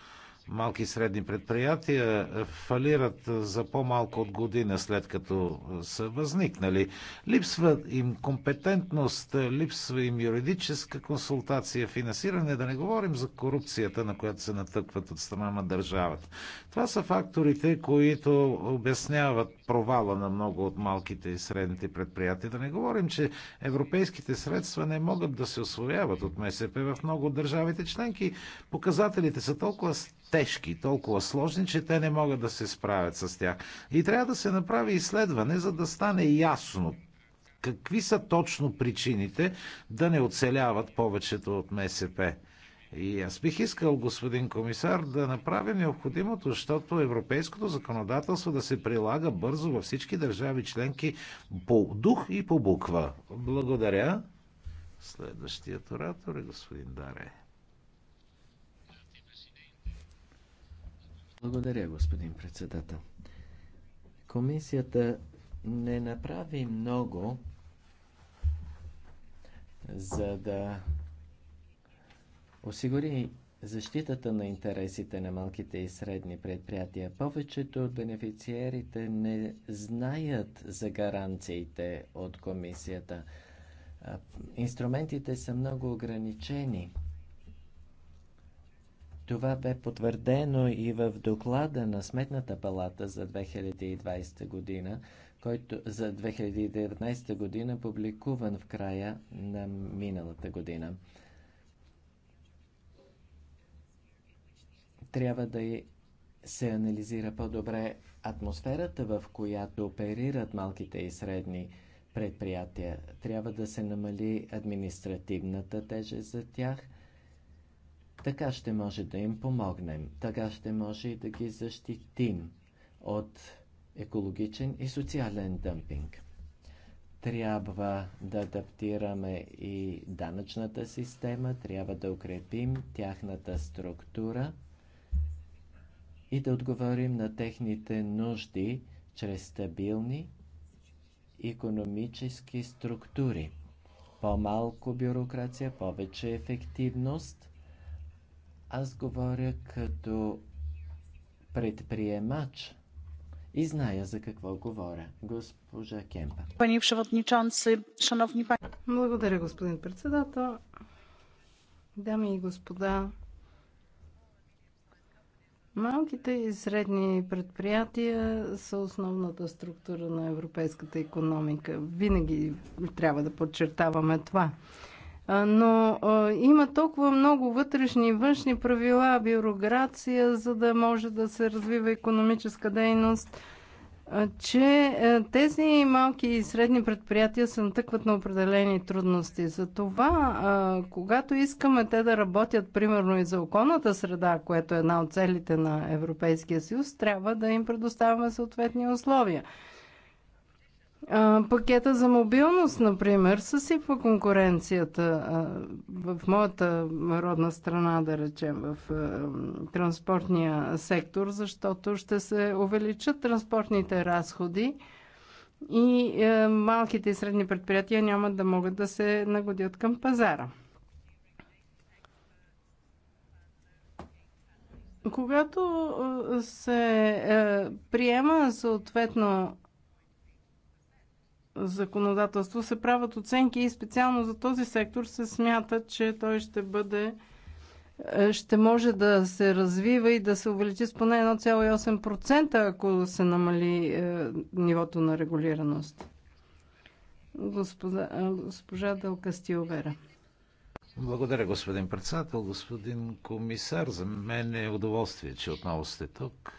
малки и средни предприятия е, фалират е, за по-малко от година след като е, са възникнали. Липсва им компетентност, липсва им юридическа консултация, финансиране, да не говорим за корупцията, на която се натъкват от страна на държавата. Това са факторите, които обясняват провала на много от малките и средните предприятия. Да не говорим, че европейските средства не могат да се освояват от МСП в много от държавите членки. Показателите са толкова тежки, толкова сложни, че те не могат да се справят с тях. И трябва да се направи изследване, за да стане ясно какви са точно причините да не оцеляват повечето от МСП. И аз бих искал, господин комисар, да направя необходимото, защото европейското законодателство да се прилага бързо във всички държави членки по дух и по буква. Благодаря. Следващият оратор е господин Даре. Благодаря, господин председател. Комисията не направи много, за да осигури защитата на интересите на малките и средни предприятия. Повечето от бенефициерите не знаят за гаранциите от комисията. Инструментите са много ограничени. Това бе потвърдено и в доклада на Сметната палата за 2020 година, който за 2019 година, публикуван в края на миналата година. Трябва да се анализира по-добре атмосферата, в която оперират малките и средни предприятия. Трябва да се намали административната тежест за тях – така ще може да им помогнем, така ще може и да ги защитим от екологичен и социален дъмпинг. Трябва да адаптираме и данъчната система, трябва да укрепим тяхната структура и да отговорим на техните нужди чрез стабилни економически структури. По-малко бюрокрация, повече ефективност – аз говоря като предприемач и зная за какво говоря. Госпожа Кемпа. Пани Przewodniczący, шановни пани. Благодаря, господин председател. Дами и господа, малките и средни предприятия са основната структура на европейската економика. Винаги трябва да подчертаваме това но има толкова много вътрешни и външни правила, бюрокрация, за да може да се развива економическа дейност, че тези малки и средни предприятия се натъкват на определени трудности. Затова, когато искаме те да работят, примерно и за околната среда, което е една от целите на Европейския съюз, трябва да им предоставяме съответни условия пакета за мобилност, например, съсипва конкуренцията в моята родна страна, да речем, в транспортния сектор, защото ще се увеличат транспортните разходи и малките и средни предприятия няма да могат да се нагодят към пазара. Когато се приема съответно законодателство се правят оценки и специално за този сектор се смята, че той ще бъде е, ще може да се развива и да се увеличи с поне 1,8%, ако се намали е, нивото на регулираност. Господа, е, госпожа Дълка Стилвера. Благодаря, господин председател, господин комисар. За мен е удоволствие, че отново сте тук.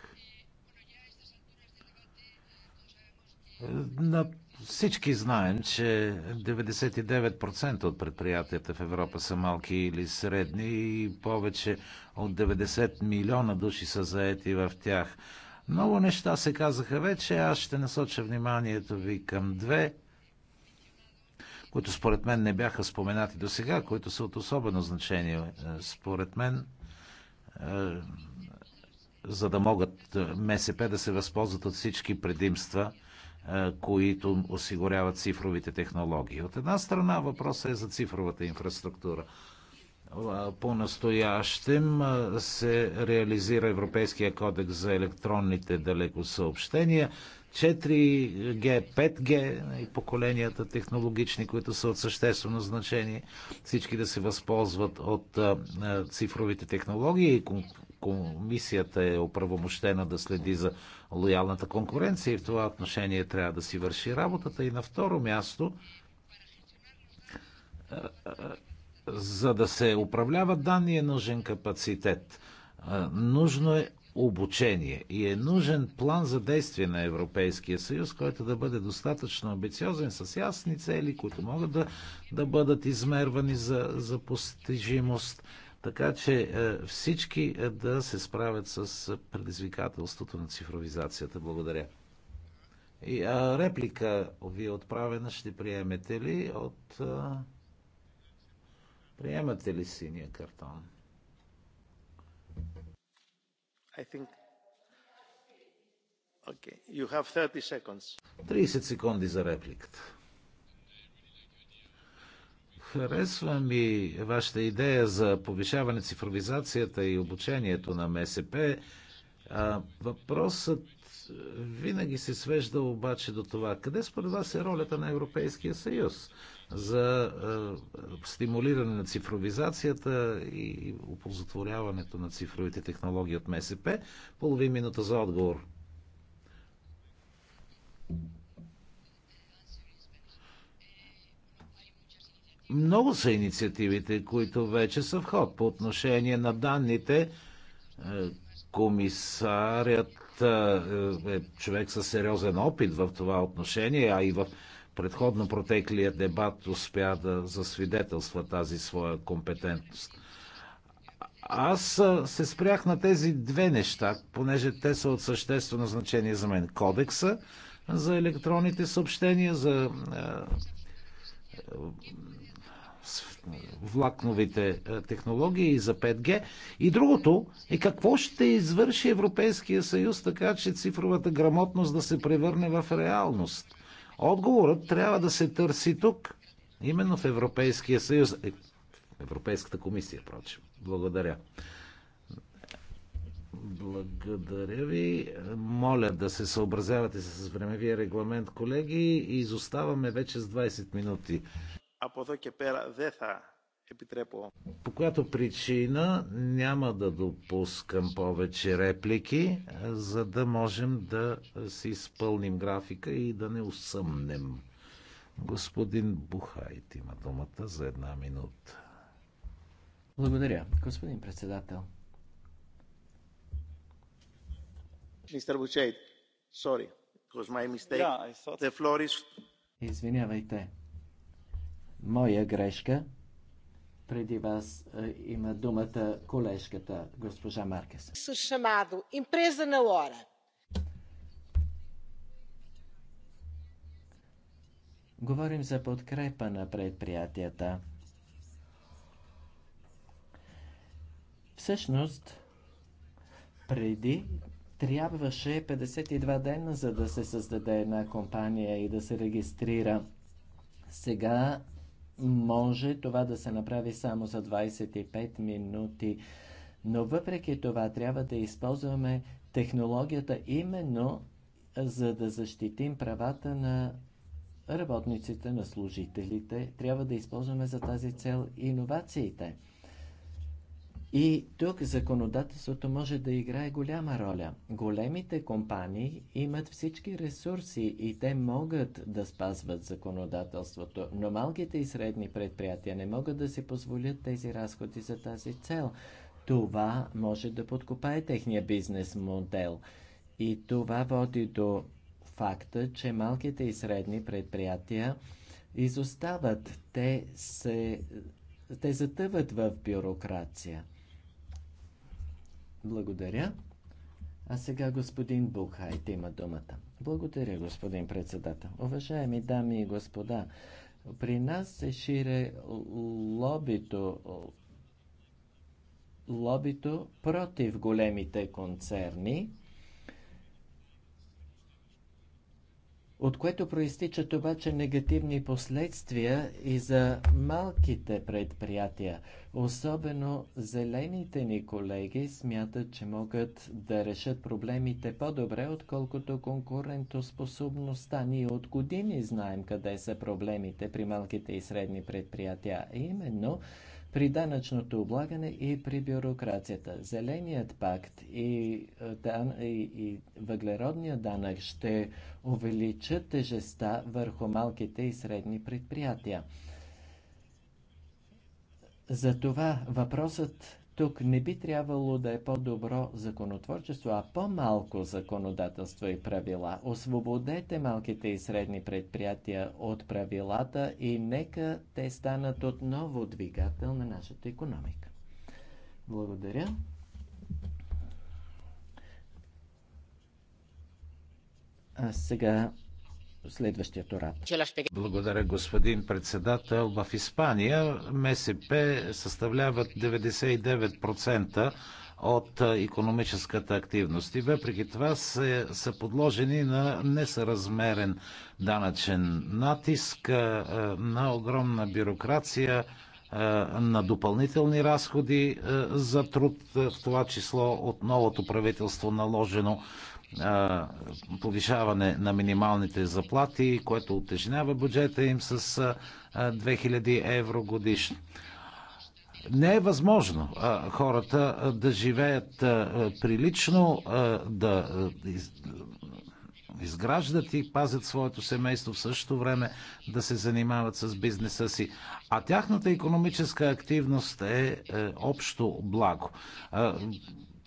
На всички знаем, че 99% от предприятията в Европа са малки или средни и повече от 90 милиона души са заети в тях. Много неща се казаха вече, аз ще насоча вниманието ви към две, които според мен не бяха споменати до сега, които са от особено значение е, според мен, е, за да могат е, МСП да се възползват от всички предимства – които осигуряват цифровите технологии. От една страна въпросът е за цифровата инфраструктура. По-настоящем се реализира Европейския кодекс за електронните далекосъобщения. 4G, 5G и поколенията технологични, които са от съществено значение, всички да се възползват от цифровите технологии и комисията е оправомощена да следи за лоялната конкуренция и в това отношение трябва да си върши работата. И на второ място, за да се управлява данни е нужен капацитет. Нужно е обучение и е нужен план за действие на Европейския съюз, който да бъде достатъчно амбициозен, с ясни цели, които могат да, да бъдат измервани за, за постижимост така че е, всички е, да се справят с е, предизвикателството на цифровизацията. Благодаря. И а, реплика ви е отправена, ще приемете ли от... А, приемате ли синия картон? I think... Okay. You have 30 seconds. 30 секунди за репликата. Харесва ми вашата идея за повишаване цифровизацията и обучението на МСП. Въпросът е, винаги се свежда обаче до това, къде според вас е ролята на Европейския съюз за е, стимулиране на цифровизацията и оползотворяването на цифровите технологии от МСП? Половин минута за отговор. Много са инициативите, които вече са в ход. По отношение на данните, е, комисарят е, е, е човек със сериозен опит в това отношение, а и в предходно протеклия дебат успя да засвидетелства тази своя компетентност. Аз се спрях на тези две неща, понеже те са от съществено значение за мен. Кодекса за електронните съобщения, за влакновите е, технологии и за 5G. И другото е какво ще извърши Европейския съюз така, че цифровата грамотност да се превърне в реалност. Отговорът трябва да се търси тук, именно в Европейския съюз. Е, Европейската комисия, прочим. Благодаря. Благодаря ви. Моля да се съобразявате с времевия регламент, колеги. Изоставаме вече с 20 минути από εδώ και πέρα δεν θα επιτρέπω. По която причина няма да допускам повече реплики, за да можем да си изпълним графика и да не усъмнем. Господин Бухайт има думата за една минута. Благодаря, господин председател. Мистер Бучейт, sorry, it was my mistake. Yeah, I thought... The floor is... Извинявайте моя грешка. Преди вас е, има думата колежката госпожа Маркес. Chamado импреза на Лора. Говорим за подкрепа на предприятията. Всъщност, преди трябваше 52 дена, за да се създаде една компания и да се регистрира. Сега може това да се направи само за 25 минути. Но въпреки това трябва да използваме технологията именно за да защитим правата на работниците, на служителите. Трябва да използваме за тази цел иновациите. И тук законодателството може да играе голяма роля. Големите компании имат всички ресурси и те могат да спазват законодателството, но малките и средни предприятия не могат да си позволят тези разходи за тази цел. Това може да подкопае техния бизнес модел. И това води до факта, че малките и средни предприятия изостават. Те се те затъват в бюрокрация. Благодаря. А сега господин Бухай, има думата. Благодаря, господин председател. Уважаеми дами и господа, при нас се шире лобито, лобито против големите концерни – от което проистичат обаче негативни последствия и за малките предприятия. Особено зелените ни колеги смятат, че могат да решат проблемите по-добре, отколкото конкурентоспособността. Ние от години знаем къде са проблемите при малките и средни предприятия, а именно – при данъчното облагане и при бюрокрацията. Зеленият пакт и, е, дан, и, и въглеродният данък ще увеличат тежеста върху малките и средни предприятия. Затова въпросът тук не би трябвало да е по-добро законотворчество, а по-малко законодателство и правила. Освободете малките и средни предприятия от правилата и нека те станат отново двигател на нашата економика. Благодаря. А сега следващия оратор. Благодаря, господин председател. В Испания МСП съставляват 99% от економическата активност. И въпреки това се, са подложени на несъразмерен данъчен натиск, на огромна бюрокрация, на допълнителни разходи за труд, в това число от новото правителство наложено повишаване на минималните заплати, което отежнява бюджета им с 2000 евро годишно. Не е възможно а, хората да живеят а, прилично, а, да из, изграждат и пазят своето семейство, в същото време да се занимават с бизнеса си. А тяхната економическа активност е, е общо благо.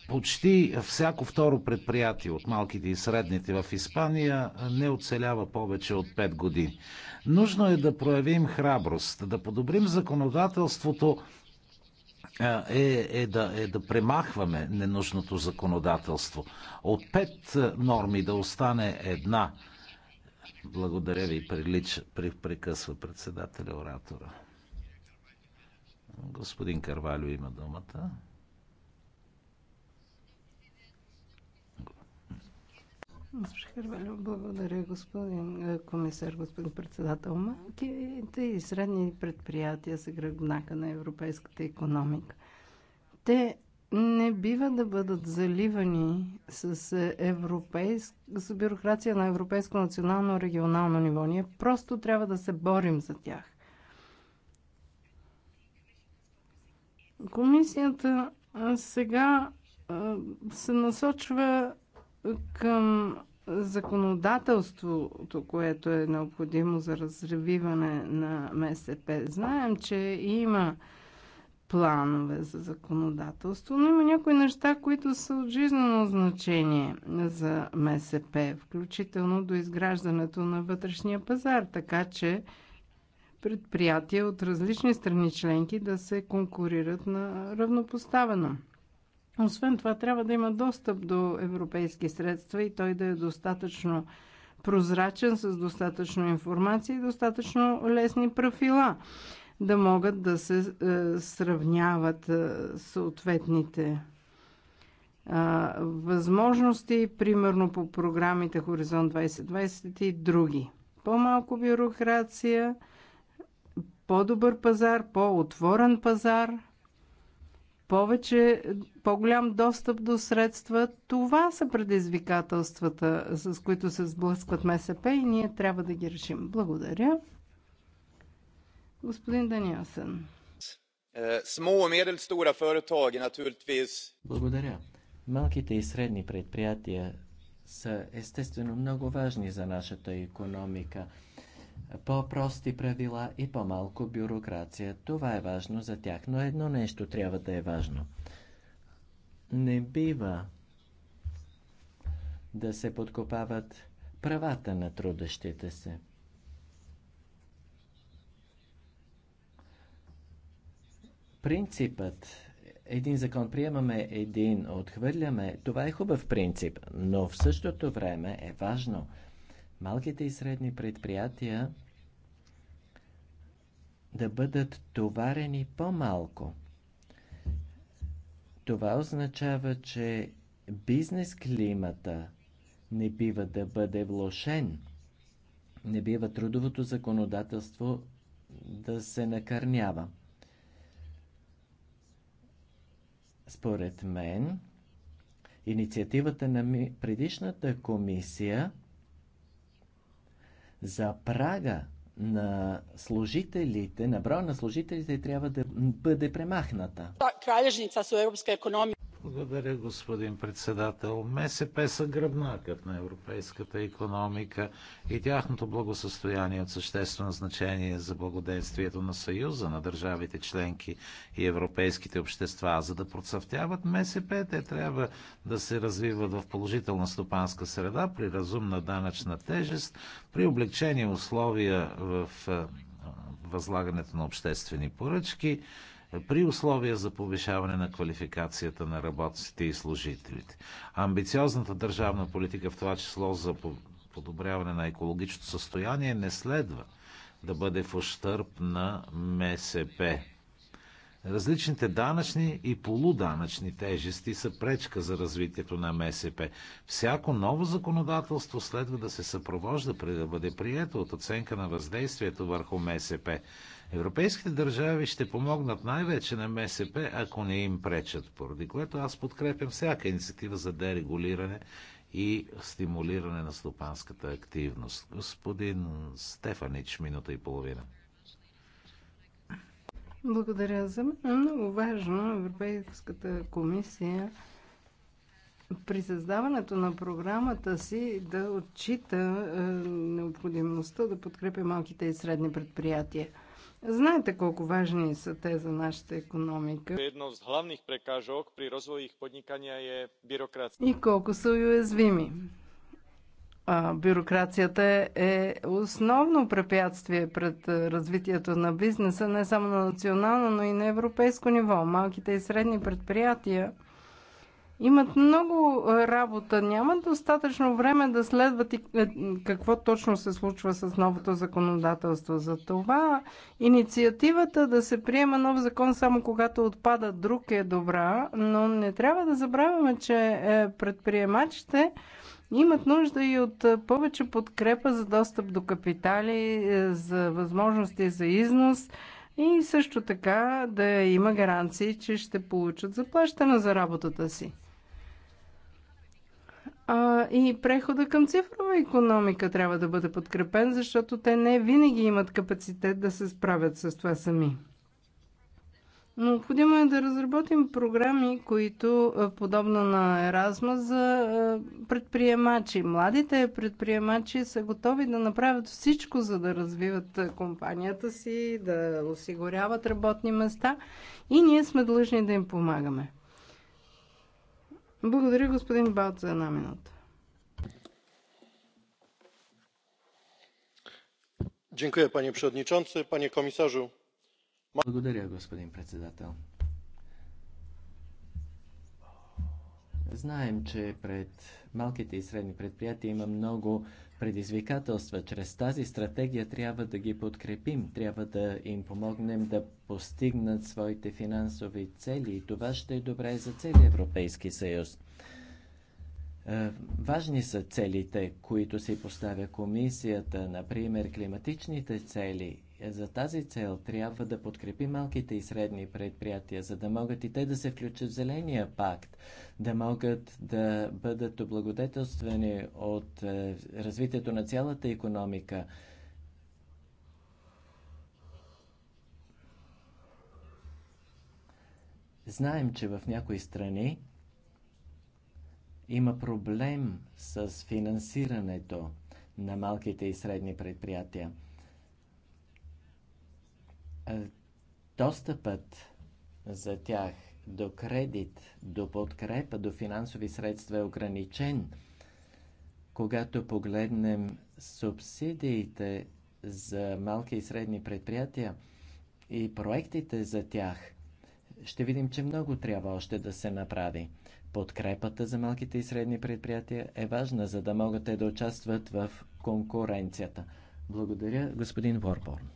Почти всяко второ предприятие от малките и средните в Испания не оцелява повече от 5 години. Нужно е да проявим храброст, да подобрим законодателството, е, е, да, е да премахваме ненужното законодателство. От пет норми да остане една. Благодаря ви, прилича, прекъсва председателя оратора. Господин Карвалю има думата. Благодаря, господин е, комисар, господин председател. Малките и средни предприятия са гръбнака на европейската економика. Те не бива да бъдат заливани с, е, европейск, с бюрокрация на европейско, национално, регионално ниво. Ние просто трябва да се борим за тях. Комисията е, сега се насочва към законодателството, което е необходимо за разрививане на МСП. Знаем, че има планове за законодателство, но има някои неща, които са от жизнено значение за МСП, включително до изграждането на вътрешния пазар, така че предприятия от различни страни членки да се конкурират на равнопоставено. Освен това, трябва да има достъп до европейски средства и той да е достатъчно прозрачен, с достатъчно информация и достатъчно лесни профила, да могат да се е, сравняват е, съответните е, възможности, примерно по програмите Хоризонт 2020 и други. По-малко бюрокрация, по-добър пазар, по-отворен пазар – повече, по-голям достъп до средства. Това са предизвикателствата, с които се сблъскват МСП и ние трябва да ги решим. Благодаря. Господин Даниасен. Е, Благодаря. Малките и средни предприятия са естествено много важни за нашата економика по-прости правила и по-малко бюрокрация. Това е важно за тях, но едно нещо трябва да е важно. Не бива да се подкопават правата на трудещите се. Принципът един закон приемаме, един отхвърляме, това е хубав принцип, но в същото време е важно – малките и средни предприятия да бъдат товарени по-малко. Това означава, че бизнес климата не бива да бъде влошен. Не бива трудовото законодателство да се накърнява. Според мен, инициативата на предишната комисия – за прага на служителите, на броя на служителите трябва да бъде премахната. Благодаря, господин председател. МСП са гръбнакът на европейската економика и тяхното благосъстояние от съществено значение за благоденствието на Съюза, на държавите членки и европейските общества. За да процъфтяват МСП, те трябва да се развиват в положителна стопанска среда, при разумна данъчна тежест, при облегчени условия в възлагането на обществени поръчки, при условия за повишаване на квалификацията на работците и служителите. Амбициозната държавна политика, в това число за подобряване на екологичното състояние, не следва да бъде в ощърп на МСП. Различните данъчни и полуданъчни тежести са пречка за развитието на МСП. Всяко ново законодателство следва да се съпровожда преди да бъде прието от оценка на въздействието върху МСП. Европейските държави ще помогнат най-вече на МСП, ако не им пречат, поради което аз подкрепям всяка инициатива за дерегулиране и стимулиране на стопанската активност. Господин Стефанич, минута и половина. Благодаря за мен. Много важно Европейската комисия при създаването на програмата си да отчита е, необходимостта да подкрепя малките и средни предприятия. Знаете колко важни са те за нашата економика. Едно от главних прекажок при развоя их подникания е бюрокрация. И колко са уязвими. А, бюрокрацията е основно препятствие пред развитието на бизнеса, не само на национално, но и на европейско ниво. Малките и средни предприятия имат много работа, нямат достатъчно време да следват и е, какво точно се случва с новото законодателство. За това инициативата да се приема нов закон само когато отпада друг е добра, но не трябва да забравяме, че е, предприемачите имат нужда и от е, повече подкрепа за достъп до капитали, за възможности за износ и също така да има гаранции, че ще получат заплащане за работата си а, и прехода към цифрова економика трябва да бъде подкрепен, защото те не винаги имат капацитет да се справят с това сами. Необходимо е да разработим програми, които, подобно на Еразма, за предприемачи. Младите предприемачи са готови да направят всичко, за да развиват компанията си, да осигуряват работни места и ние сме длъжни да им помагаме. Благодаря, господин Бат, за една минута. Dziękuję, panie przewodniczący, panie komisarzu. Благодаря, господин председател. Знаем, че пред малките и средни предприятия има много предизвикателства. Чрез тази стратегия трябва да ги подкрепим, трябва да им помогнем да постигнат своите финансови цели и това ще е добре за цели Европейски съюз. Е, важни са целите, които си поставя комисията, например климатичните цели за тази цел трябва да подкрепи малките и средни предприятия, за да могат и те да се включат в Зеления пакт, да могат да бъдат облагодетелствани от е, развитието на цялата економика. Знаем, че в някои страни има проблем с финансирането на малките и средни предприятия. Е, достъпът за тях до кредит, до подкрепа, до финансови средства е ограничен. Когато погледнем субсидиите за малки и средни предприятия и проектите за тях, ще видим, че много трябва още да се направи. Подкрепата за малките и средни предприятия е важна, за да могат те да участват в конкуренцията. Благодаря, господин Ворборн.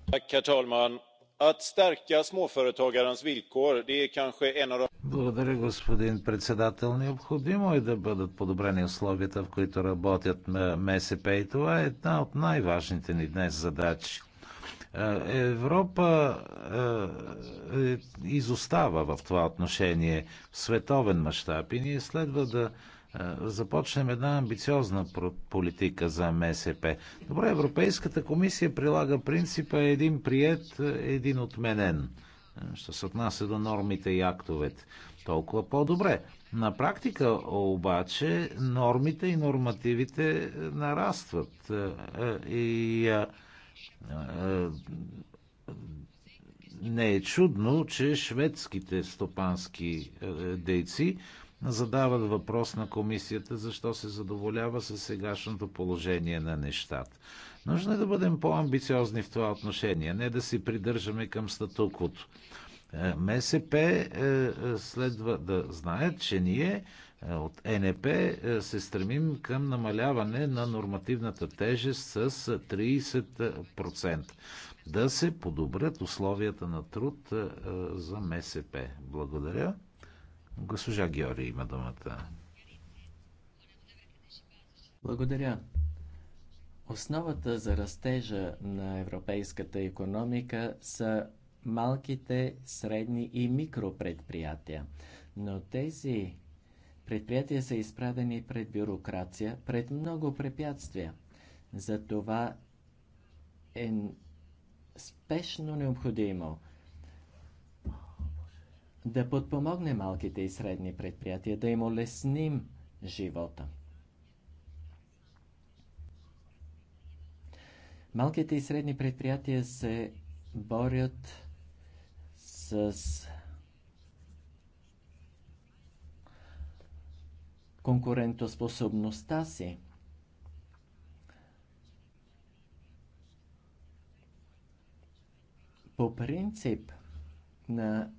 Благодаря, господин председател. Необходимо е да бъдат подобрени условията, в които работят МСП и това е една от най-важните ни днес задачи. Е, Европа е, е, изостава в това отношение в световен мащаб и ние следва да е, започнем една амбициозна политика за МСП. Добре, Европейската комисия прилага принципа един прият, един отменен. Е, що се отнася до нормите и актовете. Толкова по-добре. На практика обаче нормите и нормативите е, нарастват. И не е чудно, че шведските стопански дейци задават въпрос на комисията, защо се задоволява с сегашното положение на нещата. Нужно е да бъдем по-амбициозни в това отношение, не да си придържаме към статуквото. Е, МСП е, е, следва да знаят, че ние от НП се стремим към намаляване на нормативната тежест с 30%. Да се подобрят условията на труд за МСП. Благодаря. Госпожа Георги има думата. Благодаря. Основата за растежа на европейската економика са малките, средни и микропредприятия. Но тези предприятия са изправени пред бюрокрация, пред много препятствия. Затова е спешно необходимо – да подпомогне малките и средни предприятия, да им улесним живота. Малките и средни предприятия се борят с конкурентоспособността си. По принцип на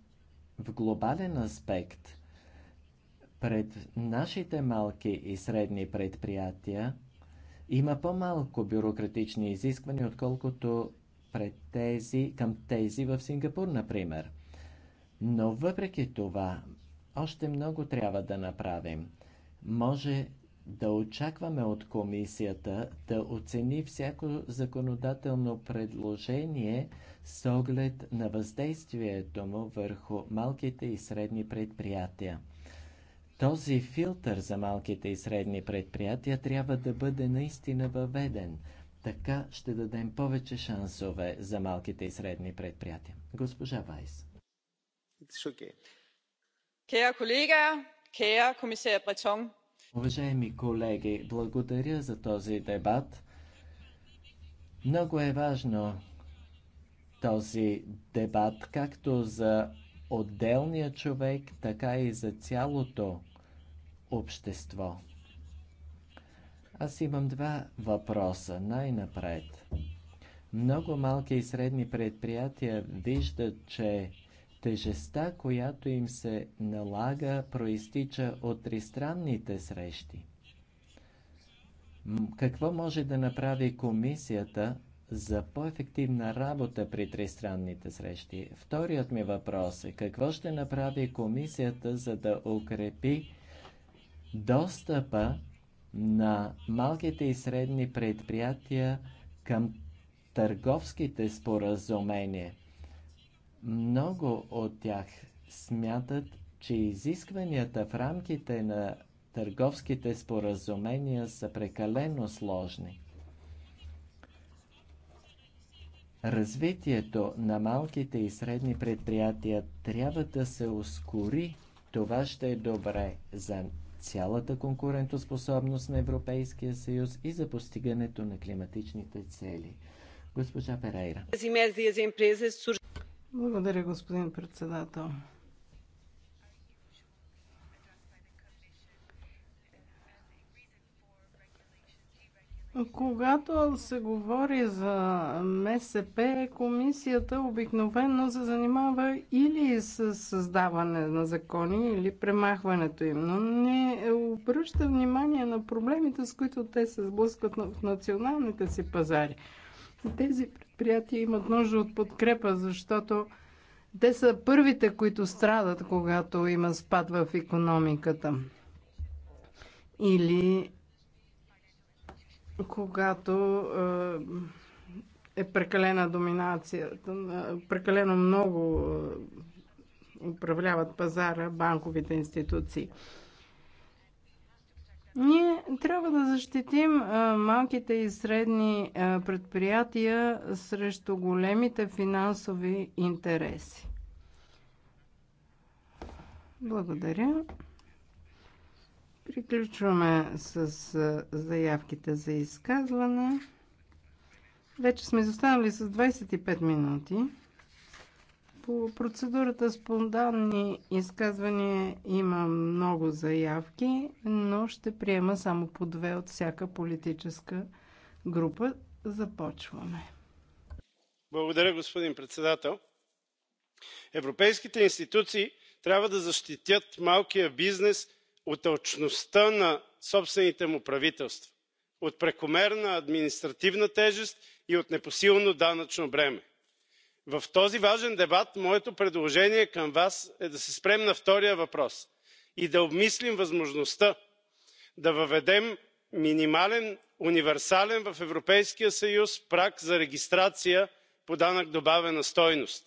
в глобален аспект пред нашите малки и средни предприятия има по-малко бюрократични изисквания, отколкото пред тези, към тези в Сингапур, например. Но въпреки това, още много трябва да направим. Може да очакваме от комисията да оцени всяко законодателно предложение с оглед на въздействието му върху малките и средни предприятия. Този филтър за малките и средни предприятия трябва да бъде наистина въведен. Така ще дадем повече шансове за малките и средни предприятия. Госпожа Вайс. It's колега, Kære kollegaer, Бретон, Уважаеми колеги, благодаря за този дебат. Много е важно този дебат, както за отделния човек, така и за цялото общество. Аз имам два въпроса най-напред. Много малки и средни предприятия виждат, че Тежестта, която им се налага, проистича от тристранните срещи. Какво може да направи комисията за по-ефективна работа при тристранните срещи? Вторият ми въпрос е какво ще направи комисията за да укрепи достъпа на малките и средни предприятия към търговските споразумения? Много от тях смятат, че изискванията в рамките на търговските споразумения са прекалено сложни. Развитието на малките и средни предприятия трябва да се ускори. Това ще е добре за цялата конкурентоспособност на Европейския съюз и за постигането на климатичните цели. Госпожа Перейра. Благодаря, господин председател. Когато се говори за МСП, комисията обикновено се занимава или с създаване на закони, или премахването им, но не обръща внимание на проблемите, с които те се сблъскват в националните си пазари. Тези предприятия имат нужда от подкрепа, защото те са първите, които страдат, когато има спад в економиката. Или когато е, е прекалена доминацията, е, прекалено много е, управляват пазара банковите институции. Ние трябва да защитим малките и средни предприятия срещу големите финансови интереси. Благодаря. Приключваме с заявките за изказване. Вече сме застанали с 25 минути. По процедурата спонтанни изказвания има много заявки, но ще приема само по две от всяка политическа група. Започваме. Благодаря, господин председател. Европейските институции трябва да защитят малкия бизнес от тълчността на собствените му правителства, от прекомерна административна тежест и от непосилно данъчно бреме в този важен дебат моето предложение към вас е да се спрем на втория въпрос и да обмислим възможността да въведем минимален универсален в европейския съюз праг за регистрация по данък добавена стойност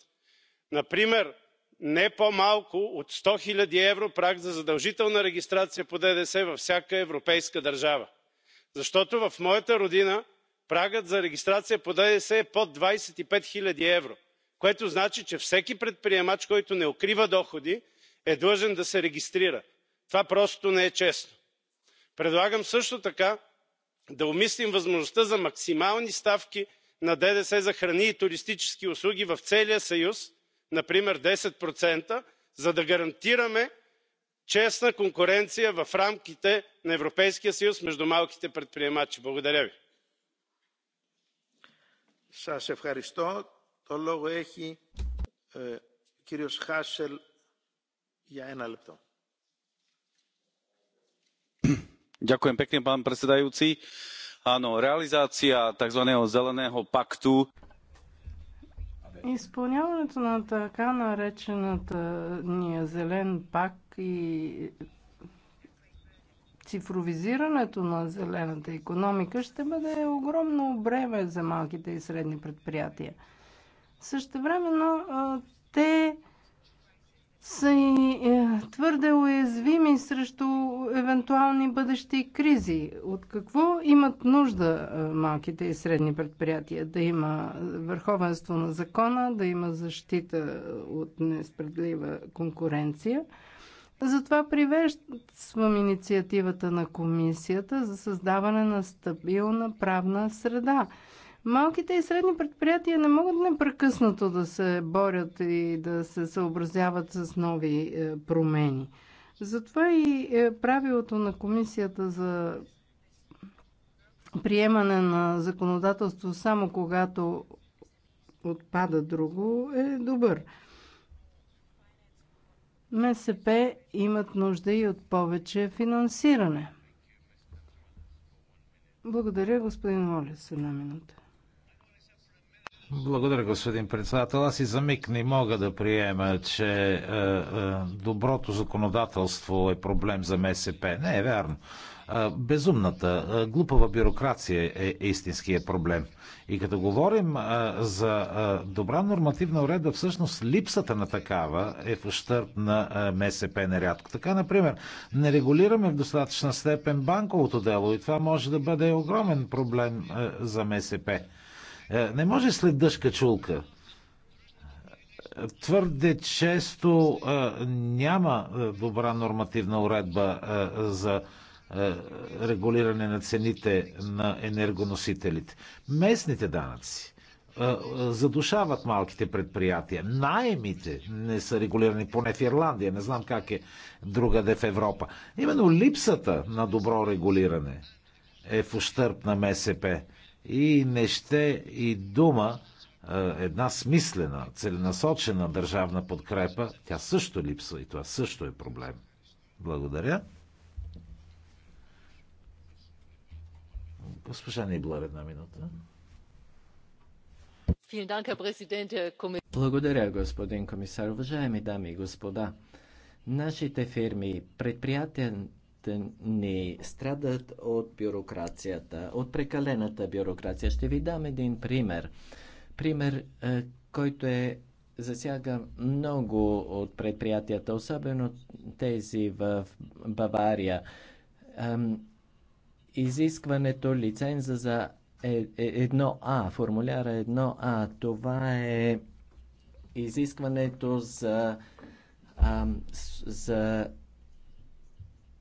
например не по малко от сто хиляди евро праг за задължителна регистрация по ддс във всяка европейска държава защото в моята родина прагът за регистрация по ддс е под двадесет и пет хиляди евро което значи че всеки предприемач който не укрива доходи е длъжен да се регистрира. това просто не е честно. предлагам също така да обмислим възможността за максимални ставки на ддс за храни и туристически услуги в целия съюз например десет за да гарантираме честна конкуренция в рамките на европейския съюз между малките предприемачи. благодаря ви pán predsedajúci. Áno, realizácia takzvaného zeleného paktu. Изпълняването на така наречената ния зелен пакт и цифровизирането на зелената економика ще бъде огромно бреме за малките и средни предприятия – също Същевременно те са и е, твърде уязвими срещу евентуални бъдещи кризи. От какво имат нужда е, малките и средни предприятия? Да има върховенство на закона, да има защита от несправедлива конкуренция. Затова привеждам инициативата на комисията за създаване на стабилна правна среда – Малките и средни предприятия не могат непрекъснато да се борят и да се съобразяват с нови е, промени. Затова и е, правилото на комисията за приемане на законодателство само когато отпада друго е добър. МСП имат нужда и от повече финансиране. Благодаря, господин Олес. Една минута. Благодаря, господин председател. Аз и за миг не мога да приема, че е, е, доброто законодателство е проблем за МСП. Не е вярно. Е, безумната, е, глупава бюрокрация е истинския проблем. И като говорим е, за е, добра нормативна уреда, всъщност липсата на такава е в ущърп на е, МСП нерядко. Така, например, не регулираме в достатъчна степен банковото дело и това може да бъде огромен проблем е, за МСП. Е, не може след дъжка чулка. Твърде често е, няма е, добра нормативна уредба за регулиране на цените на енергоносителите. Местните данъци задушават малките предприятия. найемите не са регулирани, поне в Ирландия, не знам как е другаде в Европа. Именно липсата на добро регулиране е в ущърп на МСП и не ще и дума една смислена, целенасочена държавна подкрепа, тя също липсва и това също е проблем. Благодаря. Госпожа Нибла, една минута. Благодаря, господин комисар. Уважаеми дами и господа, нашите фирми, предприятия ни страдат от бюрокрацията, от прекалената бюрокрация. Ще ви дам един пример. Пример, е, който е засяга много от предприятията, особено тези в Бавария. Изискването лиценза за 1А, е, е, формуляра 1А, това е изискването за, за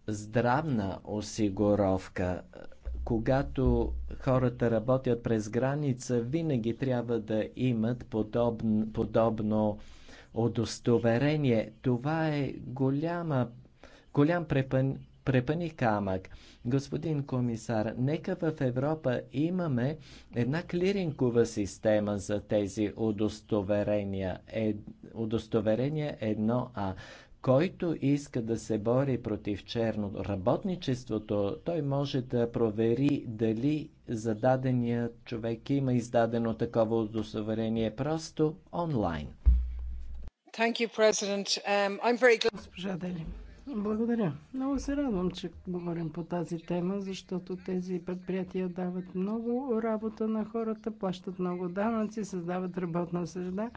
здравна осигуровка. Когато хората работят през граница, винаги трябва да имат подобно, подобно удостоверение. Това е голяма, голям препън, препъни камък. Господин комисар, нека в Европа имаме една клирингова система за тези удостоверения. Е, удостоверение 1А който иска да се бори против черно работничеството, той може да провери дали зададеният човек има издадено такова удостоверение просто онлайн. Thank you, President. Um, I'm very glad... Госпожа Дели, благодаря. Много се радвам, че говорим по тази тема, защото тези предприятия дават много работа на хората, плащат много данъци, създават работна среда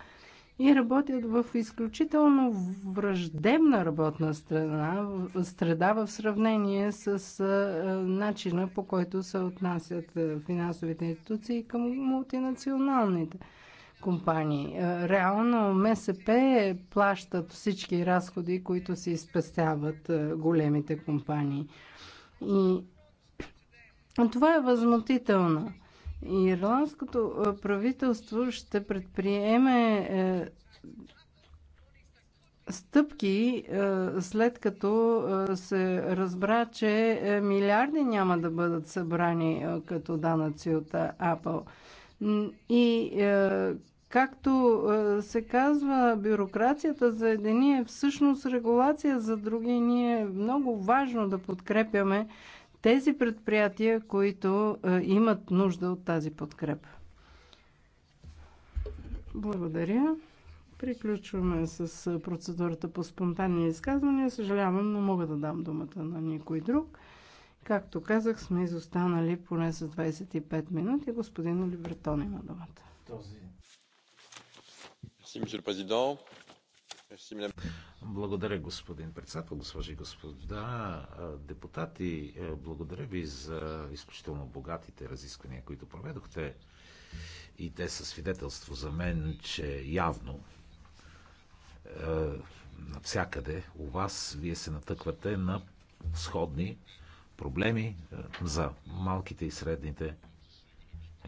и е работят в изключително враждебна работна страна, среда в сравнение с начина по който се отнасят финансовите институции към мултинационалните компании. Реално МСП плащат всички разходи, които се изпестяват големите компании. И *clears throat* това е възмутително. Ирландското правителство ще предприеме е, стъпки, е, след като е, се разбра, че милиарди няма да бъдат събрани като данъци от Apple. И както се казва, бюрокрацията за едни е всъщност регулация за други. Ние е много важно да подкрепяме тези предприятия, които е, имат нужда от тази подкрепа. Благодаря. Приключваме с е, процедурата по спонтанни изказвания. Съжалявам, но мога да дам думата на никой друг. Както казах, сме изостанали поне с 25 минути. Господин Либертон има думата. Този. Си, благодаря, господин председател, госпожи и господа депутати. Благодаря ви за изключително богатите разисквания, които проведохте. И те са свидетелство за мен, че явно е, навсякъде у вас вие се натъквате на сходни проблеми е, за малките и средните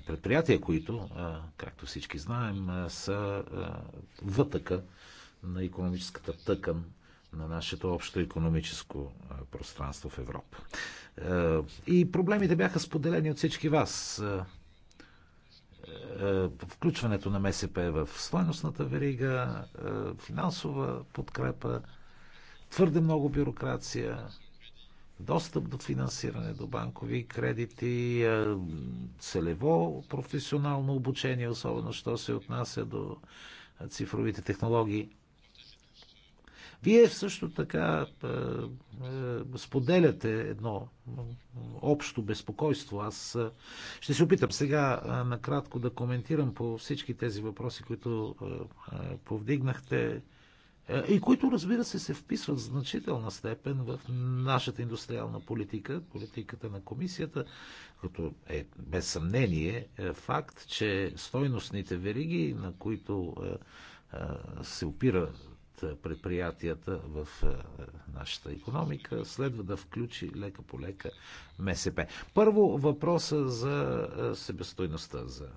предприятия, които, е, както всички знаем, са вътъка на економическата тъкан на нашето общо економическо е, пространство в Европа. Е, и проблемите бяха споделени от всички вас. Е, включването на МСП в стойностната верига, финансова подкрепа, твърде много бюрокрация, достъп до финансиране, до банкови кредити, целево професионално обучение, особено що се отнася до цифровите технологии. Вие също така е, е, споделяте едно общо безпокойство. Аз е, ще се опитам сега е, накратко да коментирам по всички тези въпроси, които е, е, повдигнахте и които, разбира се, се вписват в значителна степен в нашата индустриална политика, политиката на комисията, като е без съмнение е факт, че стойностните вериги, на които е, се опира предприятията в е, нашата економика, следва да включи лека по лека МСП. Първо въпроса за е, себестойността, за,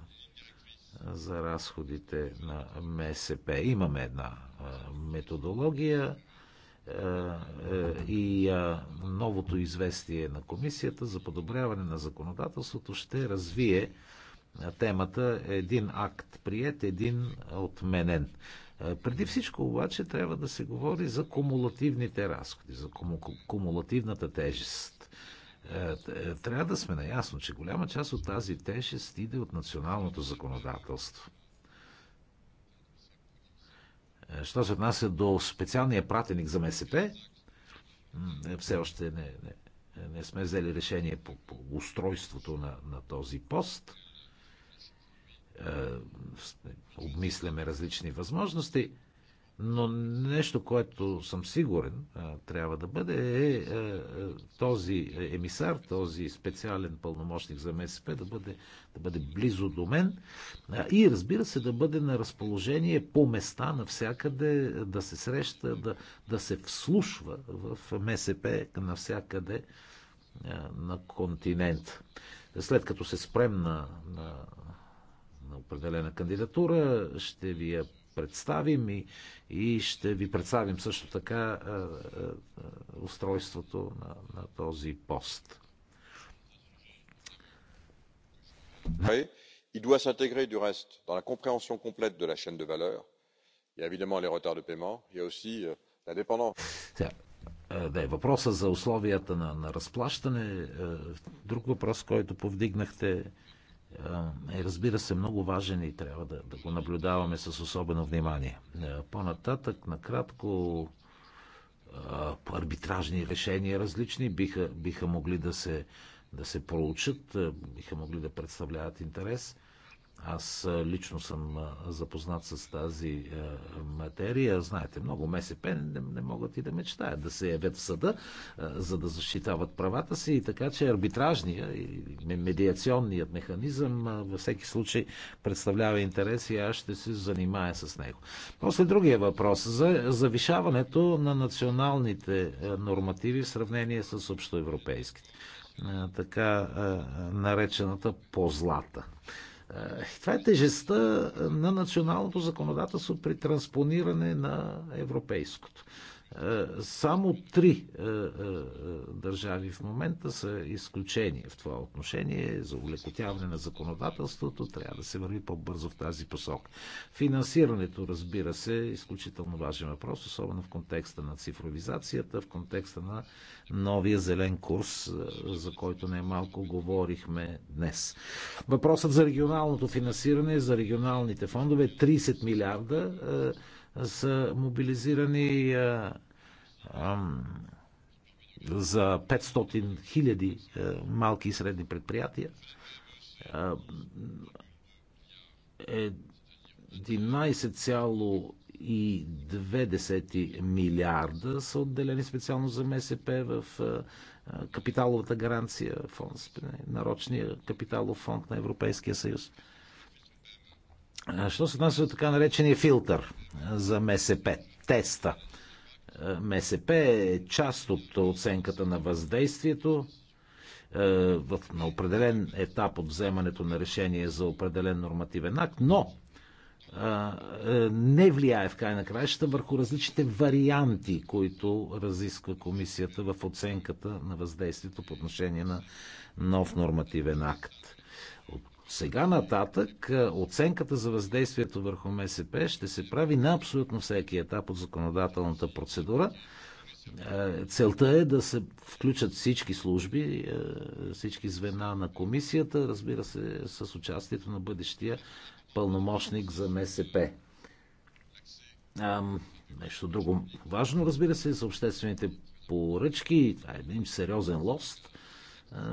за разходите на МСП. Имаме една е, методология и новото известие на Комисията за подобряване на законодателството ще развие темата един акт прият, един отменен. Е, преди всичко обаче трябва да се говори за кумулативните разходи, за куму, кумулативната тежест. Е, е, трябва да сме наясно, че голяма част от тази тежест иде от националното законодателство. Що се отнася до специалния пратеник за МСП, все още не, не, не сме взели решение по, по устройството на, на този пост. Е, обмисляме различни възможности, но нещо, което съм сигурен трябва да бъде е, е, е този емисар, този специален пълномощник за МСП да бъде, да бъде близо до мен и разбира се да бъде на разположение по места навсякъде, да се среща, да, да се вслушва в МСП навсякъде на континент. След като се спрем на, на на определена кандидатура, ще ви я представим и, и ще ви представим също така а, а, устройството на, на този пост. Il doit s'intégrer du reste dans la compréhension complète de la chaîne de valeur. Il y a évidemment les retards de paiement, il y a aussi euh, la dépendance. Да, е въпроса за условията на, на разплащане. Друг въпрос, който повдигнахте е, разбира се, много важен и трябва да, да го наблюдаваме с особено внимание. Е, по-нататък, накратко, е, арбитражни решения различни биха, биха могли да се, да се проучат, е, биха могли да представляват интерес. Аз лично съм запознат с тази материя. Знаете, много МСП не, не могат и да мечтаят да се явят в съда, за да защитават правата си. И така че арбитражния и медиационният механизъм във всеки случай представлява интерес и аз ще се занимая с него. После другия въпрос за завишаването на националните нормативи в сравнение с общоевропейските. Така наречената позлата. Е, това е тежестта на националното законодателство при транспониране на европейското. Е, само три е, е, държави в момента са изключение в това отношение. За улекотяване на законодателството трябва да се върви по-бързо в тази посока. Финансирането, разбира се, е изключително важен въпрос, особено в контекста на цифровизацията, в контекста на новия зелен курс, за който най-малко говорихме днес. Въпросът за регионалното финансиране, за регионалните фондове 30 милиарда са мобилизирани а, ам, за 500 хиляди малки и средни предприятия. 11,2 милиарда са отделени специално за МСП в капиталовата гаранция, фонд, нарочния капиталов фонд на Европейския съюз. Що се отнася до така наречения филтър за МСП, теста? МСП е част от оценката на въздействието на определен етап от вземането на решение за определен нормативен акт, но е, не влияе в край на краищата върху различните варианти, които разисква комисията в оценката на въздействието по отношение на нов нормативен акт сега нататък е, оценката за въздействието върху МСП ще се прави на абсолютно всеки етап от законодателната процедура. Е, целта е да се включат всички служби, е, всички звена на комисията, разбира се, с участието на бъдещия пълномощник за МСП. Нещо друго важно, разбира се, за обществените поръчки. Това е един сериозен лост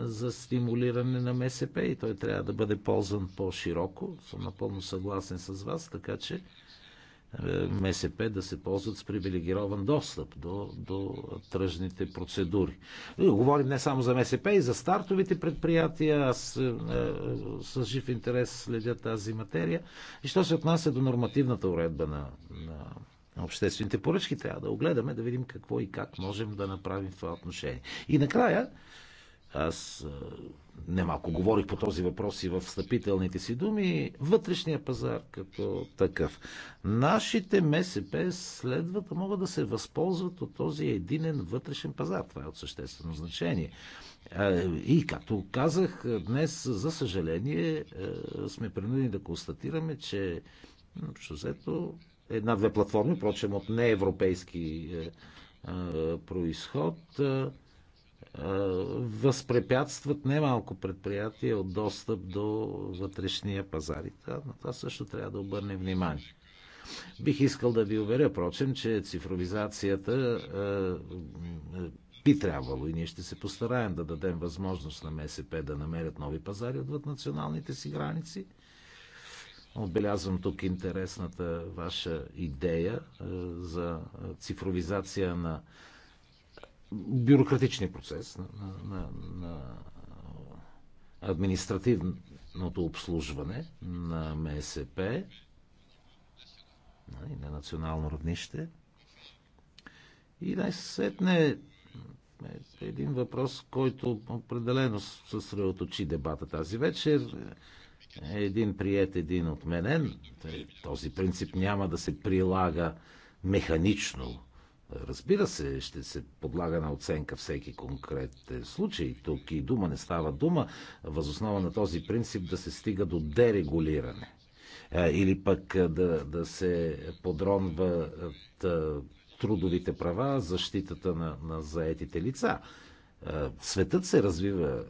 за стимулиране на МСП и той трябва да бъде ползван по-широко. Съм напълно съгласен с вас, така че МСП да се ползват с привилегирован достъп до, до тръжните процедури. Говорим не само за МСП, и за стартовите предприятия. Аз е, с жив интерес следя тази материя. И що се отнася до нормативната уредба на, на обществените поръчки, трябва да огледаме, да видим какво и как можем да направим в това отношение. И накрая, аз немалко говорих по този въпрос и в встъпителните си думи, вътрешния пазар като такъв. Нашите МСП следват да могат да се възползват от този единен вътрешен пазар. Това е от съществено значение. И както казах, днес, за съжаление, е, сме принудени да констатираме, че взето една-две платформи, впрочем от неевропейски е, е, происход, възпрепятстват немалко предприятия от достъп до вътрешния пазар. И това, на това също трябва да обърне внимание. Бих искал да ви уверя, прочем, че цифровизацията би трябвало и ние ще се постараем да дадем възможност на МСП да намерят нови пазари отвъд националните си граници. Отбелязвам тук интересната ваша идея за цифровизация на бюрократичния процес, на, на, на административното обслужване на МСП и нали, на национално равнище. И най-сетне е един въпрос, който определено съсредоточи дебата тази вечер. Е един прият, един отменен. Е, този принцип няма да се прилага механично Разбира се, ще се подлага на оценка всеки конкретен случай. Тук и дума не става дума, възоснова на този принцип да се стига до дерегулиране. Е, или пък е, да, да се подронват е, трудовите права, защитата на, на заетите лица. Светът се развива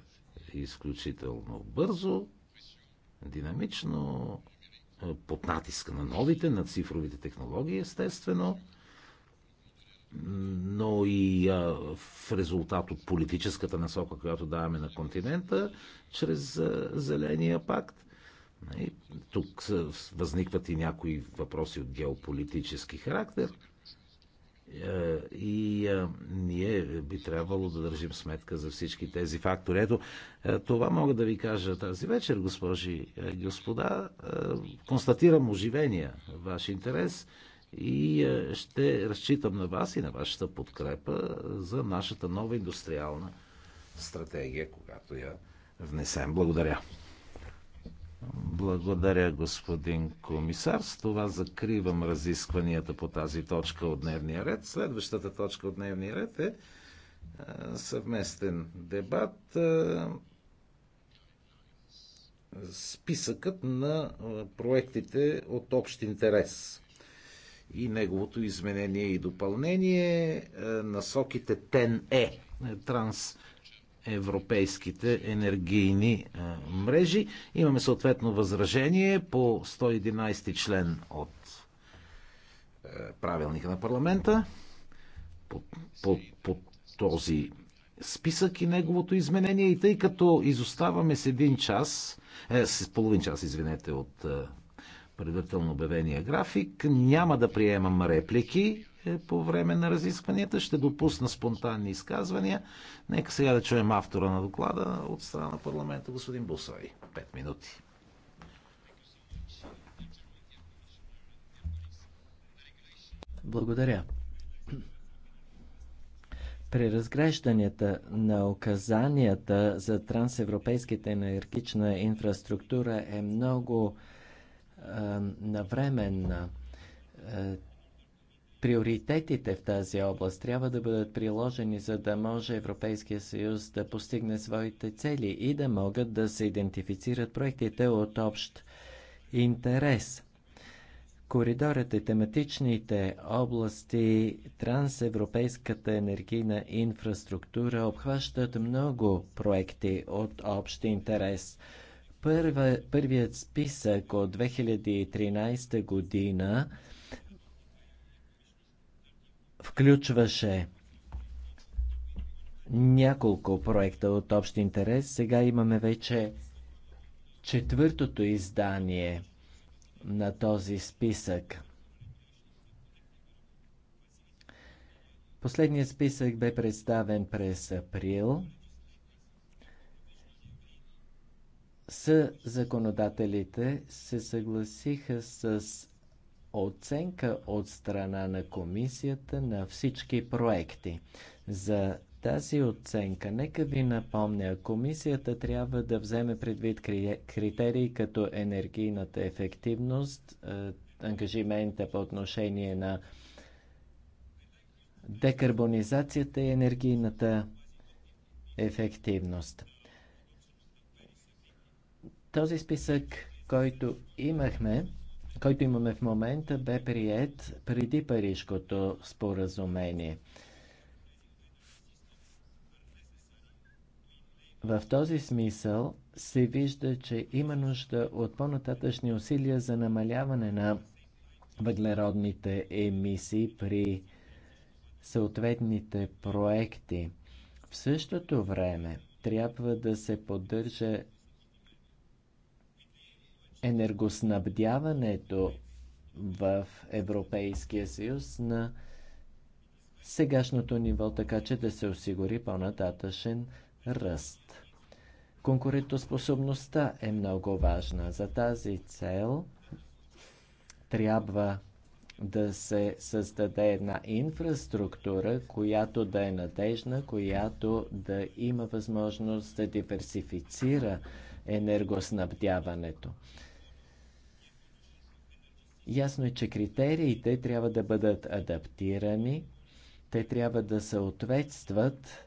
изключително бързо, динамично, под натиска на новите, на цифровите технологии, естествено но и а, в резултат от политическата насока, която даваме на континента, чрез а, Зеления пакт. И тук възникват и някои въпроси от геополитически характер. Е, и ние би трябвало да държим сметка за всички тези фактори. Ето, е, това мога да ви кажа тази вечер, госпожи и господа. Е, констатирам оживения ваш интерес и е, ще разчитам на вас и на вашата подкрепа за нашата нова индустриална стратегия, когато я внесем. Благодаря. Благодаря, господин комисар. С това закривам разискванията по тази точка от дневния ред. Следващата точка от дневния ред е, е съвместен дебат. Е, списъкът на проектите от общ интерес и неговото изменение и допълнение. Е, насоките ТЕН-Е, е, трансевропейските енергийни е, мрежи. Имаме съответно възражение по 111 член от правилника на парламента по, по, по този списък и неговото изменение. И тъй като изоставаме с един час, е, с половин час, извинете, от предварително обявения график. Няма да приемам реплики е, по време на разискванията. Ще допусна спонтанни изказвания. Нека сега да чуем автора на доклада от страна на парламента, господин Бусой. Пет минути. Благодаря. При разгрежданията на указанията за трансевропейската енергична инфраструктура е много навременна. Приоритетите в тази област трябва да бъдат приложени, за да може Европейския съюз да постигне своите цели и да могат да се идентифицират проектите от общ интерес. Коридорът и тематичните области, трансевропейската енергийна инфраструктура обхващат много проекти от общ интерес – Първа, първият списък от 2013 година включваше няколко проекта от общ интерес. Сега имаме вече четвъртото издание на този списък. Последният списък бе представен през април. Съзаконодателите се съгласиха с оценка от страна на комисията на всички проекти. За тази оценка, нека ви напомня, комисията трябва да вземе предвид критерии като енергийната ефективност, е, ангажимента по отношение на декарбонизацията и енергийната ефективност. Този списък, който имахме, който имаме в момента, бе прият преди Парижкото споразумение. В този смисъл се вижда, че има нужда от по-нататъчни усилия за намаляване на въглеродните емисии при съответните проекти. В същото време трябва да се поддържа енергоснабдяването в Европейския съюз на сегашното ниво, така че да се осигури по-нататъчен ръст. Конкурентоспособността е много важна. За тази цел трябва да се създаде една инфраструктура, която да е надежна, която да има възможност да диверсифицира енергоснабдяването. Ясно е, че критериите трябва да бъдат адаптирани, те трябва да съответстват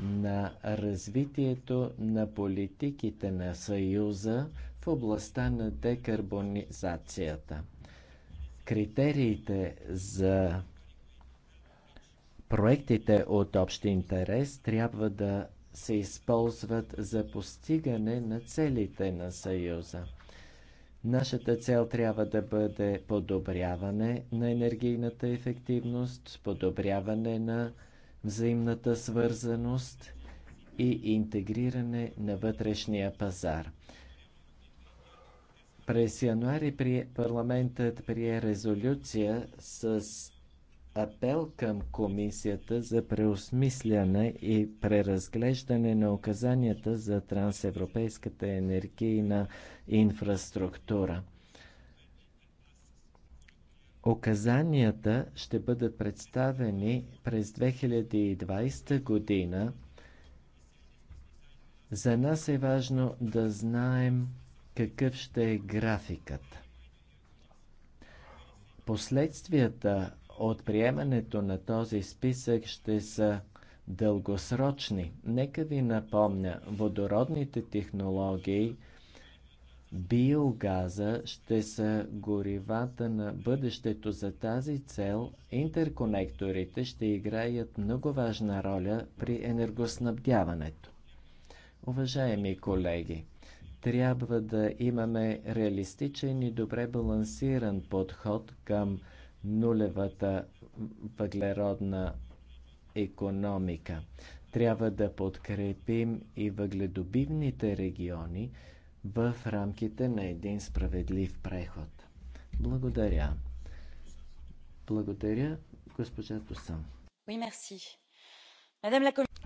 на развитието на политиките на Съюза в областта на декарбонизацията. Критериите за проектите от общ интерес трябва да се използват за постигане на целите на Съюза. Нашата цел трябва да бъде подобряване на енергийната ефективност, подобряване на взаимната свързаност и интегриране на вътрешния пазар. През януари парламентът прие резолюция с апел към комисията за преосмисляне и преразглеждане на указанията за трансевропейската енергийна инфраструктура. Указанията ще бъдат представени през 2020 година. За нас е важно да знаем какъв ще е графикът. Последствията от приемането на този списък ще са дългосрочни. Нека ви напомня, водородните технологии, биогаза ще са горивата на бъдещето. За тази цел интерконекторите ще играят много важна роля при енергоснабдяването. Уважаеми колеги, трябва да имаме реалистичен и добре балансиран подход към нулевата въглеродна економика. Трябва да подкрепим и въгледобивните региони в рамките на един справедлив преход. Благодаря. Благодаря, госпожа Тусан. Oui,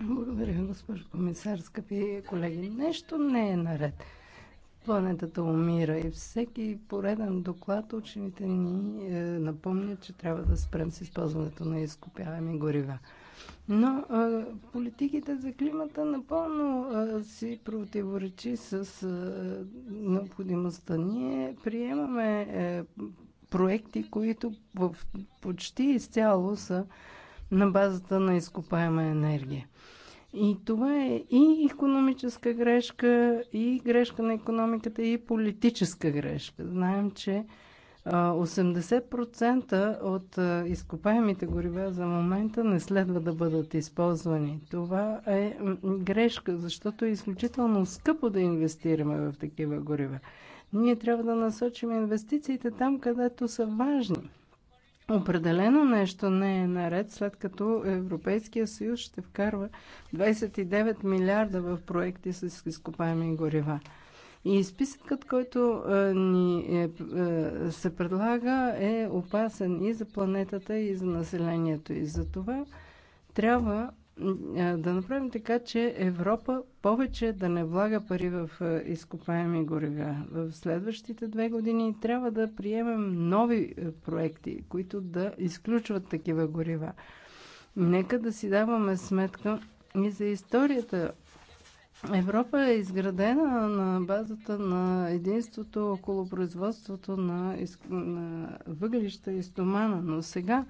Благодаря, госпожо комисар, скъпи колеги. Нещо не е наред планетата умира и всеки пореден доклад учените ни е, напомнят, че трябва да спрем с използването на изкопяеми горива. Но е, политиките за климата напълно е, си противоречи с е, необходимостта. Ние приемаме е, проекти, които в, почти изцяло са на базата на изкопаема енергия. И това е и економическа грешка, и грешка на економиката, и политическа грешка. Знаем, че 80% от изкопаемите горива за момента не следва да бъдат използвани. Това е грешка, защото е изключително скъпо да инвестираме в такива горива. Ние трябва да насочим инвестициите там, където са важни Определено нещо не е наред, след като Европейския съюз ще вкарва 29 милиарда в проекти с изкопаеми горива. И списъкът, който а, е, ни е, е, се предлага, е опасен и за планетата, и за населението. И за това трябва да направим така, че Европа повече да не влага пари в изкопаеми горива. В следващите две години трябва да приемем нови проекти, които да изключват такива горива. Нека да си даваме сметка и за историята. Европа е изградена на базата на единството около производството на, из... на въглища и стомана, но сега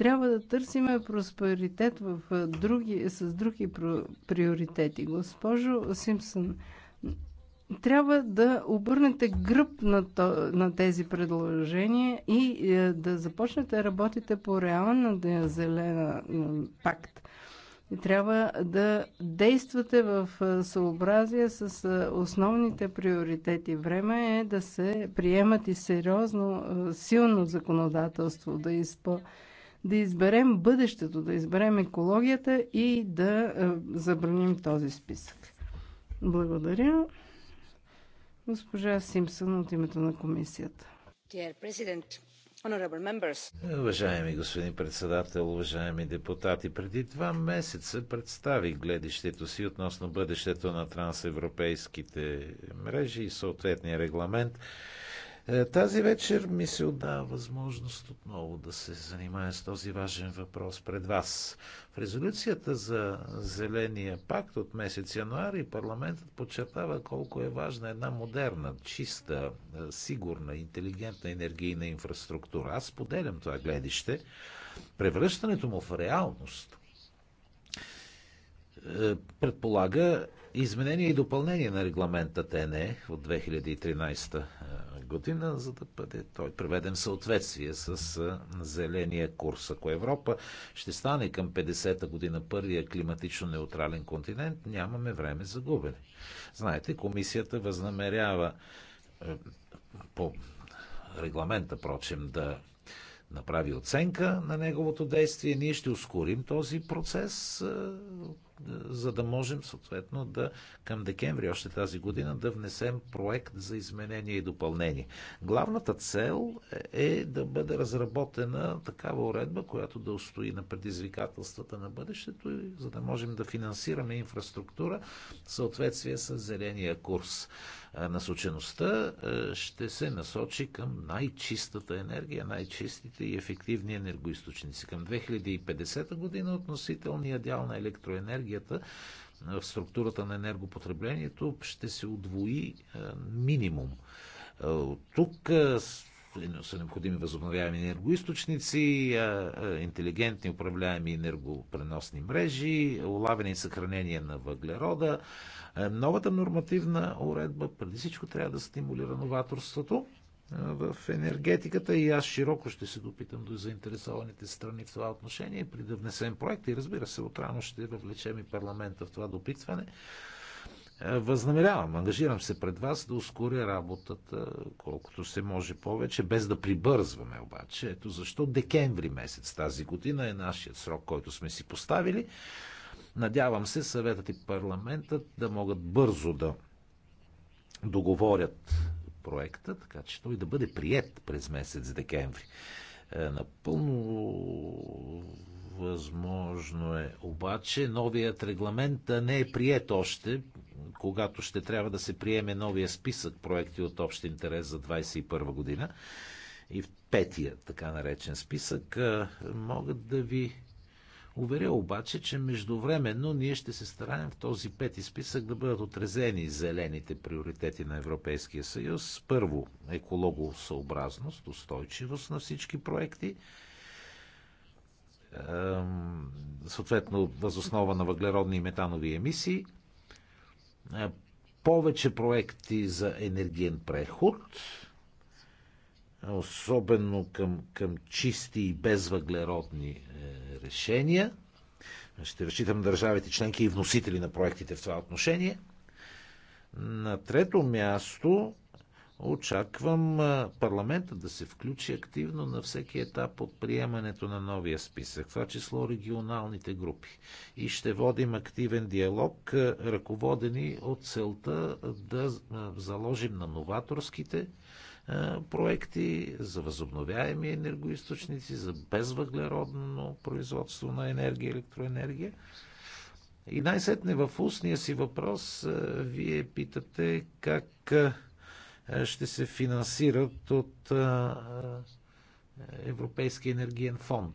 трябва да търсиме просперитет в други, с други приоритети. Госпожо Симпсън, трябва да обърнете гръб на, то, на тези предложения и е, да започнете да работите по реалната зелена пакт. И трябва да действате в съобразие с основните приоритети. Време е да се приемат и сериозно, силно законодателство, да изпълнят да изберем бъдещето, да изберем екологията и да е, забраним този списък. Благодаря. Госпожа Симпсън от името на комисията. Уважаеми господин председател, уважаеми депутати, преди два месеца представих гледището си относно бъдещето на трансевропейските мрежи и съответния регламент. Е, тази вечер ми се отдава възможност отново да се занимая с този важен въпрос пред вас. В резолюцията за Зеления пакт от месец януари парламентът подчертава колко е важна една модерна, чиста, е, сигурна, интелигентна енергийна инфраструктура. Аз поделям това гледище. Превръщането му в реалност е, предполага изменение и допълнение на регламента ТНЕ от 2013 година, за да бъде той преведен в съответствие с зеления курс. Ако Европа ще стане към 50-та година първия климатично неутрален континент, нямаме време за губене. Знаете, комисията възнамерява е, по регламента, прочим, да направи оценка на неговото действие. Ние ще ускорим този процес е, за да можем съответно да към декември още тази година да внесем проект за изменение и допълнение. Главната цел е да бъде разработена такава уредба, която да устои на предизвикателствата на бъдещето, и за да можем да финансираме инфраструктура в съответствие с зеления курс насочеността ще се насочи към най-чистата енергия, най-чистите и ефективни енергоисточници. Към 2050 година относителния дял на електроенергията в структурата на енергопотреблението ще се удвои минимум. От тук са необходими възобновяеми енергоисточници, интелигентни управляеми енергопреносни мрежи, улавяне и съхранение на въглерода, е, новата нормативна уредба преди всичко трябва да стимулира новаторството е, в енергетиката и аз широко ще се допитам до заинтересованите страни в това отношение, при да внесем проект и разбира се, отрано ще въвлечем и парламента в това допитване. Е, възнамерявам, ангажирам се пред вас да ускоря работата колкото се може повече, без да прибързваме обаче. Ето защо декември месец тази година е нашият срок, който сме си поставили. Надявам се съветът и парламентът да могат бързо да договорят проекта, така че той да бъде прият през месец декември. Е, напълно възможно е. Обаче новият регламент не е прият още, когато ще трябва да се приеме новия списък проекти от общ интерес за 2021 година. И в петия, така наречен списък, е, могат да ви Уверя обаче, че междувременно ние ще се стараем в този пети списък да бъдат отразени зелените приоритети на Европейския съюз. Първо, екологосъобразност, устойчивост на всички проекти. Ем, съответно, възоснова на въглеродни и метанови емисии. Е, повече проекти за енергиен преход – особено към, към чисти и безвъглеродни е, решения. Ще разчитам държавите членки и вносители на проектите в това отношение. На трето място очаквам е, парламента да се включи активно на всеки етап от приемането на новия списък, това число регионалните групи. И ще водим активен диалог, е, ръководени от целта да е, заложим на новаторските, проекти за възобновяеми енергоисточници, за безвъглеродно производство на енергия, електроенергия. И най-сетне в устния си въпрос вие питате как ще се финансират от Европейския енергиен фонд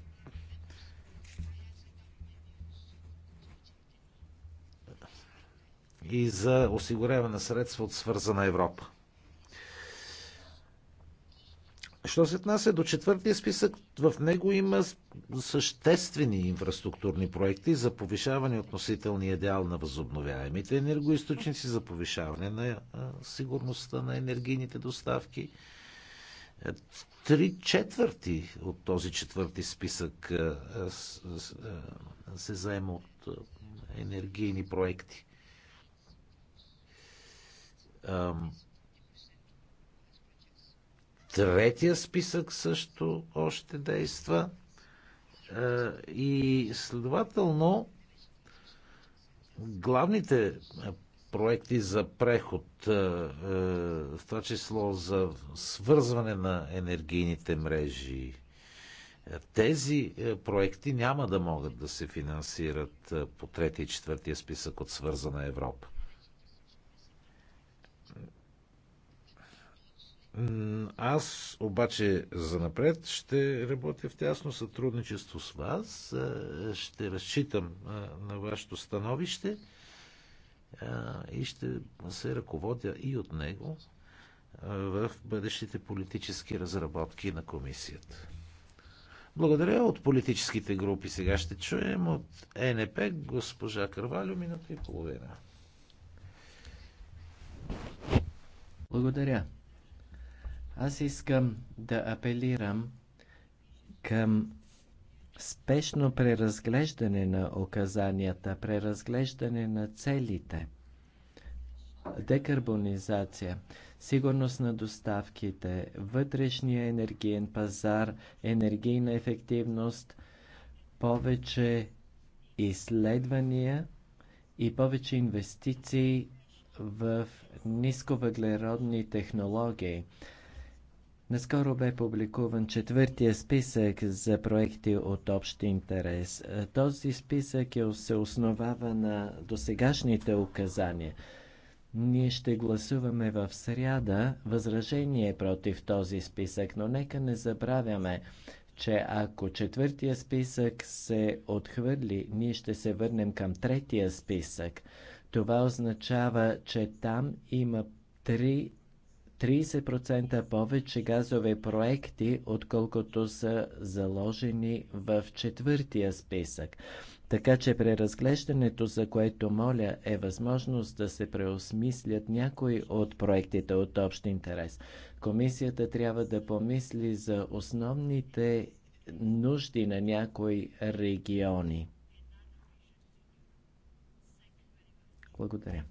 и за осигуряване на средства от свързана Европа. Що се отнася до четвъртия списък, в него има съществени инфраструктурни проекти за повишаване относителния дял на възобновяемите енергоисточници, за повишаване на сигурността на енергийните доставки. Три четвърти от този четвърти списък се заема от енергийни проекти. Третия списък също още действа. И следователно, главните проекти за преход, в това число за свързване на енергийните мрежи, тези проекти няма да могат да се финансират по третия и четвъртия списък от свързана Европа. Аз обаче за напред ще работя в тясно сътрудничество с вас, ще разчитам на вашето становище и ще се ръководя и от него в бъдещите политически разработки на комисията. Благодаря от политическите групи. Сега ще чуем от ЕНП е, госпожа Карвалю минута и половина. Благодаря. Аз искам да апелирам към спешно преразглеждане на указанията, преразглеждане на целите, декарбонизация, сигурност на доставките, вътрешния енергиен пазар, енергийна ефективност, повече изследвания и повече инвестиции в нисковъглеродни технологии. Наскоро бе публикуван четвъртия списък за проекти от общ интерес. Е, този списък е, се основава на досегашните указания. Ние ще гласуваме в сряда възражение против този списък, но нека не забравяме, че ако четвъртия списък се отхвърли, ние ще се върнем към третия списък. Това означава, че там има три 30% повече газови проекти, отколкото са заложени в четвъртия списък. Така че преразглеждането, за което моля, е възможност да се преосмислят някои от проектите от общ интерес. Комисията трябва да помисли за основните нужди на някои региони. Благодаря.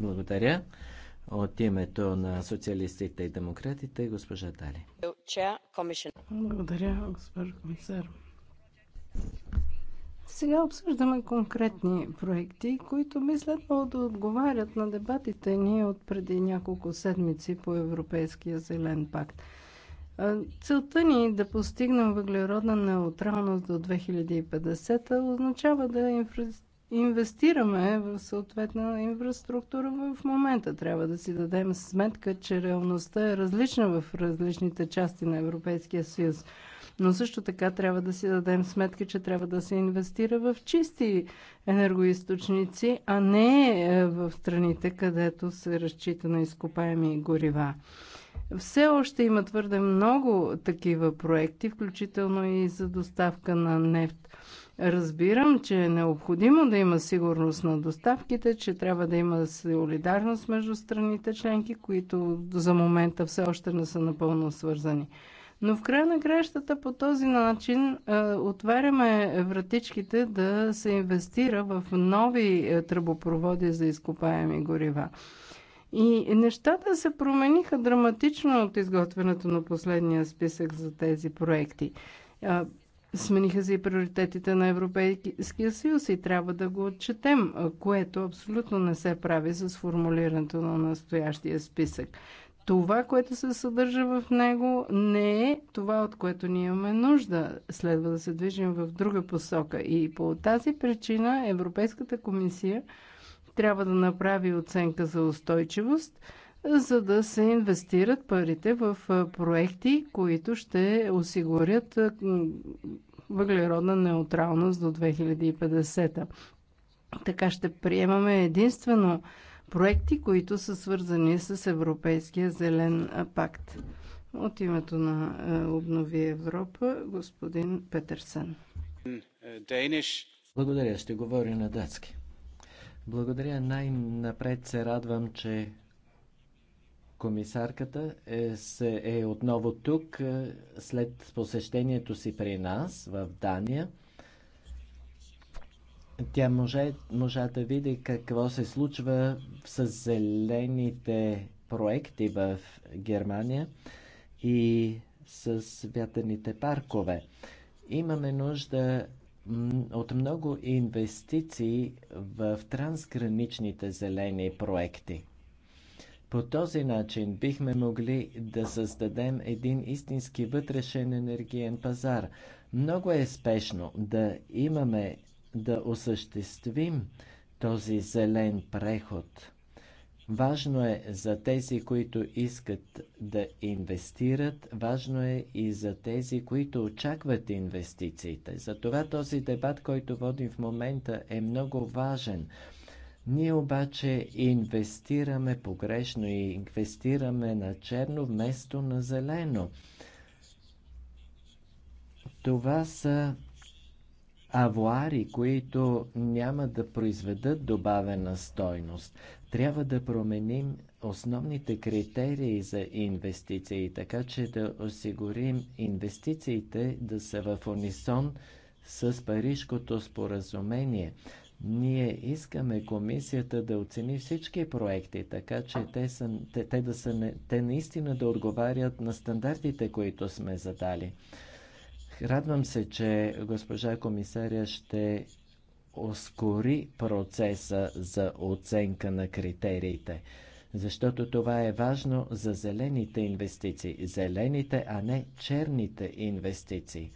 Благодаря. От името на социалистите и демократите, госпожа Дали. Благодаря, госпожо комисар. Сега обсъждаме конкретни проекти, които би следвало да отговарят на дебатите ни от преди няколко седмици по Европейския зелен пакт. Целта ни е да постигнем въглеродна неутралност до 2050 означава да инфраструктурираме инвестираме в съответна инфраструктура в момента. Трябва да си дадем сметка, че реалността е различна в различните части на Европейския съюз. Но също така трябва да си дадем сметка, че трябва да се инвестира в чисти енергоисточници, а не е, в страните, където се разчита на изкопаеми горива. Все още има твърде много такива проекти, включително и за доставка на нефт. Разбирам, че е необходимо да има сигурност на доставките, че трябва да има солидарност между страните членки, които за момента все още не са напълно свързани. Но в края на кращата по този начин е, отваряме вратичките да се инвестира в нови е, тръбопроводи за изкопаеми горива. И нещата се промениха драматично от изготвянето на последния списък за тези проекти. Смениха се и приоритетите на Европейския съюз и трябва да го отчетем, което абсолютно не се прави с формулирането на настоящия списък. Това, което се съдържа в него, не е това, от което ние имаме нужда. Следва да се движим в друга посока. И по тази причина Европейската комисия трябва да направи оценка за устойчивост, за да се инвестират парите в проекти, които ще осигурят въглеродна неутралност до 2050. Така ще приемаме единствено проекти, които са свързани с Европейския зелен пакт. От името на Обнови Европа, господин Петърсен. Е, Благодаря, ще говоря на датски. Благодаря. Най-напред се радвам, че комисарката е, се, е отново тук е, след посещението си при нас в Дания. Тя може, може да види какво се случва с зелените проекти в Германия и с вятърните паркове. Имаме нужда от много инвестиции в трансграничните зелени проекти. По този начин бихме могли да създадем един истински вътрешен енергиен пазар. Много е спешно да имаме, да осъществим този зелен преход. Важно е за тези, които искат да инвестират, важно е и за тези, които очакват инвестициите. Затова този дебат, който водим в момента, е много важен. Ние обаче инвестираме погрешно и инвестираме на черно вместо на зелено. Това са авуари, които няма да произведат добавена стойност. Трябва да променим основните критерии за инвестиции, така че да осигурим инвестициите да са в унисон с Парижкото споразумение. Ние искаме комисията да оцени всички проекти, така че те, са, те, те, да са, те наистина да отговарят на стандартите, които сме задали. Радвам се, че госпожа комисаря ще ускори процеса за оценка на критериите, защото това е важно за зелените инвестиции, зелените, а не черните инвестиции.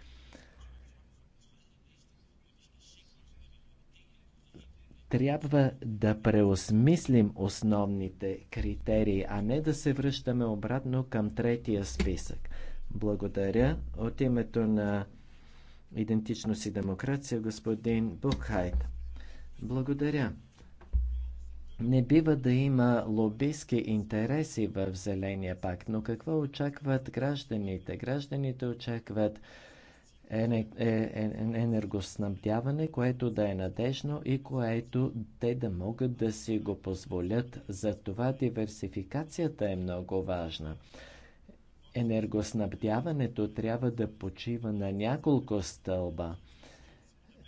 трябва да преосмислим основните критерии, а не да се връщаме обратно към третия списък. Благодаря от името на идентичност и демокрация, господин Букхайт. Благодаря. Не бива да има лобистки интереси в Зеления пакт, но какво очакват гражданите? Гражданите очакват е- е- е- енергоснабдяване, което да е надежно и което те да могат да си го позволят. Затова диверсификацията е много важна енергоснабдяването трябва да почива на няколко стълба.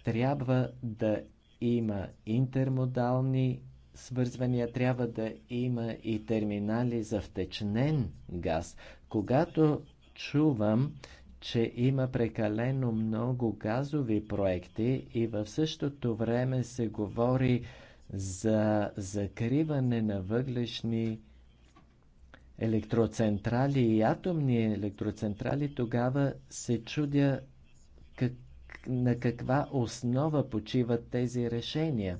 Трябва да има интермодални свързвания, трябва да има и терминали за втечнен газ. Когато чувам, че има прекалено много газови проекти и в същото време се говори за закриване на въглешни електроцентрали и атомни електроцентрали, тогава се чудя как, на каква основа почиват тези решения,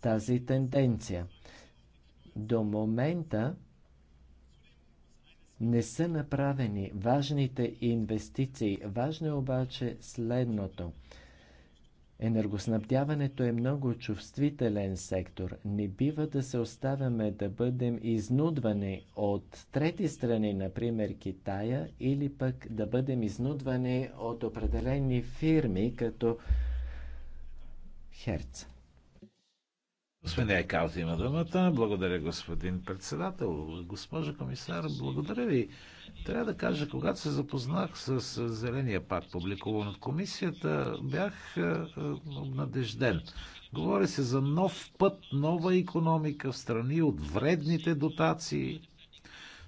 тази тенденция. До момента не са направени важните инвестиции. Важно е обаче следното – Енергоснабдяването е много чувствителен сектор. Не бива да се оставяме да бъдем изнудвани от трети страни, например Китая, или пък да бъдем изнудвани от определени фирми, като Херц. Господин Айкалт има думата. Благодаря, господин председател. Госпожа комисар, благодаря ви. Трябва да кажа, когато се запознах с Зеления пак, публикуван от комисията, бях е, е, обнадежден. Говори се за нов път, нова економика в страни от вредните дотации.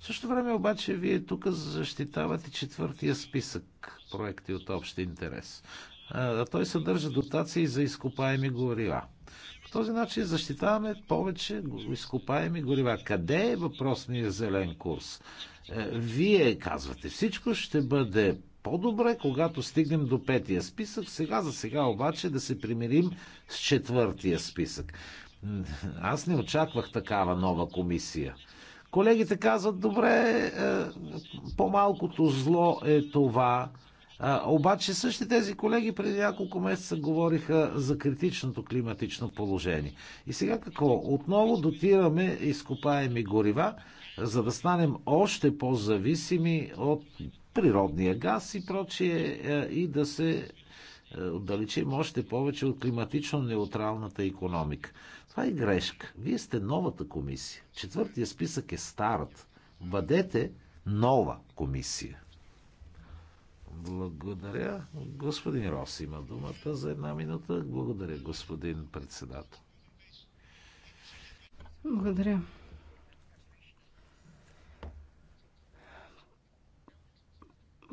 В същото време обаче вие тук защитавате четвъртия списък проекти от общ интерес. Е, а той съдържа дотации за изкопаеми горива. По този начин защитаваме повече изкопаеми горива. Къде е въпросния зелен курс? Е, вие казвате, всичко ще бъде по-добре, когато стигнем до петия списък. Сега за сега обаче да се примирим с четвъртия списък. Аз не очаквах такава нова комисия. Колегите казват, добре, е, по-малкото зло е това. Е, обаче същите тези колеги преди няколко месеца говориха за критичното климатично положение. И сега какво? Отново дотираме изкопаеми горива, за да станем още по-зависими от природния газ и прочие е, и да се е, отдалечим още повече от климатично неутралната економика. Това е грешка. Вие сте новата комисия. Четвъртия списък е старът. Бъдете нова комисия. Благодаря. Господин Рос има думата за една минута. Благодаря, господин председател. Благодаря.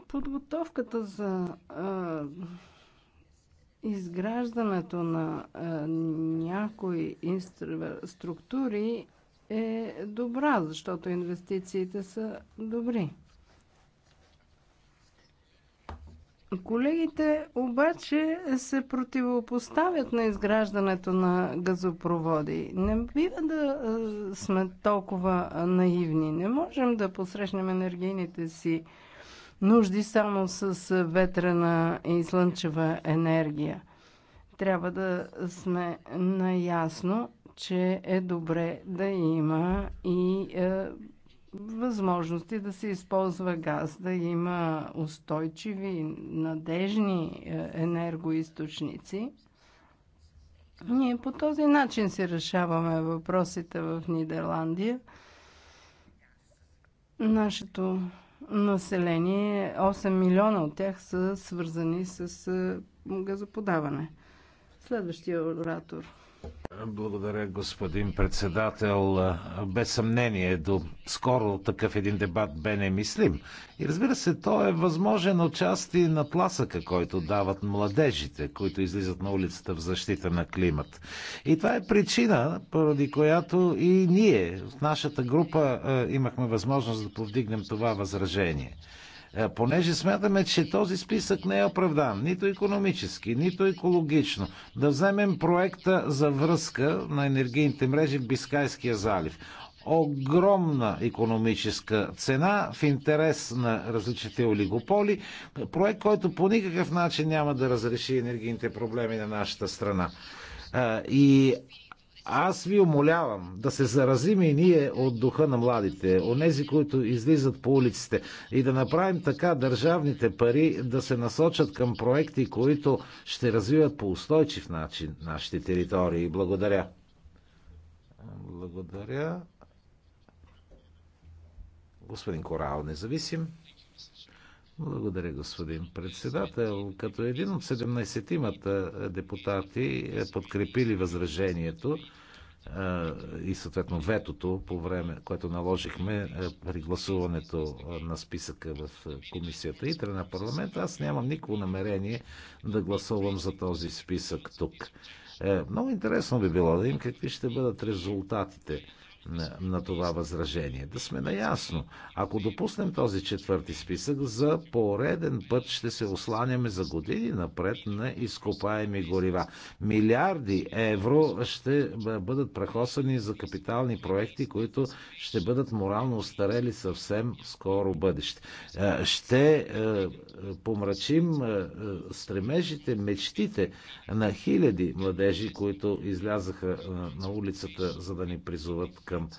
Подготовката за а, изграждането на а, някои структури е добра, защото инвестициите са добри. Колегите обаче се противопоставят на изграждането на газопроводи. Не бива да сме толкова наивни. Не можем да посрещнем енергийните си нужди само с ветрена и слънчева енергия. Трябва да сме наясно, че е добре да има и е, възможности да се използва газ, да има устойчиви, надежни е, енергоисточници. Ние по този начин си решаваме въпросите в Нидерландия. Нашето население, 8 милиона от тях са свързани с газоподаване. Следващия оратор. Благодаря, господин председател. Без съмнение, до скоро такъв един дебат бе немислим. И разбира се, то е възможен отчасти на пласъка, който дават младежите, които излизат на улицата в защита на климат. И това е причина, поради която и ние в нашата група е, имахме възможност да повдигнем това възражение. Е, понеже смятаме, че този списък не е оправдан, нито економически, нито екологично. Да вземем проекта за връзка на енергийните мрежи в Бискайския залив огромна економическа цена в интерес на различните олигополи. Проект, който по никакъв начин няма да разреши енергийните проблеми на нашата страна. Е, и аз ви умолявам да се заразим и ние от духа на младите, от тези, които излизат по улиците и да направим така държавните пари да се насочат към проекти, които ще развиват по устойчив начин нашите територии. Благодаря. Благодаря. Господин Корал, независим. Благодаря, господин председател. Като един от 17-тимата депутати е, подкрепили възражението, и съответно ветото, по време, което наложихме при гласуването на списъка в комисията и на парламента, аз нямам никакво намерение да гласувам за този списък тук. Е, много интересно би било да им какви ще бъдат резултатите на това възражение. Да сме наясно. Ако допуснем този четвърти списък, за пореден път ще се осланяме за години напред на изкопаеми горива. Милиарди евро ще бъдат прехосани за капитални проекти, които ще бъдат морално устарели съвсем скоро бъдеще. Е, ще е, помрачим е, стремежите, мечтите на хиляди младежи, които излязаха на улицата, за да ни призоват към към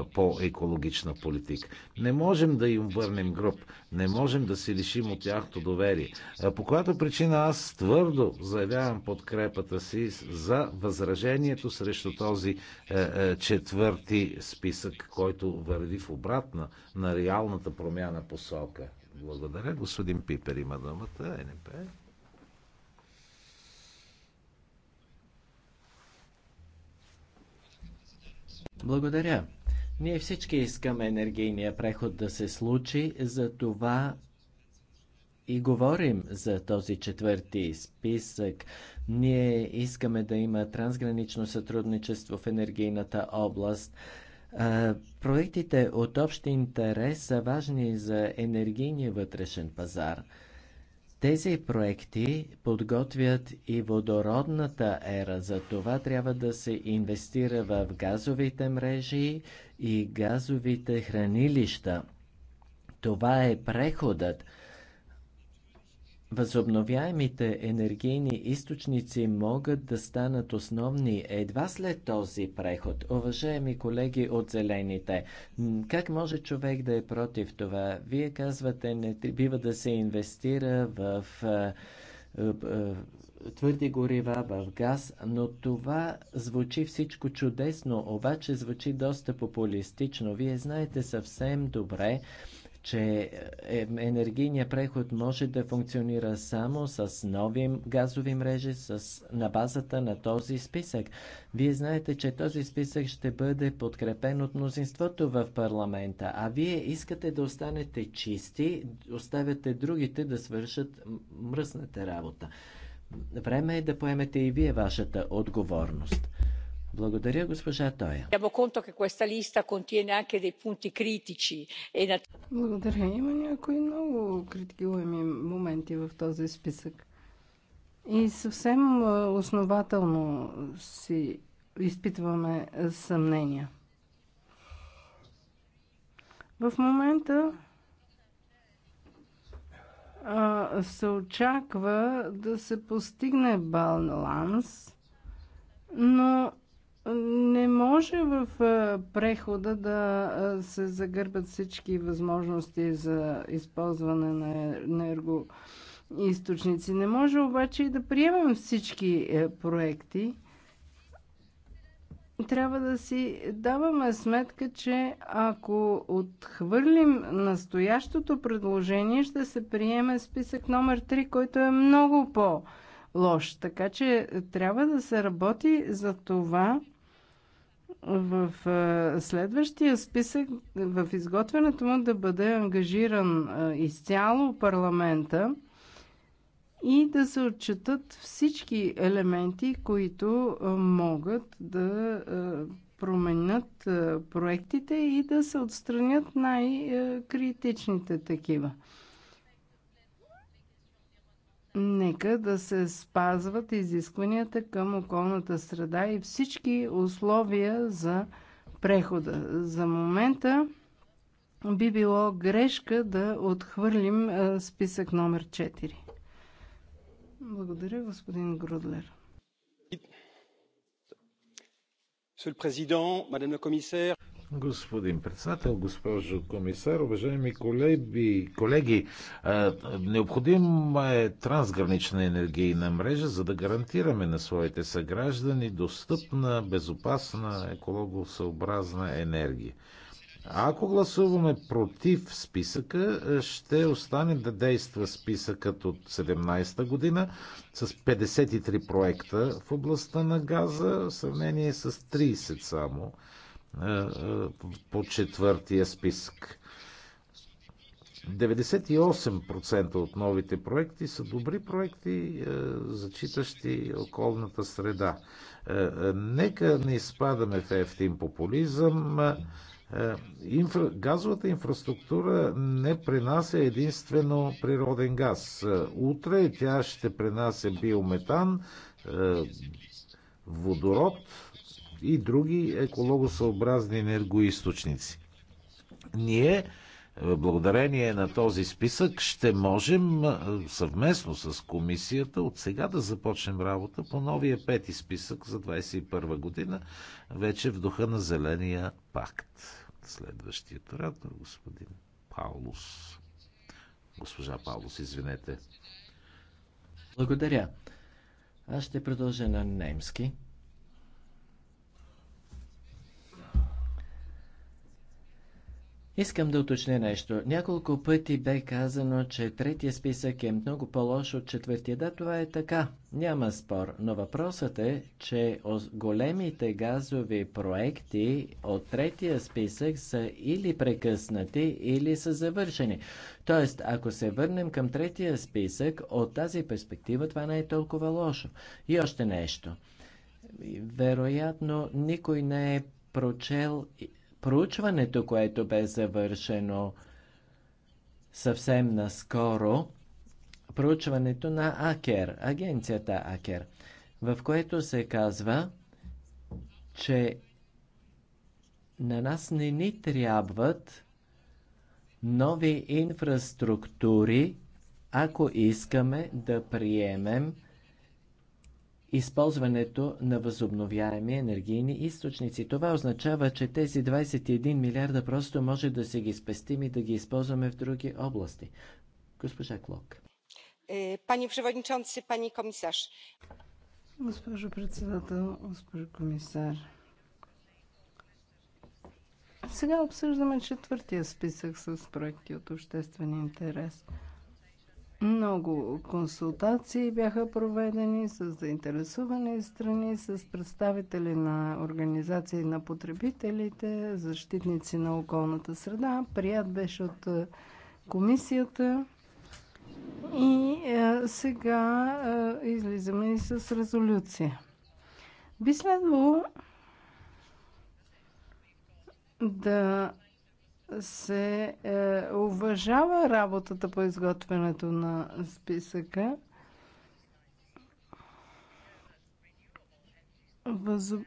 е, по-екологична политика. Не можем да им върнем гръб, не можем да се лишим от тяхто доверие. Е, по която причина аз твърдо заявявам подкрепата си за възражението срещу този е, четвърти списък, който върви в обратна на реалната промяна посока. Благодаря. Господин Пипер има думата. НП. Благодаря. Ние всички искаме енергийния преход да се случи, за това и говорим за този четвърти списък. Ние искаме да има трансгранично сътрудничество в енергийната област. Проектите от общ интерес са важни за енергийния вътрешен пазар. Тези проекти подготвят и водородната ера. За това трябва да се инвестира в газовите мрежи и газовите хранилища. Това е преходът. Възобновяемите енергийни източници могат да станат основни едва след този преход. Уважаеми колеги от Зелените, как може човек да е против това? Вие казвате, не бива да се инвестира в твърди горива, в газ, но това звучи всичко чудесно, обаче звучи доста популистично. Вие знаете съвсем добре, че е, енергийният преход може да функционира само с нови газови мрежи с, на базата на този списък. Вие знаете, че този списък ще бъде подкрепен от мнозинството в парламента, а вие искате да останете чисти, оставяте другите да свършат мръсната работа. Време е да поемете и вие вашата отговорност. Благодаря, госпожа Тоя. E Благодаря. Има някои много критикуеми моменти в този списък. И съвсем основателно си изпитваме съмнения. В момента а, се очаква да се постигне баланс, но не може в прехода да се загърбят всички възможности за използване на енергоисточници. Не може обаче и да приемам всички е, проекти. Трябва да си даваме сметка, че ако отхвърлим настоящото предложение, ще се приеме списък номер 3, който е много по-лош. Така че трябва да се работи за това в следващия списък, в изготвянето му да бъде ангажиран изцяло парламента и да се отчетат всички елементи, които могат да променят проектите и да се отстранят най-критичните такива. Нека да се спазват изискванията към околната среда и всички условия за прехода. За момента би било грешка да отхвърлим е, списък номер 4. Благодаря, господин Грудлер. Monsieur le Président, Madame la Commissaire, Господин председател, госпожо комисар, уважаеми колеги, колеги необходима е трансгранична енергийна мрежа, за да гарантираме на своите съграждани достъпна, безопасна, екологосъобразна енергия. Ако гласуваме против списъка, ще остане да действа списъкът от 17-та година с 53 проекта в областта на газа, в сравнение с 30 само е, е, по четвъртия списък. 98% от новите проекти са добри проекти, е, зачитащи околната среда. Нека не изпадаме в ефтин популизъм. Инфра... Газовата инфраструктура не пренася единствено природен газ. Утре тя ще пренася биометан, водород, и други екологосъобразни енергоисточници. Ние, благодарение на този списък, ще можем съвместно с комисията от сега да започнем работа по новия пети списък за 2021 година, вече в духа на Зеления пакт. Следващият оратор, господин Паулус. Госпожа Паулус, извинете. Благодаря. Аз ще продължа на немски. Искам да уточня нещо. Няколко пъти бе казано, че третия списък е много по-лош от четвъртия. Да, това е така. Няма спор. Но въпросът е, че големите газови проекти от третия списък са или прекъснати, или са завършени. Тоест, ако се върнем към третия списък, от тази перспектива това не е толкова лошо. И още нещо. Вероятно, никой не е прочел проучването, което бе завършено съвсем наскоро, проучването на АКЕР, агенцията АКЕР, в което се казва, че на нас не ни трябват нови инфраструктури, ако искаме да приемем използването на възобновяеми енергийни източници. Това означава, че тези 21 милиарда просто може да се ги спестим и да ги използваме в други области. Госпожа Клок. Е, пани Преводничонци, пани комисар. Госпожо председател, госпожо комисар. Сега обсъждаме четвъртия списък с проекти от обществен интерес – много консултации бяха проведени с заинтересувани страни, с представители на организации на потребителите, защитници на околната среда. Прият беше от е, комисията. И е, сега е, излизаме и с резолюция. Би следвало да се е, уважава работата по изготвянето на списъка. Възоб...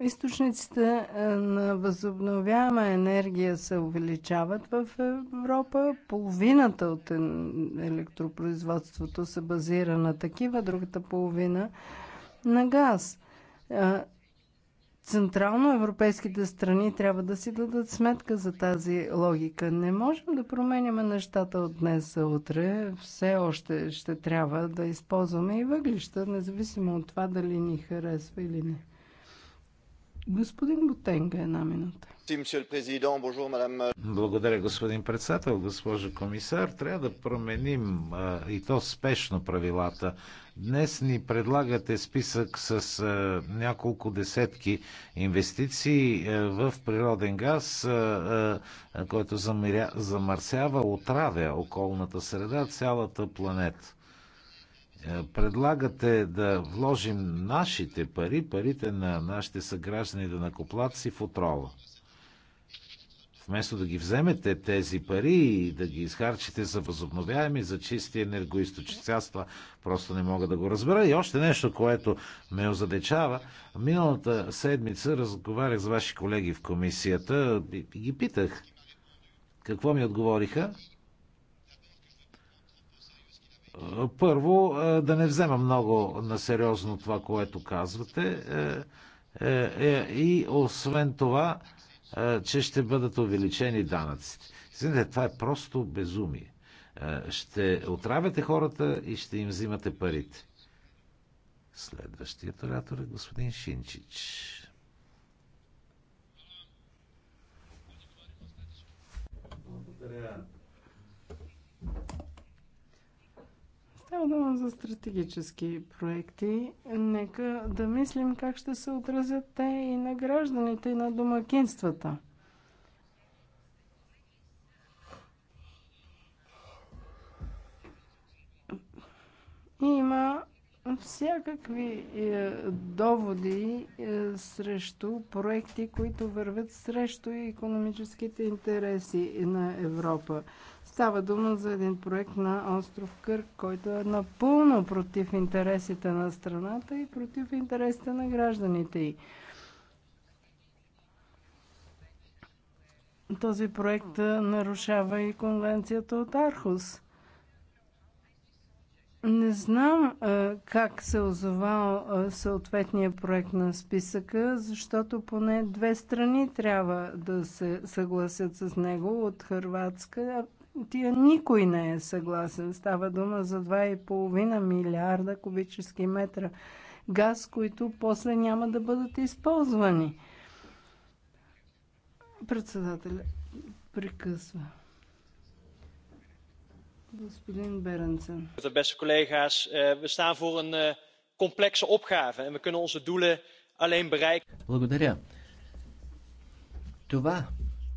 Източниците е, на възобновяема енергия се увеличават в Европа. Половината от електропроизводството се базира на такива, другата половина на газ. Е, Централно европейските страни трябва да си дадат сметка за тази логика. Не можем да променяме нещата от днес за утре. Все още ще трябва да използваме и въглища, независимо от това дали ни харесва или не. Господин Бутенга, една минута. Благодаря, господин председател, госпожо комисар. Трябва да променим и то спешно правилата Днес ни предлагате списък с а, е, няколко десетки инвестиции а, е, в природен газ, а, е, а, който замиря, замърсява, отравя околната среда, цялата планета. Предлагате да вложим нашите пари, парите на нашите съграждани да накоплаци в отрова. Вместо да ги вземете тези пари и да ги изхарчите за възобновяеми, за чисти енергоисточници, аз това просто не мога да го разбера. И още нещо, което ме озадечава. Миналата седмица разговарях с ваши колеги в комисията и ги питах какво ми отговориха. Първо, е, да не взема много на сериозно това, което казвате. Е, е, и освен това, че ще бъдат увеличени данъците. Извинете, това е просто безумие. Ще отравяте хората и ще им взимате парите. Следващият оратор е господин Шинчич. Благодаря. Става дума за стратегически проекти. Нека да мислим как ще се отразят те и на гражданите, и на домакинствата. Има всякакви е, доводи е, срещу проекти, които вървят срещу економическите интереси на Европа. Става дума за един проект на остров Кърк, който е напълно против интересите на страната и против интересите на гражданите й. Този проект нарушава и конвенцията от Архус. Не знам а, как се озовал съответния проект на списъка, защото поне две страни трябва да се съгласят с него от Хрватска тия никой не е съгласен. Става дума за 2,5 милиарда кубически метра газ, които после няма да бъдат използвани. Председателя прекъсва. Господин Беренсен. Beste collega's, eh, we staan voor een eh, complexe opgave en we kunnen onze doelen alleen bereiken. Благодаря. Това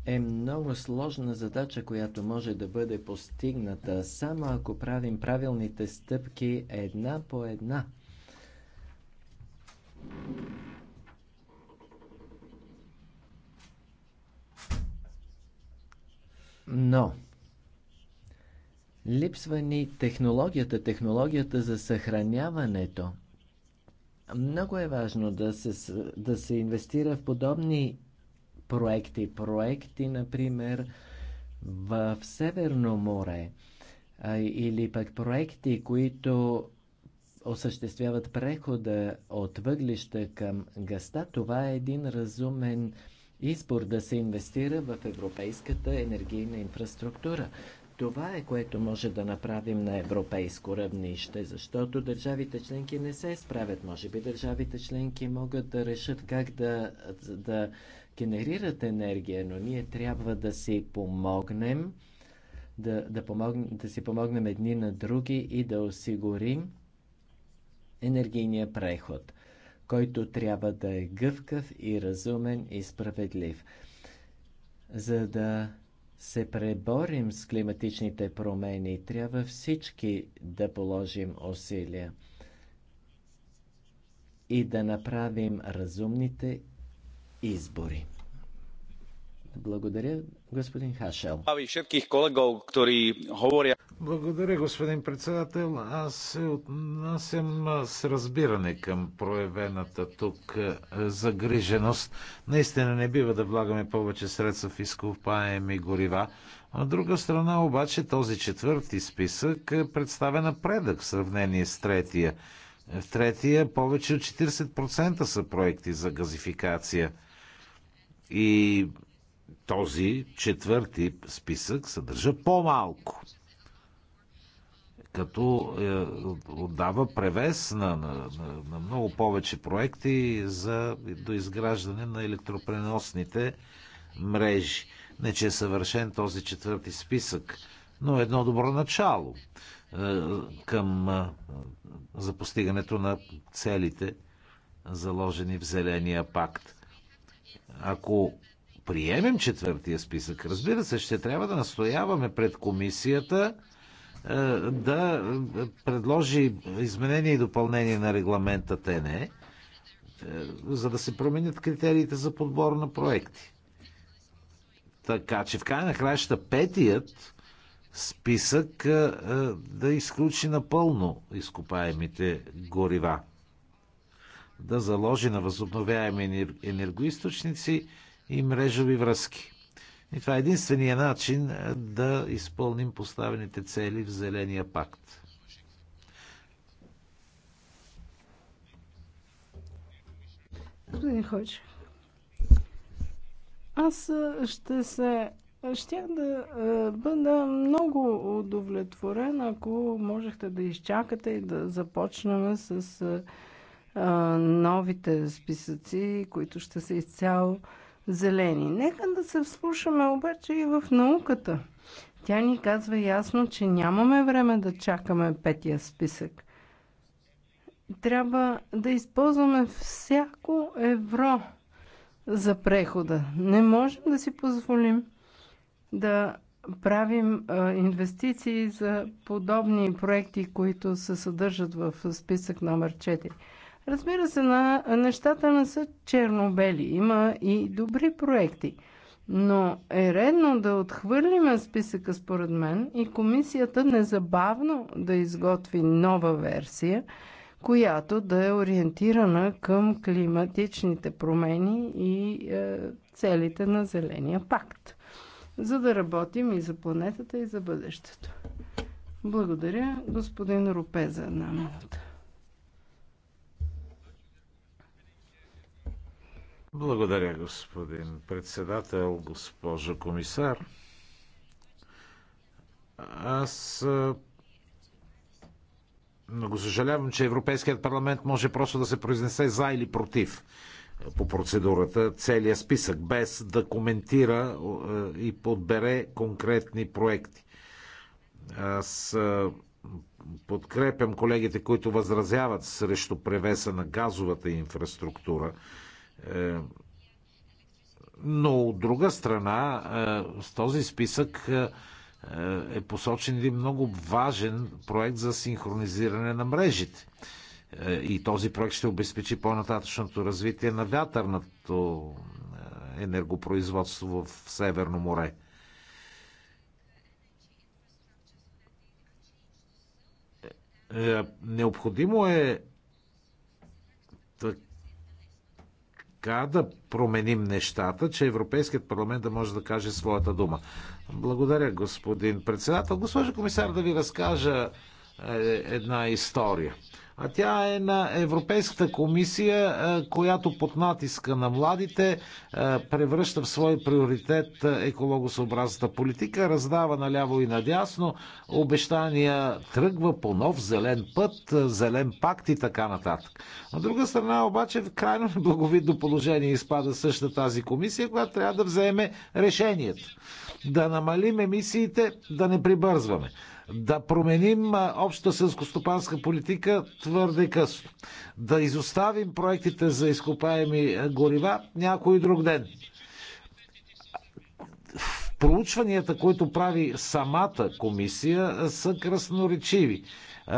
е много сложна задача, която може да бъде постигната само ако правим правилните стъпки една по една. Но липсва ни технологията, технологията за съхраняването. Много е важно да се, да се инвестира в подобни проекти. Проекти, например, в Северно море или пък проекти, които осъществяват прехода от въглища към гъста, това е един разумен избор да се инвестира в европейската енергийна инфраструктура. Това е което може да направим на европейско равнище, защото държавите членки не се справят. Може би държавите членки могат да решат как да, да генерират енергия, но ние трябва да си помогнем, да, да, помогнем, да си помогнем едни на други и да осигурим енергийния преход, който трябва да е гъвкав и разумен и справедлив. За да се преборим с климатичните промени, трябва всички да положим усилия и да направим разумните избори. Благодаря, господин Хашел. Благодаря, господин председател. Аз се отнасям с разбиране към проявената тук е, загриженост. Наистина не бива да влагаме повече средства в изкопаеми горива. От друга страна обаче този четвърти списък е представя напредък в сравнение с третия. В третия повече от 40% са проекти за газификация – и този четвърти списък съдържа по-малко като е, отдава превес на, на, на, на много повече проекти за доизграждане на електропреносните мрежи. Не, че е съвършен този четвърти списък, но е едно добро начало е, към е, за постигането на целите, заложени в Зеления пакт. Ако приемем четвъртия списък, разбира се, ще трябва да настояваме пред комисията е, да предложи изменение и допълнение на регламента ТНЕ, е, за да се променят критериите за подбор на проекти. Така че в край на краища петият списък е, да изключи напълно изкопаемите горива да заложи на възобновяеми енергоисточници и мрежови връзки. И това е единствения начин е, да изпълним поставените цели в Зеления пакт. Господин Хоч, аз е, ще се Щях да е, бъда много удовлетворен, ако можехте да изчакате и да започнем с новите списъци, които ще са изцяло зелени. Нека да се вслушаме обаче и в науката. Тя ни казва ясно, че нямаме време да чакаме петия списък. Трябва да използваме всяко евро за прехода. Не можем да си позволим да правим инвестиции за подобни проекти, които се съдържат в списък номер 4. Разбира се, на нещата не са чернобели. Има и добри проекти. Но е редно да отхвърлиме списъка, според мен, и комисията незабавно да изготви нова версия, която да е ориентирана към климатичните промени и е, целите на Зеления пакт, за да работим и за планетата, и за бъдещето. Благодаря, господин Рупе, за една минута. Благодаря, господин председател, госпожо комисар. Аз много съжалявам, че Европейският парламент може просто да се произнесе за или против по процедурата целия списък, без да коментира и подбере конкретни проекти. Аз подкрепям колегите, които възразяват срещу превеса на газовата инфраструктура е, но от друга страна, е, с този списък е, е посочен един много важен проект за синхронизиране на мрежите. И този проект ще обезпечи по-нататъчното развитие на вятърното енергопроизводство в Северно море. Необходимо е така да променим нещата, че Европейският парламент да може да каже своята дума. Благодаря, господин председател. Госпожо комисар, да ви разкажа е, една история а тя е на Европейската комисия, е, която под натиска на младите е, превръща в свой приоритет екологосъобразната политика, раздава наляво и надясно обещания, тръгва по нов зелен път, е, зелен пакт и така нататък. От друга страна обаче в крайно неблаговидно *laughs* положение изпада същата тази комисия, която трябва да вземе решението. Да намалим емисиите, да не прибързваме. Да променим общата селскостопанска политика твърде късно. Да изоставим проектите за изкопаеми горива някой друг ден. Проучванията, които прави самата комисия, са красноречиви.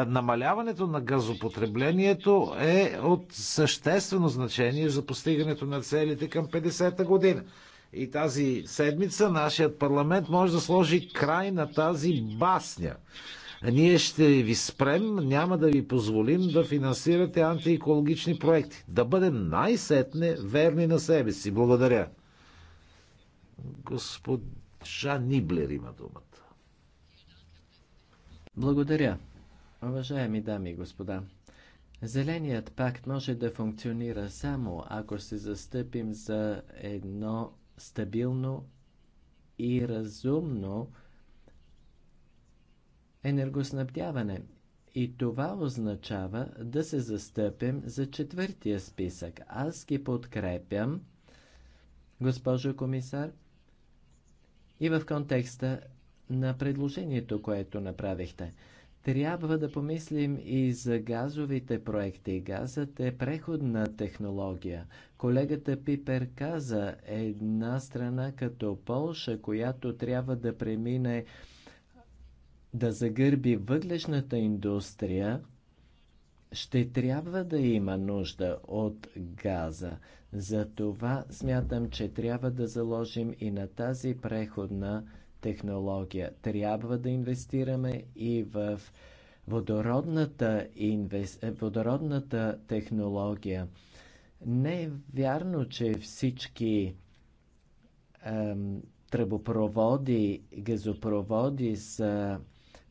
Намаляването на газопотреблението е от съществено значение за постигането на целите към 50-та година. И тази седмица нашият парламент може да сложи край на тази басня. Ние ще ви спрем, няма да ви позволим да финансирате антиекологични проекти. Да бъдем най-сетне верни на себе си. Благодаря. Госпожа Ниблер има думата. Благодаря. Уважаеми дами и господа, Зеленият пакт може да функционира само ако се застъпим за едно стабилно и разумно енергоснабдяване. И това означава да се застъпим за четвъртия списък. Аз ги подкрепям, госпожо комисар, и в контекста на предложението, което направихте. Трябва да помислим и за газовите проекти. Газът е преходна технология. Колегата Пипер каза една страна като Полша, която трябва да премине да загърби въглешната индустрия, ще трябва да има нужда от газа. Затова смятам, че трябва да заложим и на тази преходна технология технология. Трябва да инвестираме и в водородната, инвес... Е, водородната технология. Не е вярно, че всички ем, тръбопроводи, газопроводи са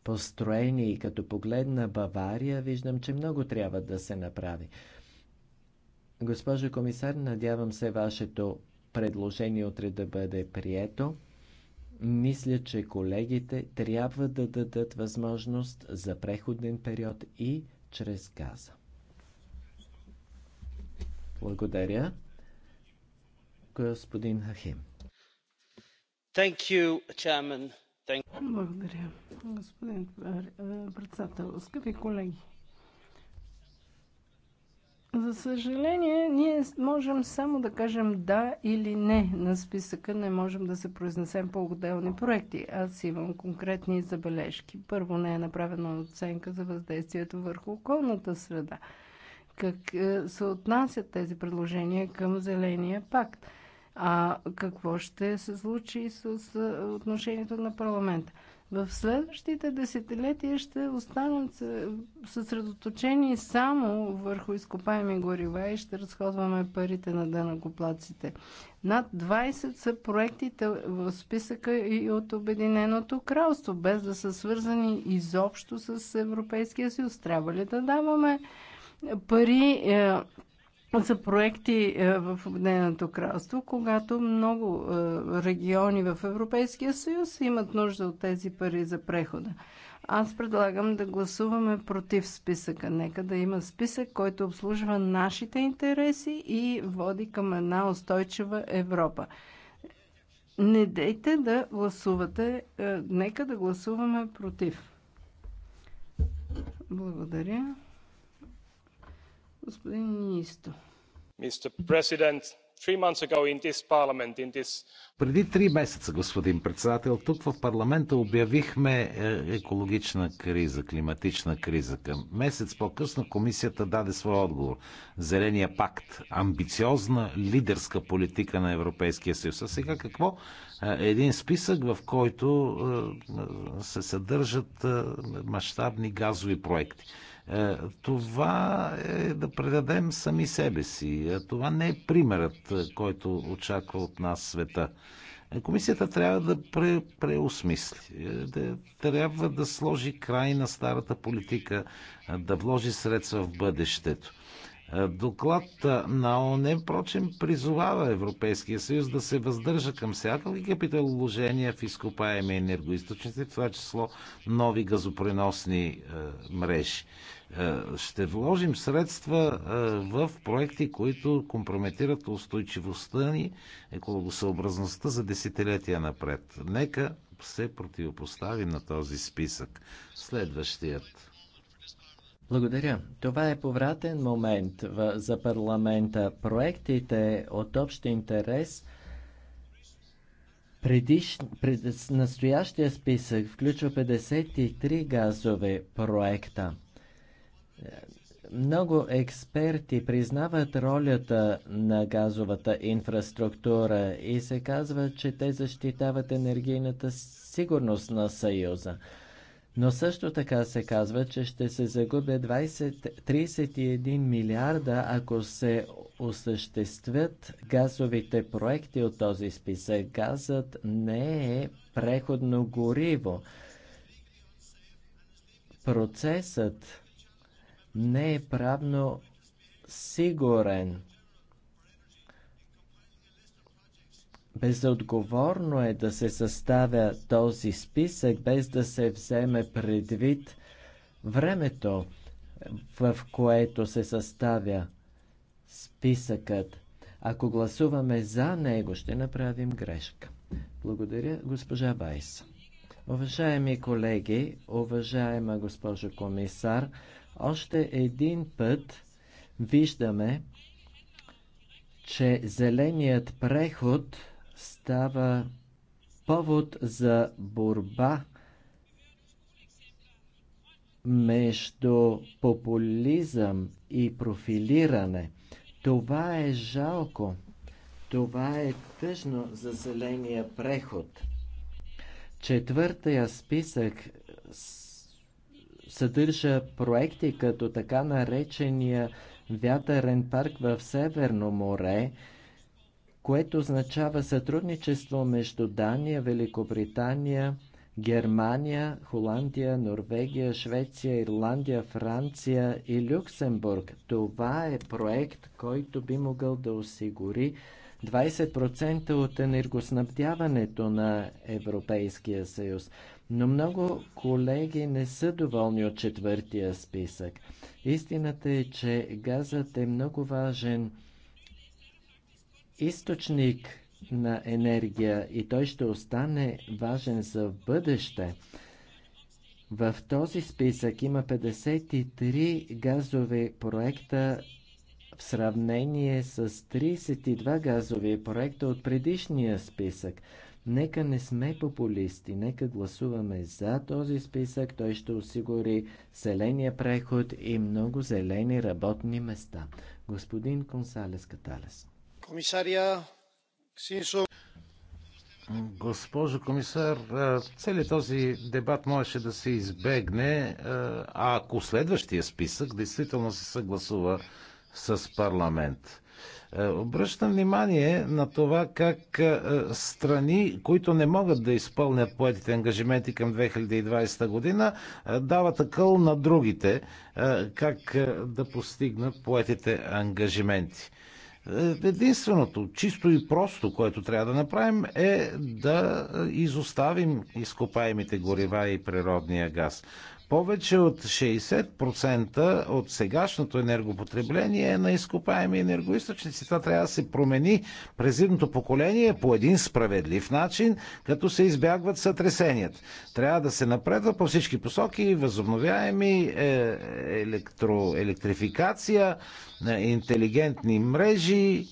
построени и като погледна Бавария, виждам, че много трябва да се направи. Госпожо комисар, надявам се вашето предложение утре да бъде прието. Мисля, че колегите трябва да дадат възможност за преходен период и чрез газа. Благодаря. Господин Хахим. Благодаря, господин е, председател. Скъпи колеги, за съжаление, ние можем само да кажем да или не на списъка, не можем да се произнесем по отделни проекти. Аз имам конкретни забележки. Първо, не е направена оценка за въздействието върху околната среда. Как е, се отнасят тези предложения към Зеления пакт? А какво ще се случи с е, отношението на парламента? в следващите десетилетия ще останат е, съсредоточени само върху изкопаеми горива и ще разходваме парите на дънакоплаците. Над 20 са проектите в списъка и от Обединеното кралство, без да са свързани изобщо с Европейския съюз. Трябва ли да даваме пари е, за проекти е, в Обединеното кралство, когато много е, региони в Европейския съюз имат нужда от тези пари за прехода. Аз предлагам да гласуваме против списъка. Нека да има списък, който обслужва нашите интереси и води към една устойчива Европа. Не дейте да гласувате. Е, нека да гласуваме против. Благодаря. Господин Нисто. This... Преди три месеца, господин председател, тук в парламента обявихме е, екологична криза, климатична криза. Към месец по-късно комисията даде своя отговор. Зеления пакт, амбициозна лидерска политика на Европейския съюз. А сега какво? Е, един списък, в който е, се съдържат мащабни газови проекти. Е, това е да предадем сами себе си. Е, това не е примерът, е, който очаква от нас света. Комисията трябва да пре, преосмисли, да, трябва да сложи край на старата политика, да вложи средства в бъдещето. Доклад на ООН, впрочем, призовава Европейския съюз да се въздържа към всякакви капиталоложения в изкопаеми енергоисточници, в това число нови газопреносни е, мрежи. Е, ще вложим средства е, в проекти, които компрометират устойчивостта ни, екологосъобразността за десетилетия напред. Нека се противопоставим на този списък. Следващият. Благодаря. Това е повратен момент за парламента. Проектите от общ интерес Предиш, пред, настоящия списък включва 53 газове проекта. Много експерти признават ролята на газовата инфраструктура и се казва, че те защитават енергийната сигурност на Съюза. Но също така се казва, че ще се загубя 20, 31 милиарда, ако се осъществят газовите проекти от този списък. Газът не е преходно гориво. Процесът не е правно сигурен. Безотговорно е да се съставя този списък без да се вземе предвид времето, в което се съставя списъкът. Ако гласуваме за него, ще направим грешка. Благодаря, госпожа Вайс. Уважаеми колеги, уважаема госпожо комисар, още един път виждаме, че зеленият преход става повод за борба между популизъм и профилиране. Това е жалко. Това е тъжно за зеления преход. Четвъртия списък съдържа проекти като така наречения вятърен парк в Северно море, което означава сътрудничество между Дания, Великобритания, Германия, Холандия, Норвегия, Швеция, Ирландия, Франция и Люксембург. Това е проект, който би могъл да осигури 20% от енергоснабдяването на Европейския съюз. Но много колеги не са доволни от четвъртия списък. Истината е, че газът е много важен източник на енергия и той ще остане важен за бъдеще. В този списък има 53 газови проекта в сравнение с 32 газови проекта от предишния списък. Нека не сме популисти, нека гласуваме за този списък. Той ще осигури зеления преход и много зелени работни места. Господин Консалес Каталес. Комисария Синсо. Госпожо комисар, целият този дебат можеше да се избегне, ако следващия списък действително се съгласува с парламент. Е, обръщам внимание на това как е, страни, които не могат да изпълнят поетите ангажименти към 2020 година, е, дават акъл на другите как да постигнат поетите ангажименти. Единственото, чисто и просто, което трябва да направим е да изоставим изкопаемите горива и природния газ. Повече от 60% от сегашното енергопотребление е на изкопаеми енергоисточници. Това трябва да се промени през едното поколение по един справедлив начин, като се избягват сътресенията. Трябва да се напредва по всички посоки, възобновяеми е, електро, електрификация, е, интелигентни мрежи, е,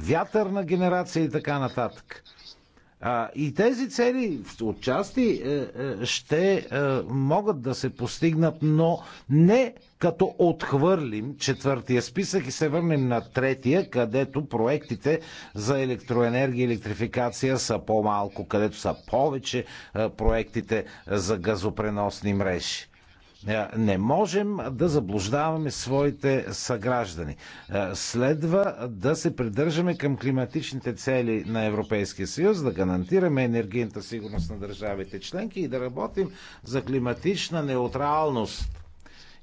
вятърна генерация и така нататък. И тези цели отчасти е, е, ще е, могат да се постигнат, но не като отхвърлим четвъртия списък и се върнем на третия, където проектите за електроенергия и електрификация са по-малко, където са повече проектите за газопреносни мрежи. Е, не можем да заблуждаваме своите съграждани. Е, следва да се придържаме към климатичните цели на Европейския съюз, да гарантираме енергийната сигурност на държавите членки и да работим за климатична неутралност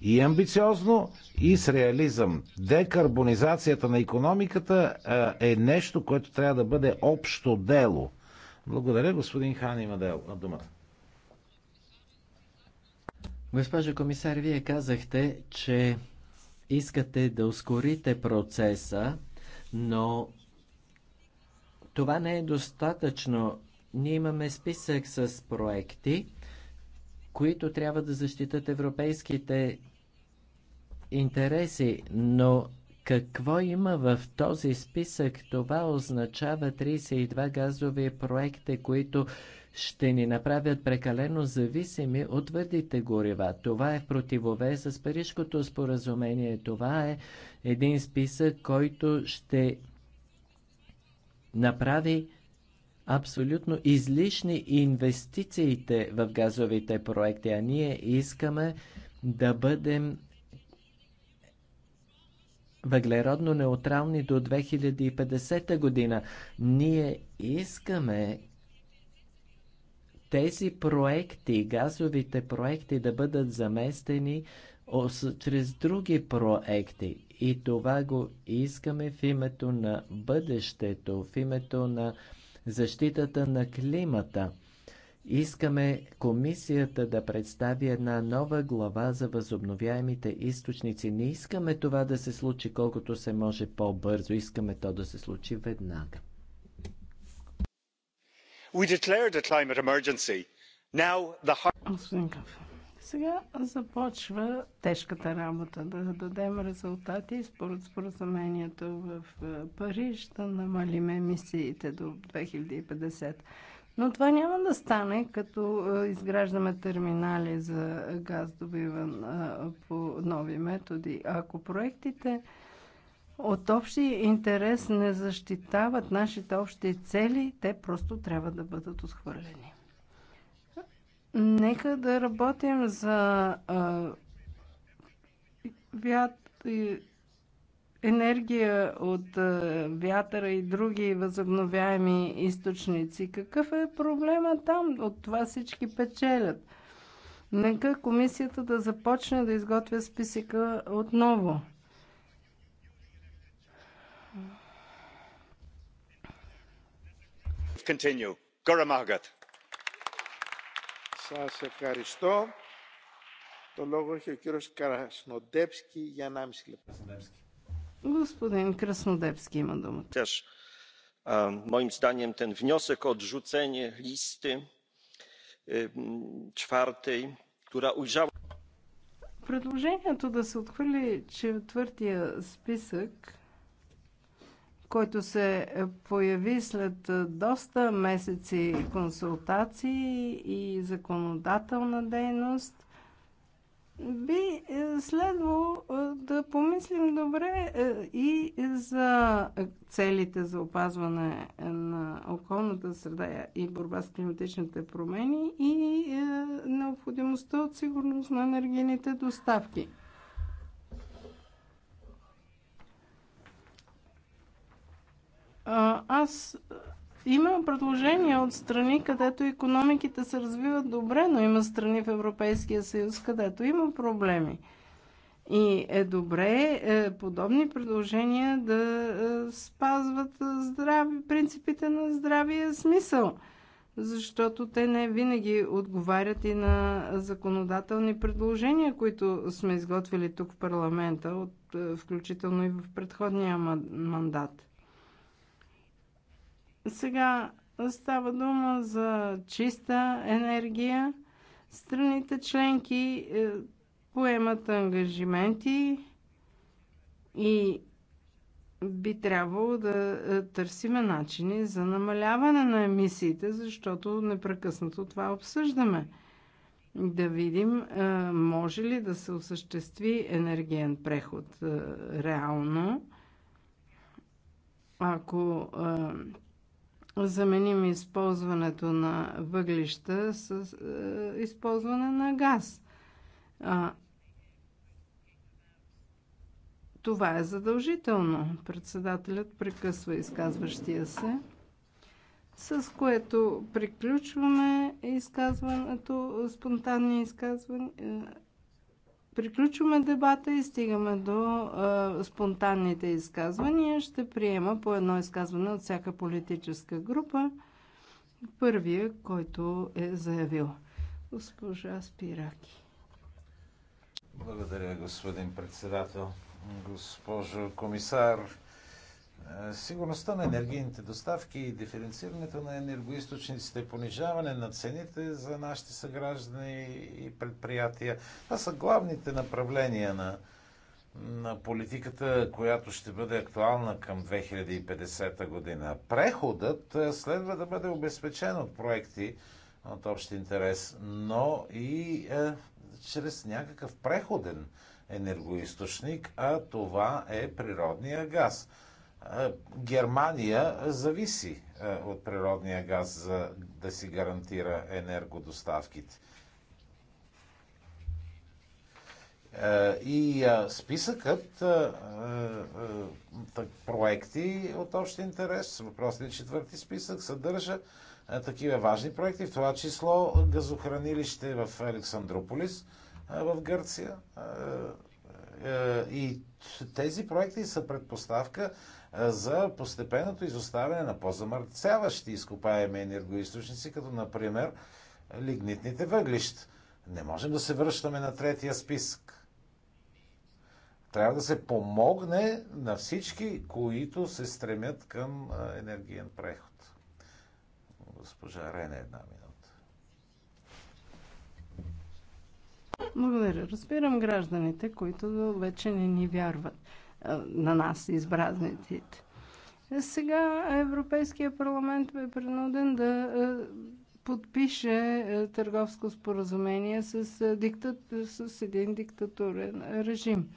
и амбициозно, и с реализъм. Декарбонизацията на економиката е, е нещо, което трябва да бъде общо дело. Благодаря, господин Хан има думата. Госпожо комисар, вие казахте, че искате да ускорите процеса, но това не е достатъчно. Ние имаме списък с проекти, които трябва да защитат европейските интереси, но какво има в този списък? Това означава 32 газови проекти, които ще ни направят прекалено зависими от твърдите горива. Това е в противове с Парижкото споразумение. Това е един списък, който ще направи абсолютно излишни инвестициите в газовите проекти, а ние искаме да бъдем въглеродно неутрални до 2050 година. Ние искаме тези проекти, газовите проекти да бъдат заместени чрез други проекти. И това го искаме в името на бъдещето, в името на защитата на климата. Искаме комисията да представи една нова глава за възобновяемите източници. Не искаме това да се случи колкото се може по-бързо, искаме то да се случи веднага. We declared a climate emergency. Now the... сега започва тежката работа да дадем резултати според споразумението в е, Париж, да намалим емисиите до 2050. Но това няма да стане, като е, изграждаме терминали за газ добиван е, по нови методи. Ако проектите от общи интерес не защитават нашите общи цели, те просто трябва да бъдат отхвърлени. Нека да работим за а, вят, енергия от а, вятъра и други възобновяеми източници. Какъв е проблема там? От това всички печелят. Нека комисията да започне да изготвя списъка отново. continue. Σας ευχαριστώ. Το λόγο έχει ο κύριος Κρασνοντέψκι για 1,5 λεπτά. Господин Краснодепски има думата. Też moim zdaniem ten wniosek o odrzucenie listy czwartej, która ujrzała... Предложението да се отхвърли четвъртия списък който се появи след доста месеци консултации и законодателна дейност, би е, следвало да помислим добре е, и за целите за опазване на околната среда и борба с климатичните промени и е, необходимостта от сигурност на енергийните доставки. Аз има предложения от страни, където економиките се развиват добре, но има страни в Европейския съюз, където има проблеми. И е добре е, подобни предложения да е, спазват здрави, принципите на здравия смисъл, защото те не винаги отговарят и на законодателни предложения, които сме изготвили тук в парламента, от, е, включително и в предходния мандат. Сега става дума за чиста енергия. Страните членки е, поемат ангажименти и би трябвало да е, търсиме начини за намаляване на емисиите, защото непрекъснато това обсъждаме. Да видим, е, може ли да се осъществи енергиен преход реално, ако заменим използването на въглища с е, използване на газ. А, това е задължително. Председателят прекъсва изказващия се, с което приключваме изказването, спонтанни изказвания Приключваме дебата и стигаме до а, спонтанните изказвания. Ще приема по едно изказване от всяка политическа група. Първия, който е заявил. Госпожа Спираки. Благодаря, господин председател. Госпожо комисар, е, сигурността на енергийните доставки и диференцирането на енергоисточниците, понижаване на цените за нашите съграждани и предприятия. Това са главните направления на, на политиката, която ще бъде актуална към 2050 година. Преходът е, следва да бъде обезпечен от проекти от общ интерес, но и е, чрез някакъв преходен енергоисточник, а това е природния газ. Германия зависи от природния газ, за да си гарантира енергодоставките. И списъкът проекти от общ интерес, въпросният е четвърти списък, съдържа такива важни проекти, в това число газохранилище в Александрополис в Гърция. И тези проекти са предпоставка за постепенното изоставяне на по-замърцяващи изкопаеми енергоисточници, като например лигнитните въглища. Не можем да се връщаме на третия списък. Трябва да се помогне на всички, които се стремят към енергиен преход. Госпожа Рене, една минута. Благодаря. Разбирам гражданите, които вече не ни вярват на нас, избразниците. Сега Европейския парламент бе принуден да подпише търговско споразумение с, диктат, с един диктатурен режим.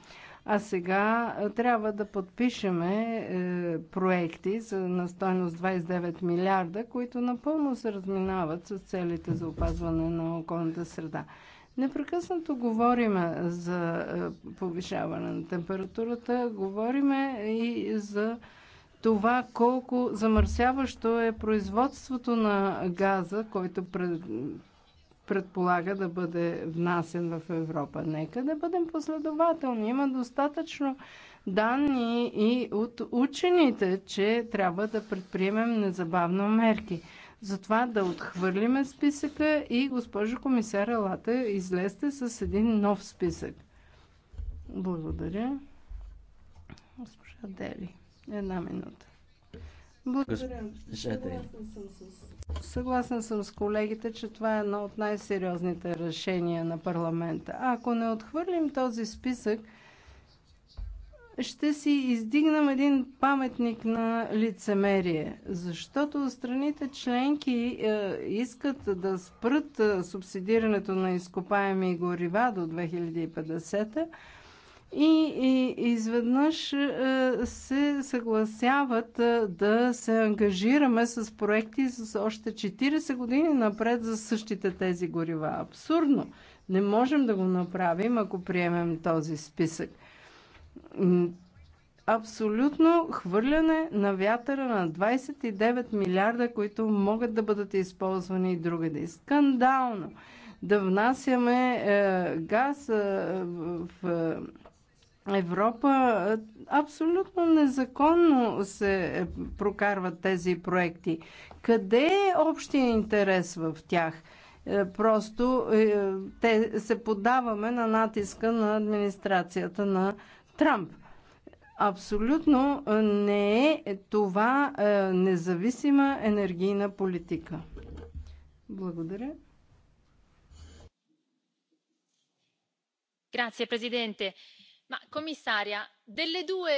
А сега трябва да подпишеме е, проекти за на стойност 29 милиарда, които напълно се разминават с целите за опазване на околната среда. Непрекъснато говорим за е, повишаване на температурата, говорим и за това колко замърсяващо е производството на газа, който предполага да бъде внасен в Европа. Нека да бъдем последователни. Има достатъчно данни и от учените, че трябва да предприемем незабавно мерки. Затова да отхвърлиме списъка и госпожо комисар Лата, излезте с един нов списък. Благодаря. Госпожа Дели, една минута. Благодаря. Съгласна съм, с... колегите, че това е едно от най-сериозните решения на парламента. ако не отхвърлим този списък, ще си издигнам един паметник на лицемерие, защото страните членки е, искат да спрат е, субсидирането на изкопаеми горива до 2050 и, и изведнъж е, се съгласяват е, да се ангажираме с проекти с още 40 години напред за същите тези горива. Абсурдно! Не можем да го направим, ако приемем този списък абсолютно хвърляне на вятъра на 29 милиарда, които могат да бъдат използвани и другаде. Скандално да внасяме е, газ е, в е, Европа. Е, абсолютно незаконно се е, прокарват тези проекти. Къде е общия интерес в тях? Е, просто е, те се подаваме на натиска на администрацията на Трамп. Абсолютно не е това е, независима енергийна политика. Благодаря. Grazie Presidente. Ma commissaria, delle due...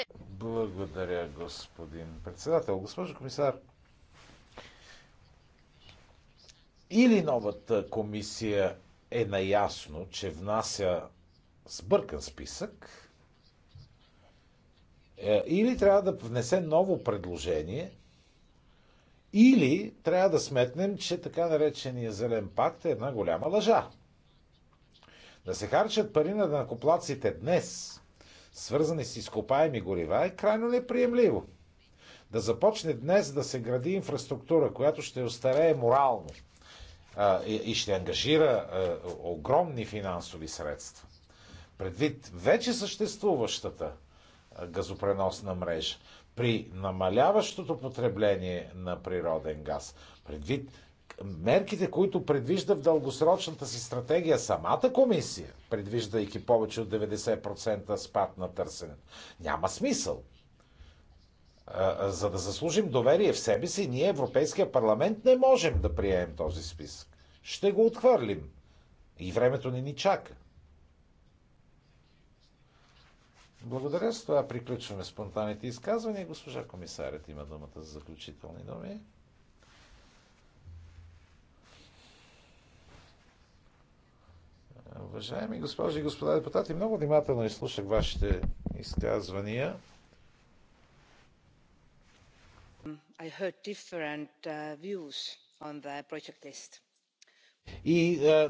Благодаря, господин председател. Госпожо комисар, или новата комисия е наясно, че внася сбъркан списък, е, или трябва да внесе ново предложение, или трябва да сметнем, че така наречения зелен пакт е една голяма лъжа. Да се харчат пари на накоплаците днес, свързани с изкопаеми горива, е крайно неприемливо. Да започне днес да се гради инфраструктура, която ще остарее морално а, и, и ще ангажира а, огромни финансови средства. Предвид вече съществуващата газопреносна мрежа. При намаляващото потребление на природен газ, предвид мерките, които предвижда в дългосрочната си стратегия самата комисия, предвиждайки повече от 90% спад на търсенето, няма смисъл. За да заслужим доверие в себе си, ние, Европейския парламент, не можем да приемем този списък. Ще го отхвърлим. И времето не ни чака. Благодаря. С това приключваме спонтанните изказвания. Госпожа комисарят има думата за заключителни думи. Уважаеми госпожи и господа депутати, много внимателно изслушах вашите изказвания. I heard different uh, views on the project list. И е,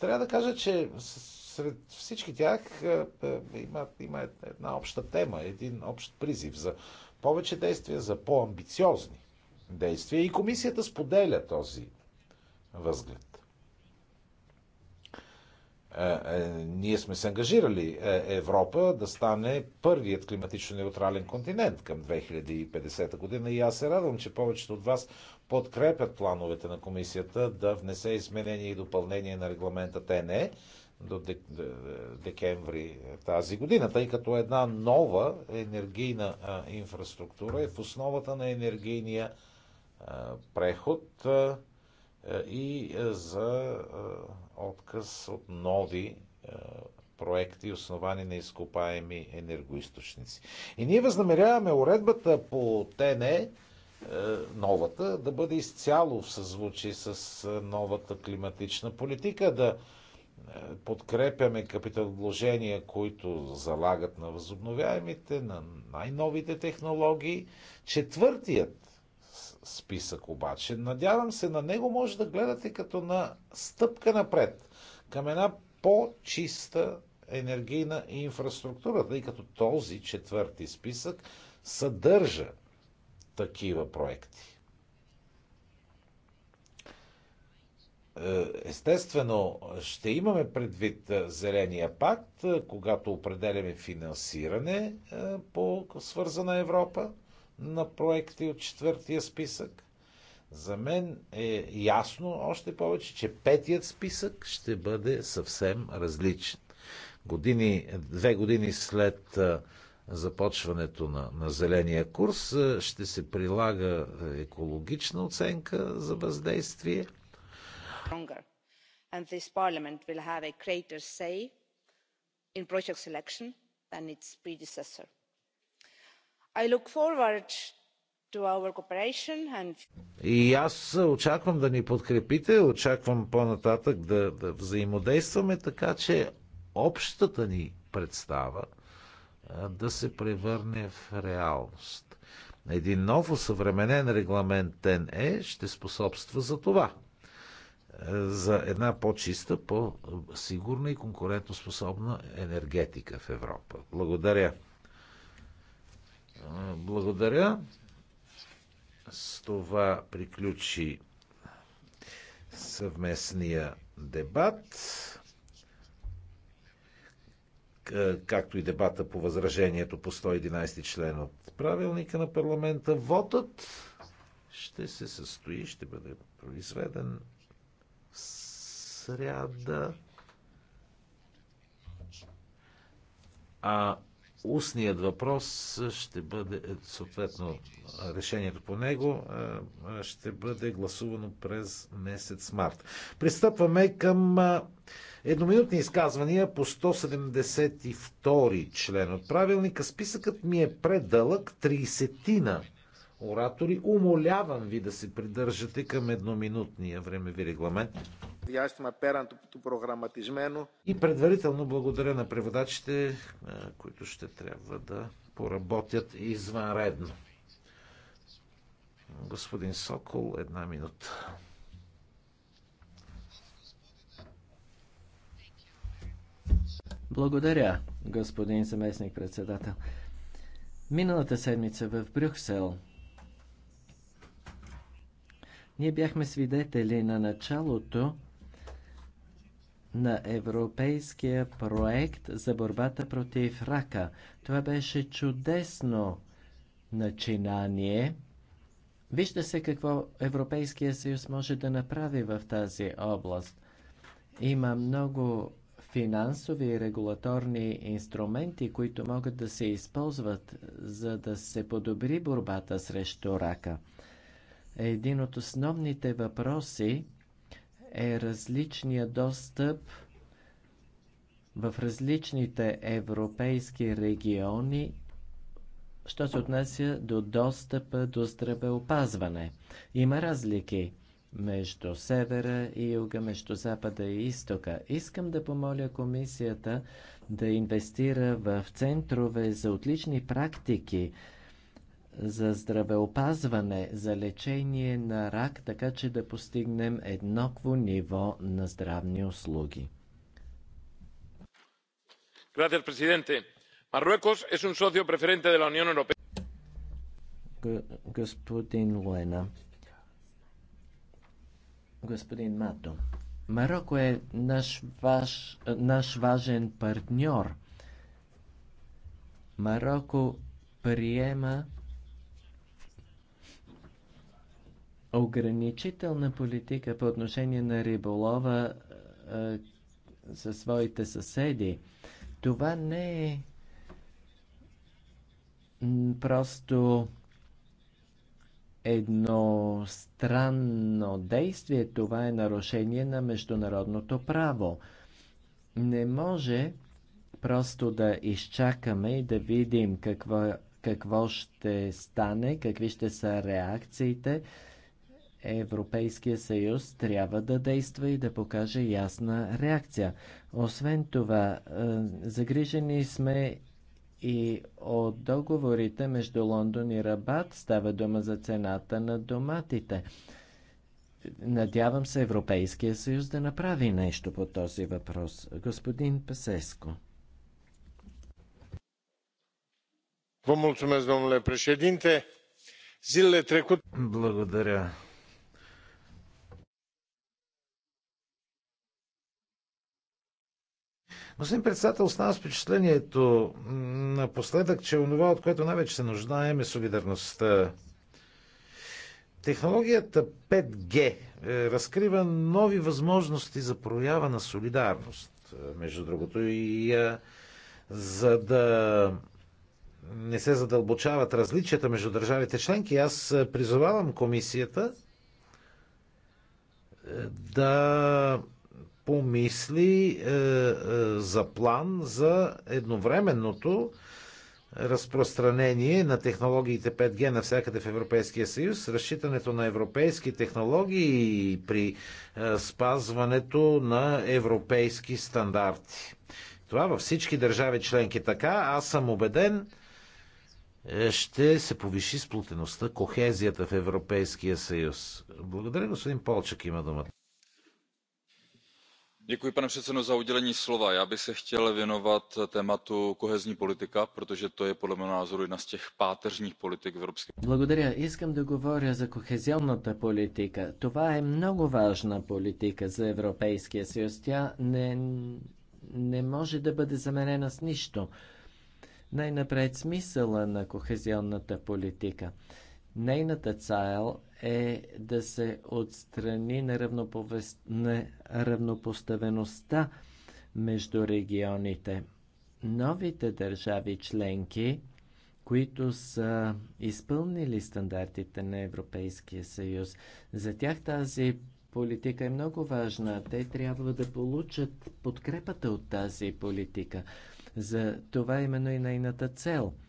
трябва да кажа, че сред всички тях е, е, има, има е, една обща тема, един общ призив за повече действия, за по-амбициозни действия. И комисията споделя този възглед. Е, е, ние сме се ангажирали е, Европа да стане първият климатично неутрален континент към 2050 година и аз се радвам, че повечето от вас подкрепят плановете на комисията да внесе изменение и допълнение на регламента ТНЕ до декември тази година, тъй като една нова енергийна инфраструктура е в основата на енергийния преход и за отказ от нови е, проекти, основани на изкопаеми енергоисточници. И ние възнамеряваме уредбата по ТНЕ, новата, да бъде изцяло в съзвучи с е, новата климатична политика, да е, подкрепяме капиталовложения, които залагат на възобновяемите, на най-новите технологии. Четвъртият списък обаче. Надявам се, на него може да гледате като на стъпка напред към една по-чиста енергийна инфраструктура, тъй като този четвърти списък съдържа такива проекти. Е, естествено, ще имаме предвид е, Зеления пакт, е, когато определяме финансиране по свързана Европа на проекти от четвъртия списък. За мен е ясно още повече, че петият списък ще бъде съвсем различен. Години, две години след започването на, на зеления курс ще се прилага екологична оценка за въздействие. And this parliament will have a greater say in project selection than its predecessor. I look forward to our cooperation and... И аз очаквам да ни подкрепите, очаквам по-нататък да, да взаимодействаме, така че общата ни представа да се превърне в реалност. Един ново съвременен регламент ТНЕ ще способства за това. За една по-чиста, по-сигурна и конкурентоспособна енергетика в Европа. Благодаря. Благодаря. С това приключи съвместния дебат, както и дебата по възражението по 111 член от правилника на парламента. Вотът ще се състои, ще бъде произведен в сряда. А устният въпрос ще бъде, е, съответно, решението по него е, е, ще бъде гласувано през месец март. Пристъпваме към едноминутни изказвания по 172 член от правилника. Списъкът ми е предълъг 30-тина оратори. Умолявам ви да се придържате към едноминутния времеви регламент διάστημα πέραν του, του προγραμματισμένου. И предварително благодаря на преводачите, е, които ще трябва да поработят извънредно. Господин Сокол, една минута. Благодаря, господин заместник председател. Миналата седмица в Брюксел ние бяхме свидетели на началото на европейския проект за борбата против рака. Това беше чудесно начинание. Вижте се какво Европейския съюз може да направи в тази област. Има много финансови и регулаторни инструменти, които могат да се използват, за да се подобри борбата срещу рака. Един от основните въпроси е различния достъп в различните европейски региони, що се отнася до достъпа до здравеопазване. Има разлики между севера и юга, между запада и изтока. Искам да помоля комисията да инвестира в центрове за отлични практики за здравеопазване, за лечение на рак, така че да постигнем еднакво ниво на здравни услуги. Gracias, presidente. Marruecos es un socio preferente de la Unión Europea. Господин Луена. Господин Мато. Марокко е наш, ваш, наш важен партньор. Марокко приема ограничителна политика по отношение на риболова е, със своите съседи. Това не е просто едно странно действие, това е нарушение на международното право. Не може просто да изчакаме и да видим какво, какво ще стане, какви ще са реакциите. Европейския съюз трябва да действа и да покаже ясна реакция. Освен това, е, загрижени сме и от договорите между Лондон и Рабат става дума за цената на доматите. Надявам се Европейския съюз да направи нещо по този въпрос. Господин Песеско. Благодаря, Господин председател, остава с впечатлението напоследък, че онова, от което най-вече се нуждаем е солидарността. Технологията 5G е, разкрива нови възможности за проява на солидарност. Е, между другото и е, за да не се задълбочават различията между държавите членки, аз призовавам комисията да помисли е, е, за план за едновременното разпространение на технологиите 5G навсякъде в Европейския съюз, разчитането на европейски технологии и при е, спазването на европейски стандарти. Това във всички държави членки така, аз съм убеден, е, ще се повиши сплутеността, кохезията в Европейския съюз. Благодаря, господин Полчак има думата pane předsedající já bych se chtěl věnovat tématu kohezní politika protože to je podle mého názoru jedna z těch páteřních politik evropské unie. Благодаря. Искам да говоря за кохезионната политика. Това е много важна политика за Европейския съюз. Тя не, не може да бъде заменена с нищо. Най-напред смисъла на кохезионната политика. Нейната цел е да се отстрани неравнопоставеността между регионите. Новите държави членки, които са изпълнили стандартите на Европейския съюз, за тях тази политика е много важна. Те трябва да получат подкрепата от тази политика. За това именно и нейната цел –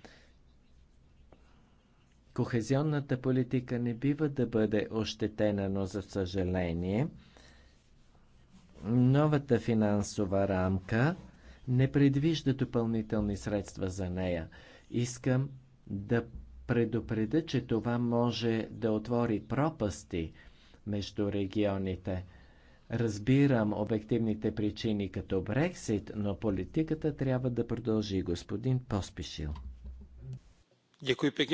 Кохезионната политика не бива да бъде ощетена, но за съжаление новата финансова рамка не предвижда допълнителни средства за нея. Искам да предупредя, че това може да отвори пропасти между регионите. Разбирам обективните причини като Брексит, но политиката трябва да продължи господин Поспишил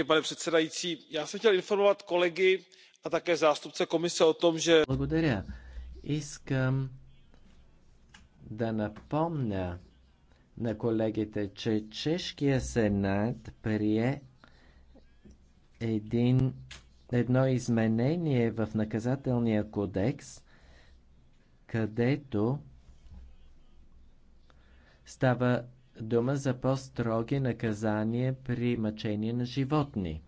pane předsedající já jsem chtěl informovat kolegy a také zástupce komise o tom že. благодаря. искам да напомня на колегите, че Чешкия сенат прие един, едно изменение в наказателния кодекс, където става дума за по-строги наказания при мъчение на животни.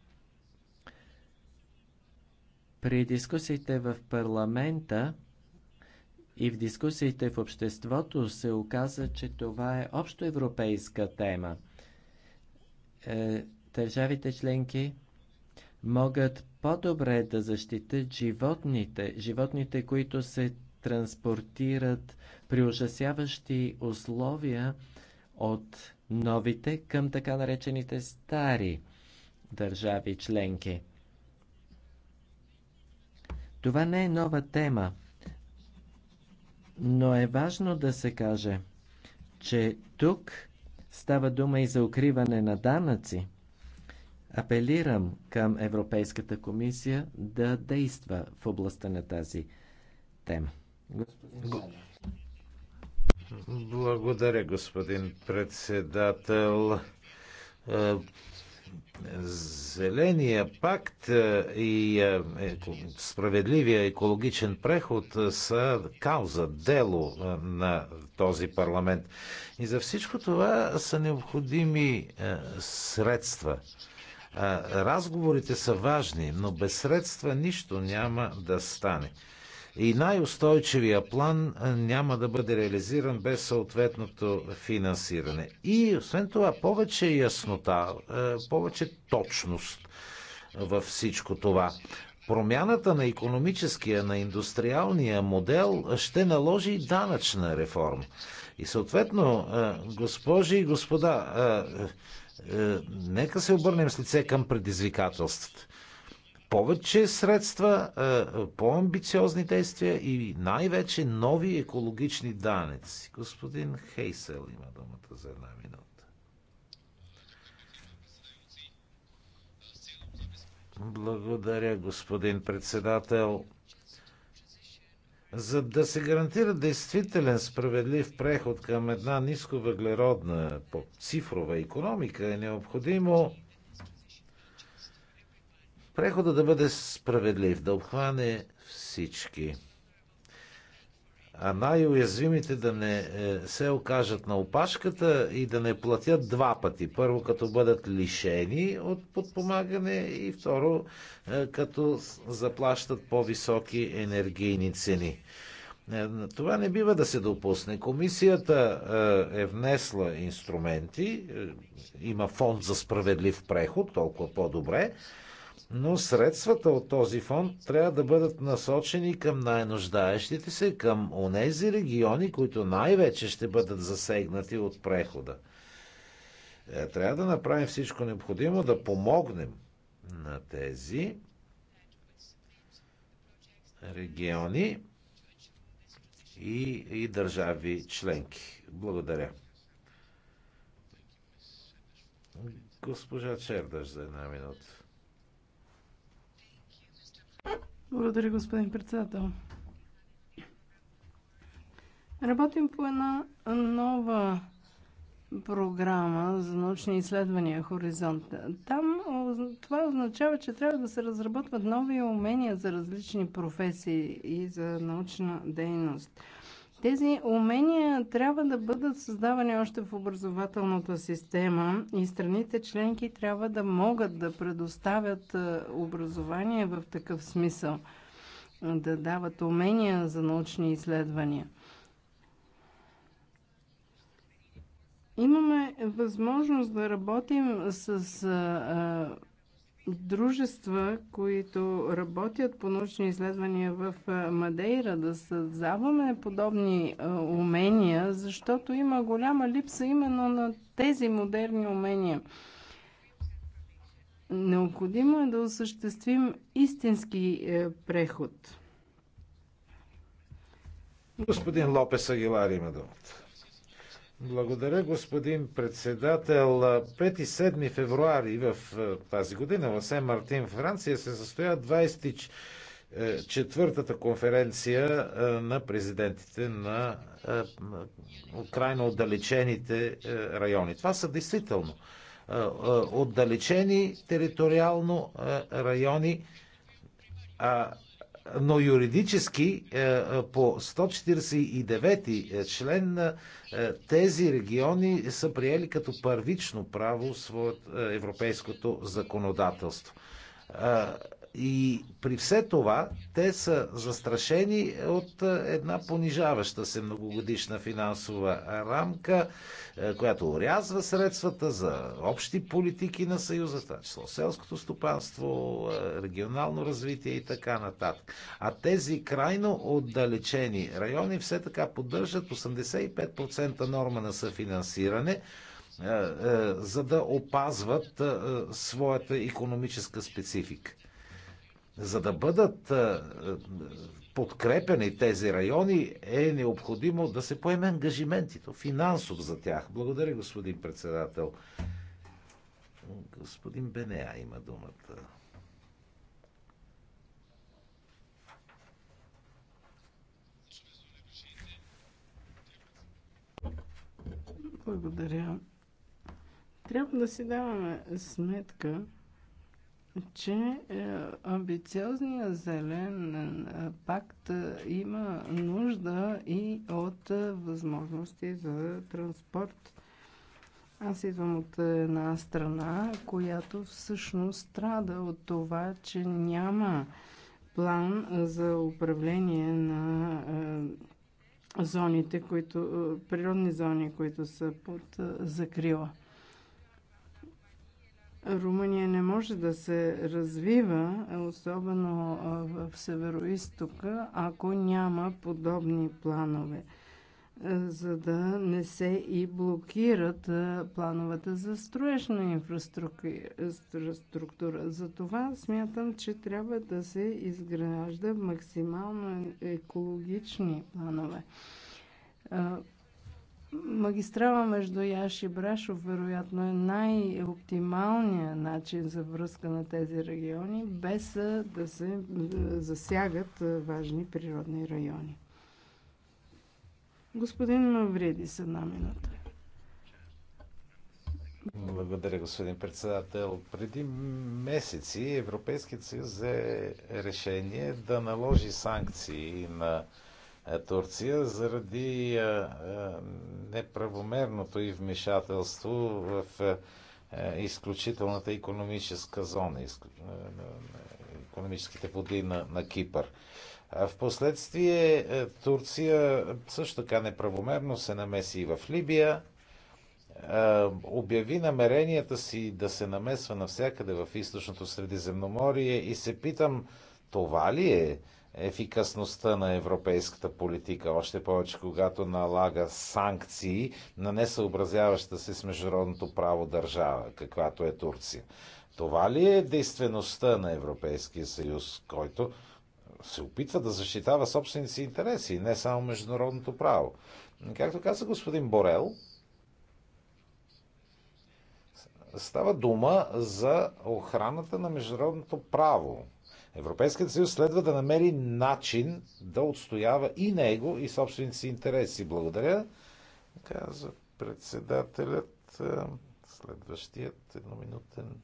При дискусиите в парламента и в дискусиите в обществото се оказа, че това е общо европейска тема. Е, държавите членки могат по-добре да защитят животните, животните, които се транспортират при ужасяващи условия от новите към така наречените стари държави членки. Това не е нова тема, но е важно да се каже, че тук става дума и за укриване на данъци. Апелирам към Европейската комисия да действа в областта на тази тема. Господин благодаря, господин председател. Зеления пакт и справедливия екологичен преход са кауза, дело на този парламент. И за всичко това са необходими средства. Разговорите са важни, но без средства нищо няма да стане. И най-устойчивия план няма да бъде реализиран без съответното финансиране. И освен това, повече яснота, повече точност във всичко това. Промяната на економическия, на индустриалния модел ще наложи и данъчна реформа. И съответно, госпожи и господа, нека се обърнем с лице към предизвикателствата повече средства, е, по-амбициозни действия и най-вече нови екологични данъци. Господин Хейсел има думата за една минута. Благодаря, господин председател. За да се гарантира действителен справедлив преход към една нисковъглеродна, цифрова економика, е необходимо прехода да бъде справедлив, да обхване всички. А най-уязвимите да не е, се окажат на опашката и да не платят два пъти. Първо, като бъдат лишени от подпомагане и второ, е, като заплащат по-високи енергийни цени. Е, това не бива да се допусне. Комисията е внесла инструменти, има фонд за справедлив преход, толкова по-добре но средствата от този фонд трябва да бъдат насочени към най-нуждаещите се, към онези региони, които най-вече ще бъдат засегнати от прехода. Е, трябва да направим всичко необходимо да помогнем на тези региони и, и държави членки. Благодаря. Госпожа Чердаш за една минута. Благодаря, господин председател. Работим по една нова програма за научни изследвания Хоризонт. Там това означава, че трябва да се разработват нови умения за различни професии и за научна дейност. Тези умения трябва да бъдат създавани още в образователната система и страните членки трябва да могат да предоставят е, образование в такъв смисъл, да дават умения за научни изследвания. Имаме възможност да работим с е, е, дружества, които работят по научни изследвания в Мадейра, да създаваме подобни умения, защото има голяма липса именно на тези модерни умения. Необходимо е да осъществим истински е, преход. Господин Лопес Агилар има думата. Благодаря, господин председател. 5 и 7 февруари в е, тази година в Сен Мартин, Франция, се състоя 24-та конференция е, на президентите на е, крайно отдалечените райони. Това са действително отдалечени териториално райони, а но юридически е, е, по 149 е, член тези региони са приели като първично право своят европейското законодателство. И при все това те са застрашени от е, една понижаваща се многогодишна финансова рамка, е, която урязва средствата за общи политики на Съюза, това число селското стопанство, е, регионално развитие и така нататък. А тези крайно отдалечени райони все така поддържат 85% норма на съфинансиране, за да опазват своята економическа специфика. За да бъдат е, е, подкрепени тези райони, е необходимо да се поеме ангажиментито финансов за тях. Благодаря, господин председател. Господин Бенеа има думата. Благодаря. Трябва да си даваме сметка, че е, амбициозният зелен е, пакт е, има нужда и от възможности за транспорт. Аз идвам от една страна, която всъщност страда от това, че няма план за управление на зоните, които, природни зони, които са под закрила. Румъния не може да се развива, е особено в Североистока, ако няма подобни планове, е, за да не се и блокират е, плановете за строеж на инфраструктура. Затова смятам, че трябва да се изгражда максимално екологични планове Магистрала между Яш и Брашов вероятно е най-оптималният начин за връзка на тези региони, без да се засягат важни природни райони. Господин Мавриди, с една минута. Благодаря, господин председател. Преди месеци Европейският съюз взе решение да наложи санкции на е, Турция заради е, е, неправомерното и вмешателство в изключителната економическа зона, економическите води на, на Кипър. В последствие Турция също така неправомерно се намеси и в Либия, обяви намеренията си да се намесва навсякъде в източното Средиземноморие и се питам, това ли е ефикасността на европейската политика, още повече когато налага санкции на несъобразяваща се с международното право държава, каквато е Турция. Това ли е действеността на Европейския съюз, който се опитва да защитава собствените си интереси, не само международното право? Както каза господин Борел, става дума за охраната на международното право, Европейският съюз следва да намери начин да отстоява и него, и собствените си интереси. Благодаря, каза председателят. Следващият едноминутен.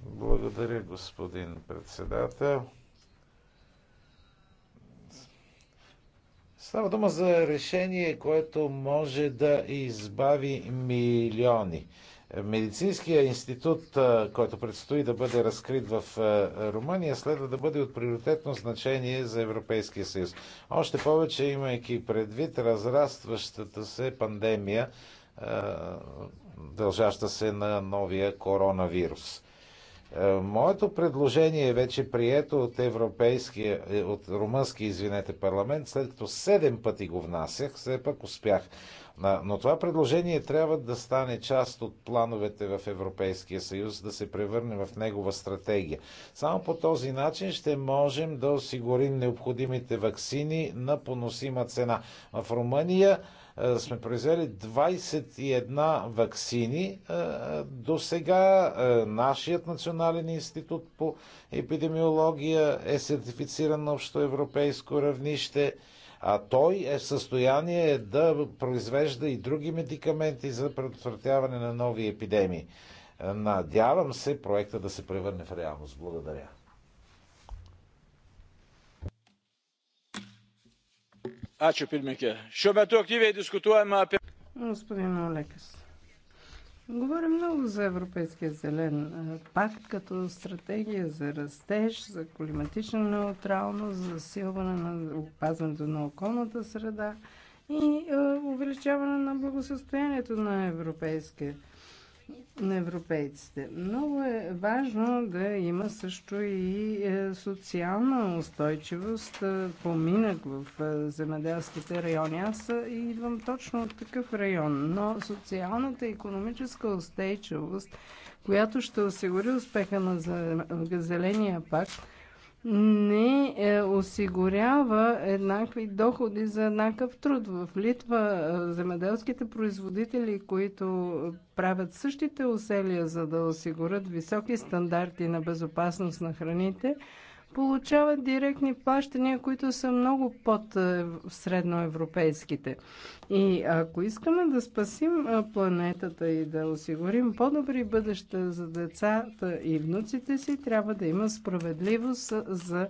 Благодаря, господин председател. Става дума за решение, което може да избави милиони. Медицинския институт, който предстои да бъде разкрит в Румъния, следва да бъде от приоритетно значение за Европейския съюз. Още повече, имайки предвид разрастващата се пандемия, дължаща се на новия коронавирус. Моето предложение е вече прието от Европейския, е, от румънски, извинете, парламент, след като седем пъти го внасях, все пък успях но това предложение трябва да стане част от плановете в Европейския съюз, да се превърне в негова стратегия. Само по този начин ще можем да осигурим необходимите вакцини на поносима цена. В Румъния сме произвели 21 вакцини. До сега нашият национален институт по епидемиология е сертифициран на общоевропейско равнище. А той е в състояние да произвежда и други медикаменти за предотвратяване на нови епидемии. Надявам се проекта да се превърне в реалност. Благодаря. Ačiū pirmininkė. Šiuo metu aktyviai diskutuojama apie. Господин Олекас. Говорим много за Европейския зелен пакт като стратегия за растеж, за климатична неутралност, за засилване на опазването на околната среда и увеличаване на благосъстоянието на европейския на европейците. Много е важно да има също и е, социална устойчивост, е, поминък в е, земеделските райони. Аз идвам точно от такъв район, но социалната и економическа устойчивост, която ще осигури успеха на Зеления пакт, не е, осигурява еднакви доходи за еднакъв труд. В Литва е, земеделските производители, които правят същите усилия за да осигурят високи стандарти на безопасност на храните, получават директни плащания, които са много под е, средноевропейските. И ако искаме да спасим планетата и да осигурим по-добри бъдеща за децата и внуците си, трябва да има справедливост за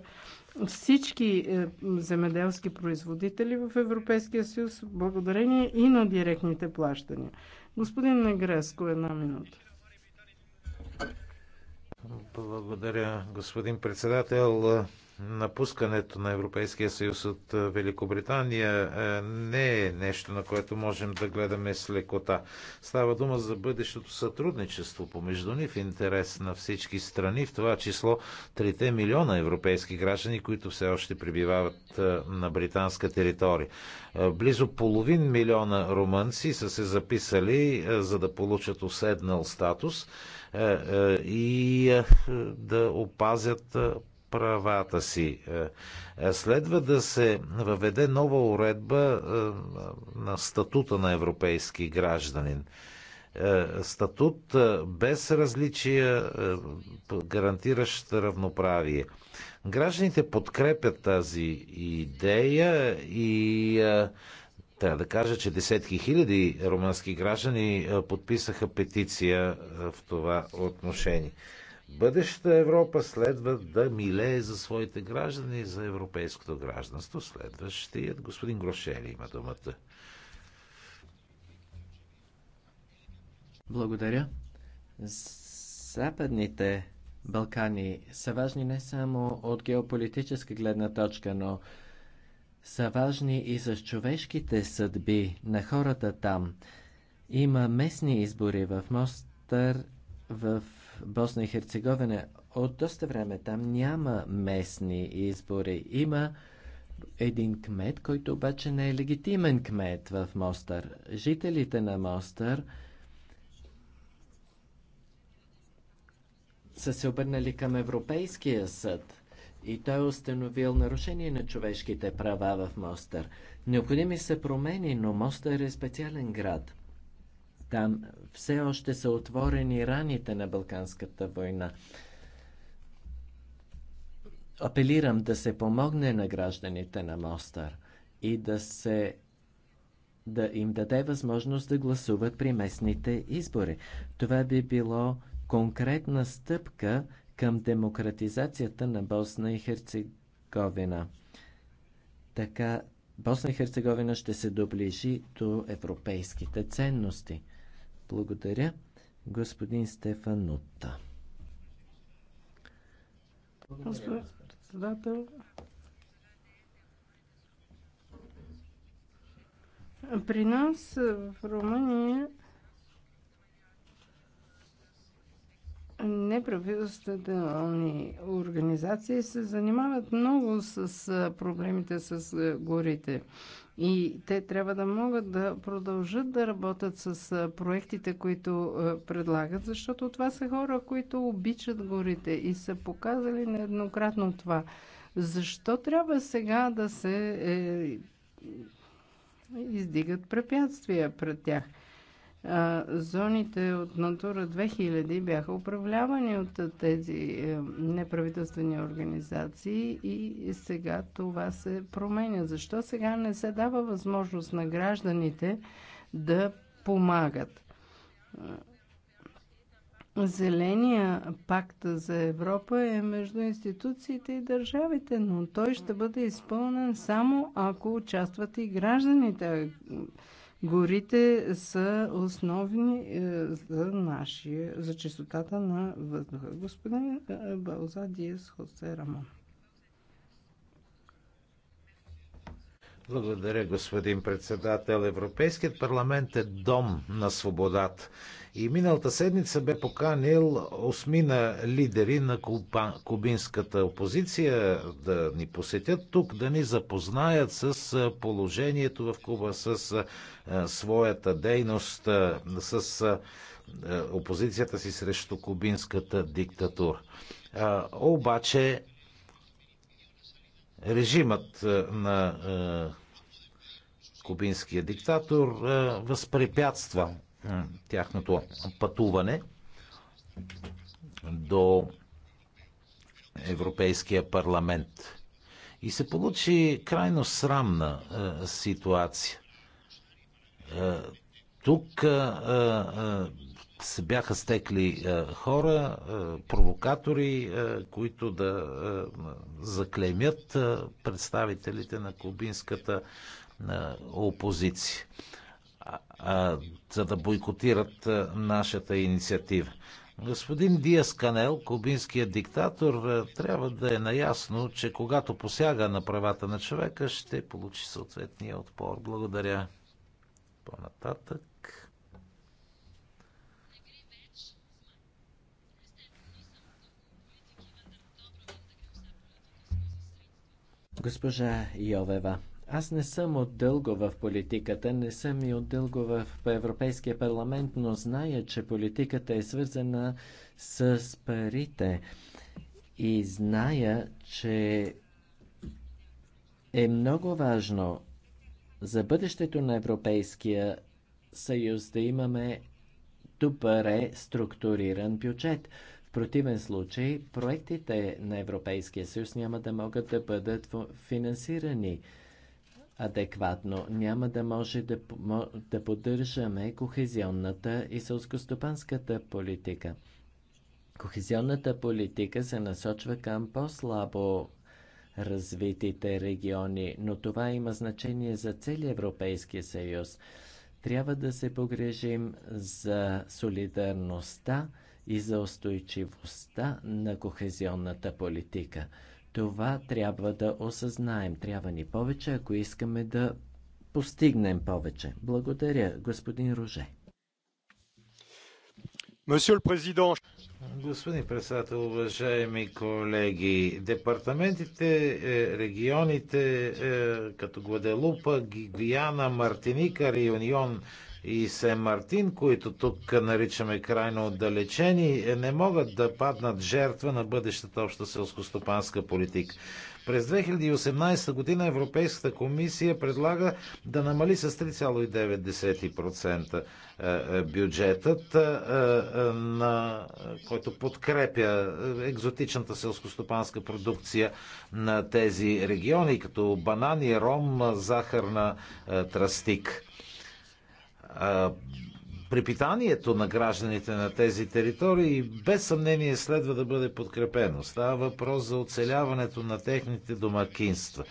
всички е, земеделски производители в Европейския съюз, благодарение и на директните плащания. Господин Негреско, една минута. Благодаря, господин председател. Напускането на Европейския съюз от Великобритания е, не е нещо, на което можем да гледаме с лекота. Става дума за бъдещото сътрудничество помежду ни в интерес на всички страни, в това число 3 милиона европейски граждани, които все още прибивават е, на британска територия. Е, близо половин милиона румънци са се записали за да получат уседнал статус – е, е, и е, да опазят правата си. Следва да се въведе нова уредба на статута на европейски гражданин. Статут без различия, гарантиращ равноправие. Гражданите подкрепят тази идея и трябва да кажа, че десетки хиляди румънски граждани подписаха петиция в това отношение. Бъдещата Европа следва да милее за своите граждани и за европейското гражданство. Следващият господин Грошели има думата. Благодаря. Западните Балкани са важни не само от геополитическа гледна точка, но са важни и за човешките съдби на хората там. Има местни избори в Мостър, в Босна и Херцеговина. От доста време там няма местни избори. Има един кмет, който обаче не е легитимен кмет в Мостър. Жителите на Мостър са се обърнали към Европейския съд – и той е установил нарушение на човешките права в Мостър. Необходими са промени, но Мостър е специален град. Там все още са отворени раните на Балканската война. Апелирам да се помогне на гражданите на Мостър и да се да им даде възможност да гласуват при местните избори. Това би било конкретна стъпка към демократизацията на Босна и Херцеговина. Така Босна и Херцеговина ще се доближи до европейските ценности. Благодаря, господин Стефан Нутта. При нас в Румъния неправителствени организации се занимават много с проблемите с горите. И те трябва да могат да продължат да работят с проектите, които предлагат, защото това са хора, които обичат горите и са показали нееднократно това. Защо трябва сега да се е, издигат препятствия пред тях? зоните от Натура 2000 бяха управлявани от тези е, неправителствени организации и сега това се променя. Защо сега не се дава възможност на гражданите да помагат? Зеления пакт за Европа е между институциите и държавите, но той ще бъде изпълнен само ако участват и гражданите Горите са основни е, за нашия, за чистотата на въздуха. Господин е, Балза Диес Хосе Рамон. Благодаря, господин председател. Европейският парламент е дом на свободата. И миналата седмица бе поканил осмина лидери на кубинската опозиция да ни посетят тук, да ни запознаят с положението в Куба, с своята дейност, с опозицията си срещу кубинската диктатура. Обаче Режимът е, на е, кубинския диктатор е, възпрепятства тяхното пътуване до Европейския парламент. И се получи крайно срамна ситуация. Тук се бяха стекли е, хора, е, провокатори, е, които да заклемят представителите на кубинската опозиция, за да бойкотират нашата инициатива. Господин Диас Канел, кубинският диктатор, трябва да е наясно, че когато посяга на правата на човека, ще получи съответния отпор. Благодаря. По-нататък. Госпожа Йовева, аз не съм от дълго в политиката, не съм и от дълго в Европейския парламент, но зная, че политиката е свързана с парите. И зная, че е много важно за бъдещето на Европейския съюз да имаме добре структуриран бюджет. В противен случай, проектите на Европейския съюз няма да могат да бъдат финансирани адекватно. Няма да може да, да поддържаме кохезионната и сълскостопанската политика. Кохезионната политика се насочва към по-слабо развитите региони, но това има значение за целия Европейския съюз. Трябва да се погрежим за солидарността и за устойчивостта на кохезионната политика. Това трябва да осъзнаем. Трябва ни повече, ако искаме да постигнем повече. Благодаря, господин Роже. Господин председател, уважаеми колеги, департаментите, е, регионите е, като Гваделупа, Гвиана, Мартиника, Реюнион, и Сен Мартин, които тук наричаме крайно отдалечени, не могат да паднат жертва на бъдещата обща селскостопанска политика. През 2018 година Европейската комисия предлага да намали с 3,9% е, е, бюджетът, е, на който подкрепя екзотичната селскостопанска продукция на тези региони, като банани, ром, захарна тръстик препитанието на гражданите на тези територии без съмнение следва да бъде подкрепено. Става въпрос за оцеляването на техните домакинства,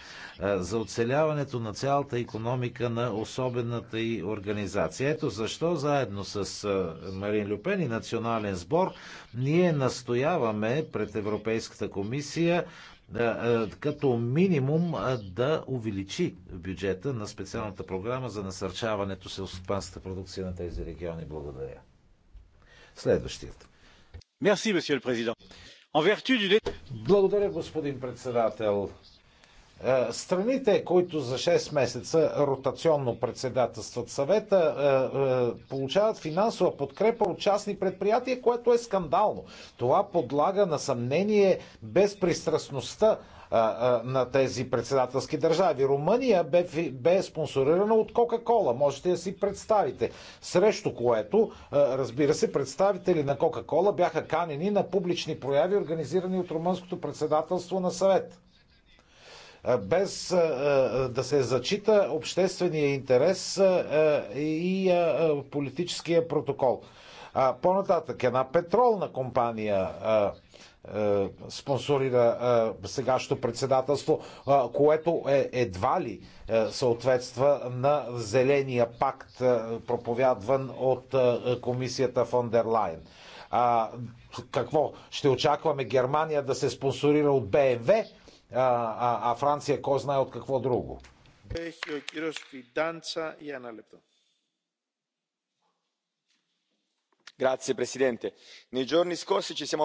за оцеляването на цялата економика на особената и организация. Ето защо заедно с Марин Люпен и Национален сбор ние настояваме пред Европейската комисия е, като минимум е, да увеличи бюджета на специалната програма за насърчаването селскостопанската продукция на тези региони. Благодаря. Следващият. Благодаря, господин председател. Е, страните, които за 6 месеца ротационно председателстват съвета, е, е, получават финансова подкрепа от частни предприятия, което е скандално. Това подлага на съмнение безпристрастността на тези председателски държави. Румъния бе, бе спонсорирана от Кока-Кола, можете да си представите. Срещу което, разбира се, представители на Кока-Кола бяха канени на публични прояви, организирани от румънското председателство на съвет без да се зачита обществения интерес и политическия протокол. По-нататък една петролна компания спонсорира сегашното председателство, което е едва ли съответства на зеления пакт, проповядван от комисията фон дер Лайн. какво? Ще очакваме Германия да се спонсорира от БМВ а, а, а Франция е ко знае от какво друго. Έχει ο Φιντάντσα για ένα λεπτό. Grazie Presidente. Nei giorni scorsi ci siamo...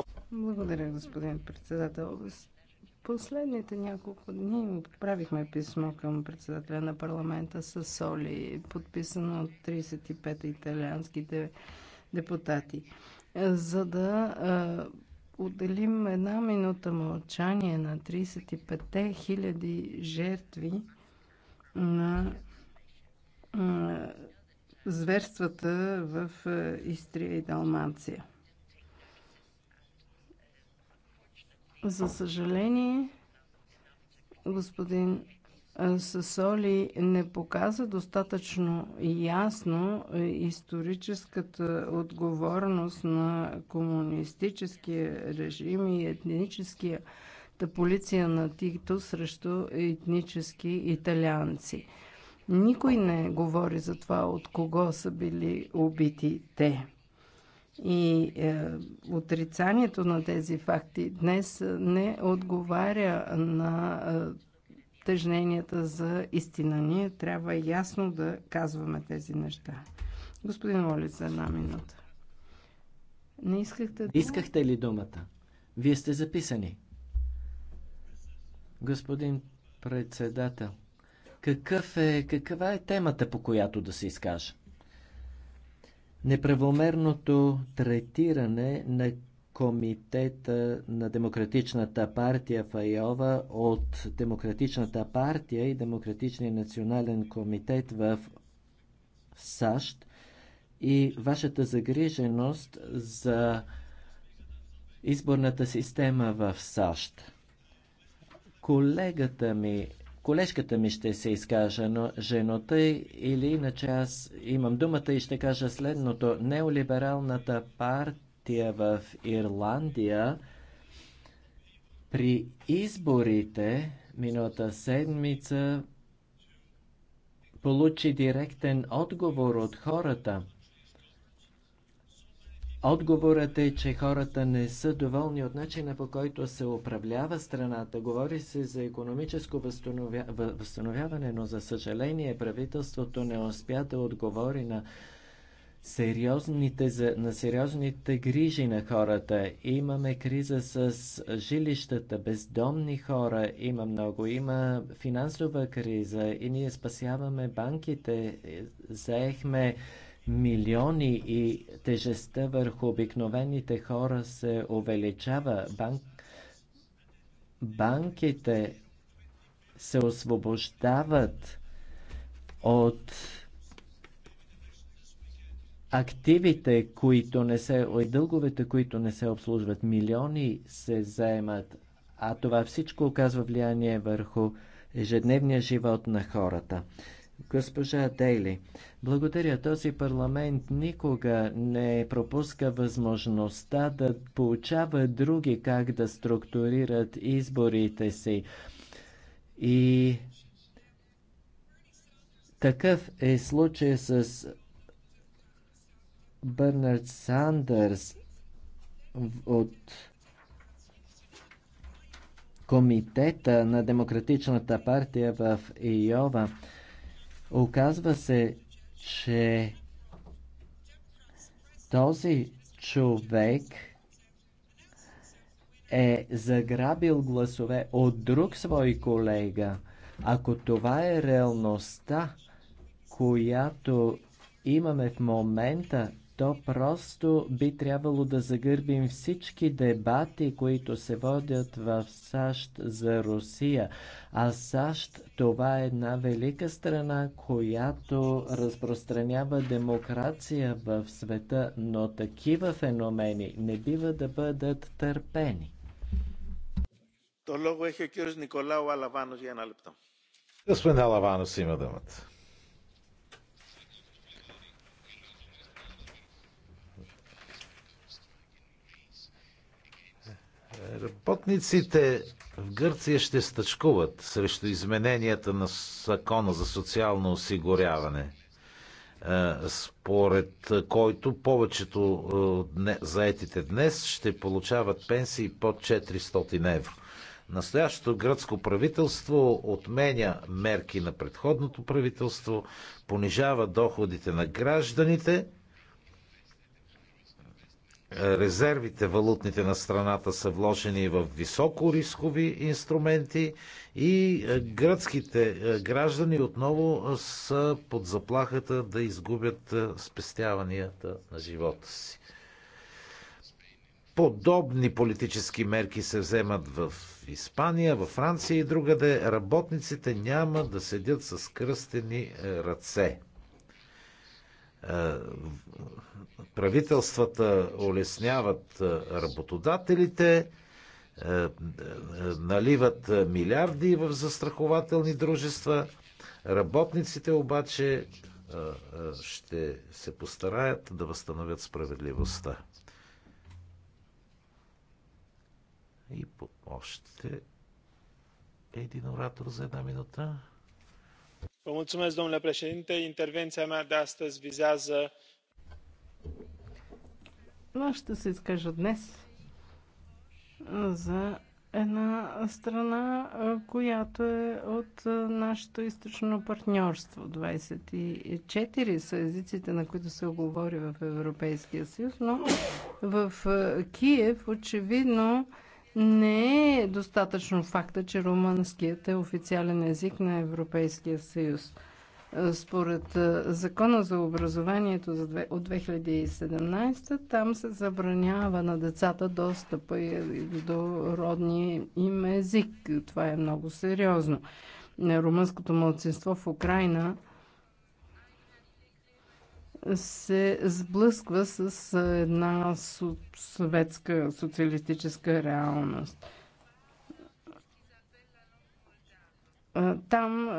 Благодаря, господин председател. Последните няколко дни отправихме писмо към председателя на парламента с Соли, подписано от 35 италианските депутати, за да отделим една минута мълчание на 35-те хиляди жертви на зверствата в Истрия и Далмация. За съжаление, господин Сасоли не показа достатъчно ясно историческата отговорност на комунистическия режим и етническата полиция на Тито срещу етнически италианци. Никой не говори за това от кого са били убити те. И е, отрицанието на тези факти днес не отговаря на е, тъжненията за истина. Ние трябва ясно да казваме тези неща. Господин Олиц, за една минута. Не искахте... Искахте ли думата? Вие сте записани. Господин председател, какъв е, каква е темата, по която да се изкаже? Неправомерното третиране на комитета на Демократичната партия в Айова от Демократичната партия и Демократичния национален комитет в САЩ и вашата загриженост за изборната система в САЩ. Колегата ми, колежката ми ще се изкажа, но жената или иначе аз имам думата и ще кажа следното. Неолибералната партия партия в Ирландия. При изборите миналата седмица получи директен отговор от хората. Отговорът е, че хората не са доволни от начина по който се управлява страната. Говори се за економическо възстановяване, но за съжаление правителството не успя да отговори на сериозните, на сериозните грижи на хората. Имаме криза с жилищата, бездомни хора има много, има финансова криза и ние спасяваме банките, заехме милиони и тежестта върху обикновените хора се увеличава. Банк... Банките се освобождават от активите, които не се, и дълговете, които не се обслужват, милиони се заемат, а това всичко оказва влияние върху ежедневния живот на хората. Госпожа Дейли, благодаря. Този парламент никога не пропуска възможността да получава други как да структурират изборите си. И такъв е случай с Бернард Сандърс от Комитета на Демократичната партия в Иова. Оказва се, че този човек е заграбил гласове от друг свой колега. Ако това е реалността, която имаме в момента, то просто би трябвало да загърбим всички дебати, които се водят в САЩ за Русия. А САЩ това е една велика страна, която разпространява демокрация в света, но такива феномени не бива да бъдат търпени. Το λόγο Господин Алаванос има думата. Работниците в Гърция ще стъчкуват срещу измененията на закона за социално осигуряване, според който повечето заетите днес ще получават пенсии под 400 евро. Настоящото гръцко правителство отменя мерки на предходното правителство, понижава доходите на гражданите – резервите валутните на страната са вложени в високо рискови инструменти и е, гръцките е, граждани отново е, са под заплахата да изгубят спестяванията на живота си. Подобни политически мерки се вземат в Испания, във Франция и другаде. Работниците няма да седят с кръстени ръце. Е, правителствата улесняват е, работодателите, е, наливат милиарди в застрахователни дружества, работниците обаче ще се постараят да възстановят справедливостта. И по още един оратор за една минута domnule președinte intervenția mea de astăzi vizează. аз ще се изкажа днес за една страна, която е от нашето източно партньорство. 24 са езиците, на които се оговори в Европейския съюз, но в Киев очевидно не е достатъчно факта, че румънският е официален език на Европейския съюз. Е, според е, Закона за образованието от 2017, там се забранява на децата достъпа до родния им език. Това е много сериозно. Е, румънското младсинство в Украина се сблъсква с една съветска социалистическа реалност. Там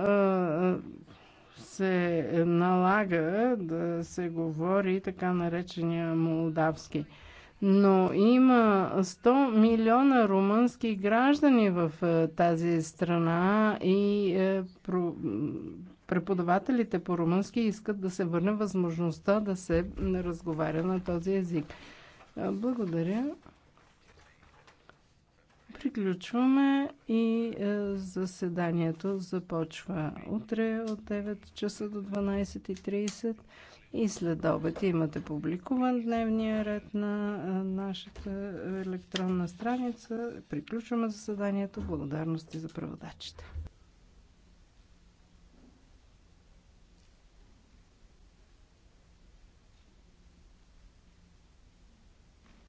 се налага да се говори така наречения молдавски. Но има 100 милиона румънски граждани в тази страна и е, преподавателите по румънски искат да се върне възможността да се разговаря на този език. Благодаря. Приключваме и е, заседанието започва утре от 9 часа до 12.30 и след обед имате публикуван дневния ред на е, нашата електронна страница. Приключваме заседанието. Благодарности за преводачите.